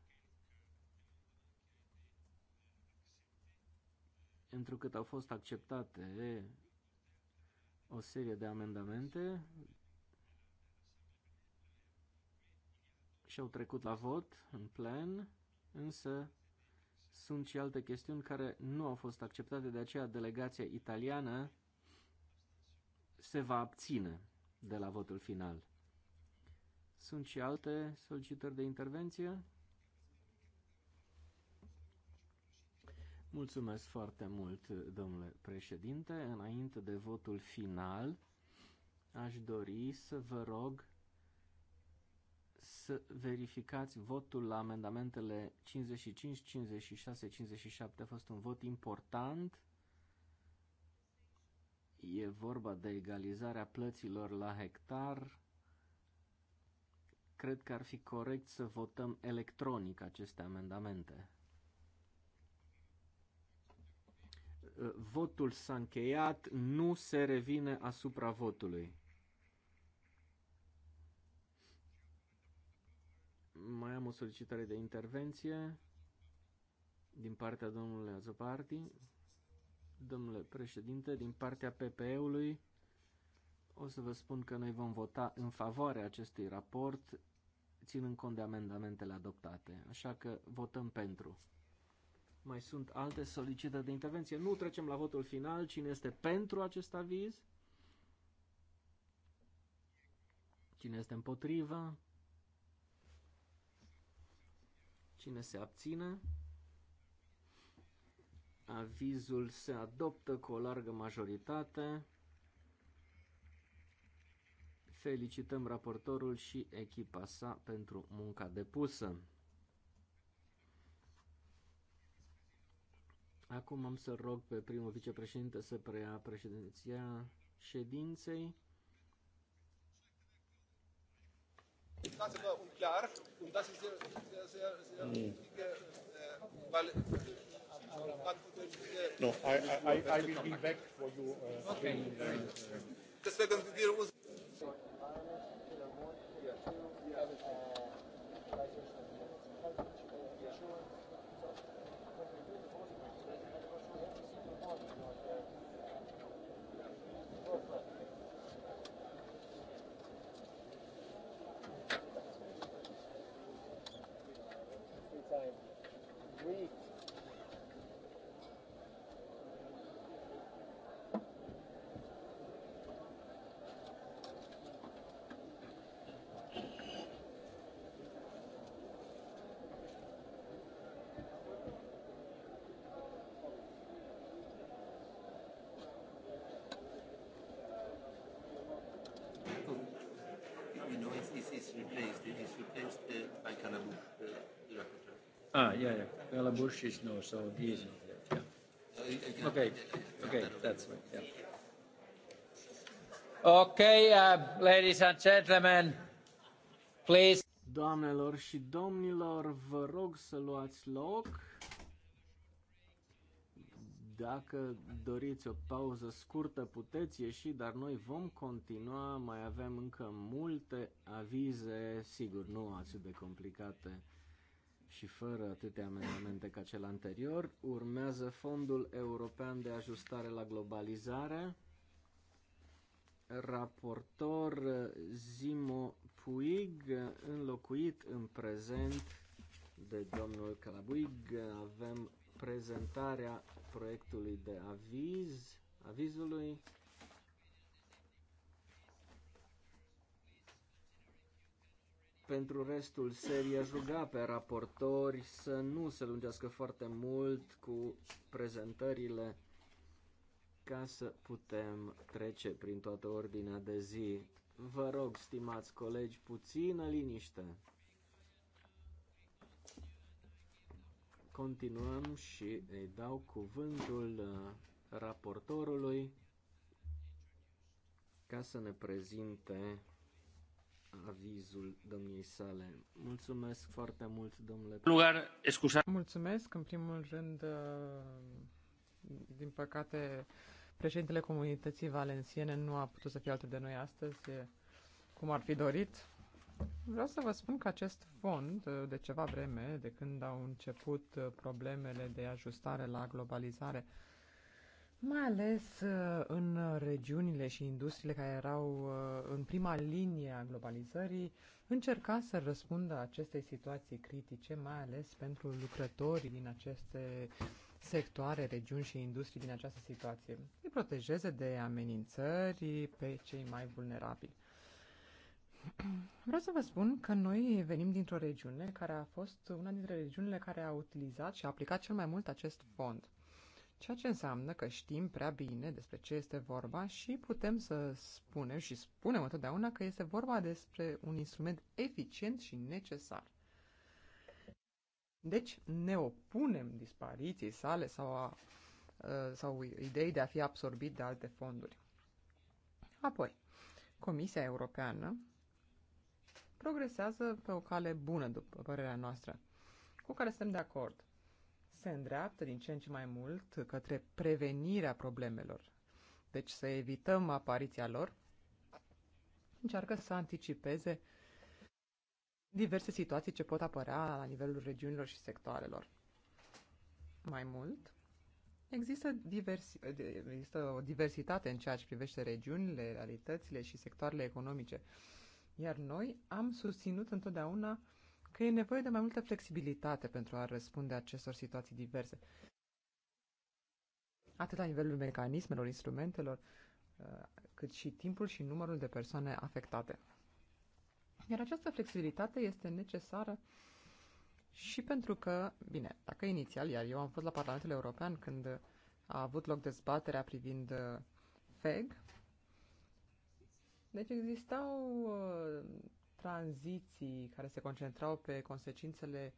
întrucât au fost acceptate o serie de amendamente și au trecut la vot în plen, însă sunt și alte chestiuni care nu au fost acceptate, de aceea delegația italiană se va abține de la votul final. Sunt și alte solicitări de intervenție? Mulțumesc foarte mult, domnule președinte. Înainte de votul final, aș dori să vă rog să verificați votul la amendamentele 55, 56, 57. A fost un vot important. E vorba de egalizarea plăților la hectar. Cred că ar fi corect să votăm electronic aceste amendamente. Votul s-a încheiat, nu se revine asupra votului. Mai am o solicitare de intervenție din partea domnului Azopardi. Domnule președinte, din partea PPE-ului, o să vă spun că noi vom vota în favoarea acestui raport, ținând cont de amendamentele adoptate. Așa că votăm pentru. Mai sunt alte solicitări de intervenție. Nu trecem la votul final. Cine este pentru acest aviz? Cine este împotriva? Cine se abține? Avizul se adoptă cu o largă majoritate. Felicităm raportorul și echipa sa pentru munca depusă. Acum am să rog pe primul vicepreședinte să preia președinția ședinței. No, I, I, I will be back for you. Uh, okay. Deswegen wir uns Ah, yeah, yeah. Bella Bush is no, so he is not late. Yeah. Okay, okay, that's right. Yeah. Okay, uh, ladies and gentlemen, please. Doamnelor și domnilor, vă rog să luați loc. Dacă doriți o pauză scurtă, puteți ieși, dar noi vom continua. Mai avem încă multe avize, sigur, nu atât de complicate și fără atâtea amendamente ca cel anterior. Urmează Fondul European de Ajustare la Globalizare. Raportor eh, Zimo Puig, eh, înlocuit în prezent de domnul Calabuig, avem prezentarea proiectului de aviz, avizului Pentru restul serii aș ruga pe raportori să nu se lungească foarte mult cu prezentările ca să putem trece prin toată ordinea de zi. Vă rog, stimați colegi, puțină liniște. Continuăm și îi dau cuvântul uh, raportorului ca să ne prezinte avizul domniei sale. Mulțumesc foarte mult, domnule. Lugar, excusa. Mulțumesc, în primul rând, uh, din păcate, președintele comunității valențiene nu a putut să fie altul de noi astăzi, cum ar fi dorit. Vreau să vă spun că acest fond, uh, de ceva vreme, de când au început uh, problemele de ajustare la globalizare, mai ales uh, în regiunile și industriile care erau uh, în prima linie a globalizării, încerca să răspundă acestei situații critice, mai ales pentru lucrătorii din aceste sectoare, regiuni și industrii din această situație. Îi protejeze de amenințări pe cei mai vulnerabili. Vreau să vă spun că noi venim dintr-o regiune care a fost una dintre regiunile care a utilizat și a aplicat cel mai mult acest fond. Ceea ce înseamnă că știm prea bine despre ce este vorba și putem să spunem și spunem întotdeauna că este vorba despre un instrument eficient și necesar. Deci ne opunem dispariției sale sau, a, ă, sau idei de a fi absorbit de alte fonduri. Apoi, Comisia Europeană progresează pe o cale bună, după părerea noastră, cu care suntem de acord se îndreaptă din ce în ce mai mult către prevenirea problemelor. Deci să evităm apariția lor, încearcă să anticipeze diverse situații ce pot apărea la nivelul regiunilor și sectoarelor. Mai mult, există, diversi, există o diversitate în ceea ce privește regiunile, realitățile și sectoarele economice. Iar noi am susținut întotdeauna uh, că e nevoie de mai multă flexibilitate pentru a răspunde acestor situații diverse. Atât la nivelul mecanismelor, instrumentelor, uh, cât și timpul și numărul de persoane afectate. Iar această flexibilitate este necesară și pentru că, bine, dacă inițial, iar eu am fost la Parlamentul European când a avut loc dezbaterea privind uh, FEG, deci existau uh, tranziții care se concentrau pe consecințele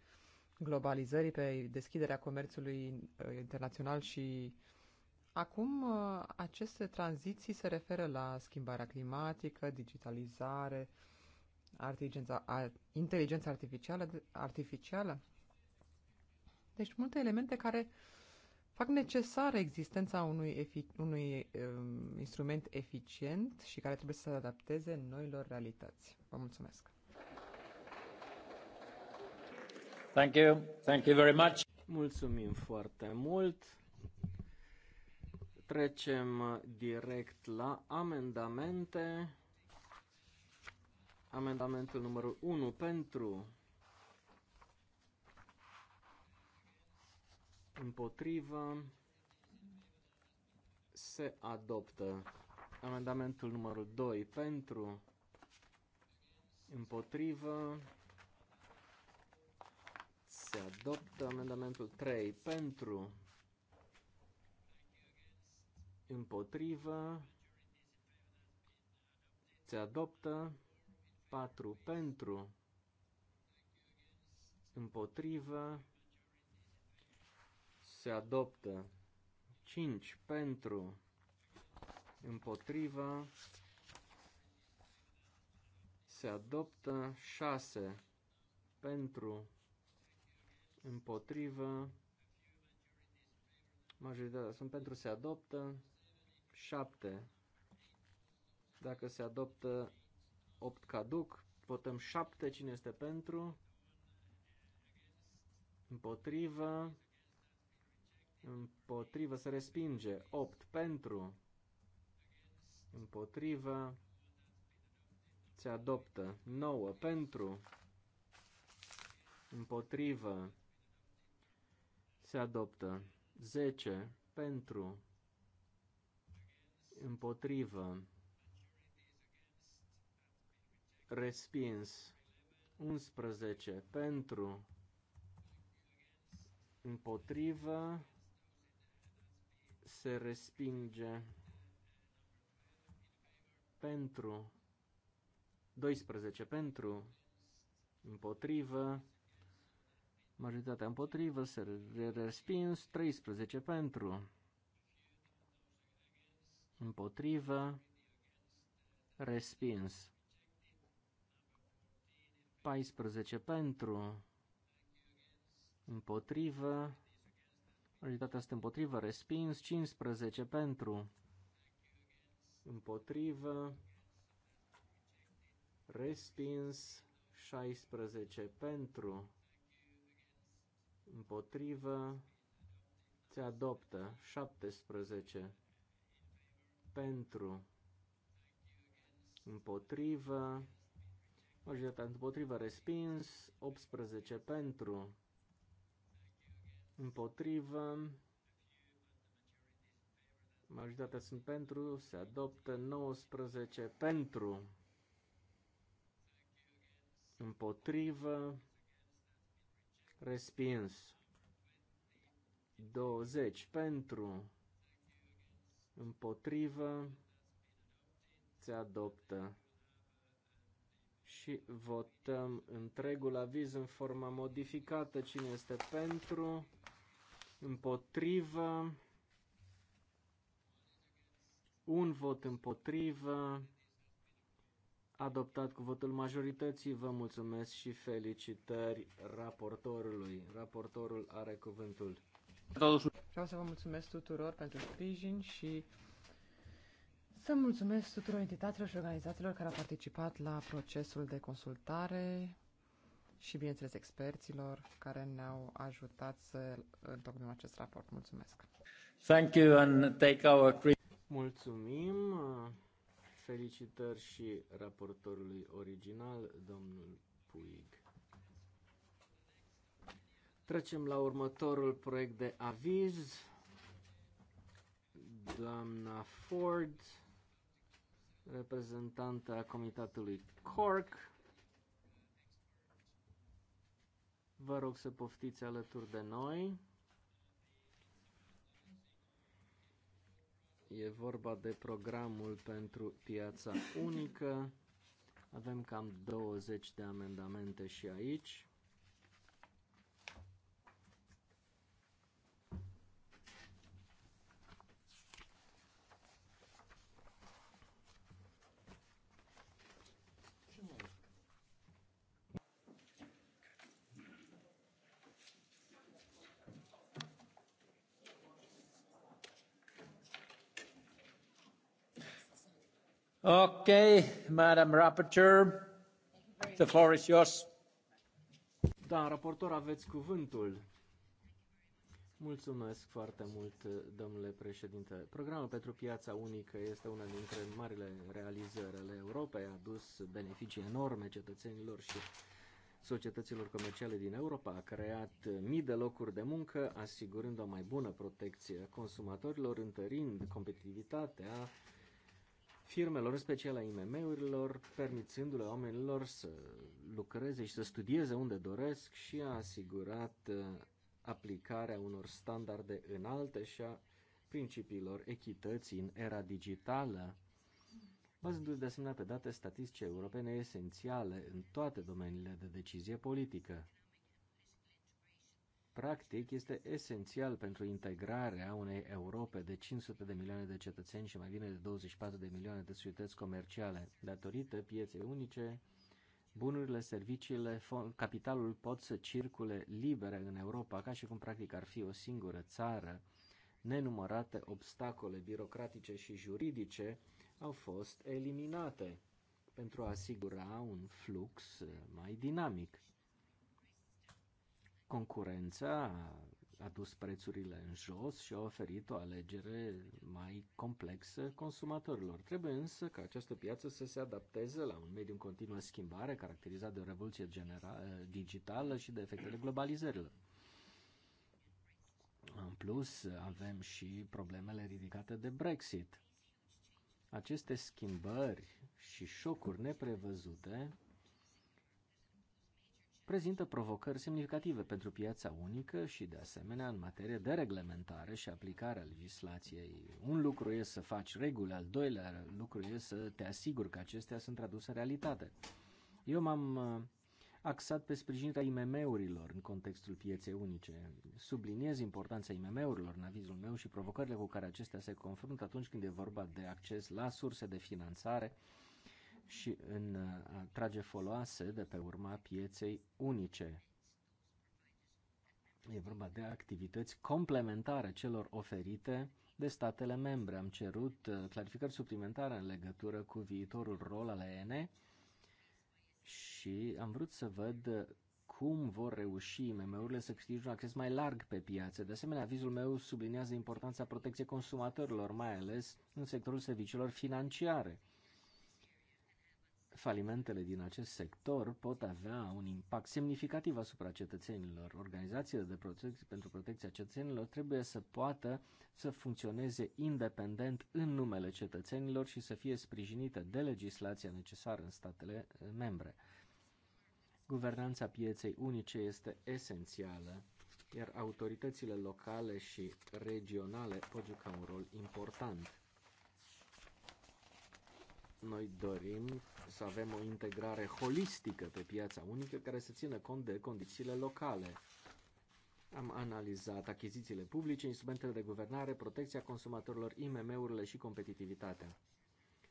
globalizării, pe deschiderea comerțului uh, internațional și acum uh, aceste tranziții se referă la schimbarea climatică, digitalizare, artigența, inteligența artificială, artificială. Deci multe elemente care uh, fac necesară existența unui, efic- unui um, instrument eficient și care trebuie să se adapteze noilor realități. Vă mulțumesc! Thank you. Thank you very much. Mulțumim foarte mult. Trecem direct la amendamente. Amendamentul numărul 1 pentru împotrivă, se adoptă. Amendamentul numărul 2 pentru, împotrivă, se adoptă. Amendamentul 3 pentru, împotrivă, se adoptă. 4 pentru, împotrivă, se adoptă. 5 pentru, împotriva, se adoptă. 6 pentru, împotrivă, majoritatea sunt pentru, se adoptă, 7, dacă se adoptă 8 caduc, votăm 7, cine este pentru, împotrivă, împotrivă se respinge, 8 pentru, împotrivă se adoptă, 9 pentru, împotrivă se adoptă, 10 pentru, împotrivă respins, 11 pentru, împotrivă se respinge pentru 12 pentru împotrivă majoritatea împotrivă se respins 13 pentru împotrivă respins 14 pentru împotrivă Majoritatea este împotrivă, respins. 15 pentru, împotrivă, respins. 16 pentru, împotrivă, se adoptă. 17 pentru, împotrivă, majoritatea împotrivă, respins. 18 pentru, împotrivă, majoritatea sunt pentru, se adoptă 19 pentru, împotrivă, respins, 20 pentru, împotrivă, se adoptă și votăm întregul aviz în forma modificată. Cine este pentru? împotrivă, un vot împotrivă, adoptat cu votul majorității. Vă mulțumesc și felicitări raportorului. Raportorul are cuvântul. Vreau să vă mulțumesc tuturor pentru sprijin și să mulțumesc tuturor entităților și organizațiilor care au participat la procesul de consultare și, bineînțeles, experților care ne-au ajutat să întocmim acest raport. Mulțumesc! Thank you and take our... Mulțumim! Felicitări și raportorului original, domnul Puig. Trecem la următorul proiect de aviz. Doamna Ford, reprezentantă a Comitatului Cork, Vă rog să poftiți alături de noi. E vorba de programul pentru piața unică. Avem cam 20 de amendamente și aici. Okay, Madam Rapporteur, the floor is yours. Da, raportor, aveți cuvântul. Mulțumesc foarte mult, domnule președinte. Programul pentru piața unică este una dintre marile realizări ale Europei. A adus beneficii enorme cetățenilor și societăților comerciale din Europa. A creat mii de locuri de muncă, asigurând o mai bună protecție a consumatorilor, întărind competitivitatea firmelor, în special a IMM-urilor, permițându-le oamenilor să lucreze și să studieze unde doresc și a asigurat uh, aplicarea unor standarde înalte și a principiilor echității în era digitală. Bazându-se de asemenea pe date statistice europene esențiale în toate domeniile de decizie politică practic este esențial pentru integrarea unei Europe de 500 de milioane de cetățeni și mai bine de 24 de milioane de societăți comerciale. Datorită pieței unice, bunurile, serviciile, capitalul pot să circule libere în Europa, ca și cum practic ar fi o singură țară. Nenumărate obstacole birocratice și juridice au fost eliminate pentru a asigura un flux mai dinamic. Concurența a dus prețurile în jos și a oferit o alegere mai complexă consumatorilor. Trebuie însă ca această piață să se adapteze la un mediu în continuă schimbare, caracterizat de o revoluție digitală și de efectele globalizărilor. În plus, avem și problemele ridicate de Brexit. Aceste schimbări și șocuri neprevăzute prezintă provocări semnificative pentru piața unică și, de asemenea, în materie de reglementare și aplicare a legislației. Un lucru e să faci reguli, al doilea lucru e să te asiguri că acestea sunt traduse în realitate. Eu m-am uh, axat pe sprijinirea IMM-urilor în contextul pieței unice. Subliniez importanța IMM-urilor în avizul meu și provocările cu care acestea se confruntă atunci când e vorba de acces la surse de finanțare, și în a uh, trage foloase de pe urma pieței unice. E vorba de activități complementare celor oferite de statele membre. Am cerut uh, clarificări suplimentare în legătură cu viitorul rol al ENE și am vrut să văd uh, cum vor reuși IMM-urile să câștige un acces mai larg pe piață. De asemenea, avizul meu subliniază importanța protecției consumatorilor, mai ales în sectorul serviciilor financiare falimentele din acest sector pot avea un impact semnificativ asupra cetățenilor. Organizațiile de protecție, pentru protecția cetățenilor trebuie să poată să funcționeze independent în numele cetățenilor și să fie sprijinite de legislația necesară în statele membre. Guvernanța pieței unice este esențială, iar autoritățile locale și regionale pot juca un rol important noi dorim să avem o integrare holistică pe piața unică care să țină cont de condițiile locale. Am analizat achizițiile publice, instrumentele de guvernare, protecția consumatorilor, IMM-urile și competitivitatea.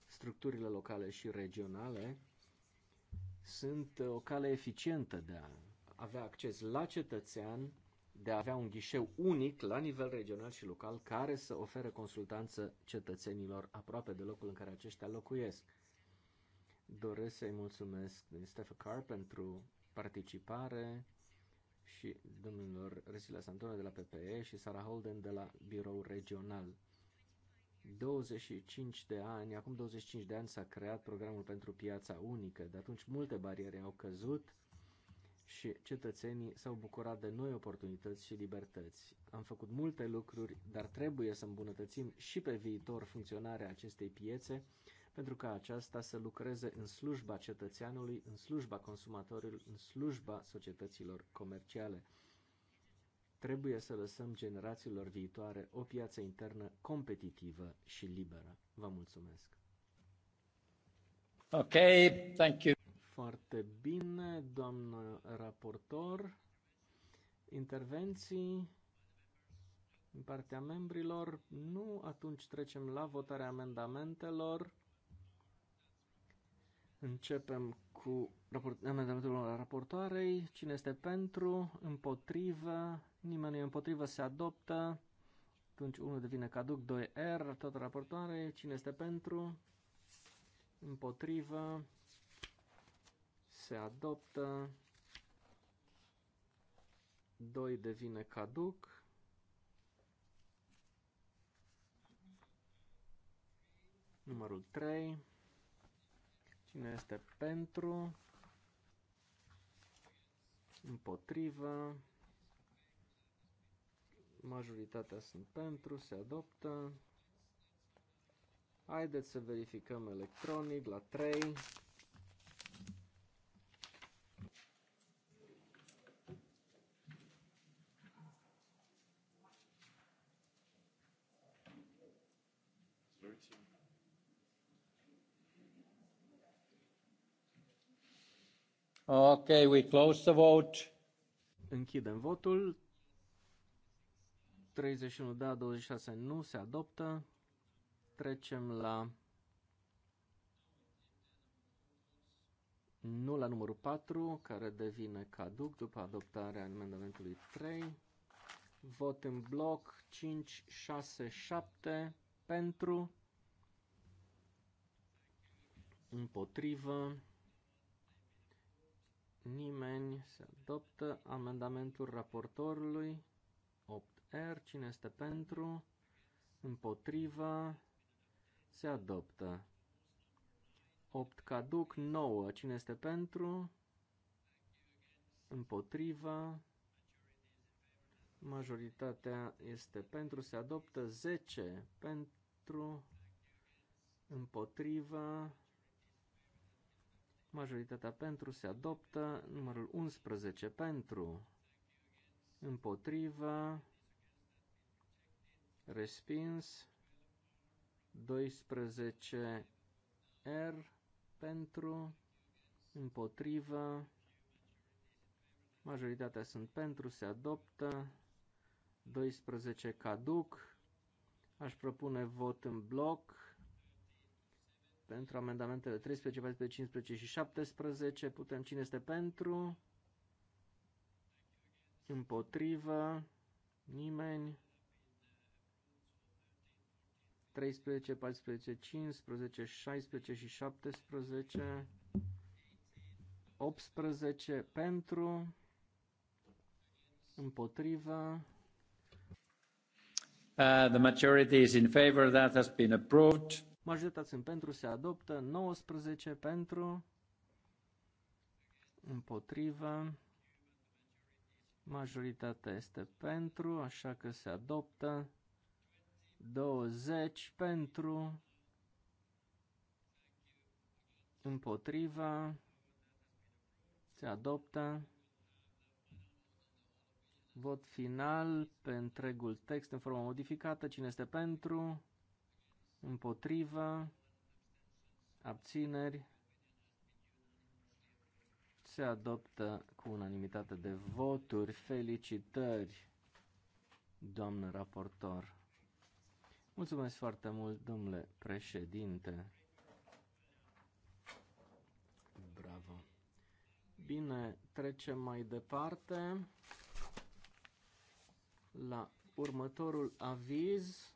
Structurile locale și regionale sunt o cale eficientă de a avea acces la cetățean de a avea un ghișeu unic la nivel regional și local care să ofere consultanță cetățenilor aproape de locul în care aceștia locuiesc. Doresc să-i mulțumesc Steph Carr pentru participare și domnilor Resila Santone de la PPE și Sara Holden de la Birou Regional. 25 de ani, acum 25 de ani s-a creat programul pentru piața unică, de atunci multe bariere au căzut, și cetățenii s-au bucurat de noi oportunități și libertăți. Am făcut multe lucruri, dar trebuie să îmbunătățim și pe viitor funcționarea acestei piețe, pentru ca aceasta să lucreze în slujba cetățeanului, în slujba consumatorilor, în slujba societăților comerciale. Trebuie să lăsăm generațiilor viitoare o piață internă competitivă și liberă. Vă mulțumesc! Ok, thank you. Foarte bine, doamnă raportor. Intervenții din partea membrilor? Nu, atunci trecem la votarea amendamentelor. Începem cu raport, amendamentul raportoarei. Cine este pentru? Împotrivă? Nimeni nu e împotrivă, se adoptă. Atunci 1 devine caduc, 2 R, tot raportoare. Cine este pentru? Împotrivă? se adoptă, 2 devine caduc, numărul 3, cine este pentru, împotrivă, majoritatea sunt pentru, se adoptă. Haideți să verificăm electronic la 3. Okay, we close the vote. Închidem votul. 31 da, 26 nu se adoptă. Trecem la nu la numărul 4, care devine caduc după adoptarea amendamentului 3. Vot în bloc 5, 6, 7 pentru, împotrivă, nimeni, se adoptă amendamentul raportorului 8R, cine este pentru, împotriva, se adoptă. 8 caduc, 9, cine este pentru, împotriva, majoritatea este pentru, se adoptă 10 pentru, împotriva, Majoritatea pentru se adoptă. Numărul 11 pentru. Împotrivă. Respins. 12 R pentru. Împotrivă. Majoritatea sunt pentru, se adoptă. 12 caduc. Aș propune vot în bloc pentru amendamentele 13, 14, 15 și 17 putem cine este pentru, împotrivă, nimeni. 13, 14, 15, 16 și 17, 18 pentru, împotrivă. Uh, the majority is in favor. That has been approved. Majoritatea sunt pentru, se adoptă. 19 pentru, împotrivă. Majoritatea este pentru, așa că se adoptă. 20 pentru, împotriva, se adoptă. Vot final pe întregul text în formă modificată. Cine este pentru? împotriva, abțineri, se adoptă cu unanimitate de voturi. Felicitări, doamnă raportor! Mulțumesc foarte mult, domnule președinte! Bravo! Bine, trecem mai departe la următorul aviz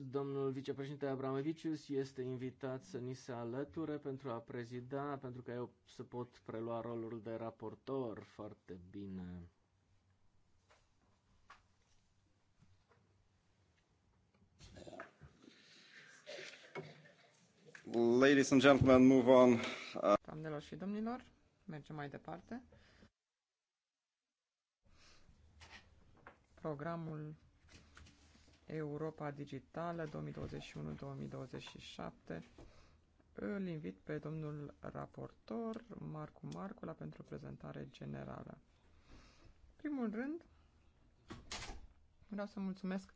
Domnul vicepreședinte Abramovicius este invitat să ni se alăture pentru a prezida, pentru că eu să pot prelua rolul de raportor foarte bine. Ladies and gentlemen, move on. Doamnelor și domnilor, mergem mai departe. Programul Europa Digitală 2021-2027. Îl invit pe domnul raportor Marcu Marcula pentru prezentare generală. Primul rând, vreau să mulțumesc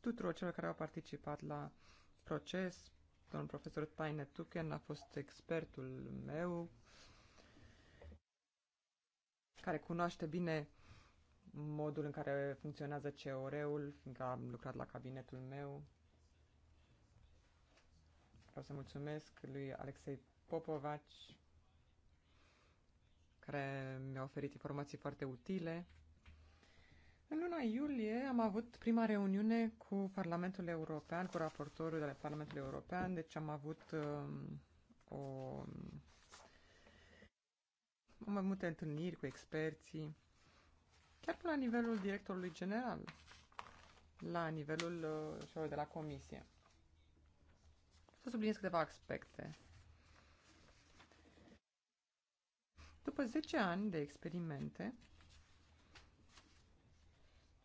tuturor celor care au participat la proces. Domnul profesor Taine Tuken a fost expertul meu care cunoaște bine modul în care funcționează CEOR-ul, fiindcă am lucrat la cabinetul meu. Vreau să mulțumesc lui Alexei Popovaci, care mi-a oferit informații foarte utile. În luna iulie am avut prima reuniune cu Parlamentul European, cu raportorul de la Parlamentul European, deci am avut um, o, multe întâlniri cu experții chiar până la nivelul directorului general, la nivelul celor uh, de la comisie. Să subliniez câteva aspecte. După 10 ani de experimente,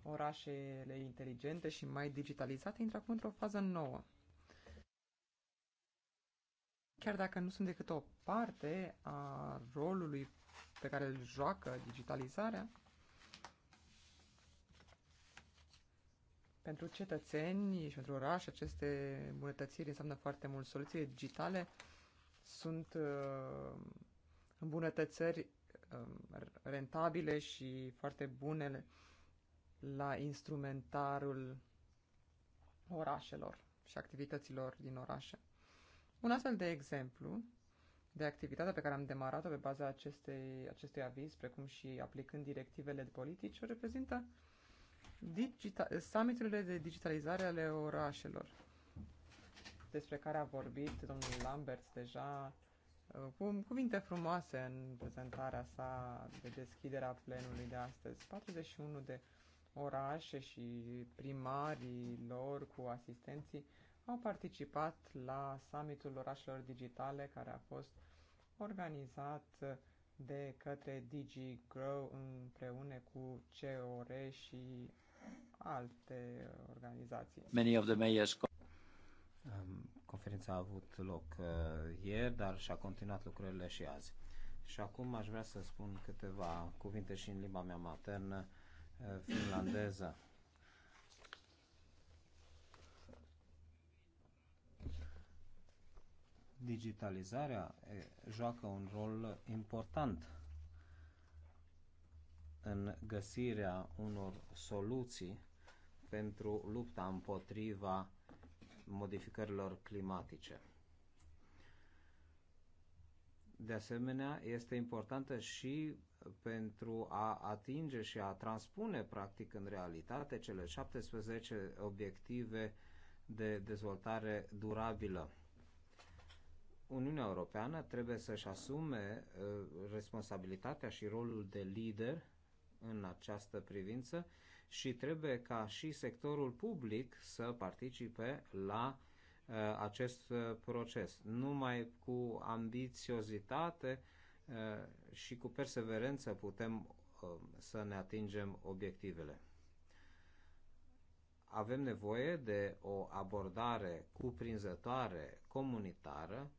orașele inteligente și mai digitalizate intră acum într-o fază nouă. Chiar dacă nu sunt decât o parte a rolului pe care îl joacă digitalizarea, Pentru cetățeni și pentru oraș, aceste îmbunătățiri înseamnă foarte mult. Soluțiile digitale sunt uh, îmbunătățări uh, rentabile și foarte bune la instrumentarul orașelor și activităților din orașe. Un astfel de exemplu de activitate pe care am demarat-o pe baza acestei, acestui aviz, precum și aplicând directivele de politici, o reprezintă digita- summiturile de digitalizare ale orașelor, despre care a vorbit domnul Lambert deja uh, cu cuvinte frumoase în prezentarea sa de deschiderea plenului de astăzi. 41 de orașe și primarii lor cu asistenții au participat la summitul orașelor digitale care a fost organizat de către DigiGrow împreună cu COR și alte organizații. Many of the mayors... Conferința a avut loc uh, ieri, dar și-a continuat lucrările și azi. Și acum aș vrea să spun câteva cuvinte și în limba mea maternă, uh, finlandeză. Digitalizarea joacă un rol important în găsirea unor soluții pentru lupta împotriva modificărilor climatice. De asemenea, este importantă și pentru a atinge și a transpune practic în realitate cele 17 obiective de dezvoltare durabilă. Uniunea Europeană trebuie să-și asume uh, responsabilitatea și rolul de lider în această privință și trebuie ca și sectorul public să participe la uh, acest uh, proces. Numai cu ambițiozitate uh, și cu perseverență putem uh, să ne atingem obiectivele. Avem nevoie de o abordare cuprinzătoare comunitară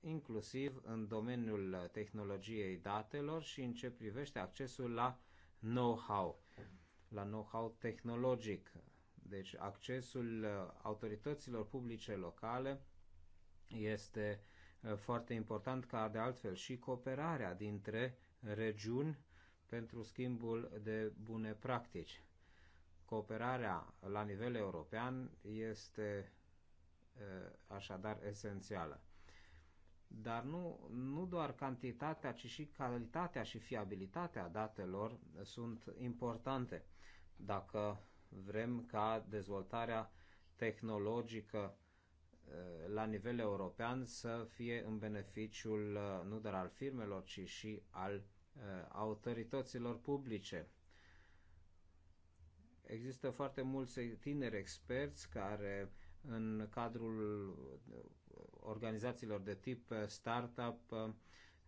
inclusiv în domeniul tehnologiei datelor și în ce privește accesul la know-how, la know-how tehnologic. Deci accesul uh, autorităților publice locale este uh, foarte important ca de altfel și cooperarea dintre regiuni pentru schimbul de bune practici. Cooperarea la nivel european este uh, așadar esențială dar nu, nu doar cantitatea, ci și calitatea și fiabilitatea datelor sunt importante. Dacă vrem ca dezvoltarea tehnologică eh, la nivel european să fie în beneficiul eh, nu doar al firmelor, ci și al eh, autorităților publice. Există foarte mulți tineri experți care în cadrul organizațiilor de tip uh, startup uh,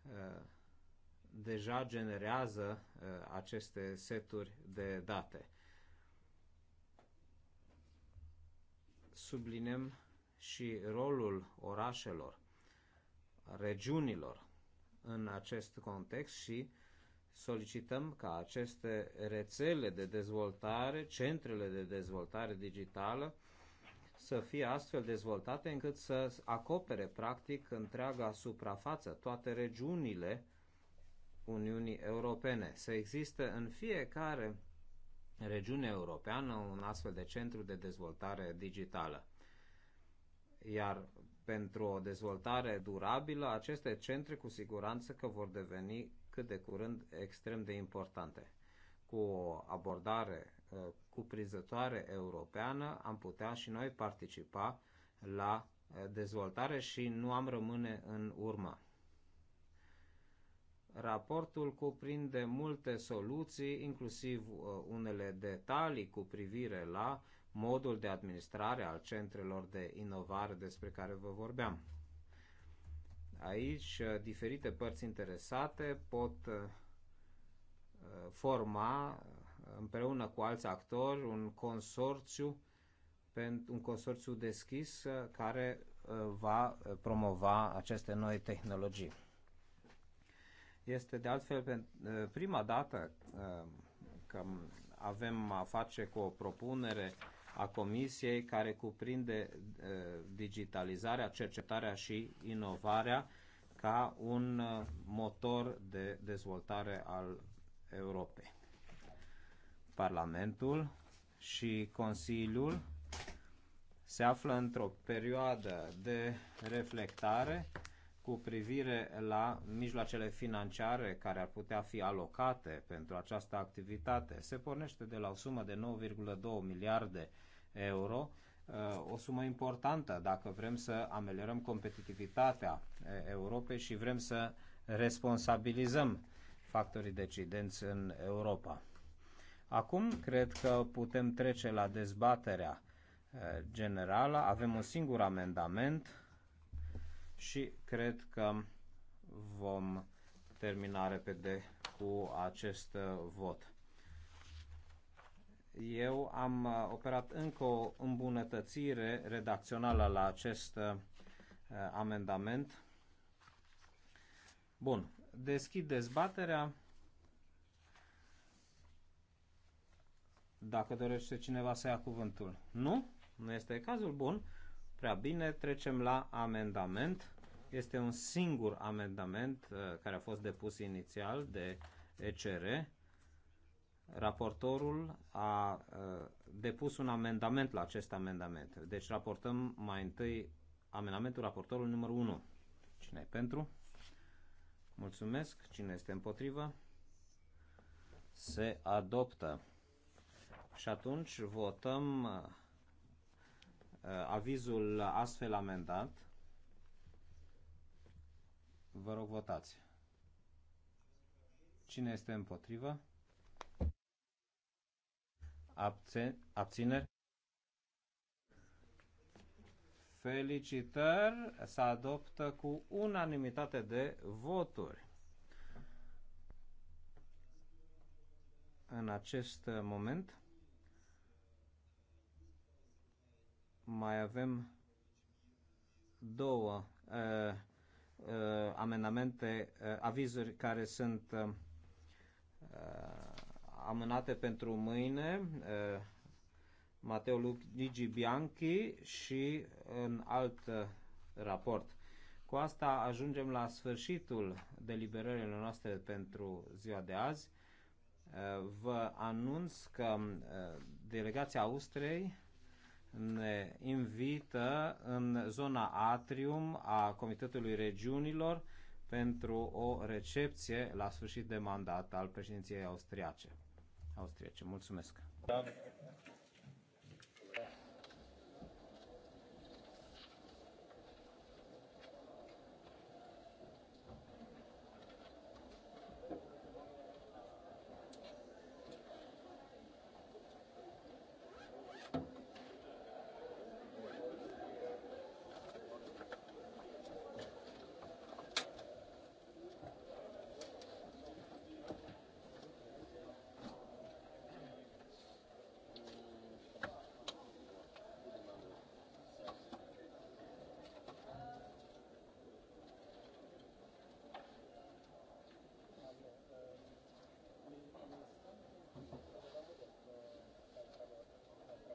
uh, deja generează aceste seturi de date. Subliniem și rolul orașelor, regiunilor în acest context și solicităm ca aceste rețele de dezvoltare, centrele de dezvoltare digitală, să fie astfel dezvoltate încât să acopere practic întreaga suprafață, toate regiunile Uniunii Europene. Să existe în fiecare regiune europeană un astfel de centru de dezvoltare digitală. Iar pentru o dezvoltare durabilă, aceste centre cu siguranță că vor deveni cât de curând extrem de importante. Cu o abordare Uh, cuprinzătoare europeană am putea și noi participa la uh, dezvoltare și nu am rămâne în urmă. Raportul cuprinde multe soluții, inclusiv uh, unele detalii cu privire la modul de administrare al centrelor de inovare despre care vă vorbeam. Aici, diferite părți interesate pot forma împreună cu alți actori un consorțiu un consorțiu deschis uh, care uh, va uh, promova aceste noi tehnologii. Este de altfel prima dată că avem a face cu o propunere a Comisiei care cuprinde digitalizarea, cercetarea și inovarea ca un motor de dezvoltare al Europei. Parlamentul și Consiliul se află într-o perioadă de reflectare cu privire la mijloacele financiare care ar putea fi alocate pentru această activitate. Se pornește de la o sumă de 9,2 miliarde euro, uh, o sumă importantă dacă vrem să ameliorăm competitivitatea uh, Europei și vrem să responsabilizăm factorii decidenți în Europa. Acum cred că putem trece la dezbaterea eh, generală. Avem un singur amendament și cred că vom termina repede cu acest eh, vot. Eu am eh, operat încă o îmbunătățire redacțională la acest amendament. Bun, deschid dezbaterea. Dacă dorește cineva să ia cuvântul. Nu? Nu este cazul bun. Prea bine, trecem la amendament. Este un singur amendament uh, care a fost depus inițial de ECR. Raportorul a uh, depus un amendament la acest amendament. Deci raportăm mai întâi amendamentul raportorului numărul 1. Cine e pentru? Mulțumesc. Cine este împotrivă? Se adoptă. Și atunci votăm uh, avizul astfel amendat. Vă rog, votați. Cine este împotrivă? Abțe abțineri? Felicitări! Se adoptă cu unanimitate de voturi. În acest moment mai avem două uh, uh, amendamente, uh, avizuri care sunt uh, uh amânate pentru mâine, uh, Mateo Luigi Bianchi și în alt uh, raport. Cu asta ajungem la sfârșitul deliberărilor noastre pentru ziua de azi. Uh, vă anunț că delegația Austriei ne invită în zona atrium a Comitetului Regiunilor pentru o recepție la sfârșit de mandat al președinției austriace. austriace. Mulțumesc! Da.